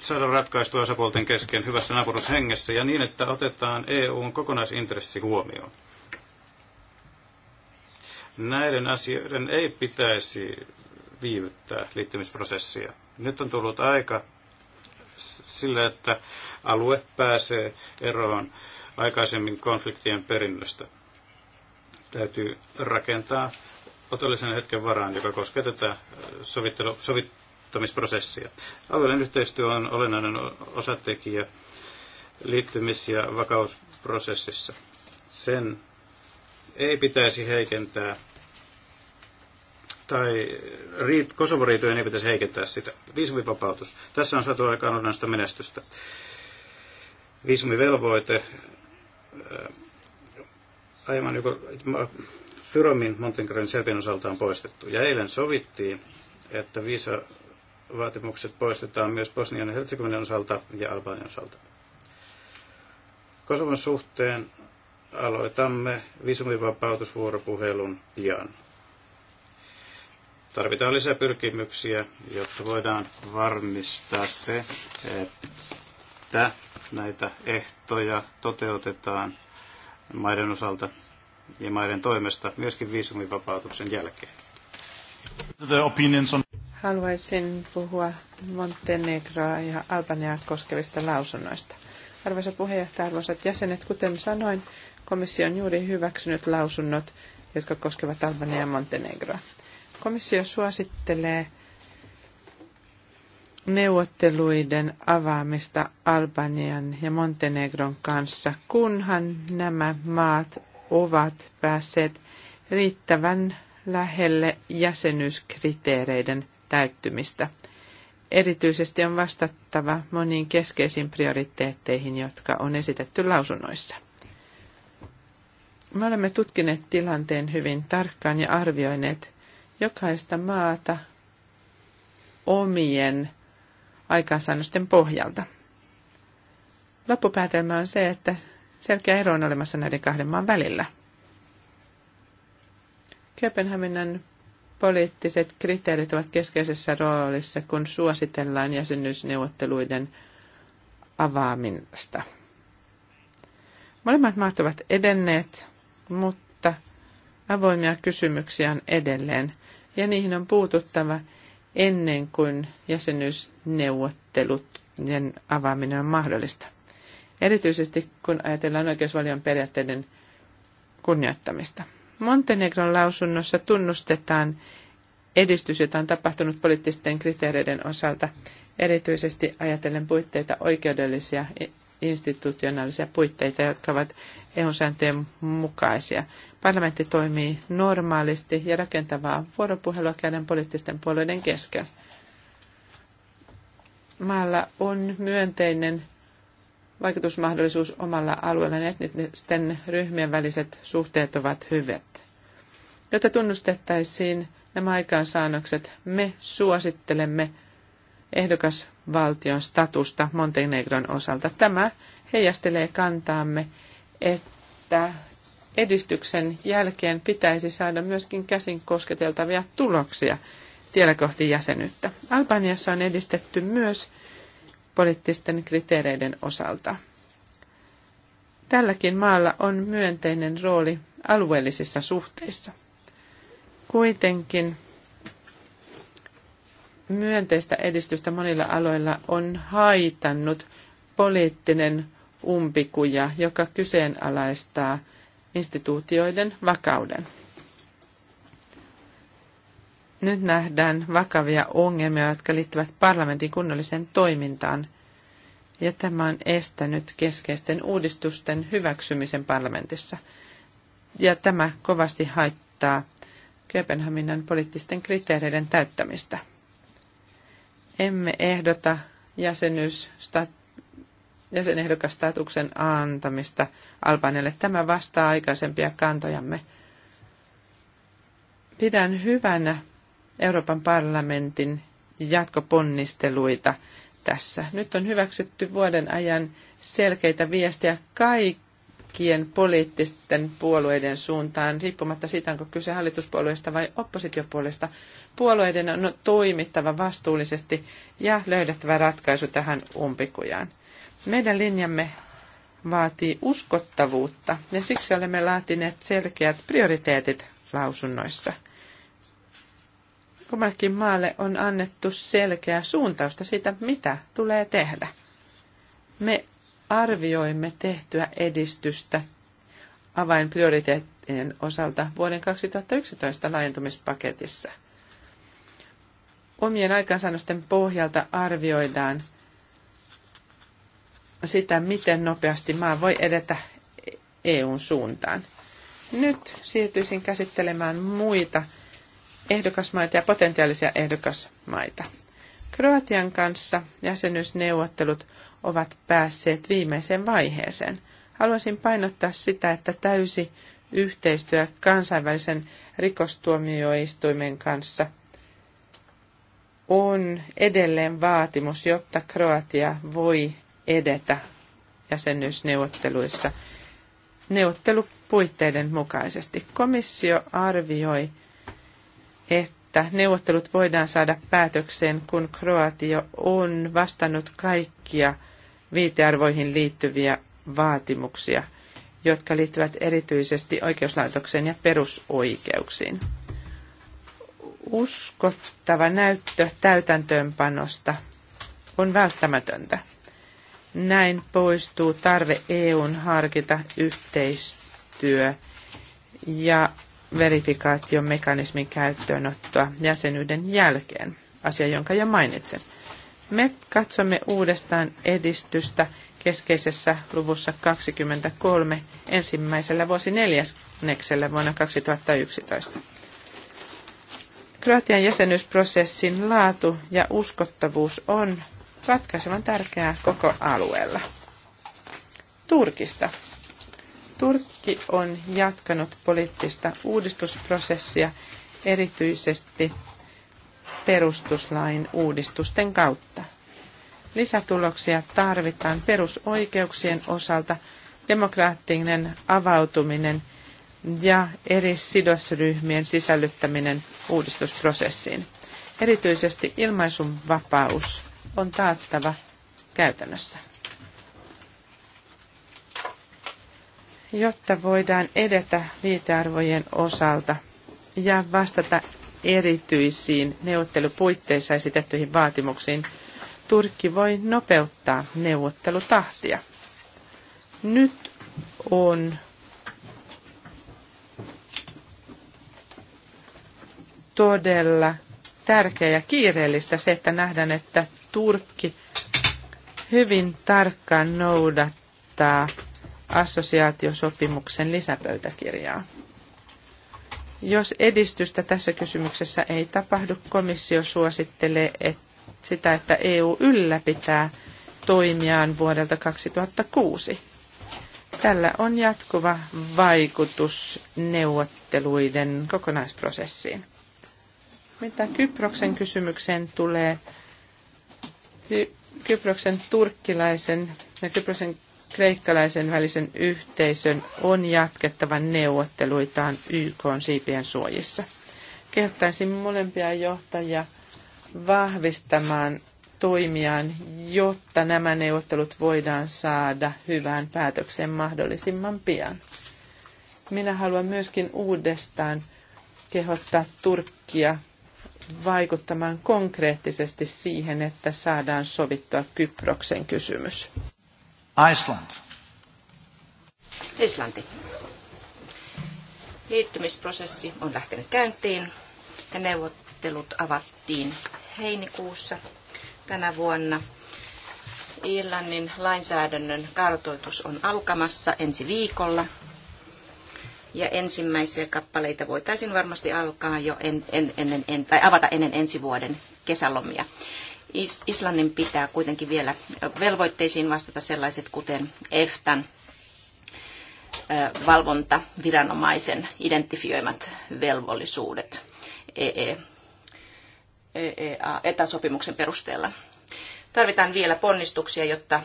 C: saada ratkaistua osapuolten kesken hyvässä naapurushengessä ja niin, että otetaan EUn kokonaisintressi huomioon. Näiden asioiden ei pitäisi viivyttää liittymisprosessia. Nyt on tullut aika sillä, että alue pääsee eroon aikaisemmin konfliktien perinnöstä. Täytyy rakentaa otollisen hetken varaan, joka koskee tätä sovittelu, sovittamisprosessia. Alueellinen yhteistyö on olennainen osatekijä liittymis- ja vakausprosessissa. Sen ei pitäisi heikentää tai riit, Kosovoriitojen ei pitäisi heikentää sitä. Viisumivapautus. Tässä on saatu aikaan olennaista menestystä. Viisumivelvoite. Aivan joko Fyromin, Montenegrin Serbin osalta on poistettu. Ja eilen sovittiin, että viisa vaatimukset poistetaan myös Bosnian ja Herzegovinan osalta ja Albanian osalta. Kosovon suhteen aloitamme viisumivapautusvuoropuhelun pian. Tarvitaan lisäpyrkimyksiä, jotta voidaan varmistaa se, että näitä ehtoja toteutetaan maiden osalta ja maiden toimesta myöskin viisumivapautuksen jälkeen.
D: Haluaisin puhua Montenegroa ja Albaniaa koskevista lausunnoista. Arvoisa puheenjohtaja, arvoisat jäsenet, kuten sanoin, komissio on juuri hyväksynyt lausunnot, jotka koskevat Albaniaa ja Montenegroa. Komissio suosittelee neuvotteluiden avaamista Albanian ja Montenegron kanssa, kunhan nämä maat ovat päässeet riittävän lähelle jäsenyyskriteereiden täyttymistä. Erityisesti on vastattava moniin keskeisiin prioriteetteihin, jotka on esitetty lausunnoissa. Me olemme tutkineet tilanteen hyvin tarkkaan ja arvioineet, jokaista maata omien aikaansaannosten pohjalta. Loppupäätelmä on se, että selkeä ero on olemassa näiden kahden maan välillä. Kööpenhaminan poliittiset kriteerit ovat keskeisessä roolissa, kun suositellaan jäsenyysneuvotteluiden avaamista. Molemmat maat ovat edenneet, mutta avoimia kysymyksiä on edelleen ja niihin on puututtava ennen kuin ja avaaminen on mahdollista. Erityisesti kun ajatellaan oikeusvalion periaatteiden kunnioittamista. Montenegron lausunnossa tunnustetaan edistys, jota on tapahtunut poliittisten kriteereiden osalta, erityisesti ajatellen puitteita oikeudellisia institutionaalisia puitteita, jotka ovat EU-sääntöjen mukaisia. Parlamentti toimii normaalisti ja rakentavaa vuoropuhelua käydään poliittisten puolueiden kesken. Maalla on myönteinen vaikutusmahdollisuus omalla alueella, niin etnisten ryhmien väliset suhteet ovat hyvät. Jotta tunnustettaisiin nämä aikaansaannokset, me suosittelemme – ehdokasvaltion statusta Montenegron osalta. Tämä heijastelee kantaamme, että edistyksen jälkeen pitäisi saada myöskin käsin kosketeltavia tuloksia tiellä kohti jäsenyyttä. Albaniassa on edistetty myös poliittisten kriteereiden osalta. Tälläkin maalla on myönteinen rooli alueellisissa suhteissa. Kuitenkin myönteistä edistystä monilla aloilla on haitannut poliittinen umpikuja, joka kyseenalaistaa instituutioiden vakauden. Nyt nähdään vakavia ongelmia, jotka liittyvät parlamentin kunnolliseen toimintaan, ja tämä on estänyt keskeisten uudistusten hyväksymisen parlamentissa. Ja tämä kovasti haittaa Kööpenhaminan poliittisten kriteereiden täyttämistä emme ehdota jäsenehdokastatuksen antamista Albanialle. Tämä vastaa aikaisempia kantojamme. Pidän hyvänä Euroopan parlamentin jatkoponnisteluita tässä. Nyt on hyväksytty vuoden ajan selkeitä viestejä kaikki kaikkien poliittisten puolueiden suuntaan, riippumatta siitä, onko kyse hallituspuolueesta vai oppositiopuolueesta. Puolueiden on toimittava vastuullisesti ja löydettävä ratkaisu tähän umpikujaan. Meidän linjamme vaatii uskottavuutta ja siksi olemme laatineet selkeät prioriteetit lausunnoissa. Kummallekin maalle on annettu selkeä suuntausta siitä, mitä tulee tehdä. Me arvioimme tehtyä edistystä avainprioriteettien osalta vuoden 2011 laajentumispaketissa. Omien aikansaannosten pohjalta arvioidaan sitä, miten nopeasti maa voi edetä EUn suuntaan. Nyt siirtyisin käsittelemään muita ehdokasmaita ja potentiaalisia ehdokasmaita. Kroatian kanssa jäsenyysneuvottelut – ovat päässeet viimeiseen vaiheeseen. Haluaisin painottaa sitä, että täysi yhteistyö kansainvälisen rikostuomioistuimen kanssa on edelleen vaatimus, jotta Kroatia voi edetä jäsenyysneuvotteluissa neuvottelupuitteiden mukaisesti. Komissio arvioi, että neuvottelut voidaan saada päätökseen, kun Kroatia on vastannut kaikkia – viitearvoihin liittyviä vaatimuksia, jotka liittyvät erityisesti oikeuslaitokseen ja perusoikeuksiin. Uskottava näyttö täytäntöönpanosta on välttämätöntä. Näin poistuu tarve EUn harkita yhteistyö ja verifikaatiomekanismin käyttöönottoa jäsenyyden jälkeen, asia jonka jo mainitsin. Me katsomme uudestaan edistystä keskeisessä luvussa 23 ensimmäisellä vuosi neljänneksellä vuonna 2011. Kroatian jäsenyysprosessin laatu ja uskottavuus on ratkaisevan tärkeää koko alueella. Turkista. Turkki on jatkanut poliittista uudistusprosessia erityisesti perustuslain uudistusten kautta. Lisätuloksia tarvitaan perusoikeuksien osalta, demokraattinen avautuminen ja eri sidosryhmien sisällyttäminen uudistusprosessiin. Erityisesti ilmaisun vapaus on taattava käytännössä. Jotta voidaan edetä viitearvojen osalta ja vastata erityisiin neuvottelupuitteissa esitettyihin vaatimuksiin, Turkki voi nopeuttaa neuvottelutahtia. Nyt on todella tärkeää ja kiireellistä se, että nähdään, että Turkki hyvin tarkkaan noudattaa assosiaatiosopimuksen lisäpöytäkirjaa. Jos edistystä tässä kysymyksessä ei tapahdu, komissio suosittelee et, sitä, että EU ylläpitää toimiaan vuodelta 2006. Tällä on jatkuva vaikutus neuvotteluiden kokonaisprosessiin. Mitä Kyproksen kysymykseen tulee, Kyproksen turkkilaisen ja Kyproksen kreikkalaisen välisen yhteisön on jatkettava neuvotteluitaan YK siipien suojissa. Kehottaisin molempia johtajia vahvistamaan toimiaan, jotta nämä neuvottelut voidaan saada hyvään päätökseen mahdollisimman pian. Minä haluan myöskin uudestaan kehottaa Turkkia vaikuttamaan konkreettisesti siihen, että saadaan sovittua Kyproksen kysymys.
C: Iceland.
H: Islanti. Liittymisprosessi on lähtenyt käyntiin ja neuvottelut avattiin heinikuussa tänä vuonna. Irlannin lainsäädännön kartoitus on alkamassa ensi viikolla. Ja ensimmäisiä kappaleita voitaisiin varmasti alkaa jo en, en, ennen, en, tai avata ennen ensi vuoden kesälomia. Islannin pitää kuitenkin vielä velvoitteisiin vastata sellaiset kuten EFTAn valvontaviranomaisen identifioimat velvollisuudet EE, EEA, e etäsopimuksen perusteella. Tarvitaan vielä ponnistuksia, jotta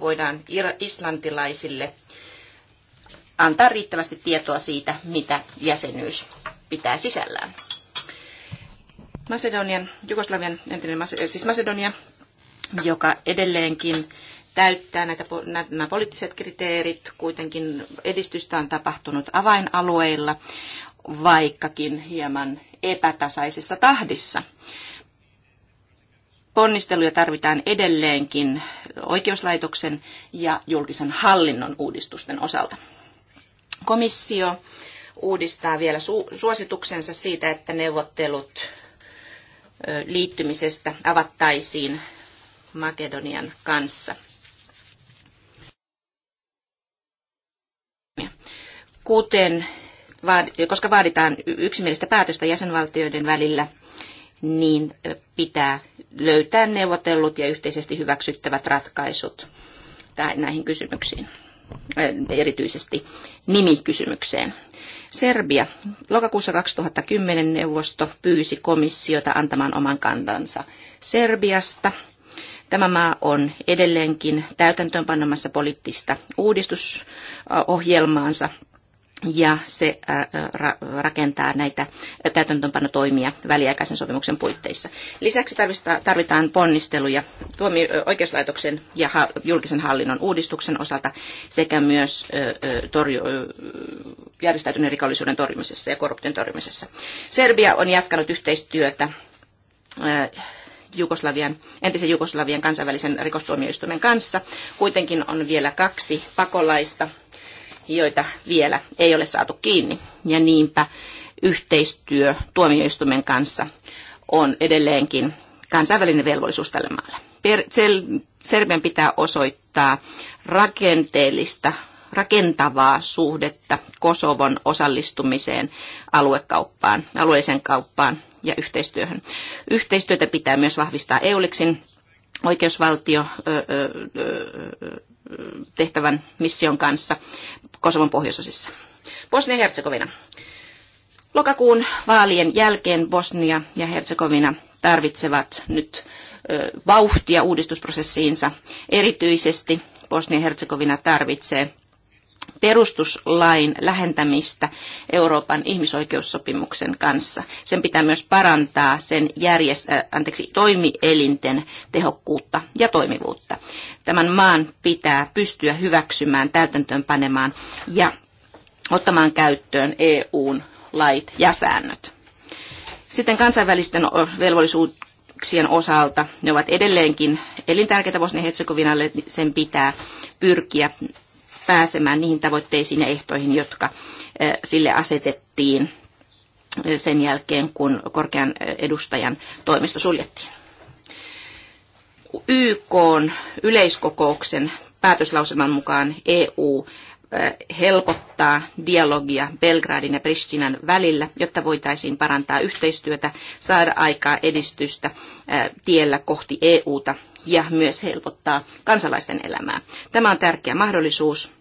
H: voidaan islantilaisille antaa riittävästi tietoa siitä, mitä jäsenyys pitää sisällään. Macedonian, Jugoslavian entinen, eh, siis Macedonia, joka edelleenkin täyttää näitä, nämä poliittiset kriteerit. Kuitenkin edistystä on tapahtunut avainalueilla, vaikkakin hieman epätasaisessa tahdissa. Ponnisteluja tarvitaan edelleenkin oikeuslaitoksen ja julkisen hallinnon uudistusten osalta. Komissio uudistaa vielä su- suosituksensa siitä, että neuvottelut liittymisestä avattaisiin Makedonian kanssa. Kuten, koska vaaditaan yksimielistä päätöstä jäsenvaltioiden välillä, niin pitää löytää neuvotellut ja yhteisesti hyväksyttävät ratkaisut näihin kysymyksiin, erityisesti nimikysymykseen. Serbia. Lokakuussa 2010 neuvosto pyysi komissiota antamaan oman kantansa Serbiasta. Tämä maa on edelleenkin täytäntöönpanemassa poliittista uudistusohjelmaansa ja se rakentaa näitä täytäntöönpanotoimia väliaikaisen sopimuksen puitteissa. Lisäksi tarvitaan ponnisteluja oikeuslaitoksen ja julkisen hallinnon uudistuksen osalta sekä myös torju- järjestäytyneen rikollisuuden torjumisessa ja korruption torjumisessa. Serbia on jatkanut yhteistyötä Jugoslavian, entisen Jugoslavian kansainvälisen rikostuomioistuimen kanssa. Kuitenkin on vielä kaksi pakolaista joita vielä ei ole saatu kiinni. Ja niinpä yhteistyö tuomioistuimen kanssa on edelleenkin kansainvälinen velvollisuus tälle maalle. Serbian pitää osoittaa rakenteellista, rakentavaa suhdetta Kosovon osallistumiseen aluekauppaan, alueelliseen kauppaan ja yhteistyöhön. Yhteistyötä pitää myös vahvistaa EULEXin oikeusvaltio tehtävän mission kanssa Kosovon pohjoisosissa. Bosnia-Herzegovina. Lokakuun vaalien jälkeen Bosnia ja Herzegovina tarvitsevat nyt vauhtia uudistusprosessiinsa. Erityisesti Bosnia-Herzegovina tarvitsee perustuslain lähentämistä Euroopan ihmisoikeussopimuksen kanssa. Sen pitää myös parantaa sen järjest- äh, anteeksi, toimielinten tehokkuutta ja toimivuutta. Tämän maan pitää pystyä hyväksymään, täytäntöönpanemaan ja ottamaan käyttöön EUn lait ja säännöt. Sitten kansainvälisten velvollisuuksien osalta ne ovat edelleenkin elintärkeitä Bosnia-Herzegovinalle. Sen pitää pyrkiä pääsemään niihin tavoitteisiin ja ehtoihin, jotka sille asetettiin sen jälkeen, kun korkean edustajan toimisto suljettiin. YK yleiskokouksen päätöslauselman mukaan EU helpottaa dialogia Belgradin ja Pristinan välillä, jotta voitaisiin parantaa yhteistyötä, saada aikaa edistystä tiellä kohti EUta ja myös helpottaa kansalaisten elämää. Tämä on tärkeä mahdollisuus,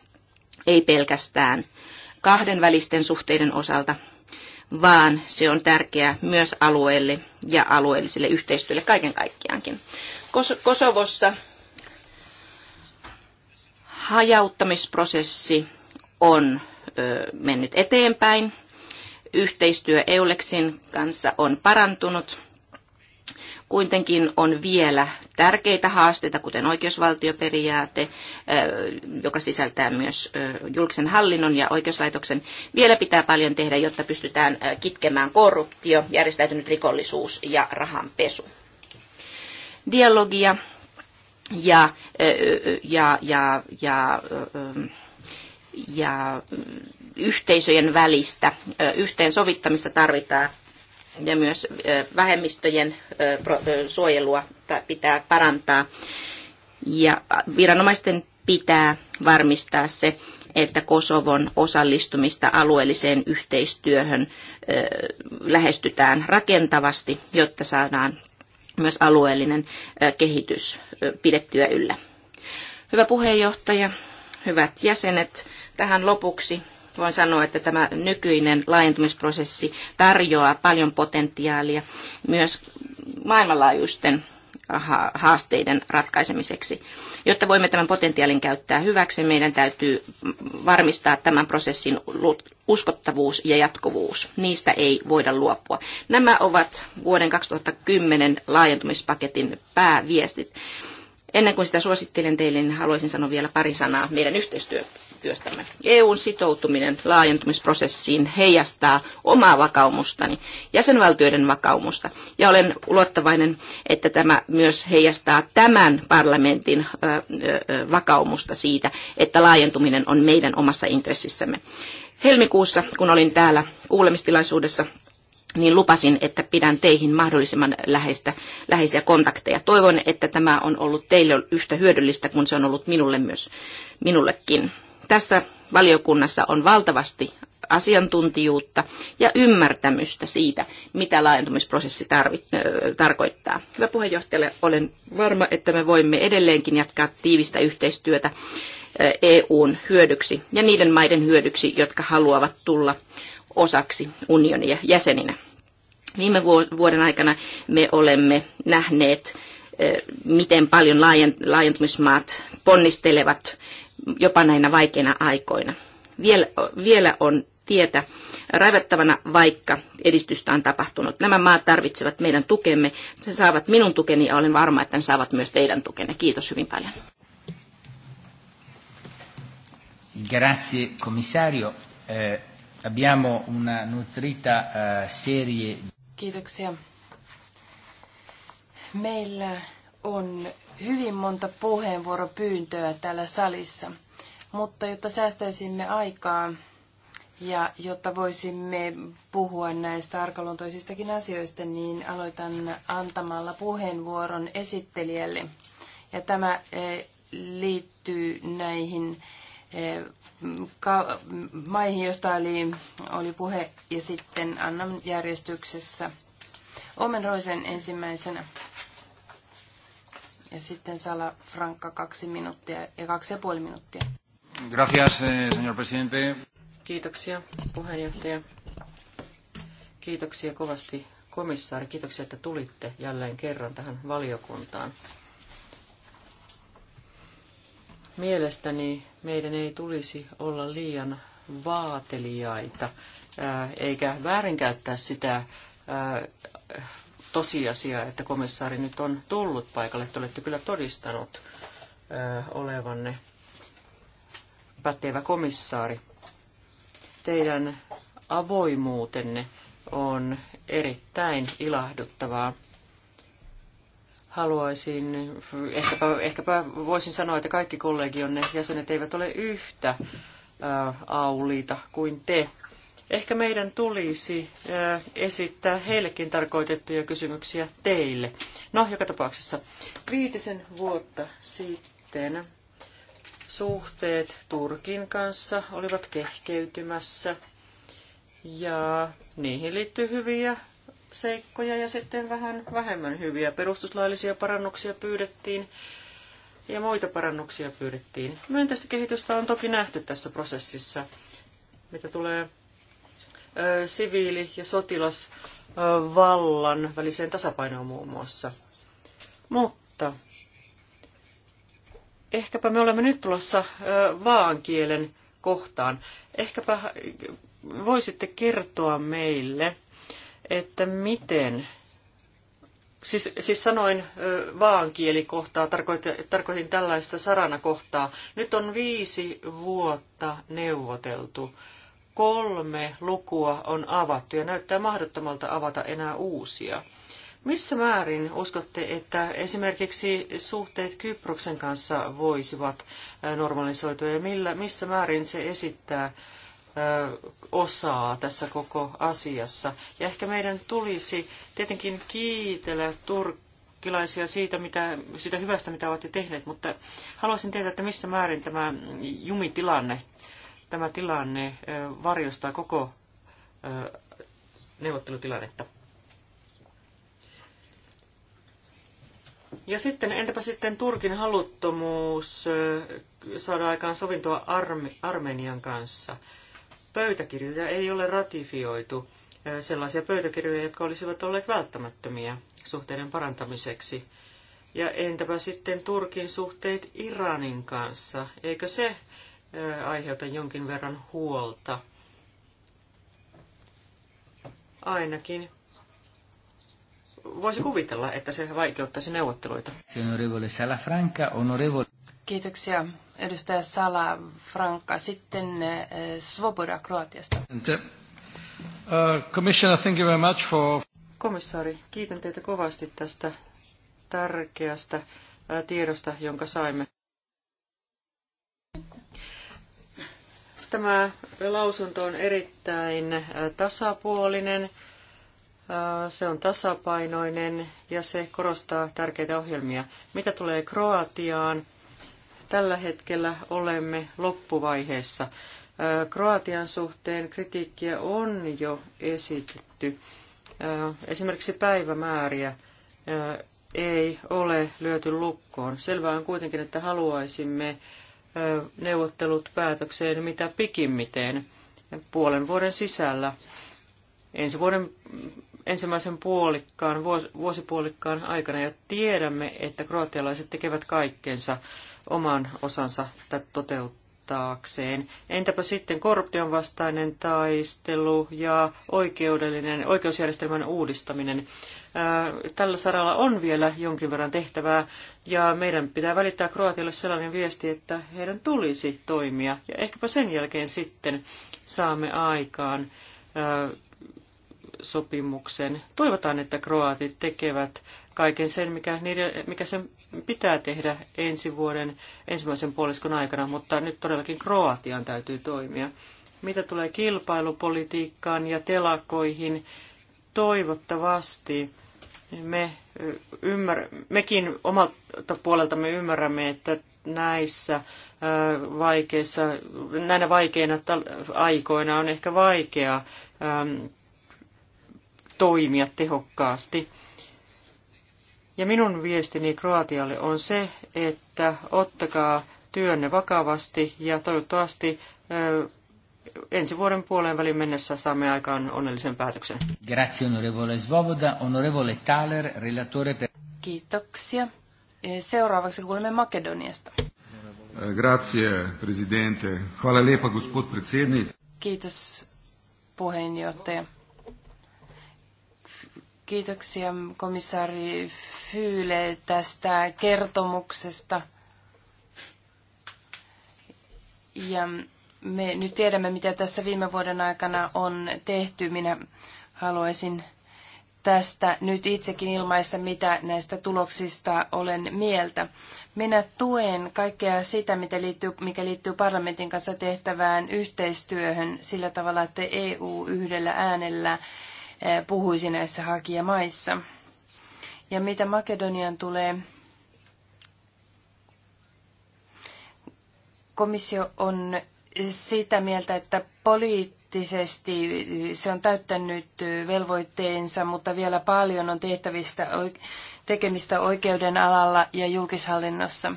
H: ei pelkästään kahdenvälisten suhteiden osalta, vaan se on tärkeää myös alueelle ja alueelliselle yhteistyölle kaiken kaikkiaankin. Kosovossa hajauttamisprosessi on mennyt eteenpäin. Yhteistyö Euleksin kanssa on parantunut kuitenkin on vielä tärkeitä haasteita, kuten oikeusvaltioperiaate, joka sisältää myös julkisen hallinnon ja oikeuslaitoksen. Vielä pitää paljon tehdä, jotta pystytään kitkemään korruptio, järjestäytynyt rikollisuus ja rahanpesu. Dialogia ja, ja, ja, ja, ja yhteisöjen välistä yhteensovittamista tarvitaan ja myös vähemmistöjen suojelua pitää parantaa. Ja viranomaisten pitää varmistaa se, että Kosovon osallistumista alueelliseen yhteistyöhön lähestytään rakentavasti, jotta saadaan myös alueellinen kehitys pidettyä yllä. Hyvä puheenjohtaja, hyvät jäsenet, tähän lopuksi voin sanoa, että tämä nykyinen laajentumisprosessi tarjoaa paljon potentiaalia myös maailmanlaajuisten haasteiden ratkaisemiseksi. Jotta voimme tämän potentiaalin käyttää hyväksi, meidän täytyy varmistaa tämän prosessin uskottavuus ja jatkuvuus. Niistä ei voida luopua. Nämä ovat vuoden 2010 laajentumispaketin pääviestit. Ennen kuin sitä suosittelen teille, niin haluaisin sanoa vielä pari sanaa meidän yhteistyö, työstämme. EUn sitoutuminen laajentumisprosessiin heijastaa omaa vakaumustani, jäsenvaltioiden vakaumusta, ja olen luottavainen, että tämä myös heijastaa tämän parlamentin vakaumusta siitä, että laajentuminen on meidän omassa intressissämme. Helmikuussa, kun olin täällä kuulemistilaisuudessa, niin lupasin, että pidän teihin mahdollisimman läheistä, läheisiä kontakteja. Toivon, että tämä on ollut teille yhtä hyödyllistä kuin se on ollut minulle myös, minullekin. Tässä valiokunnassa on valtavasti asiantuntijuutta ja ymmärtämystä siitä, mitä laajentumisprosessi tarvi, ö, tarkoittaa. Hyvä puheenjohtaja, olen varma, että me voimme edelleenkin jatkaa tiivistä yhteistyötä EUn hyödyksi ja niiden maiden hyödyksi, jotka haluavat tulla osaksi unionia jäseninä. Viime vuoden aikana me olemme nähneet, miten paljon laajentumismaat ponnistelevat jopa näinä vaikeina aikoina. Viel, vielä on tietä raivattavana, vaikka edistystä on tapahtunut. Nämä maat tarvitsevat meidän tukemme. Se saavat minun tukeni ja olen varma, että ne saavat myös teidän tukenne. Kiitos hyvin paljon.
B: Grazie commissario. Eh, abbiamo una nutrita eh, serie.
F: Kiitoksia. Meillä on hyvin monta puheenvuoropyyntöä täällä salissa, mutta jotta säästäisimme aikaa ja jotta voisimme puhua näistä arkaluontoisistakin asioista, niin aloitan antamalla puheenvuoron esittelijälle. Ja tämä eh, liittyy näihin eh, maihin, joista oli, oli puhe, ja sitten annan järjestyksessä Omen Roisen ensimmäisenä. Ja sitten Sala Frankka kaksi minuuttia ja kaksi ja puoli minuuttia.
E: Gracias, eh, señor presidente.
I: Kiitoksia, puheenjohtaja. Kiitoksia kovasti, komissaari. Kiitoksia, että tulitte jälleen kerran tähän valiokuntaan. Mielestäni meidän ei tulisi olla liian vaateliaita, eikä väärinkäyttää sitä tosiasia, että komissaari nyt on tullut paikalle. Te olette kyllä todistanut olevanne pätevä komissaari. Teidän avoimuutenne on erittäin ilahduttavaa. Haluaisin, ehkäpä, ehkäpä voisin sanoa, että kaikki kollegionne jäsenet eivät ole yhtä auliita kuin te. Ehkä meidän tulisi esittää heillekin tarkoitettuja kysymyksiä teille. No, joka tapauksessa viitisen vuotta sitten suhteet Turkin kanssa olivat kehkeytymässä ja niihin liittyy hyviä seikkoja ja sitten vähän vähemmän hyviä. Perustuslaillisia parannuksia pyydettiin ja muita parannuksia pyydettiin. Myönteistä kehitystä on toki nähty tässä prosessissa, mitä tulee siviili- ja sotilasvallan väliseen tasapainoon muun muassa. Mutta ehkäpä me olemme nyt tulossa vaankielen kohtaan. Ehkäpä voisitte kertoa meille, että miten, siis, siis sanoin vaankielikohtaa, tarkoitin, tarkoitin tällaista sarana kohtaa. Nyt on viisi vuotta neuvoteltu kolme lukua on avattu ja näyttää mahdottomalta avata enää uusia. Missä määrin uskotte, että esimerkiksi suhteet Kyproksen kanssa voisivat äh, normalisoitua ja millä, missä määrin se esittää äh, osaa tässä koko asiassa? Ja ehkä meidän tulisi tietenkin kiitellä turkkilaisia siitä, mitä, siitä hyvästä, mitä olette tehneet, mutta haluaisin tietää, että missä määrin tämä jumitilanne tämä tilanne varjostaa koko neuvottelutilannetta. Ja sitten, entäpä sitten Turkin haluttomuus saada aikaan sovintoa Arme- Armenian kanssa? Pöytäkirjoja ei ole ratifioitu, sellaisia pöytäkirjoja, jotka olisivat olleet välttämättömiä suhteiden parantamiseksi. Ja entäpä sitten Turkin suhteet Iranin kanssa? Eikö se aiheuta jonkin verran huolta. Ainakin voisi kuvitella, että se vaikeuttaisi neuvotteluita.
F: Kiitoksia. Edustaja Sala Franka. Sitten Svoboda Kroatiasta.
C: Uh,
I: Komissaari, kiitän teitä kovasti tästä tärkeästä tiedosta, jonka saimme. Tämä lausunto on erittäin äh, tasapuolinen, äh, se on tasapainoinen ja se korostaa tärkeitä ohjelmia. Mitä tulee Kroatiaan, tällä hetkellä olemme loppuvaiheessa. Äh, Kroatian suhteen kritiikkiä on jo esitetty. Esimerkiksi päivämääriä ei ole lyöty lukkoon. Selvää on kuitenkin, että haluaisimme neuvottelut päätökseen mitä pikimmiten puolen vuoden sisällä. Ensi vuoden ensimmäisen puolikkaan, vuosipuolikkaan aikana ja tiedämme, että kroatialaiset tekevät kaikkensa oman osansa toteuttaa taakseen. Entäpä sitten korruption vastainen taistelu ja oikeudellinen, oikeusjärjestelmän uudistaminen? Äh, tällä saralla on vielä jonkin verran tehtävää ja meidän pitää välittää Kroatialle sellainen viesti, että heidän tulisi toimia ja ehkäpä sen jälkeen sitten saamme aikaan äh, sopimuksen. Toivotaan, että kroatit tekevät kaiken sen, mikä, niiden, mikä sen pitää tehdä ensi vuoden ensimmäisen puoliskon aikana, mutta nyt todellakin Kroatian täytyy toimia. Mitä tulee kilpailupolitiikkaan ja telakoihin, toivottavasti me ymmär, mekin omalta puoleltamme ymmärrämme, että näissä vaikeissa, näinä vaikeina aikoina on ehkä vaikea toimia tehokkaasti – ja minun viestini Kroatialle on se, että ottakaa työnne vakavasti ja toivottavasti ensi vuoden puoleen välin mennessä saamme aikaan onnellisen päätöksen.
B: Grazie onorevole Svoboda, onorevole Thaler, relatore per... Kiitoksia.
F: E, seuraavaksi kuulemme Makedoniasta.
C: Eh, grazie, presidente. Hvala lepa, gospod predsednik.
F: Kiitos, puheenjohtaja. Kiitoksia komissaari Fyyle tästä kertomuksesta. Ja me nyt tiedämme, mitä tässä viime vuoden aikana on tehty. Minä haluaisin tästä nyt itsekin ilmaissa, mitä näistä tuloksista olen mieltä. Minä tuen kaikkea sitä, mitä liittyy, mikä liittyy parlamentin kanssa tehtävään yhteistyöhön sillä tavalla, että EU yhdellä äänellä Eh, puhuisi näissä hakijamaissa. Ja mitä Makedonian tulee, komissio on sitä mieltä, että poliittisesti se on täyttänyt velvoitteensa, mutta vielä paljon on tehtävistä tekemistä oikeuden alalla ja julkishallinnossa.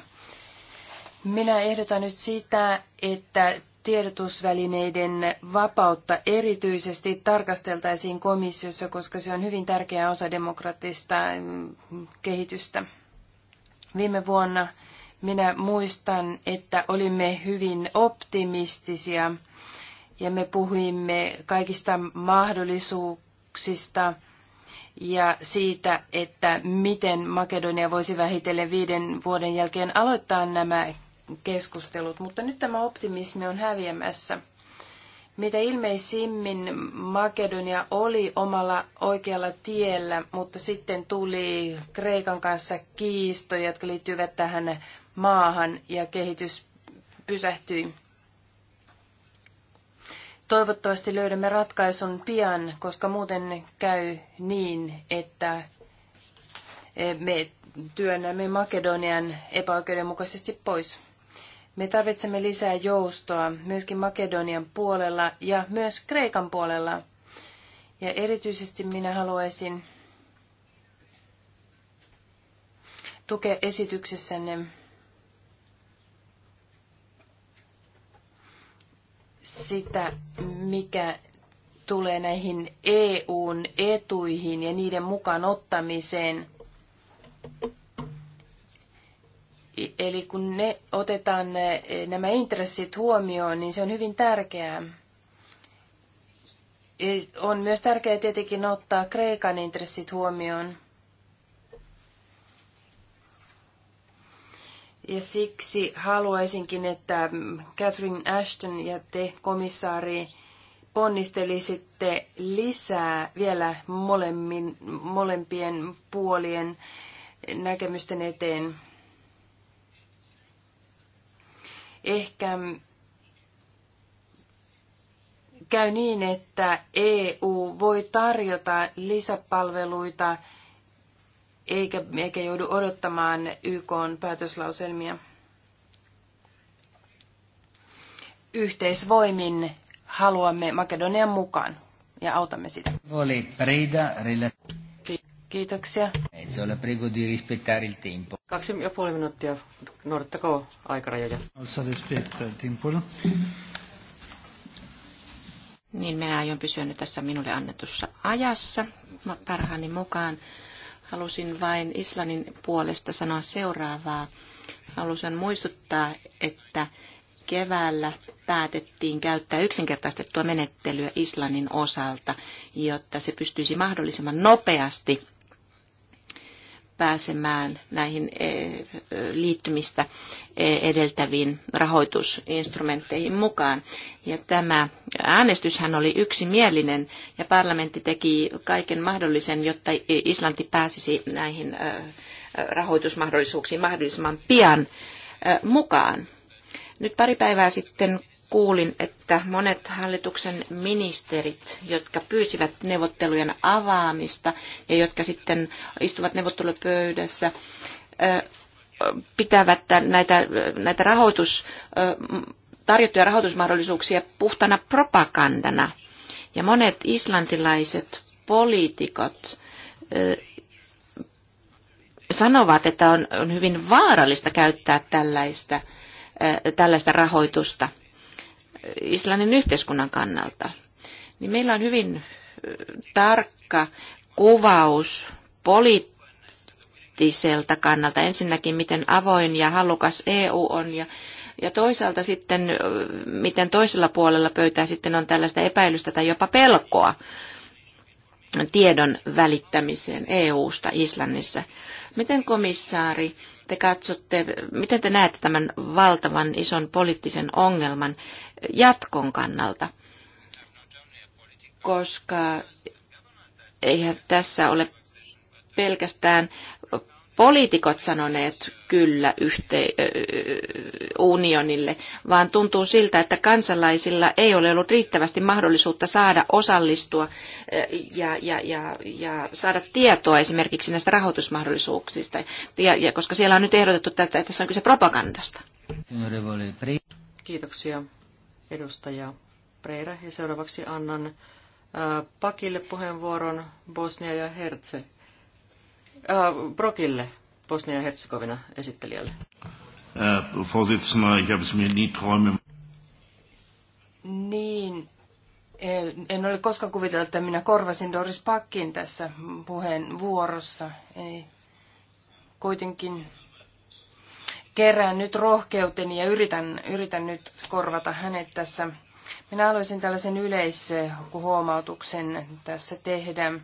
F: Minä ehdotan nyt sitä, että tiedotusvälineiden vapautta erityisesti tarkasteltaisiin komissiossa, koska se on hyvin tärkeä osa demokraattista mm, kehitystä. Viime vuonna minä muistan, että olimme hyvin optimistisia ja me puhuimme kaikista mahdollisuuksista ja siitä, että miten Makedonia voisi vähitellen viiden vuoden jälkeen aloittaa nämä keskustelut, mutta nyt tämä optimismi on häviämässä. Mitä ilmeisimmin Makedonia oli omalla oikealla tiellä, mutta sitten tuli Kreikan kanssa kiistoja, jotka liittyivät tähän maahan ja kehitys pysähtyi. Toivottavasti löydämme ratkaisun pian, koska muuten käy niin, että me työnnämme Makedonian epäoikeudenmukaisesti pois. Me tarvitsemme lisää joustoa myöskin Makedonian puolella ja myös Kreikan puolella. Ja erityisesti minä haluaisin tukea esityksessänne sitä, mikä tulee näihin EUn etuihin ja niiden mukaan ottamiseen. Eli kun ne otetaan nämä intressit huomioon, niin se on hyvin tärkeää. On myös tärkeää tietenkin ottaa Kreikan intressit huomioon. Ja siksi haluaisinkin, että Catherine Ashton ja te, komissaari, ponnistelisitte lisää vielä molemmin, molempien puolien näkemysten eteen. ehkä käy niin, että EU voi tarjota lisäpalveluita eikä, eikä joudu odottamaan YK päätöslauselmia. Yhteisvoimin haluamme Makedonian mukaan ja autamme sitä.
I: Kiitoksia.
B: Metsola eh, prego di rispettare il tempo.
I: Kaksi ja puoli minuuttia. noudattako aikarajoja.
C: Osa il tempo. No?
I: Niin, minä aion pysyä nyt tässä minulle annetussa
H: ajassa Mä parhaani mukaan. Halusin vain Islannin puolesta sanoa seuraavaa. Halusin muistuttaa, että keväällä päätettiin käyttää yksinkertaistettua menettelyä Islannin osalta, jotta se pystyisi mahdollisimman nopeasti pääsemään näihin e, e, liittymistä e, edeltäviin rahoitusinstrumentteihin mukaan. Ja tämä äänestyshän oli yksimielinen ja parlamentti teki kaiken mahdollisen, jotta Islanti pääsisi näihin rahoitusmahdollisuuksiin mahdollisimman pian mukaan. Nyt pari päivää sitten kuulin, että monet hallituksen ministerit, jotka pyysivät neuvottelujen avaamista ja jotka sitten istuvat neuvottelupöydässä, pitävät näitä, näitä rahoitus, tarjottuja rahoitusmahdollisuuksia puhtana propagandana. Ja monet islantilaiset poliitikot sanovat, että on, on hyvin vaarallista käyttää tällaista, tällaista rahoitusta – Islannin yhteiskunnan kannalta, niin meillä on hyvin tarkka kuvaus poliittiselta kannalta. Ensinnäkin, miten avoin ja halukas EU on ja, ja toisaalta sitten, miten toisella puolella pöytää sitten on tällaista epäilystä tai jopa pelkoa tiedon välittämiseen EU-sta Islannissa. Miten komissaari, te katsotte, miten te näette tämän valtavan ison poliittisen ongelman jatkon kannalta, koska eihän tässä ole pelkästään poliitikot sanoneet kyllä yhte- unionille, vaan tuntuu siltä, että kansalaisilla ei ole ollut riittävästi mahdollisuutta saada osallistua ja, ja, ja, ja saada tietoa esimerkiksi näistä rahoitusmahdollisuuksista, ja, ja, koska siellä
I: on nyt ehdotettu, että tässä on kyse propagandasta. Kiitoksia edustaja Preira. Ja seuraavaksi annan Pakille puheenvuoron Bosnia ja Herze. Ää, Brokille Bosnia ja Herzegovina esittelijälle.
F: Niin, en ole koskaan kuvitellut, että minä korvasin Doris Pakkin tässä puheenvuorossa. Ei. Kuitenkin kerään nyt rohkeuteni ja yritän, yritän nyt korvata hänet tässä. Minä haluaisin tällaisen yleishuomautuksen tässä tehdä. E,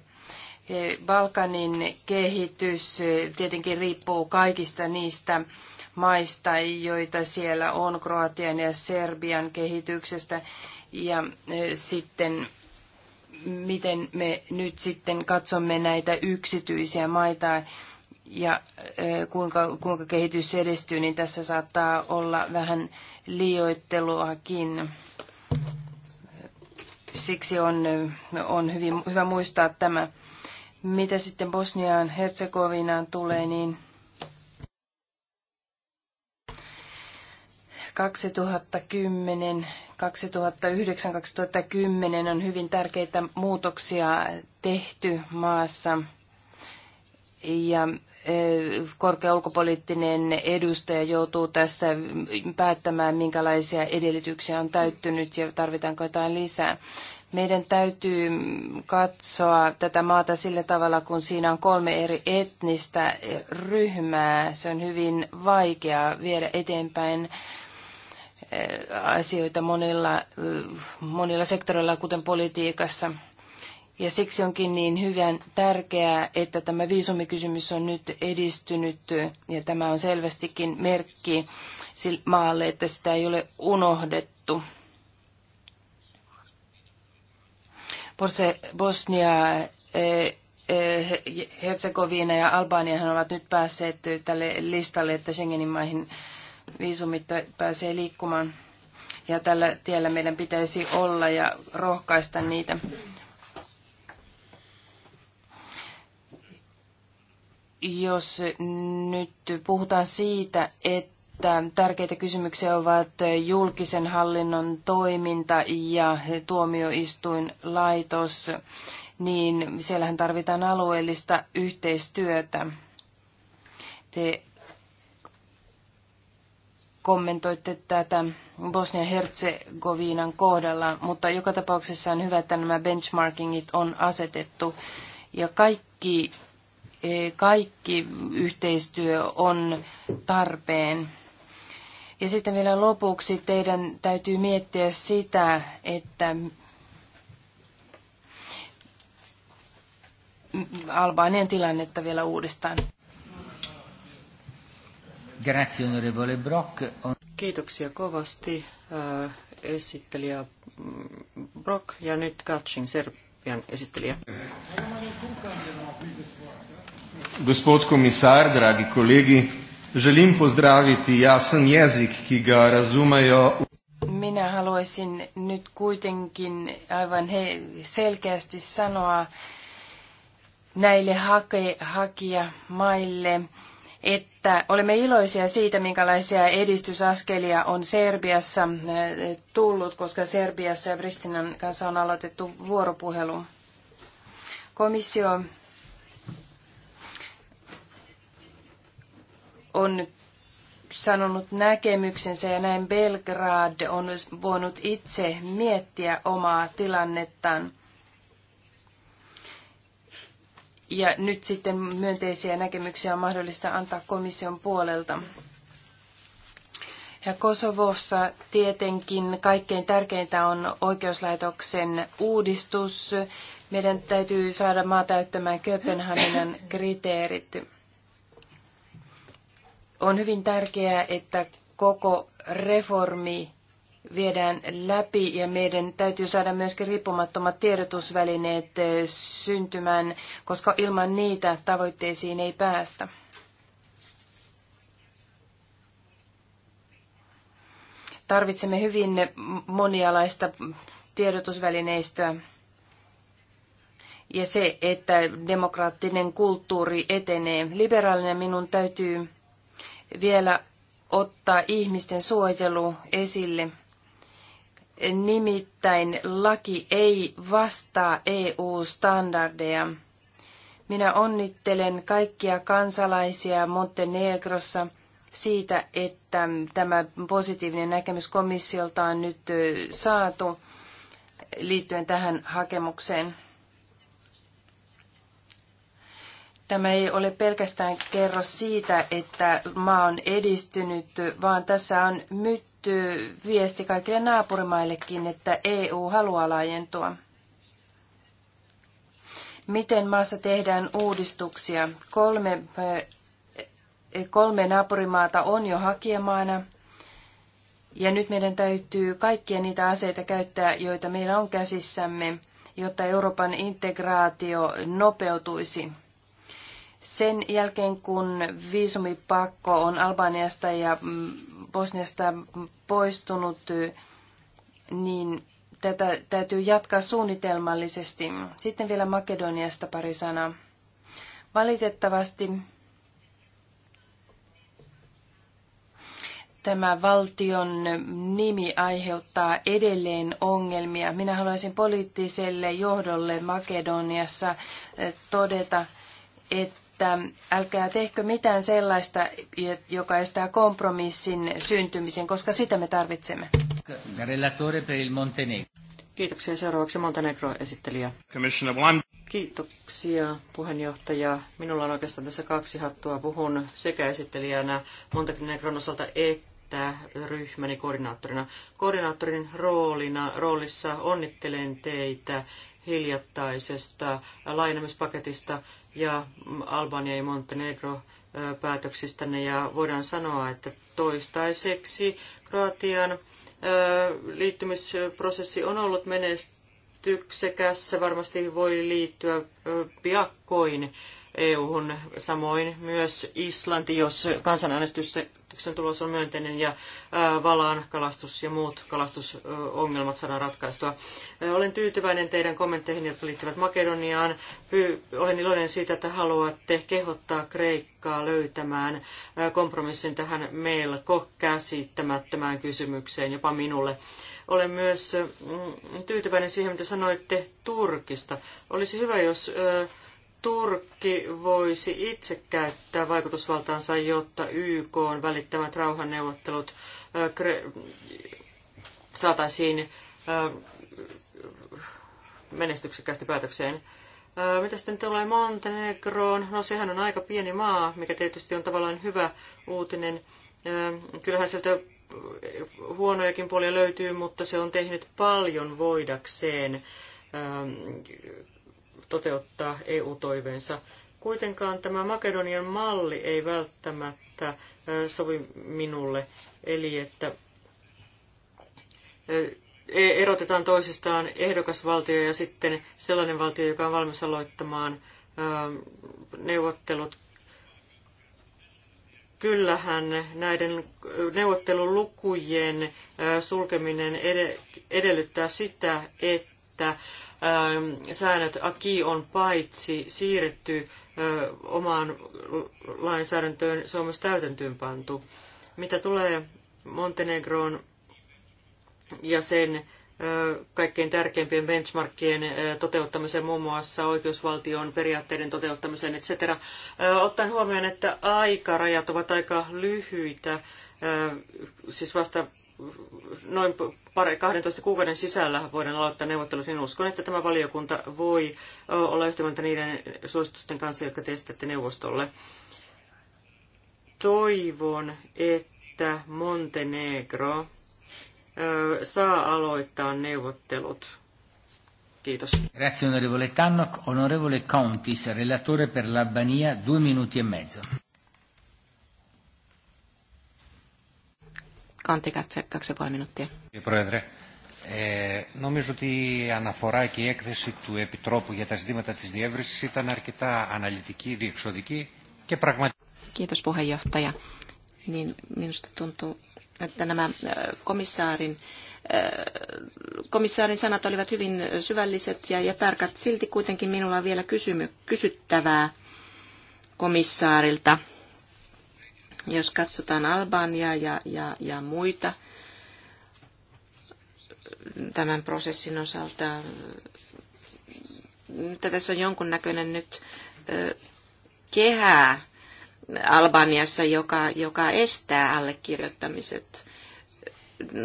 F: Balkanin kehitys tietenkin riippuu kaikista niistä maista, joita siellä on, Kroatian ja Serbian kehityksestä. Ja e, sitten miten me nyt sitten katsomme näitä yksityisiä maita, ja kuinka, kuinka kehitys edistyy, niin tässä saattaa olla vähän liioitteluakin. Siksi on, on hyvin, hyvä muistaa tämä. Mitä sitten Bosniaan, Herzegovinaan tulee, niin 2010, 2009, 2010 on hyvin tärkeitä muutoksia tehty maassa. Ja korkea ulkopoliittinen edustaja joutuu tässä päättämään, minkälaisia edellytyksiä on täyttynyt ja tarvitaanko jotain lisää. Meidän täytyy katsoa tätä maata sillä tavalla, kun siinä on kolme eri etnistä ryhmää. Se on hyvin vaikea viedä eteenpäin eh, asioita monilla, eh, monilla sektoreilla, kuten politiikassa. Ja siksi onkin niin hyvän tärkeää, että tämä viisumikysymys on nyt edistynyt ja tämä on selvästikin merkki maalle, että sitä ei ole unohdettu. Bosnia, eh, eh, Herzegovina ja Albaniahan ovat nyt päässeet tälle listalle, että Schengenin maihin viisumit pääsee liikkumaan. Ja tällä tiellä meidän pitäisi olla ja rohkaista niitä. jos nyt puhutaan siitä, että tärkeitä kysymyksiä ovat julkisen hallinnon toiminta ja tuomioistuinlaitos, niin siellähän tarvitaan alueellista yhteistyötä. Te kommentoitte tätä Bosnia-Herzegovinan kohdalla, mutta joka tapauksessa on hyvä, että nämä benchmarkingit on asetettu. Ja kaikki E, kaikki yhteistyö on tarpeen. Ja sitten vielä lopuksi teidän täytyy miettiä sitä, että Albanian tilannetta vielä uudestaan.
B: Grazie, onorevole Brock.
I: Kiitoksia kovasti äh, esittelijä mm, Brock ja nyt Katsin, Serbian esittelijä.
E: Gospod komisar, dragi kolegi, želim pozdraviti jasen jezik, ki ga razumejo.
F: Minä haluaisin nyt kuitenkin aivan he, selkeästi sanoa näille hake, hakijamaille, että olemme iloisia siitä, minkälaisia edistysaskelia on Serbiassa äh, tullut, koska Serbiassa ja Pristinan kanssa on aloitettu vuoropuhelu. Komissio on sanonut näkemyksensä ja näin Belgrad on voinut itse miettiä omaa tilannettaan. Ja nyt sitten myönteisiä näkemyksiä on mahdollista antaa komission puolelta. Ja Kosovossa tietenkin kaikkein tärkeintä on oikeuslaitoksen uudistus. Meidän täytyy saada maa täyttämään Kööpenhaminan kriteerit. On hyvin tärkeää, että koko reformi viedään läpi ja meidän täytyy saada myöskin riippumattomat tiedotusvälineet eh, syntymään, koska ilman niitä tavoitteisiin ei päästä. Tarvitsemme hyvin monialaista tiedotusvälineistöä. Ja se, että demokraattinen kulttuuri etenee. Liberaalinen minun täytyy vielä ottaa ihmisten suojelu esille. Nimittäin laki ei vastaa EU-standardeja. Minä onnittelen kaikkia kansalaisia Montenegrossa siitä, että tämä positiivinen näkemys komissiolta on nyt saatu liittyen tähän hakemukseen. Tämä ei ole pelkästään kerro siitä, että maa on edistynyt, vaan tässä on mytty viesti kaikille naapurimaillekin, että EU haluaa laajentua. Miten maassa tehdään uudistuksia? Kolme, eh, kolme naapurimaata on jo hakijamaana. Ja nyt meidän täytyy kaikkia niitä aseita käyttää, joita meillä on käsissämme, jotta Euroopan integraatio nopeutuisi. Sen jälkeen, kun viisumipakko on Albaniasta ja mm, Bosniasta poistunut, niin tätä täytyy jatkaa suunnitelmallisesti. Sitten vielä Makedoniasta pari sanaa. Valitettavasti tämä valtion nimi aiheuttaa edelleen ongelmia. Minä haluaisin poliittiselle johdolle Makedoniassa todeta, että että älkää tehkö mitään sellaista, joka estää kompromissin syntymisen, koska sitä me tarvitsemme.
I: Kiitoksia. Seuraavaksi Montenegro-esittelijä. Kiitoksia puheenjohtaja. Minulla on oikeastaan tässä kaksi hattua. Puhun sekä esittelijänä Montenegron osalta että ryhmäni koordinaattorina. Koordinaattorin roolina, roolissa onnittelen teitä hiljattaisesta lainamispaketista ja Albania ja Montenegro päätöksistänne ja voidaan sanoa, että toistaiseksi Kroatian liittymisprosessi on ollut menestyksekäs. Se varmasti voi liittyä piakkoin EU-hun. Samoin myös Islanti, jos kansanäänestyksen tulos on myönteinen ja valaan kalastus ja muut kalastusongelmat saadaan ratkaistua. Olen tyytyväinen teidän kommentteihin, jotka liittyvät Makedoniaan. Olen iloinen siitä, että haluatte kehottaa Kreikkaa löytämään kompromissin tähän melko käsittämättömään kysymykseen, jopa minulle. Olen myös mm, tyytyväinen siihen, mitä sanoitte Turkista. Olisi hyvä, jos Turkki voisi itse käyttää vaikutusvaltaansa, jotta YK on välittämät rauhanneuvottelut saataisiin menestyksekkäästi päätökseen. Mitä sitten tulee Montenegroon? No sehän on aika pieni maa, mikä tietysti on tavallaan hyvä uutinen. Kyllähän sieltä huonojakin puolia löytyy, mutta se on tehnyt paljon voidakseen toteuttaa EU-toiveensa. Kuitenkaan tämä Makedonian malli ei välttämättä sovi minulle, eli että e, erotetaan toisistaan ehdokasvaltio ja sitten sellainen valtio, joka on valmis aloittamaan neuvottelut. Kyllähän näiden neuvottelulukujen sulkeminen edellyttää sitä, että että ähm, säännöt AKI on paitsi siirretty äh, omaan lainsäädäntöön, se on myös täytäntöönpantu. Mitä tulee Montenegroon ja sen äh, kaikkein tärkeimpien benchmarkkien äh, toteuttamiseen, muun muassa oikeusvaltion periaatteiden toteuttamiseen, etc. Ottaen huomioon, että aikarajat ovat aika lyhyitä, siis vasta noin pari, 12 kuukauden sisällä voidaan aloittaa neuvottelut, niin uskon, että tämä valiokunta voi olla yhtä mieltä niiden suositusten kanssa, jotka testatte neuvostolle. Toivon, että Montenegro saa aloittaa neuvottelut.
B: Kiitos. Grazie onorevole Tannock. Onorevole relatore per l'Albania, due minuti e mezzo.
H: Kanti, kaksi ja puoli minuuttia.
B: Πρόεδρε, ε, νομίζω ότι η αναφορά και η έκθεση του Επιτρόπου για τα ζητήματα της διεύρυνσης ήταν αρκετά αναλυτική, διεξοδική και πραγματική.
H: Kiitos puheenjohtaja. Niin minusta tuntuu, että nämä komissaarin komissaarin sanat olivat hyvin syvälliset ja, ja tarkat. Silti kuitenkin minulla on vielä kysymy, kysyttävää komissaarilta jos katsotaan Albaniaa ja, ja, ja muita tämän prosessin osalta, että tässä on jonkunnäköinen nyt kehää Albaniassa, joka, joka estää allekirjoittamiset.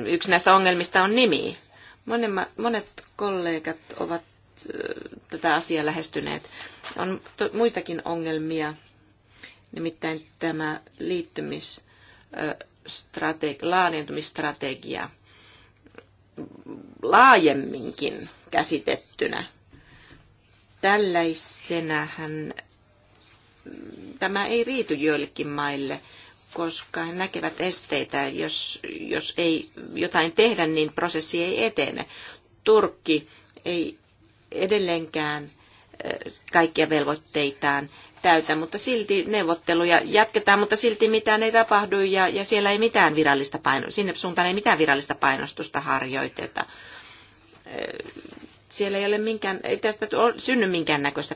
H: Yksi näistä ongelmista on nimi. Monet kollegat ovat tätä asiaa lähestyneet. On muitakin ongelmia nimittäin tämä liittymisstrategia, laajentumistrategia laajemminkin käsitettynä. Tällaisenähän tämä ei riity joillekin maille, koska he näkevät esteitä. Jos, jos ei jotain tehdä, niin prosessi ei etene. Turkki ei edelleenkään kaikkia velvoitteitaan täytä, mutta silti neuvotteluja jatketaan, mutta silti mitään ei tapahdu ja, ja siellä ei mitään virallista paino, sinne suuntaan ei mitään virallista painostusta harjoiteta. Siellä ei ole minkään, ei tästä synny minkäännäköistä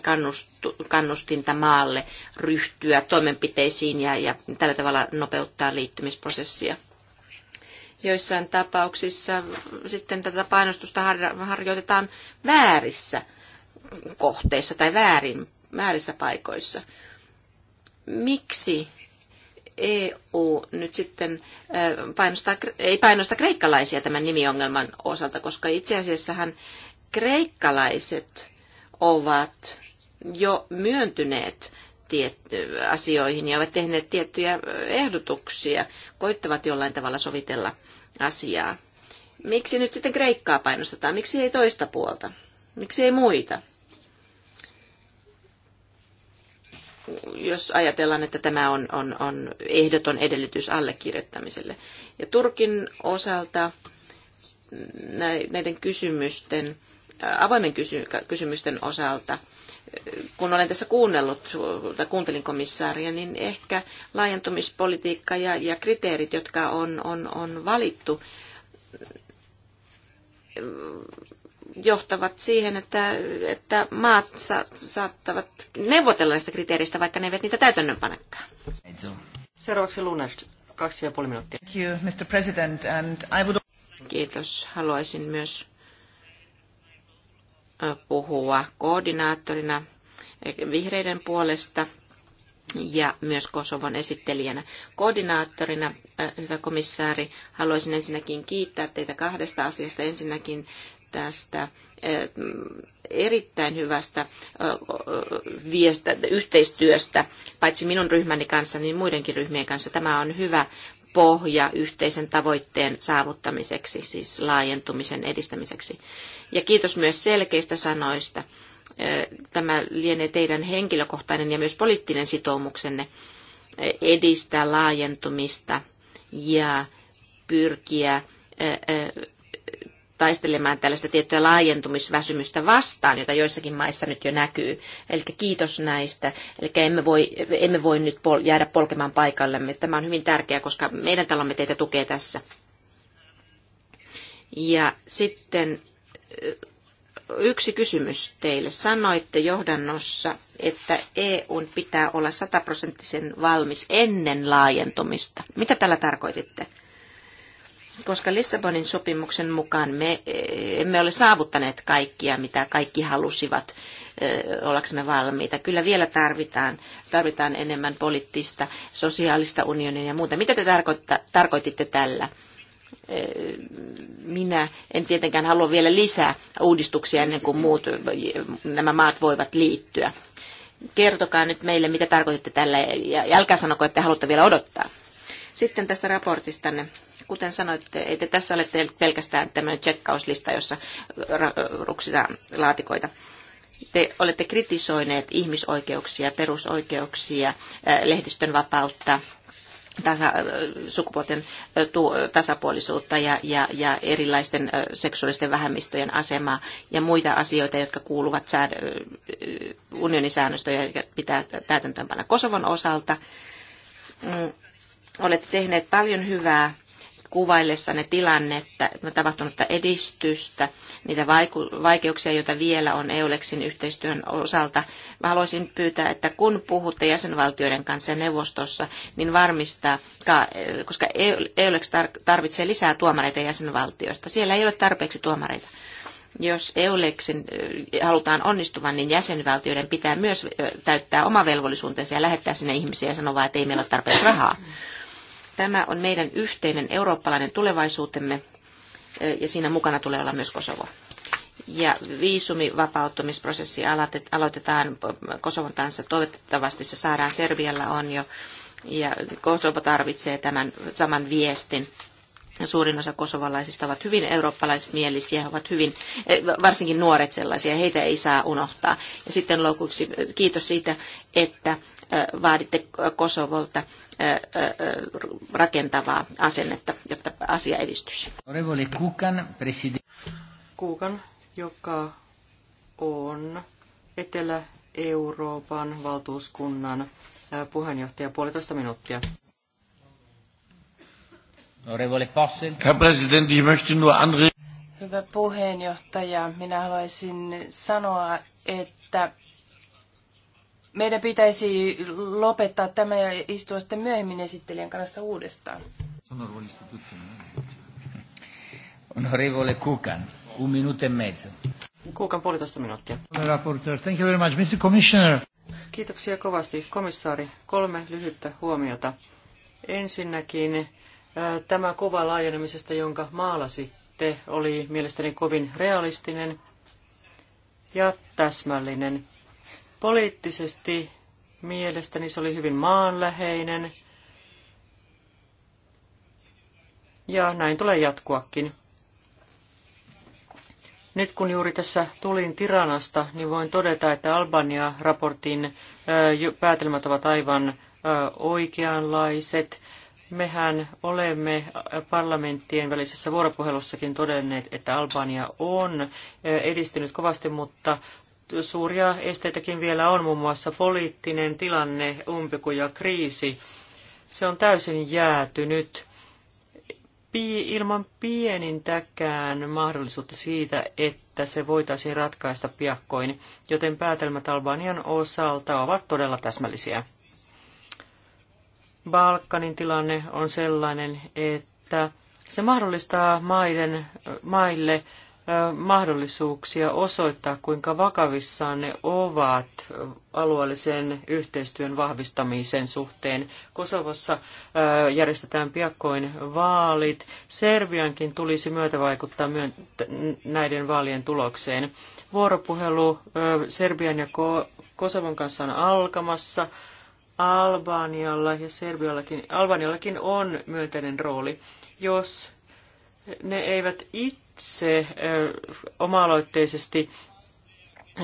H: kannustinta maalle ryhtyä toimenpiteisiin ja, ja tällä tavalla nopeuttaa liittymisprosessia joissain tapauksissa sitten tätä painostusta harjoitetaan väärissä kohteissa tai väärin määrissä paikoissa. Miksi EU nyt sitten painostaa, ei painosta kreikkalaisia tämän nimiongelman osalta, koska itse asiassahan kreikkalaiset ovat jo myöntyneet tietty, asioihin ja ovat tehneet tiettyjä ehdotuksia, koittavat jollain tavalla sovitella asiaa. Miksi nyt sitten Kreikkaa painostetaan? Miksi ei toista puolta? Miksi ei muita? jos ajatellaan, että tämä on, on, on ehdoton edellytys allekirjoittamiselle. Ja Turkin osalta näiden kysymysten, avoimen kysy, kysymysten osalta, kun olen tässä kuunnellut tai kuuntelin komissaaria, niin ehkä laajentumispolitiikka ja, ja kriteerit, jotka on, on, on valittu, johtavat siihen, että, että maat sa- saattavat neuvotella näistä kriteereistä, vaikka ne eivät niitä täytännönpanekaan. Seuraavaksi Lunast, kaksi ja puoli minuuttia. Thank you, Mr. President, and I would... Kiitos. Haluaisin myös puhua koordinaattorina eh, vihreiden puolesta ja myös Kosovon esittelijänä. Koordinaattorina, hyvä komissaari, haluaisin ensinnäkin kiittää teitä kahdesta asiasta. Ensinnäkin tästä eh, erittäin hyvästä eh, viestä, yhteistyöstä, paitsi minun ryhmäni kanssa, niin muidenkin ryhmien kanssa. Tämä on hyvä pohja yhteisen tavoitteen saavuttamiseksi, siis laajentumisen edistämiseksi. Ja kiitos myös selkeistä sanoista. Eh, tämä lienee teidän henkilökohtainen ja myös poliittinen sitoumuksenne edistää laajentumista ja pyrkiä taistelemaan tällaista tiettyä laajentumisväsymystä vastaan, jota joissakin maissa nyt jo näkyy. Eli kiitos näistä. Eli emme voi, emme voi nyt pol- jäädä polkemaan paikallemme. Tämä on hyvin tärkeää, koska meidän talomme teitä tukee tässä. Ja sitten yksi kysymys teille. Sanoitte johdannossa, että EUn pitää olla sataprosenttisen valmis ennen laajentumista. Mitä tällä tarkoititte? koska Lissabonin sopimuksen mukaan me eh, emme ole saavuttaneet kaikkia, mitä kaikki halusivat eh, ollaksemme valmiita. Kyllä vielä tarvitaan, tarvitaan enemmän poliittista, sosiaalista unionia ja muuta. Mitä te tarkoititte tällä? Eh, minä en tietenkään halua vielä lisää uudistuksia ennen kuin muut, nämä maat voivat liittyä. Kertokaa nyt meille, mitä tarkoititte tällä, ja älkää sanoko, että haluatte vielä odottaa. Sitten tästä raportistanne kuten sanoitte, ei te tässä ole pelkästään tämmöinen checkauslista, jossa ruksitaan laatikoita. Te olette kritisoineet ihmisoikeuksia, perusoikeuksia, lehdistön vapautta, tasa, sukupuolten tasapuolisuutta ja, ja, ja erilaisten seksuaalisten vähemmistöjen asemaa ja muita asioita, jotka kuuluvat säädö, unionin säännöstöjä, ja pitää täytäntöönpana Kosovon osalta. Mm, olette tehneet paljon hyvää kuvaillessanne tilannetta, tapahtunutta edistystä, niitä vaikeuksia, joita vielä on EULEXin yhteistyön osalta. Mä haluaisin pyytää, että kun puhutte jäsenvaltioiden kanssa ja neuvostossa, niin varmistaa, koska EULEX tarvitsee lisää tuomareita jäsenvaltioista. Siellä ei ole tarpeeksi tuomareita jos EULEXin halutaan onnistuvan, niin jäsenvaltioiden pitää myös täyttää oma velvollisuutensa ja lähettää sinne ihmisiä ja sanoa, että ei meillä ole tarpeeksi rahaa. Tämä on meidän yhteinen eurooppalainen tulevaisuutemme ja siinä mukana tulee olla myös Kosovo. Ja viisumivapauttamisprosessi aloitetaan Kosovon kanssa. Toivottavasti se saadaan. Serbialla on jo ja Kosovo tarvitsee tämän saman viestin. Suurin osa kosovalaisista ovat hyvin eurooppalaismielisiä, ovat hyvin, e, varsinkin nuoret sellaisia, heitä ei saa unohtaa. Ja sitten lopuksi e, kiitos siitä, että e, vaaditte Kosovolta rakentavaa asennetta, jotta asia edistyisi.
B: Kukan, president...
I: Kukan, joka on Etelä-Euroopan valtuuskunnan puheenjohtaja, puolitoista minuuttia.
B: Herr Präsident, ich möchte nur anregen.
I: Hyvä
F: puheenjohtaja, minä haluaisin sanoa, että meidän pitäisi lopettaa tämä ja istua sitten myöhemmin esittelijän kanssa uudestaan.
B: Onorevole Kukan, un minuto e mezzo.
I: Kukan, puolitoista minuuttia.
B: Thank you very much, Mr. Commissioner.
I: Kiitoksia kovasti, komissaari. Kolme lyhyttä huomiota. Ensinnäkin äh, tämä kuva laajenemisesta, jonka maalasitte, oli mielestäni kovin realistinen ja täsmällinen. Poliittisesti mielestäni se oli hyvin maanläheinen. Ja näin tulee jatkuakin. Nyt kun juuri tässä tulin Tiranasta, niin voin todeta, että Albania-raportin päätelmät ovat aivan oikeanlaiset. Mehän olemme parlamenttien välisessä vuoropuhelussakin todenneet, että Albania on edistynyt kovasti, mutta suuria esteitäkin vielä on, muun muassa poliittinen tilanne, umpikuja, kriisi. Se on täysin jäätynyt ilman pienintäkään mahdollisuutta siitä, että se voitaisiin ratkaista piakkoin, joten päätelmät Albanian osalta ovat todella täsmällisiä. Balkanin tilanne on sellainen, että se mahdollistaa maiden, maille mahdollisuuksia osoittaa, kuinka vakavissaan ne ovat alueellisen yhteistyön vahvistamisen suhteen. Kosovossa järjestetään piakkoin vaalit. Serbiankin tulisi myötävaikuttaa näiden vaalien tulokseen. Vuoropuhelu Serbian ja Kosovon kanssa on alkamassa. Albanialla ja Serbiallakin, Albaniallakin on myönteinen rooli. Jos ne eivät itse itse oma-aloitteisesti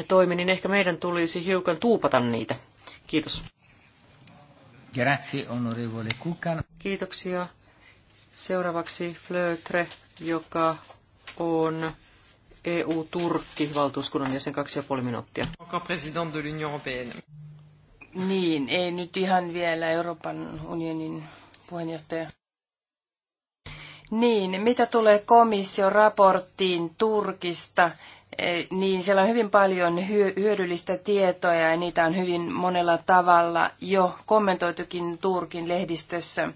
I: toimi, niin ehkä meidän tulisi hiukan tuupata niitä. Kiitos.
B: Grazie, onorevole Kukan.
I: Kiitoksia. Seuraavaksi Flötre, joka on EU-Turkki-valtuuskunnan jäsen kaksi ja puoli minuuttia.
F: Niin, ei nyt ihan vielä Euroopan unionin puheenjohtaja. Niin, mitä tulee komission raporttiin Turkista, eh, niin siellä on hyvin paljon hyödyllistä tietoa ja niitä on hyvin monella tavalla jo kommentoitukin Turkin lehdistössä.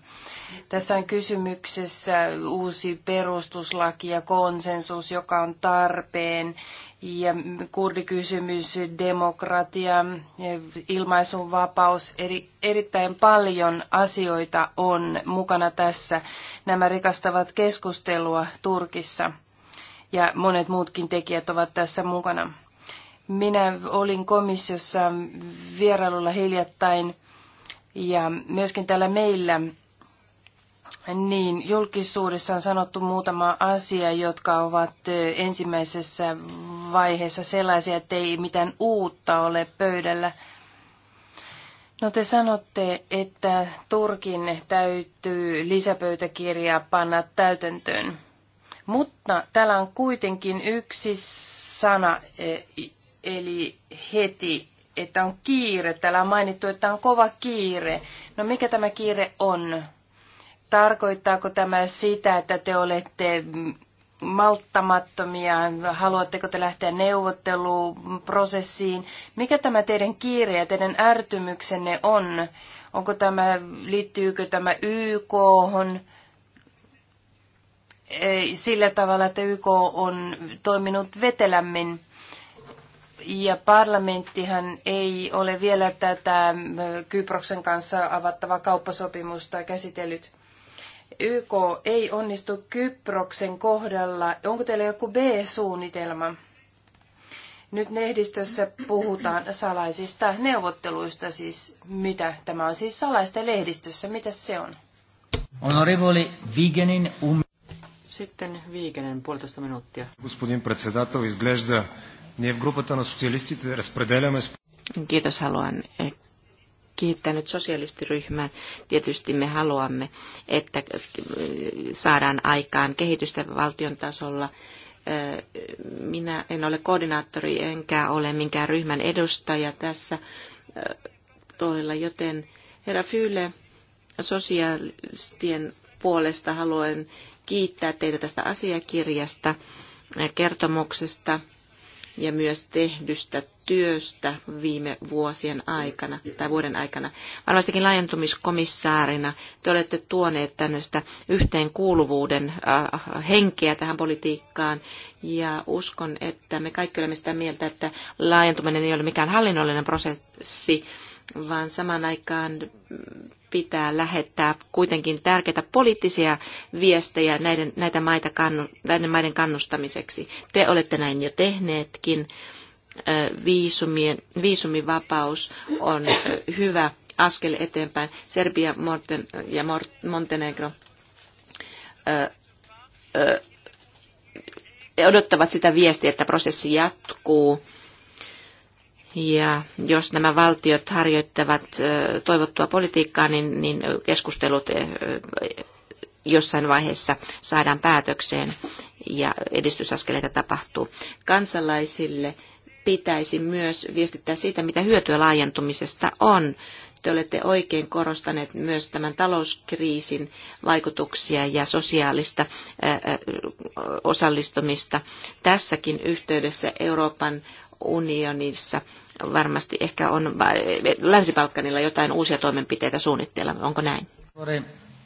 F: Tässä on kysymyksessä uusi perustuslaki ja konsensus, joka on tarpeen ja kurdikysymys, demokratia, ilmaisunvapaus, eri, erittäin paljon asioita on mukana tässä. Nämä rikastavat keskustelua Turkissa ja monet muutkin tekijät ovat tässä mukana. Minä olin komissiossa vierailulla hiljattain ja myöskin täällä meillä niin, julkisuudessa on sanottu muutama asia, jotka ovat ensimmäisessä vaiheessa sellaisia, että ei mitään uutta ole pöydällä. No te sanotte, että Turkin täytyy lisäpöytäkirja, panna täytäntöön. Mutta täällä on kuitenkin yksi sana, eli heti, että on kiire. Täällä on mainittu, että on kova kiire. No mikä tämä kiire on? Tarkoittaako tämä sitä, että te olette malttamattomia, haluatteko te lähteä neuvotteluprosessiin? Mikä tämä teidän kiire ja teidän ärtymyksenne on? Onko tämä, liittyykö tämä YK sillä tavalla, että YK on toiminut vetelämmin? Ja parlamenttihan ei ole vielä tätä Kyproksen kanssa avattavaa kauppasopimusta käsitellyt. YK ei onnistu Kyproksen kohdalla. Onko teillä joku B-suunnitelma? Nyt lehdistössä puhutaan salaisista neuvotteluista, siis mitä tämä on siis salaista lehdistössä, mitä se on?
B: Honorevoli Vigenin um...
I: Sitten Vigenin puolitoista minuuttia.
C: Господин председател, изглежда ние в групата на социалистите разпределяме...
I: Kiitos,
B: haluan
H: kiittänyt sosialistiryhmää. Tietysti me haluamme, että äh, saadaan aikaan kehitystä valtion tasolla. Äh, minä en ole koordinaattori enkä ole minkään ryhmän edustaja tässä äh, toilla, joten herra Fyyle, sosialistien puolesta haluan kiittää teitä tästä asiakirjasta, kertomuksesta – ja myös tehdystä työstä viime vuosien aikana tai vuoden aikana. Varmastikin laajentumiskomissaarina te olette tuoneet tänne sitä yhteenkuuluvuuden äh, henkeä tähän politiikkaan ja uskon, että me kaikki olemme sitä mieltä, että laajentuminen ei ole mikään hallinnollinen prosessi, vaan samaan aikaan pitää lähettää kuitenkin tärkeitä poliittisia viestejä näiden, näitä maita näiden maiden kannustamiseksi. Te olette näin jo tehneetkin. Viisumien, viisumivapaus on hyvä askel eteenpäin. Serbia Morten, ja Montenegro ö, ö, odottavat sitä viestiä, että prosessi jatkuu ja jos nämä valtiot harjoittavat toivottua politiikkaa, niin, niin keskustelut jossain vaiheessa saadaan päätökseen ja edistysaskeleita tapahtuu. Kansalaisille pitäisi myös viestittää siitä, mitä hyötyä laajentumisesta on. Te olette oikein korostaneet myös tämän talouskriisin vaikutuksia ja sosiaalista osallistumista. Tässäkin yhteydessä Euroopan unionissa varmasti ehkä on Länsi-Balkanilla jotain uusia toimenpiteitä suunnitteilla. Onko näin?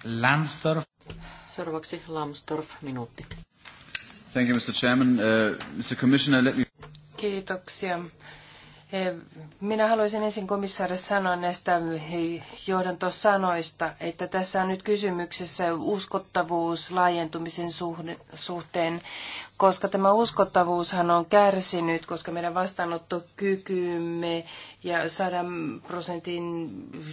B: Lambsdorff.
I: Seuraavaksi Lambsdorff, minuutti.
B: Thank you, Mr. Chairman. Uh,
G: Mr. Commissioner, let me...
I: Kiitoksia. Minä haluaisin ensin
F: komissaari sanoa näistä johdantosanoista, että tässä on nyt kysymyksessä uskottavuus laajentumisen suhteen, koska tämä uskottavuushan on kärsinyt, koska meidän vastaanottokykymme ja 100 prosentin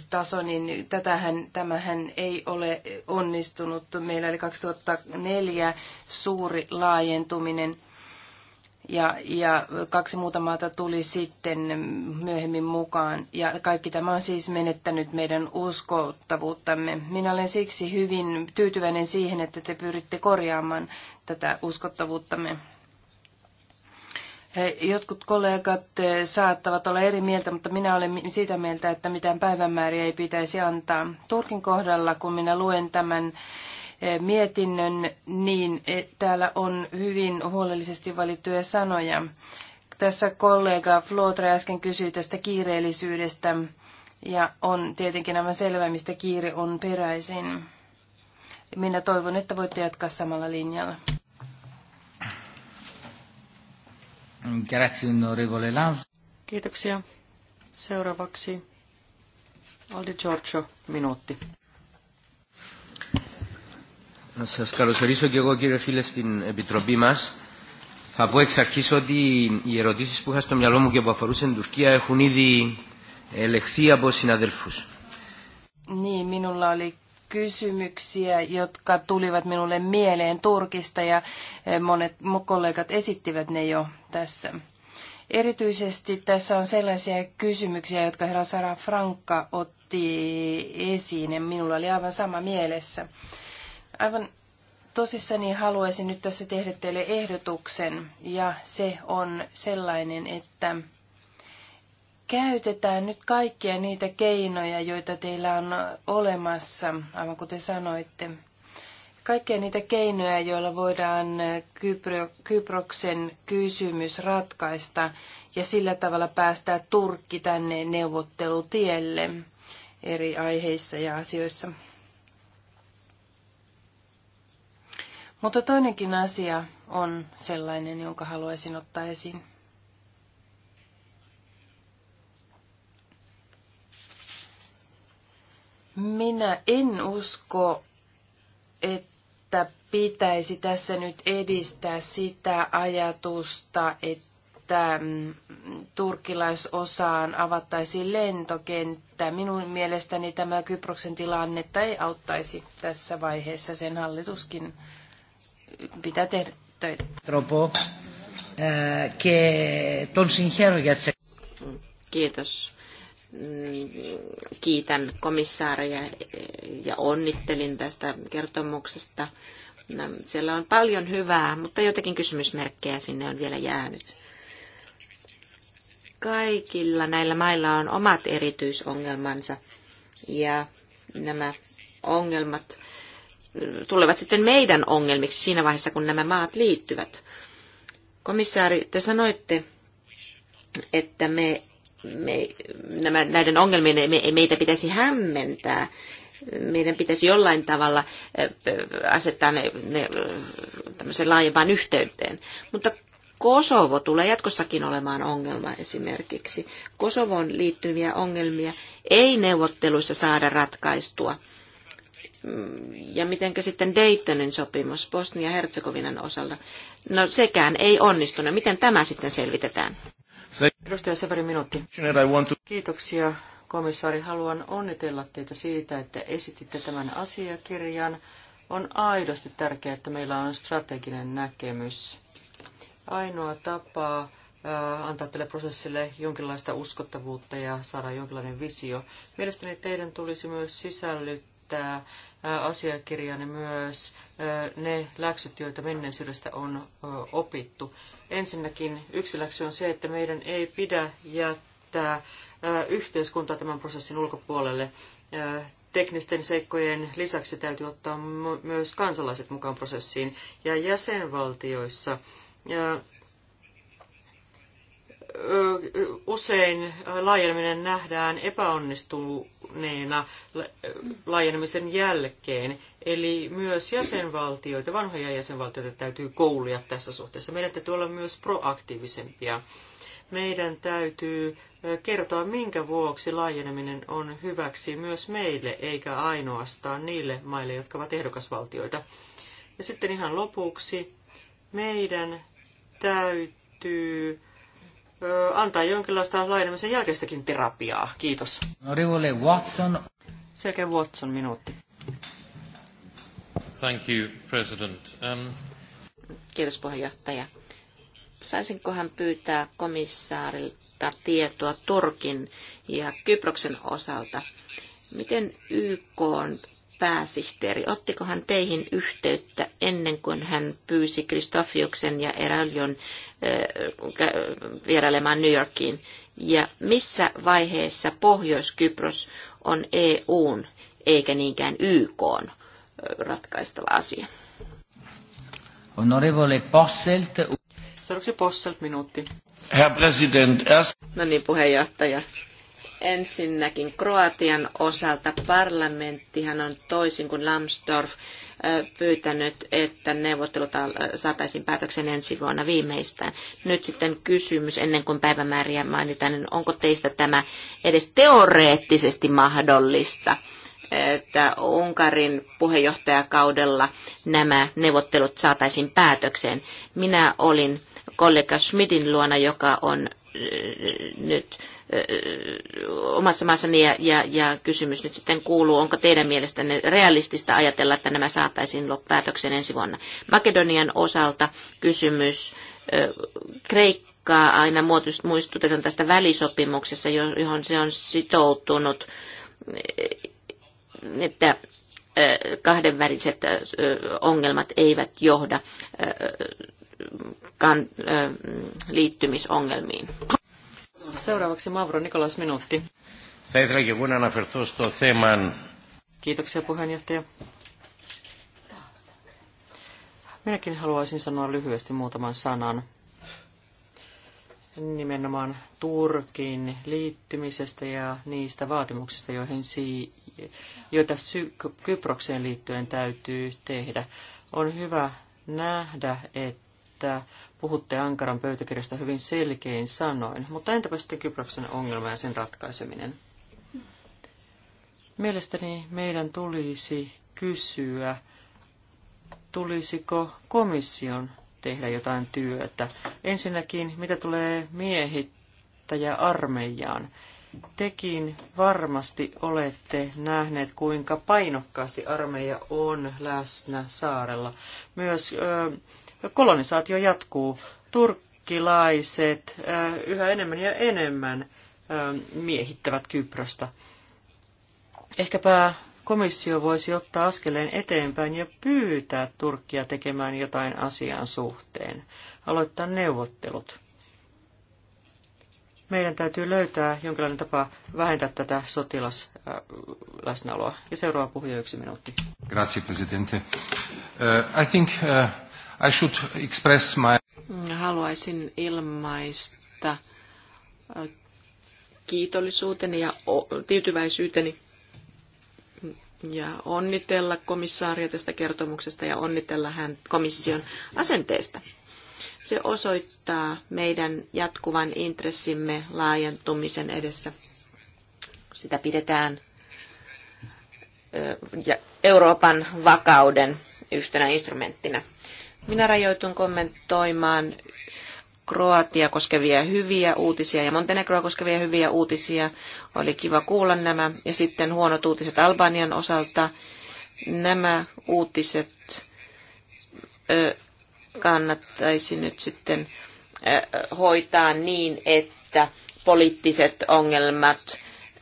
F: taso, niin tätähän, tämähän ei ole onnistunut. Meillä oli 2004 suuri laajentuminen ja, ja kaksi muuta maata tuli sitten myöhemmin mukaan. Ja kaikki tämä on siis menettänyt meidän uskottavuuttamme. Minä olen siksi hyvin tyytyväinen siihen, että te pyritte korjaamaan tätä uskottavuuttamme. Jotkut kollegat eh, saattavat olla eri mieltä, mutta minä olen sitä mieltä, että mitään päivämääriä ei pitäisi antaa. Turkin kohdalla, kun minä luen tämän mietinnön, niin e, täällä on hyvin huolellisesti valittuja sanoja. Tässä kollega Flotra äsken kysyi tästä kiireellisyydestä ja on tietenkin aivan selvä, mistä kiire on peräisin. Minä toivon, että voitte jatkaa samalla linjalla.
I: Kiitoksia. Seuraavaksi Aldi Giorgio, minuutti.
B: Να σας καλωσορίσω και εγώ κύριε φίλε στην Επιτροπή μας. Θα πω εξ αρχής ότι οι ερωτήσεις που είχα στο μυαλό μου και που αφορούσαν την Τουρκία έχουν ήδη ελεχθεί από συναδελφούς.
F: Ναι, niin, minulla oli kysymyksiä, jotka tulivat minulle mieleen Turkista ja eh, monet kollegat esittivät ne jo tässä. Erityisesti tässä on sellaisia kysymyksiä, jotka herra Sara Frankka otti esiin ja minulla oli aivan sama mielessä aivan tosissani haluaisin nyt tässä tehdä teille ehdotuksen, ja se on sellainen, että käytetään nyt kaikkia niitä keinoja, joita teillä on olemassa, aivan kuten sanoitte. Kaikkia niitä keinoja, joilla voidaan Kypro, Kyproksen kysymys ratkaista ja sillä tavalla päästää Turkki tänne neuvottelutielle eri aiheissa ja asioissa. Mutta toinenkin asia on sellainen, jonka haluaisin ottaa esiin. Minä en usko, että pitäisi tässä nyt edistää sitä ajatusta, että mm, turkilaisosaan avattaisiin lentokenttä. Minun mielestäni tämä Kyproksen tilannetta ei auttaisi tässä vaiheessa. Sen hallituskin pitää tehdä töitä.
H: Tropo,
B: ke eh,
H: Kiitos. Kiitän komissaaria ja onnittelin tästä kertomuksesta. Siellä on paljon hyvää, mutta jotakin kysymysmerkkejä sinne on vielä jäänyt. Kaikilla näillä mailla on omat erityisongelmansa ja nämä ongelmat tulevat sitten meidän ongelmiksi siinä vaiheessa, kun nämä maat liittyvät. Komissaari, te sanoitte, että me, me nämä, näiden ongelmien me, meitä pitäisi hämmentää. Meidän pitäisi jollain tavalla asettaa ne, ne tämmöiseen laajempaan yhteyteen. Mutta Kosovo tulee jatkossakin olemaan ongelma esimerkiksi. Kosovoon liittyviä ongelmia ei neuvotteluissa saada ratkaistua ja mitenkä sitten Daytonin sopimus Bosnia-Herzegovinan osalta? No sekään ei onnistunut.
I: Miten tämä sitten selvitetään? Edustaja Severi, minuutti. Kiitoksia, komissaari. Haluan onnitella teitä siitä, että esititte tämän asiakirjan. On aidosti tärkeää, että meillä on strateginen näkemys. Ainoa tapa äh, antaa tälle prosessille jonkinlaista uskottavuutta ja saada jonkinlainen visio. Mielestäni teidän tulisi myös sisällyttää asiakirjani myös ne läksyt, joita menneisyydestä on opittu. Ensinnäkin yksi läksy on se, että meidän ei pidä jättää yhteiskuntaa tämän prosessin ulkopuolelle. Teknisten seikkojen lisäksi täytyy ottaa myös kansalaiset mukaan prosessiin ja jäsenvaltioissa. Usein laajeneminen nähdään epäonnistuu laajentuneena laajenemisen jälkeen. Eli myös jäsenvaltioita, vanhoja jäsenvaltioita täytyy koulia tässä suhteessa. Meidän täytyy olla myös proaktiivisempia. Meidän täytyy kertoa, minkä vuoksi laajeneminen on hyväksi myös meille, eikä ainoastaan niille maille, jotka ovat ehdokasvaltioita. Ja sitten ihan lopuksi, meidän täytyy antaa jonkinlaista laajenemisen jälkeistäkin terapiaa. Kiitos.
B: Norivoli Watson. Selkeä Watson, minuutti.
C: Thank you, President. Um...
I: Kiitos puheenjohtaja.
H: Saisinkohan pyytää komissaarilta tietoa Turkin ja Kyproksen osalta? Miten YK on pääsihteeri. Ottiko hän teihin yhteyttä ennen kuin hän pyysi Kristofiuksen ja äh, vierailemaan New Yorkiin? Ja missä vaiheessa Pohjois-Kypros on EUn eikä niinkään YKn äh,
B: ratkaistava asia? Honorevole Posselt.
I: Seuraavaksi Posselt minuutti.
B: Herr President, erst...
I: No niin, puheenjohtaja.
H: Ensinnäkin Kroatian osalta parlamenttihan on toisin kuin Lambsdorff pyytänyt, että neuvottelut saataisiin päätöksen ensi vuonna viimeistään. Nyt sitten kysymys, ennen kuin päivämääriä mainitaan, niin onko teistä tämä edes teoreettisesti mahdollista, että Unkarin puheenjohtajakaudella nämä neuvottelut saataisiin päätökseen? Minä olin kollega Schmidin luona, joka on nyt omassa maassani ja, ja, ja kysymys nyt sitten kuuluu, onko teidän mielestänne realistista ajatella, että nämä saataisiin päätöksen ensi vuonna. Makedonian osalta kysymys Kreikkaa aina muistutetaan tästä välisopimuksessa, johon se on sitoutunut, että kahdenväliset ongelmat eivät johda kan, ö,
I: liittymisongelmiin. Seuraavaksi Mavro Nikolas minuutti. Kiitoksia puheenjohtaja. Minäkin haluaisin sanoa lyhyesti muutaman sanan nimenomaan Turkin liittymisestä ja niistä vaatimuksista, joihin si- joita sy- Kyprokseen liittyen täytyy tehdä. On hyvä nähdä, että että puhutte Ankaran pöytäkirjasta hyvin selkein sanoin, mutta entäpä sitten Kyproksen ongelma ja sen ratkaiseminen? Mielestäni meidän tulisi kysyä, tulisiko komission tehdä jotain työtä. Ensinnäkin, mitä tulee armeijaan. Tekin varmasti olette nähneet, kuinka painokkaasti armeija on läsnä saarella. Myös ö, kolonisaatio jatkuu. Turkkilaiset äh, yhä enemmän ja enemmän ähm, miehittävät Kyprosta. Ehkäpä komissio voisi ottaa askeleen eteenpäin ja pyytää Turkkia tekemään jotain asian suhteen, aloittaa neuvottelut. Meidän täytyy löytää jonkinlainen tapa vähentää tätä sotilasläsnäoloa. Äh, ja seuraava puhuja yksi minuutti.
E: Grazie, presidente. Uh,
I: I think, uh... I should express my... Haluaisin
H: ilmaista kiitollisuuteni ja tyytyväisyyteni ja onnitella komissaaria tästä kertomuksesta ja onnitella hän komission asenteesta. Se osoittaa meidän jatkuvan intressimme laajentumisen edessä. Sitä pidetään Euroopan vakauden yhtenä instrumenttina. Minä rajoitun kommentoimaan Kroatia koskevia hyviä uutisia ja Montenegroa koskevia hyviä uutisia. Oli kiva kuulla nämä. Ja sitten huonot uutiset Albanian osalta. Nämä uutiset ö, kannattaisi nyt sitten ö, hoitaa niin, että poliittiset ongelmat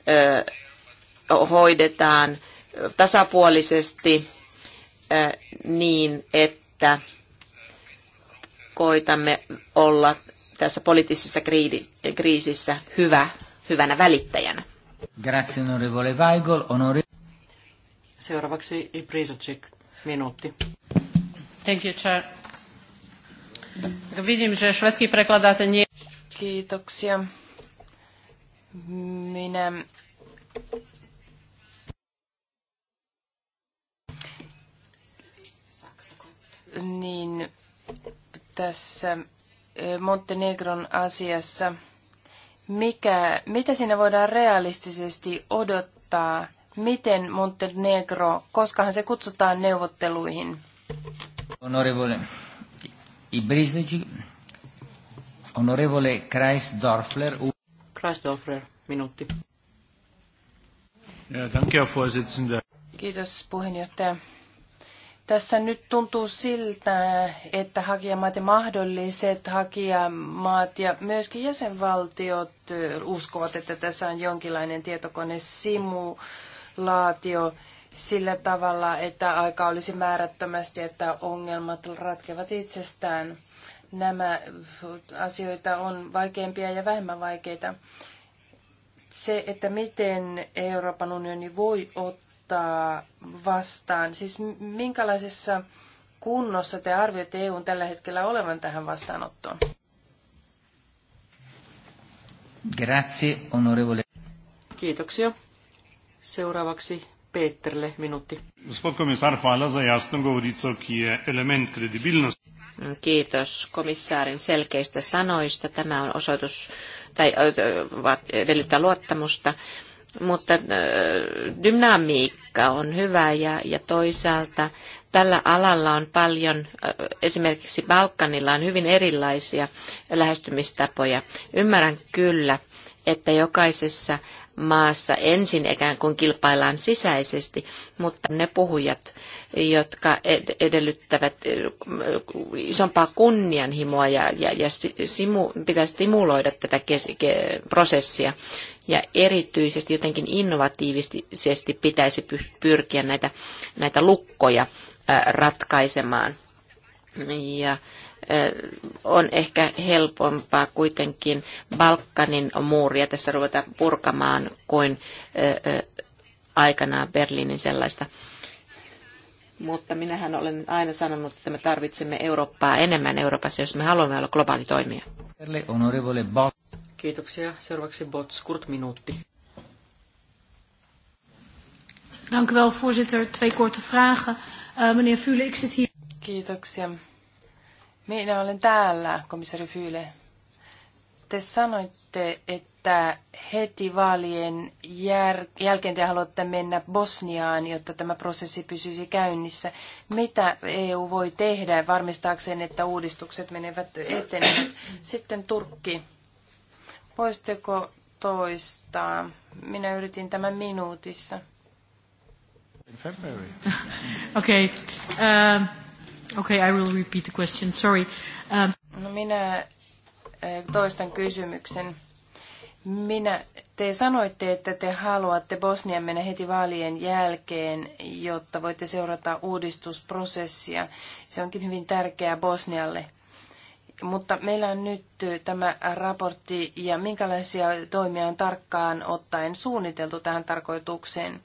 H: ö, hoidetaan tasapuolisesti ö, niin, että koitamme olla tässä poliittisessa kriisissä hyvä, hyvänä välittäjänä.
B: Grazie, onorevole Weigel. Onore...
I: Seuraavaksi Ibrisacic, minuutti. Thank you, Chair. Vidim, że szwedzki
F: prekladate nie... Kiitoksia. Minä niin tässä Montenegron asiassa. Mikä, mitä siinä voidaan realistisesti odottaa? Miten Montenegro, koskahan se kutsutaan neuvotteluihin?
B: Honorevole Ibrisnici, honorevole Kreisdorfler. Kreisdorfler, minuutti.
C: Ja, danke,
F: Kiitos puheenjohtaja. Tässä nyt tuntuu siltä, että hakijamaat ja mahdolliset hakijamaat ja myöskin jäsenvaltiot eh, uskovat, että tässä on jonkinlainen tietokonesimulaatio sillä tavalla, että aika olisi määrättömästi, että ongelmat ratkevat itsestään. Nämä asioita on vaikeampia ja vähemmän vaikeita. Se, että miten Euroopan unioni voi ottaa ottaa vastaan? Siis minkälaisessa kunnossa te arvioitte EUn tällä hetkellä olevan tähän vastaanottoon?
B: Grazie, onorevole. Kiitoksia.
I: Seuraavaksi Peterille minuutti. Kiitos komissaarin selkeistä
H: sanoista. Tämä on osoitus, tai edellyttää luottamusta mutta äh, dynamiikka on hyvä ja, ja toisaalta tällä alalla on paljon, äh, esimerkiksi Balkanilla on hyvin erilaisia lähestymistapoja. Ymmärrän kyllä, että jokaisessa maassa ensin ikään kuin kilpaillaan sisäisesti, mutta ne puhujat, jotka edellyttävät eh, isompaa kunnianhimoa ja, ja, ja simu, pitää stimuloida tätä kes, ke, prosessia. Ja erityisesti jotenkin innovatiivisesti pitäisi pyrkiä näitä, näitä lukkoja ratkaisemaan. Ja on ehkä helpompaa kuitenkin Balkanin muuria tässä ruveta purkamaan kuin aikanaan Berliinin sellaista. Mutta minähän
I: olen aina sanonut, että me tarvitsemme Eurooppaa
H: enemmän Euroopassa, jos me haluamme olla globaali toimija.
I: Kiitoksia. Seuraavaksi Botskurt minuutti.
A: Dank u wel, voorzitter. Twee korte vragen. Uh, meneer Fule, ik zit hier.
F: Kiitoksia, minä olen täällä, komissari Fyle. Te sanoitte, että heti vaalien jär- jälkeen te haluatte mennä Bosniaan, jotta tämä prosessi pysyisi käynnissä. Mitä EU voi tehdä varmistaakseen, että uudistukset menevät eteen? Sitten Turkki. Voisitteko toistaa? Minä yritin tämän minuutissa. Okei. Okay.
A: Uh... Okay, I will repeat the question. Sorry. Um,
F: no minä eh, toistan kysymyksen. Minä, te sanoitte, että te haluatte Bosnian mennä heti vaalien jälkeen, jotta voitte seurata uudistusprosessia. Se onkin hyvin tärkeää Bosnialle. Mutta meillä on nyt eh, tämä raportti ja minkälaisia toimia on tarkkaan ottaen suunniteltu tähän tarkoitukseen.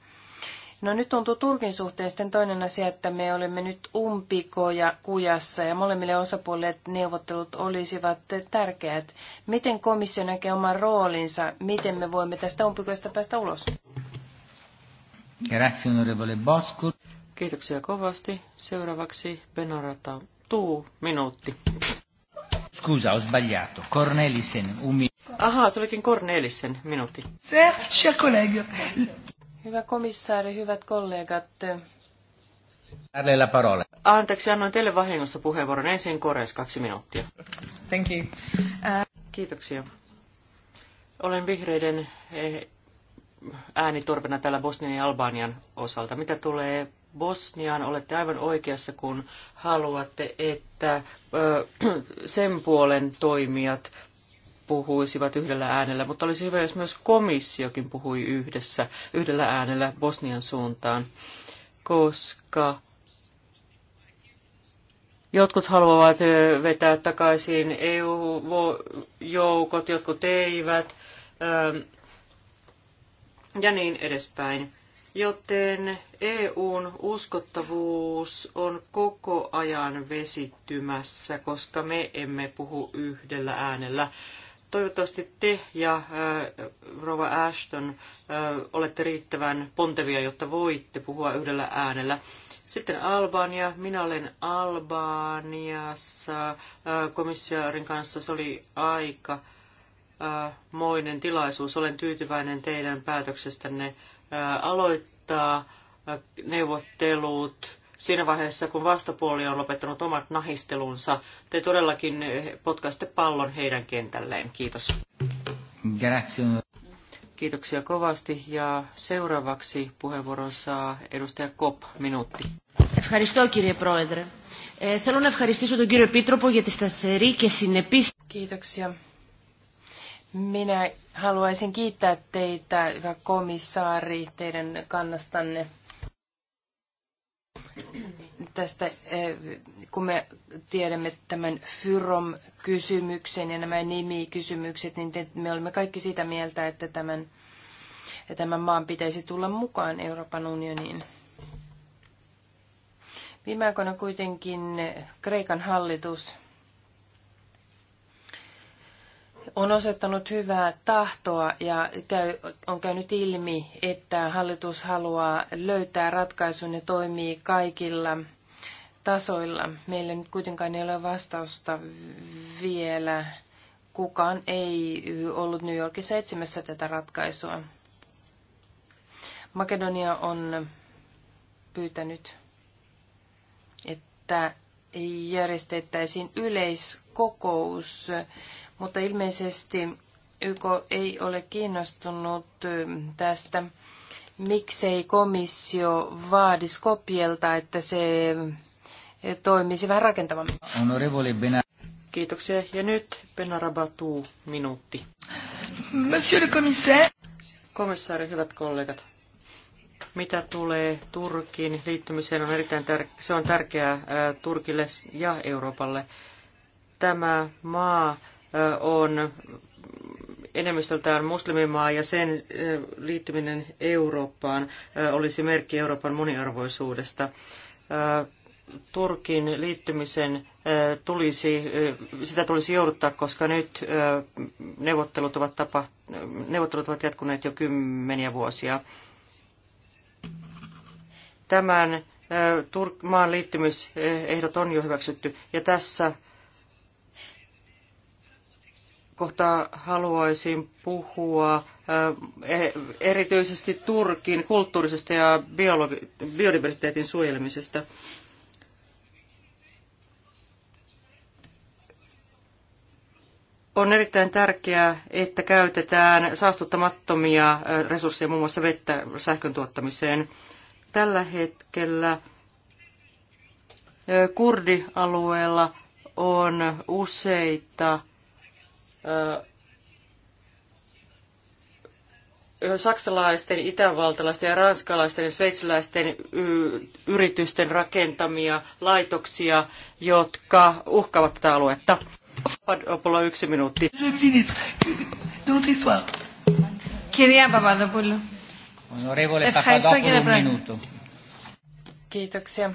F: No nyt tuntuu Turkin suhteen sitten toinen asia, että me olemme nyt umpikoja kujassa ja molemmille osapuolille neuvottelut olisivat tärkeät. Miten komissio näkee oman roolinsa? Miten me voimme tästä umpikoista päästä ulos?
B: Grazie, onorevole Bosco. Kiitoksia kovasti.
I: Seuraavaksi Benorata. Tuu minuutti.
B: Scusa, ho sbagliato.
I: Cornelissen, un minuutti. Aha, se olikin Cornelissen minuutti. Se, cher collega.
F: Hyvä komissaari, hyvät kollegat.
I: Anteeksi, annoin teille vahingossa puheenvuoron. Ensin Koreas kaksi minuuttia. Thank you. Uh... Kiitoksia. Olen vihreiden eh, äänitorvena täällä Bosnian ja Albanian osalta. Mitä tulee Bosniaan, olette aivan oikeassa, kun haluatte, että sen puolen toimijat puhuisivat yhdellä äänellä, mutta olisi hyvä, jos myös komissiokin puhui yhdessä, yhdellä äänellä Bosnian suuntaan, koska jotkut haluavat vetää takaisin EU-joukot, jotkut eivät ja niin edespäin. Joten EUn uskottavuus on koko ajan vesittymässä, koska me emme puhu yhdellä äänellä. Toivottavasti te ja Rova Ashton olette riittävän pontevia, jotta voitte puhua yhdellä äänellä. Sitten Albania. Minä olen Albaniassa komissaarin kanssa. Se oli aika moinen tilaisuus. Olen tyytyväinen teidän päätöksestänne aloittaa neuvottelut siinä vaiheessa, kun vastapuoli on lopettanut omat nahistelunsa, te todellakin potkaiste pallon heidän kentälleen. Kiitos. Grazie. Kiitoksia kovasti ja seuraavaksi puheenvuoron saa edustaja Kopp, minuutti.
B: Ευχαριστώ κύριε
H: Πρόεδρε. Ε, θέλω να ευχαριστήσω τον κύριο Επίτροπο για τη σταθερή και συνεπή... Kiitoksia.
F: Minä haluaisin kiittää teitä, komissaari, teidän kannastanne tästä, eh, kun me tiedämme tämän Fyrom-kysymyksen ja nämä nimikysymykset, niin me olemme kaikki sitä mieltä, että tämän, tämän maan pitäisi tulla mukaan Euroopan unioniin. Viime aikoina kuitenkin Kreikan hallitus on osoittanut hyvää tahtoa ja käy, on käynyt ilmi, että hallitus haluaa löytää ratkaisun ja toimii kaikilla tasoilla. Meillä nyt kuitenkaan ei ole vastausta vielä. Kukaan ei ollut New Yorkissa etsimässä tätä ratkaisua. Makedonia on pyytänyt, että järjestettäisiin yleiskokous mutta ilmeisesti YK ei ole kiinnostunut tästä. Miksei komissio vaadi Skopjelta, että se
I: toimisi vähän rakentavammin? Kiitoksia. Ja nyt Benarabatuu minuutti. Monsieur le commissaire. Komissaari, hyvät kollegat. Mitä tulee Turkin liittymiseen, on erittäin tär- se on tärkeää Turkille ja Euroopalle. Tämä maa on enemmistöltään muslimimaa ja sen liittyminen Eurooppaan olisi merkki Euroopan moniarvoisuudesta. Turkin liittymisen tulisi, sitä tulisi jouduttaa, koska nyt neuvottelut ovat, tapa, neuvottelut ovat jatkuneet jo kymmeniä vuosia. Tämän maan liittymisehdot on jo hyväksytty ja tässä kohta haluaisin puhua e, erityisesti Turkin kulttuurisesta ja biologi- biodiversiteetin suojelemisesta. On erittäin tärkeää, että käytetään saastuttamattomia resursseja, muun muassa vettä sähkön tuottamiseen. Tällä hetkellä kurdialueella on useita saksalaisten, itävaltalaisten ja ranskalaisten ja sveitsiläisten yritysten rakentamia laitoksia, jotka uhkaavat tätä aluetta. Papadopoulos yksi minuutti.
F: Kiitoksia.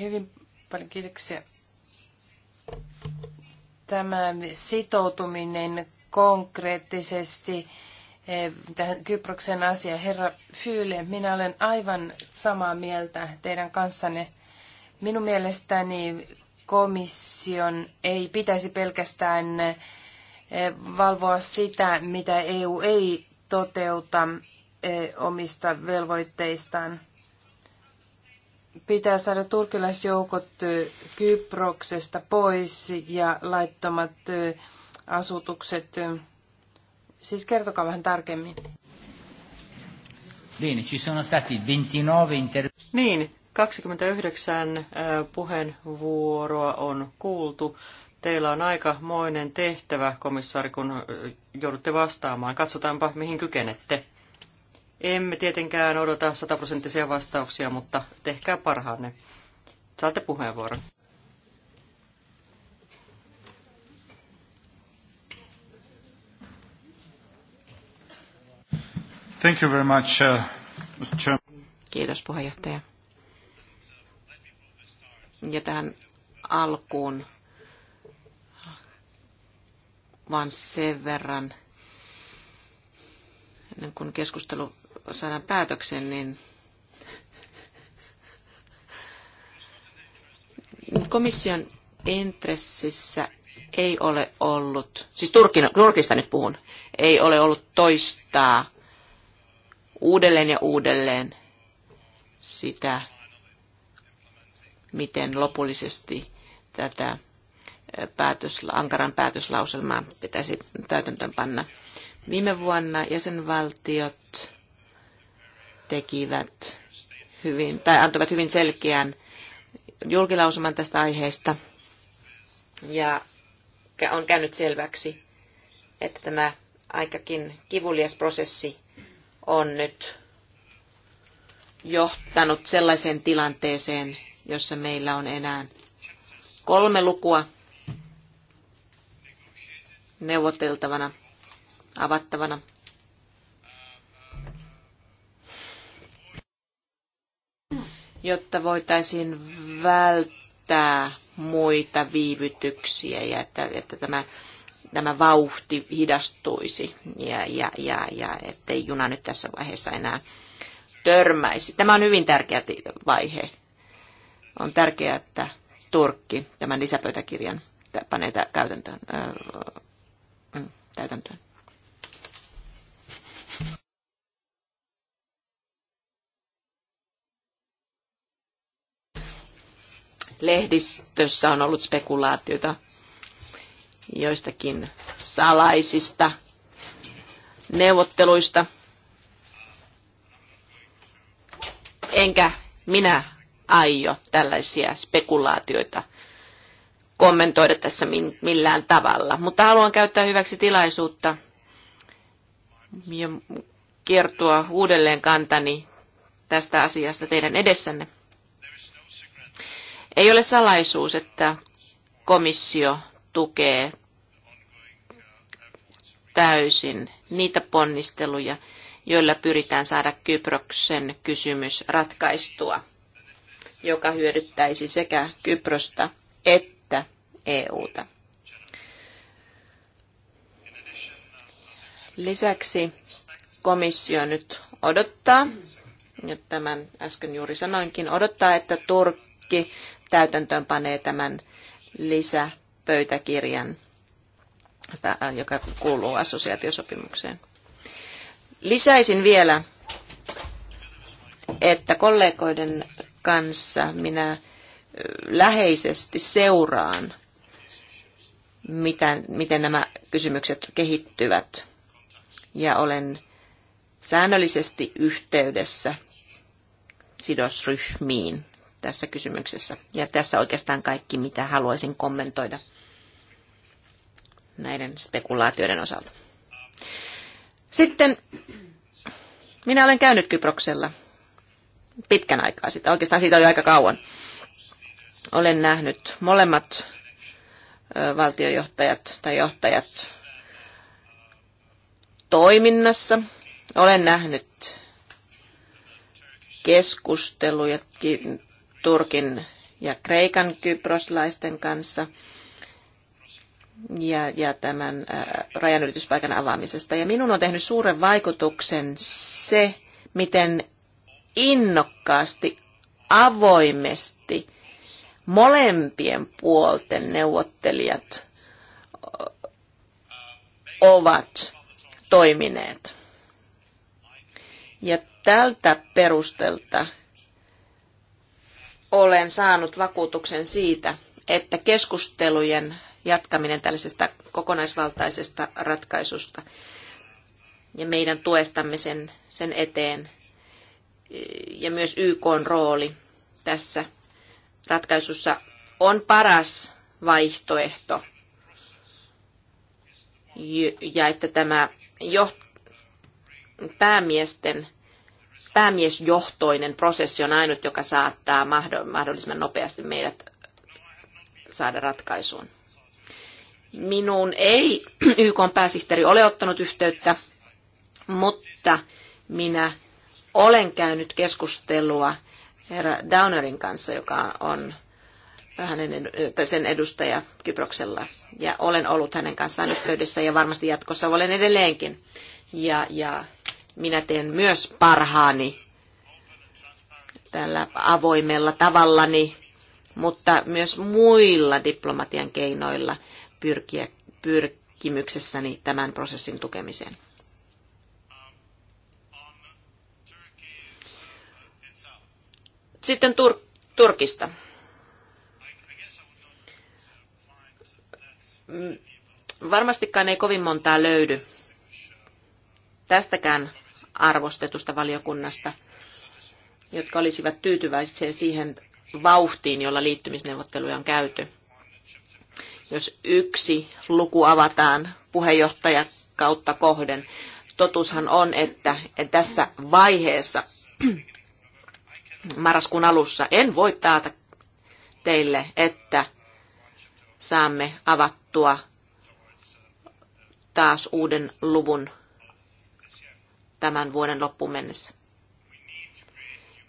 F: Hyvin paljon kiitoksia tämä sitoutuminen konkreettisesti eh, tähän Kyproksen asiaan. Herra Fyyle, minä olen aivan samaa mieltä teidän kanssanne. Minun mielestäni komission ei pitäisi pelkästään eh, valvoa sitä, mitä EU ei toteuta eh, omista velvoitteistaan pitää saada turkilaisjoukot Kyproksesta pois ja laittomat asutukset. Siis kertokaa vähän
I: tarkemmin. Niin, 29 puheenvuoroa on kuultu. Teillä on aikamoinen tehtävä, komissaari, kun joudutte vastaamaan. Katsotaanpa, mihin kykenette. Emme tietenkään odota sataprosenttisia vastauksia, mutta tehkää parhaanne. Saatte puheenvuoron.
C: Thank you very much, uh,
H: Kiitos puheenjohtaja. Ja tähän alkuun vaan sen verran, ennen kuin keskustelu saadaan päätöksen, niin komission intressissä ei ole ollut, siis Turkin, Turkista nyt puhun, ei ole ollut toistaa uudelleen ja uudelleen sitä, miten lopullisesti tätä päätös, Ankaran päätöslauselmaa pitäisi panna Viime vuonna jäsenvaltiot tekivät hyvin, tai antoivat hyvin selkeän julkilausuman tästä aiheesta. Ja on käynyt selväksi, että tämä aikakin kivulias prosessi on nyt johtanut sellaiseen tilanteeseen, jossa meillä on enää kolme lukua neuvoteltavana, avattavana. jotta voitaisiin välttää muita viivytyksiä ja että, että tämä, tämä vauhti hidastuisi ja, ja, ja, ja ettei juna nyt tässä vaiheessa enää törmäisi. Tämä on hyvin tärkeä vaihe. On tärkeää, että Turkki tämän lisäpöytäkirjan panee mm, täytäntöön. öö, täytäntöön. lehdistössä on ollut spekulaatiota joistakin salaisista neuvotteluista. Enkä minä aio tällaisia spekulaatioita kommentoida tässä millään tavalla, mutta haluan käyttää hyväksi tilaisuutta ja kertoa uudelleen kantani tästä asiasta teidän edessänne. Ei ole salaisuus, että komissio tukee täysin niitä ponnisteluja, joilla pyritään saada Kyproksen kysymys ratkaistua, joka hyödyttäisi sekä Kyprosta että EUta. Lisäksi komissio nyt odottaa, ja tämän äsken juuri sanoinkin, odottaa, että Turkki täytäntöön panee tämän lisäpöytäkirjan, äh, joka kuuluu assosiaatiosopimukseen. Lisäisin vielä, että kollegoiden kanssa minä äh, läheisesti seuraan, miten, miten nämä kysymykset kehittyvät. Ja olen säännöllisesti yhteydessä sidosryhmiin tässä kysymyksessä. Ja tässä oikeastaan kaikki, mitä haluaisin kommentoida näiden spekulaatioiden osalta. Sitten minä olen käynyt Kyproksella pitkän aikaa sitä, oikeastaan siitä on jo aika kauan. Olen nähnyt molemmat valtiojohtajat tai johtajat toiminnassa. Olen nähnyt keskusteluja Turkin ja Kreikan kyproslaisten kanssa ja, ja tämän äh, rajanylityspaikan avaamisesta. Ja minun on tehnyt suuren vaikutuksen se, miten innokkaasti, avoimesti molempien puolten neuvottelijat ovat toimineet. Ja tältä perustelta olen saanut vakuutuksen siitä, että keskustelujen jatkaminen tällaisesta kokonaisvaltaisesta ratkaisusta ja meidän tuestamme sen, sen eteen ja myös YK rooli tässä ratkaisussa on paras vaihtoehto ja että tämä jo, päämiesten päämiesjohtoinen prosessi on ainut, joka saattaa mahdollisimman nopeasti meidät saada ratkaisuun. Minun ei YK pääsihteeri ole ottanut yhteyttä, mutta minä olen käynyt keskustelua herra Downerin kanssa, joka on hänen, tai sen edustaja Kyproksella. Ja olen ollut hänen kanssaan yhteydessä ja varmasti jatkossa olen edelleenkin. Ja, ja minä teen myös parhaani tällä avoimella tavallani, mutta myös muilla diplomatian keinoilla pyrkiä, pyrkimyksessäni tämän prosessin tukemiseen. Sitten Tur- Turkista. Mm, varmastikaan ei kovin montaa löydy, tästäkään arvostetusta valiokunnasta, jotka olisivat tyytyväisiä siihen vauhtiin, jolla liittymisneuvotteluja on käyty. Jos yksi luku avataan puheenjohtaja kautta kohden, totuushan on, että tässä vaiheessa marraskuun alussa en voi taata teille, että saamme avattua taas uuden luvun tämän vuoden loppuun mennessä.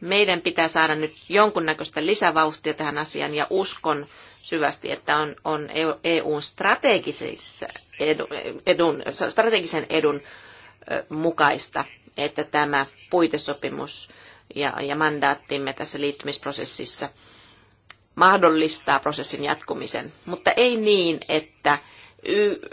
H: Meidän pitää saada nyt jonkunnäköistä lisävauhtia tähän asiaan ja uskon syvästi, että on, on EUn e edun, strategisen edun mukaista, että tämä puitesopimus ja, ja mandaattimme tässä liittymisprosessissa mahdollistaa prosessin jatkumisen, mutta ei niin, että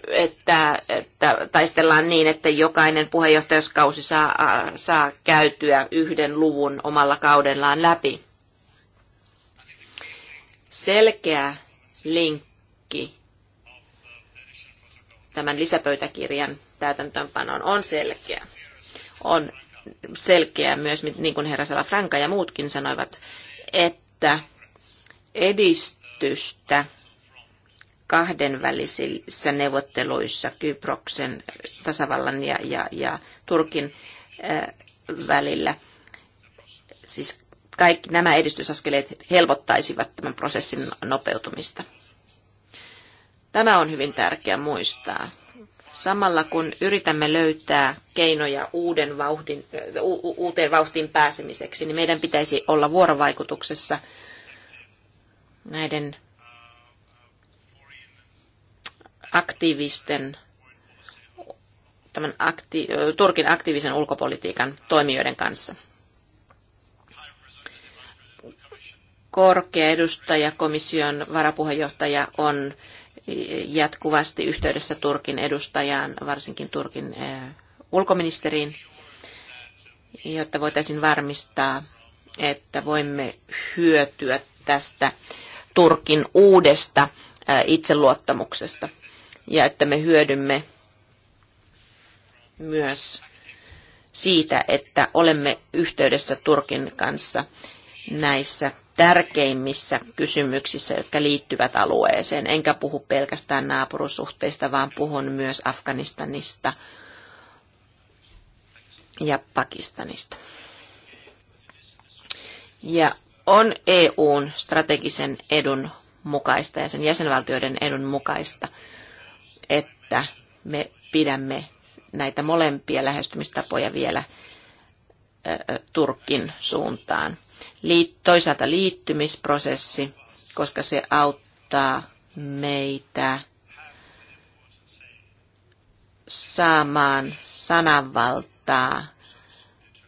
H: että, että taistellaan niin, että jokainen puheenjohtajuuskausi saa, äh, saa käytyä yhden luvun omalla kaudellaan läpi. Selkeä linkki tämän lisäpöytäkirjan täytäntöönpanoon on selkeä. On selkeä myös, niin kuin herra Salafranka ja muutkin sanoivat, että edistystä – kahdenvälisissä neuvotteluissa Kyproksen tasavallan ja, ja, ja Turkin ää, välillä. Siis kaikki nämä edistysaskeleet helpottaisivat tämän prosessin nopeutumista. Tämä on hyvin tärkeää muistaa. Samalla kun yritämme löytää keinoja uuden vauhdin, u- uuteen vauhtiin pääsemiseksi, niin meidän pitäisi olla vuorovaikutuksessa näiden aktiivisten tämän akti, Turkin aktiivisen ulkopolitiikan toimijoiden kanssa. Korkea edustaja, komission varapuheenjohtaja on jatkuvasti yhteydessä Turkin edustajaan, varsinkin Turkin ulkoministeriin, jotta voitaisiin varmistaa, että voimme hyötyä tästä Turkin uudesta itseluottamuksesta – ja että me hyödymme myös siitä, että olemme yhteydessä Turkin kanssa näissä tärkeimmissä kysymyksissä, jotka liittyvät alueeseen. Enkä puhu pelkästään naapurussuhteista, vaan puhun myös Afganistanista ja Pakistanista. Ja on EUn strategisen edun mukaista ja sen jäsenvaltioiden edun mukaista – että me pidämme näitä molempia lähestymistapoja vielä Turkin suuntaan. Toisaalta liittymisprosessi, koska se auttaa meitä saamaan sananvaltaa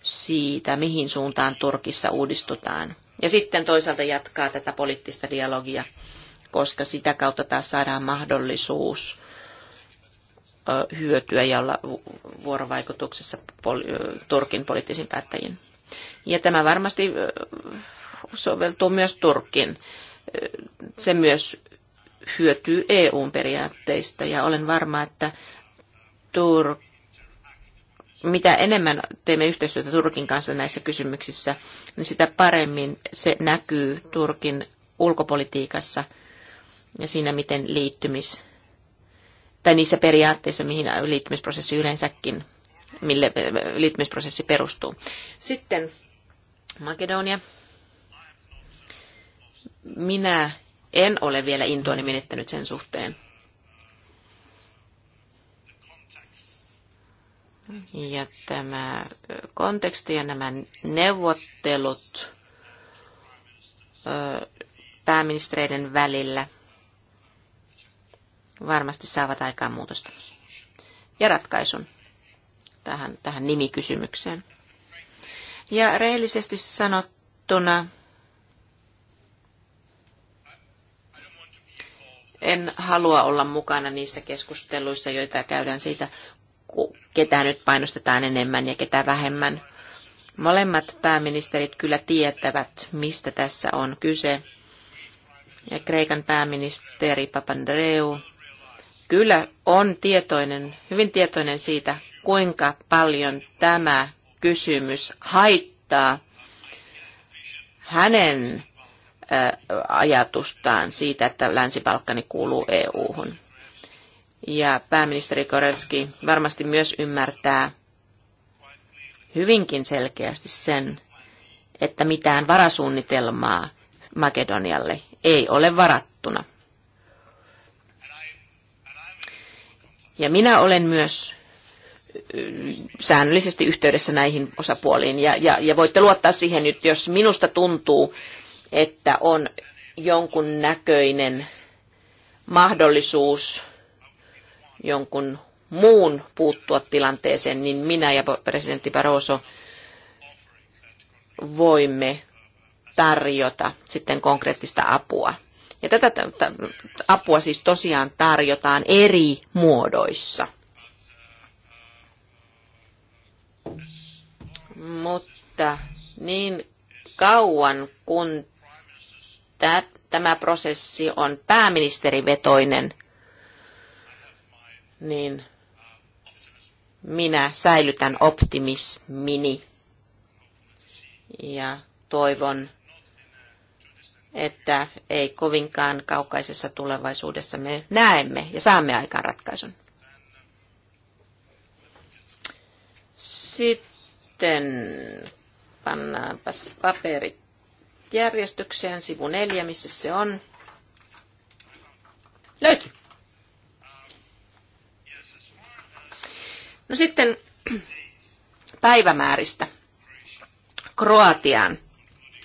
H: siitä, mihin suuntaan Turkissa uudistutaan. Ja sitten toisaalta jatkaa tätä poliittista dialogia, koska sitä kautta taas saadaan mahdollisuus hyötyä ja olla vuorovaikutuksessa Turkin poliittisiin päättäjiin. Ja tämä varmasti soveltuu myös Turkin. Se myös hyötyy EUn periaatteista ja olen varma, että Tur- mitä enemmän teemme yhteistyötä Turkin kanssa näissä kysymyksissä, niin sitä paremmin se näkyy Turkin ulkopolitiikassa ja siinä, miten liittymis- tai niissä periaatteissa, mihin liittymisprosessi yleensäkin, mille liittymisprosessi perustuu. Sitten Makedonia. Minä en ole vielä intoani menettänyt sen suhteen. Ja tämä konteksti ja nämä neuvottelut pääministereiden välillä – varmasti saavat aikaan muutosta. Ja ratkaisun tähän, tähän nimikysymykseen. Ja rehellisesti sanottuna, en halua olla mukana niissä keskusteluissa, joita käydään siitä, ketä nyt painostetaan enemmän ja ketä vähemmän. Molemmat pääministerit kyllä tietävät, mistä tässä on kyse. Ja Kreikan pääministeri Papandreou kyllä on tietoinen, hyvin tietoinen siitä, kuinka paljon tämä kysymys haittaa hänen ajatustaan siitä, että Länsi-Balkani kuuluu EU-hun. Ja pääministeri Korelski varmasti myös ymmärtää hyvinkin selkeästi sen, että mitään varasuunnitelmaa Makedonialle ei ole varattuna. Ja minä olen myös säännöllisesti yhteydessä näihin osapuoliin. Ja, ja, ja voitte luottaa siihen nyt, jos minusta tuntuu, että on jonkun näköinen mahdollisuus jonkun muun puuttua tilanteeseen, niin minä ja presidentti Barroso voimme tarjota sitten konkreettista apua ja tätä apua siis tosiaan tarjotaan eri muodoissa. Mutta niin kauan kun tämä prosessi on pääministerivetoinen, niin minä säilytän optimismini ja toivon, että ei kovinkaan kaukaisessa tulevaisuudessa me näemme ja saamme aikaan ratkaisun. Sitten pannaanpa paperit järjestykseen, sivu neljä, missä se on. Löytyy. No sitten päivämääristä Kroatiaan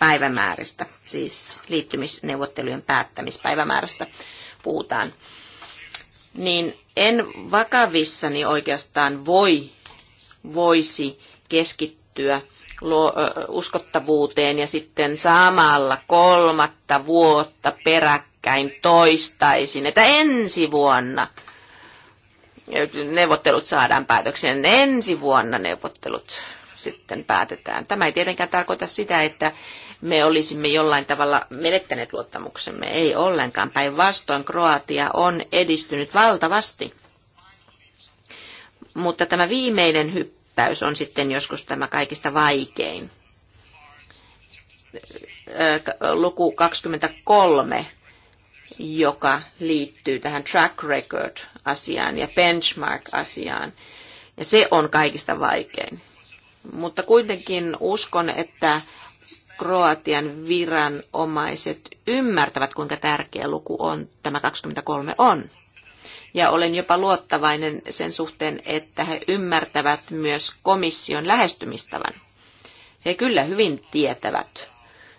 H: päivämääristä, siis liittymisneuvottelujen päättämispäivämäärästä puhutaan, niin en vakavissani oikeastaan voi, voisi keskittyä uskottavuuteen ja sitten samalla kolmatta vuotta peräkkäin toistaisin, että ensi vuonna neuvottelut saadaan päätökseen, ensi vuonna neuvottelut sitten päätetään. Tämä ei tietenkään tarkoita sitä, että me olisimme jollain tavalla menettäneet luottamuksemme. Ei ollenkaan. Päinvastoin Kroatia on edistynyt valtavasti. Mutta tämä viimeinen hyppäys on sitten joskus tämä kaikista vaikein. Luku 23 joka liittyy tähän track record-asiaan ja benchmark-asiaan. Ja se on kaikista vaikein. Mutta kuitenkin uskon, että Kroatian viranomaiset ymmärtävät, kuinka tärkeä luku on tämä 23 on. Ja olen jopa luottavainen sen suhteen, että he ymmärtävät myös komission lähestymistavan. He kyllä hyvin tietävät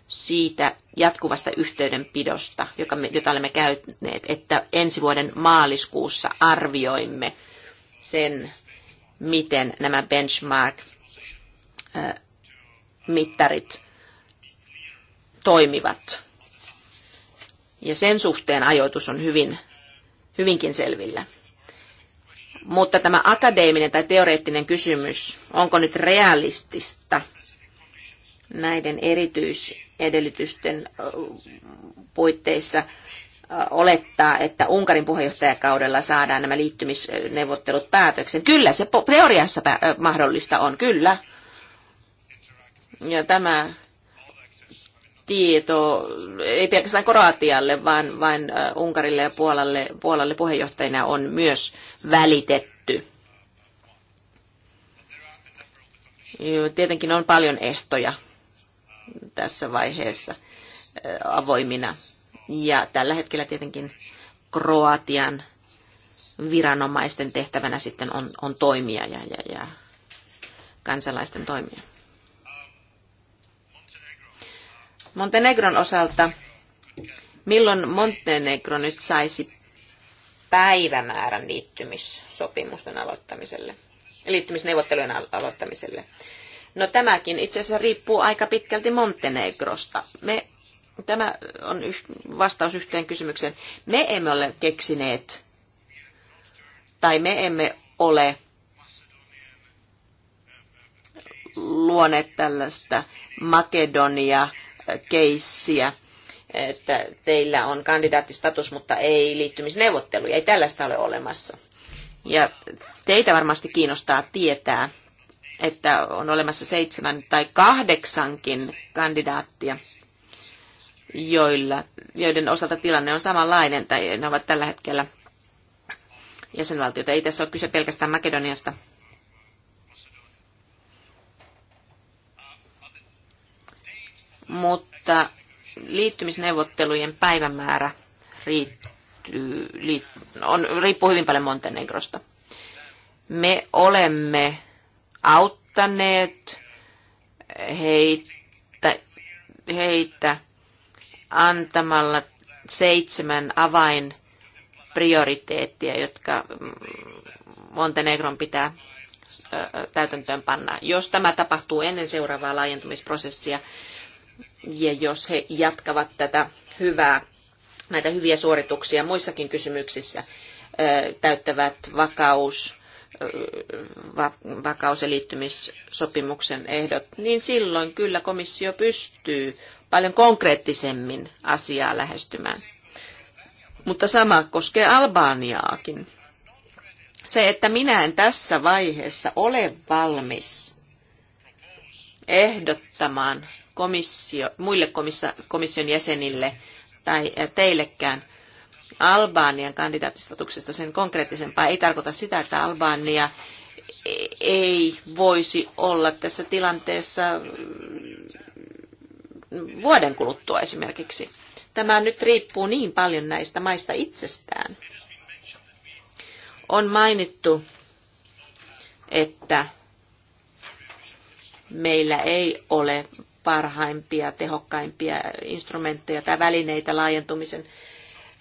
H: siitä jatkuvasta yhteydenpidosta, joka me, jota olemme käyneet, että ensi vuoden maaliskuussa arvioimme sen, miten nämä benchmark mittarit toimivat. Ja sen suhteen ajoitus on hyvin, hyvinkin selvillä. Mutta tämä akadeeminen tai teoreettinen kysymys, onko nyt realistista näiden erityisedellytysten puitteissa olettaa, että Unkarin puheenjohtajakaudella saadaan nämä liittymisneuvottelut päätöksen. Kyllä, se teoriassa mahdollista on, kyllä. Ja tämä tieto, ei pelkästään Kroatialle, vaan vain Unkarille ja Puolalle, Puolalle puheenjohtajina on myös välitetty. Tietenkin on paljon ehtoja tässä vaiheessa avoimina. Ja tällä hetkellä tietenkin Kroatian viranomaisten tehtävänä sitten on, on toimia ja, ja, ja kansalaisten toimia. Montenegron osalta, milloin Montenegro nyt saisi päivämäärän liittymissopimusten aloittamiselle, liittymisneuvottelujen aloittamiselle? No tämäkin itse asiassa riippuu aika pitkälti Montenegrosta. Me, tämä on vastaus yhteen kysymykseen. Me emme ole keksineet, tai me emme ole luoneet tällaista Makedonia keissiä, että teillä on kandidaattistatus, mutta ei liittymisneuvotteluja. Ei tällaista ole olemassa. Ja teitä varmasti kiinnostaa tietää, että on olemassa seitsemän tai kahdeksankin kandidaattia, joilla, joiden osalta tilanne on samanlainen, tai ne ovat tällä hetkellä jäsenvaltioita. Ei tässä ole kyse pelkästään Makedoniasta, mutta liittymisneuvottelujen päivämäärä riittyy, liitt- on, riippuu hyvin paljon Montenegrosta. Me olemme auttaneet heitä, heitä antamalla seitsemän avain prioriteettia, jotka Montenegron pitää täytäntöön panna. Jos tämä tapahtuu ennen seuraavaa laajentumisprosessia, ja jos he jatkavat tätä hyvää, näitä hyviä suorituksia muissakin kysymyksissä, täyttävät vakaus, vakaus- ja liittymissopimuksen ehdot, niin silloin kyllä komissio pystyy paljon konkreettisemmin asiaa lähestymään. Mutta sama koskee Albaniaakin. Se, että minä en tässä vaiheessa ole valmis ehdottamaan komissio, muille komissa, komission jäsenille tai teillekään Albanian kandidaattistatuksesta sen konkreettisempaa ei tarkoita sitä, että Albania e- ei voisi olla tässä tilanteessa mm, vuoden kuluttua esimerkiksi. Tämä nyt riippuu niin paljon näistä maista itsestään. On mainittu, että meillä ei ole parhaimpia, tehokkaimpia instrumentteja tai välineitä laajentumisen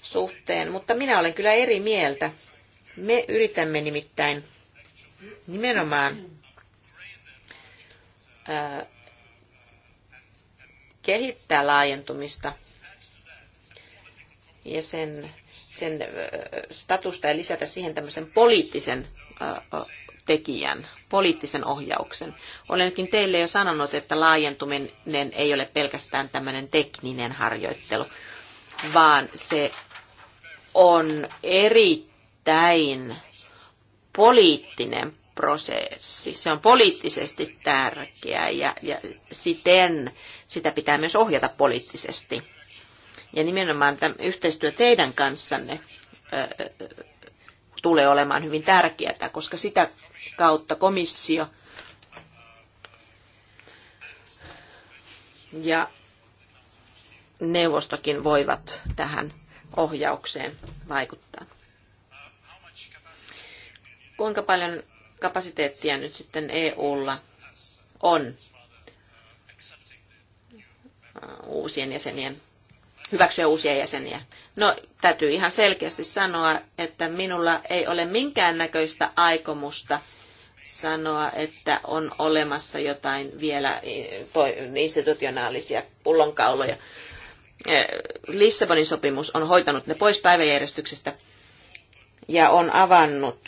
H: suhteen, mutta minä olen kyllä eri mieltä. Me yritämme nimittäin nimenomaan ää, kehittää laajentumista ja sen, sen statusta ja lisätä siihen tämmöisen poliittisen tekijän, poliittisen ohjauksen. Olenkin teille jo sanonut, että laajentuminen ei ole pelkästään tämmöinen tekninen harjoittelu, vaan se on erittäin poliittinen prosessi. Se on poliittisesti tärkeä ja, ja siten sitä pitää myös ohjata poliittisesti. Ja nimenomaan tämä yhteistyö teidän kanssanne tulee olemaan hyvin tärkeää, koska sitä kautta komissio. Ja neuvostokin voivat tähän ohjaukseen vaikuttaa. Kuinka paljon kapasiteettia nyt sitten EUlla on uusien jäsenien hyväksyä uusia jäseniä. No, täytyy ihan selkeästi sanoa, että minulla ei ole minkäännäköistä aikomusta sanoa, että on olemassa jotain vielä eh, institutionaalisia pullonkauloja. Eh, Lissabonin sopimus on hoitanut ne pois päiväjärjestyksestä ja on avannut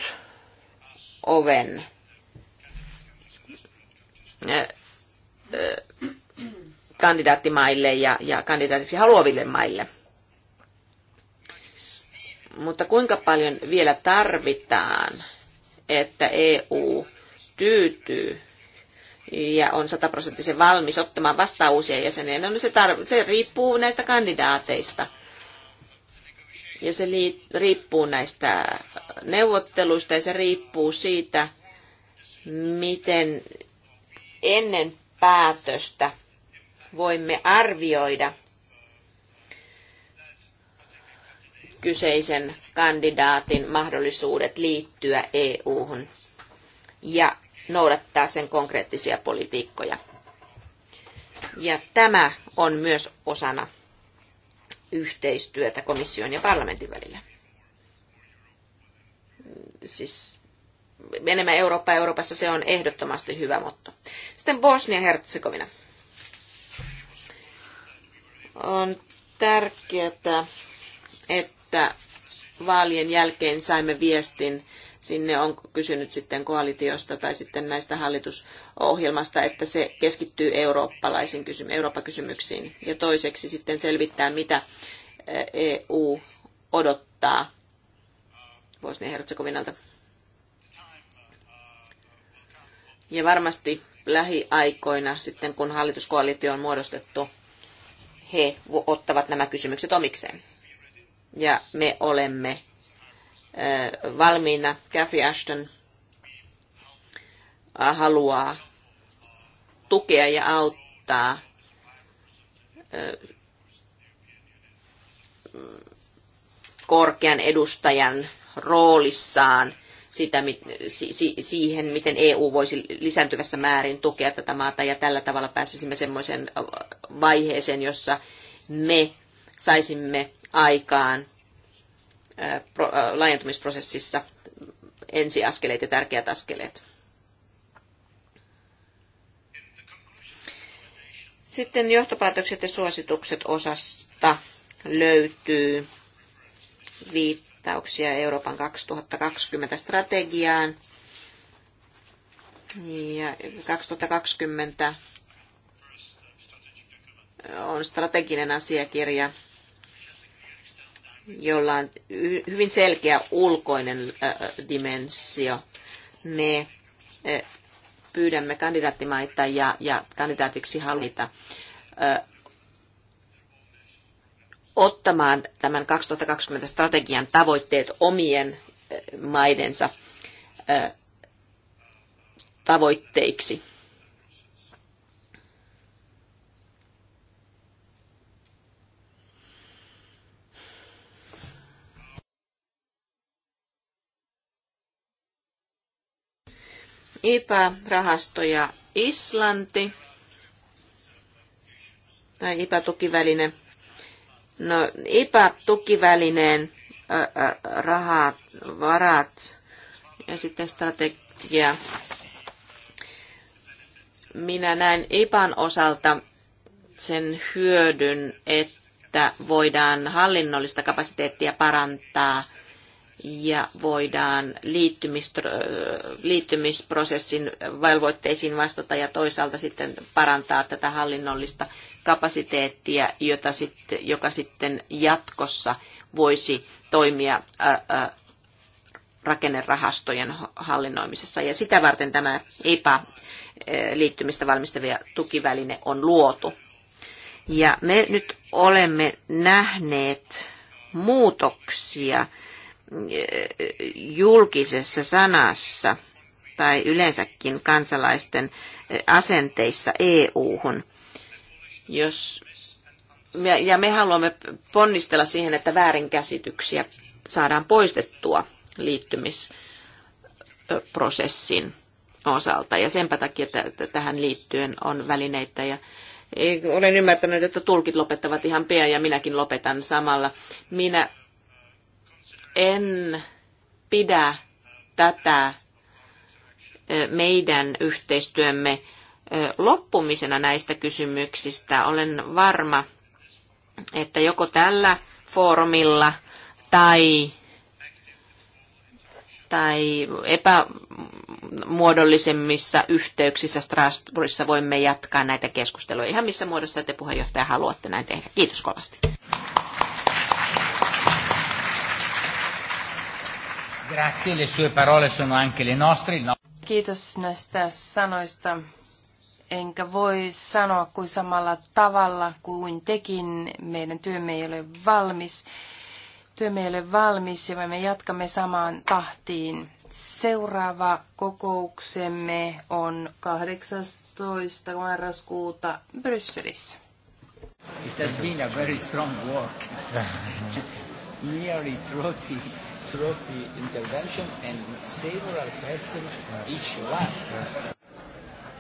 H: oven eh, kandidaattimaille ja, ja kandidaatiksi haluaville maille. Mutta kuinka paljon vielä tarvitaan, että EU tyytyy ja on sataprosenttisen valmis ottamaan vastaan uusia jäseniä. No, no se, tar- se riippuu näistä kandidaateista. Ja se li- riippuu näistä neuvotteluista ja se riippuu siitä, miten ennen päätöstä voimme arvioida kyseisen kandidaatin mahdollisuudet liittyä EU-hun ja noudattaa sen konkreettisia politiikkoja. Ja tämä on myös osana yhteistyötä komission ja parlamentin välillä. Siis enemmän Eurooppa Euroopassa se on ehdottomasti hyvä motto. Sitten Bosnia-Herzegovina. On tärkeää, että vaalien jälkeen saimme viestin sinne, on kysynyt sitten koalitiosta tai sitten näistä hallitusohjelmasta, että se keskittyy eurooppalaisiin kysym- Eurooppa-kysymyksiin. Ja toiseksi sitten selvittää, mitä EU eh, e odottaa Bosnia-Herzegovinalta. Ja varmasti lähiaikoina, sitten kun hallituskoalitio on muodostettu, he ottavat nämä kysymykset omikseen. Ja me olemme valmiina. Kathy Ashton haluaa tukea ja auttaa korkean edustajan roolissaan – sitä, siihen, miten EU voisi lisääntyvässä määrin tukea tätä maata ja tällä tavalla pääsisimme semmoisen vaiheeseen, jossa me saisimme aikaan laajentumisprosessissa ensiaskeleet ja tärkeät askeleet. Sitten johtopäätökset ja suositukset osasta löytyy viit viittauksia Euroopan 2020 strategiaan. Ja 2020 on strateginen asiakirja, jolla on hyvin selkeä ulkoinen dimensio. Me pyydämme kandidaattimaita ja, ja kandidaatiksi haluita ottamaan tämän 2020 strategian tavoitteet omien eh, maidensa eh, tavoitteiksi. IPA-rahasto ja Islanti, tai IPA-tukiväline – No, IPA-tukivälineen rahat, varat ja sitten strategia. Minä näen IPAn osalta sen hyödyn, että voidaan hallinnollista kapasiteettia parantaa – ja voidaan liittymisprosessin velvoitteisiin vastata ja toisaalta sitten parantaa tätä hallinnollista kapasiteettia, jota sitten, joka sitten jatkossa voisi toimia rakennerahastojen hallinnoimisessa. Ja sitä varten tämä epa liittymistä valmistavia tukiväline on luotu. Ja me nyt olemme nähneet muutoksia julkisessa sanassa tai yleensäkin kansalaisten asenteissa EU-hun. Jos, ja me haluamme ponnistella siihen, että väärinkäsityksiä saadaan poistettua liittymisprosessin osalta. Ja senpä takia t- tähän liittyen on välineitä ja olen ymmärtänyt, että tulkit lopettavat ihan pian ja minäkin lopetan samalla. Minä en pidä tätä meidän yhteistyömme loppumisena näistä kysymyksistä. Olen varma, että joko tällä foorumilla tai, tai epämuodollisemmissa yhteyksissä Strasbourgissa voimme jatkaa näitä keskusteluja ihan missä muodossa te puheenjohtaja haluatte näin tehdä. Kiitos kovasti.
B: Grazie, le sue parole sono anche le nostre. No.
F: Kiitos näistä sanoista. Enkä voi sanoa kuin samalla tavalla kuin tekin. Meidän työmme ei ole valmis. Työmme ei ole valmis ja me jatkamme samaan tahtiin. Seuraava kokouksemme on 18. marraskuuta Brysselissä.
B: It has been a very strong walk. Nearly 30 throughout the intervention and several questions each one. Yes.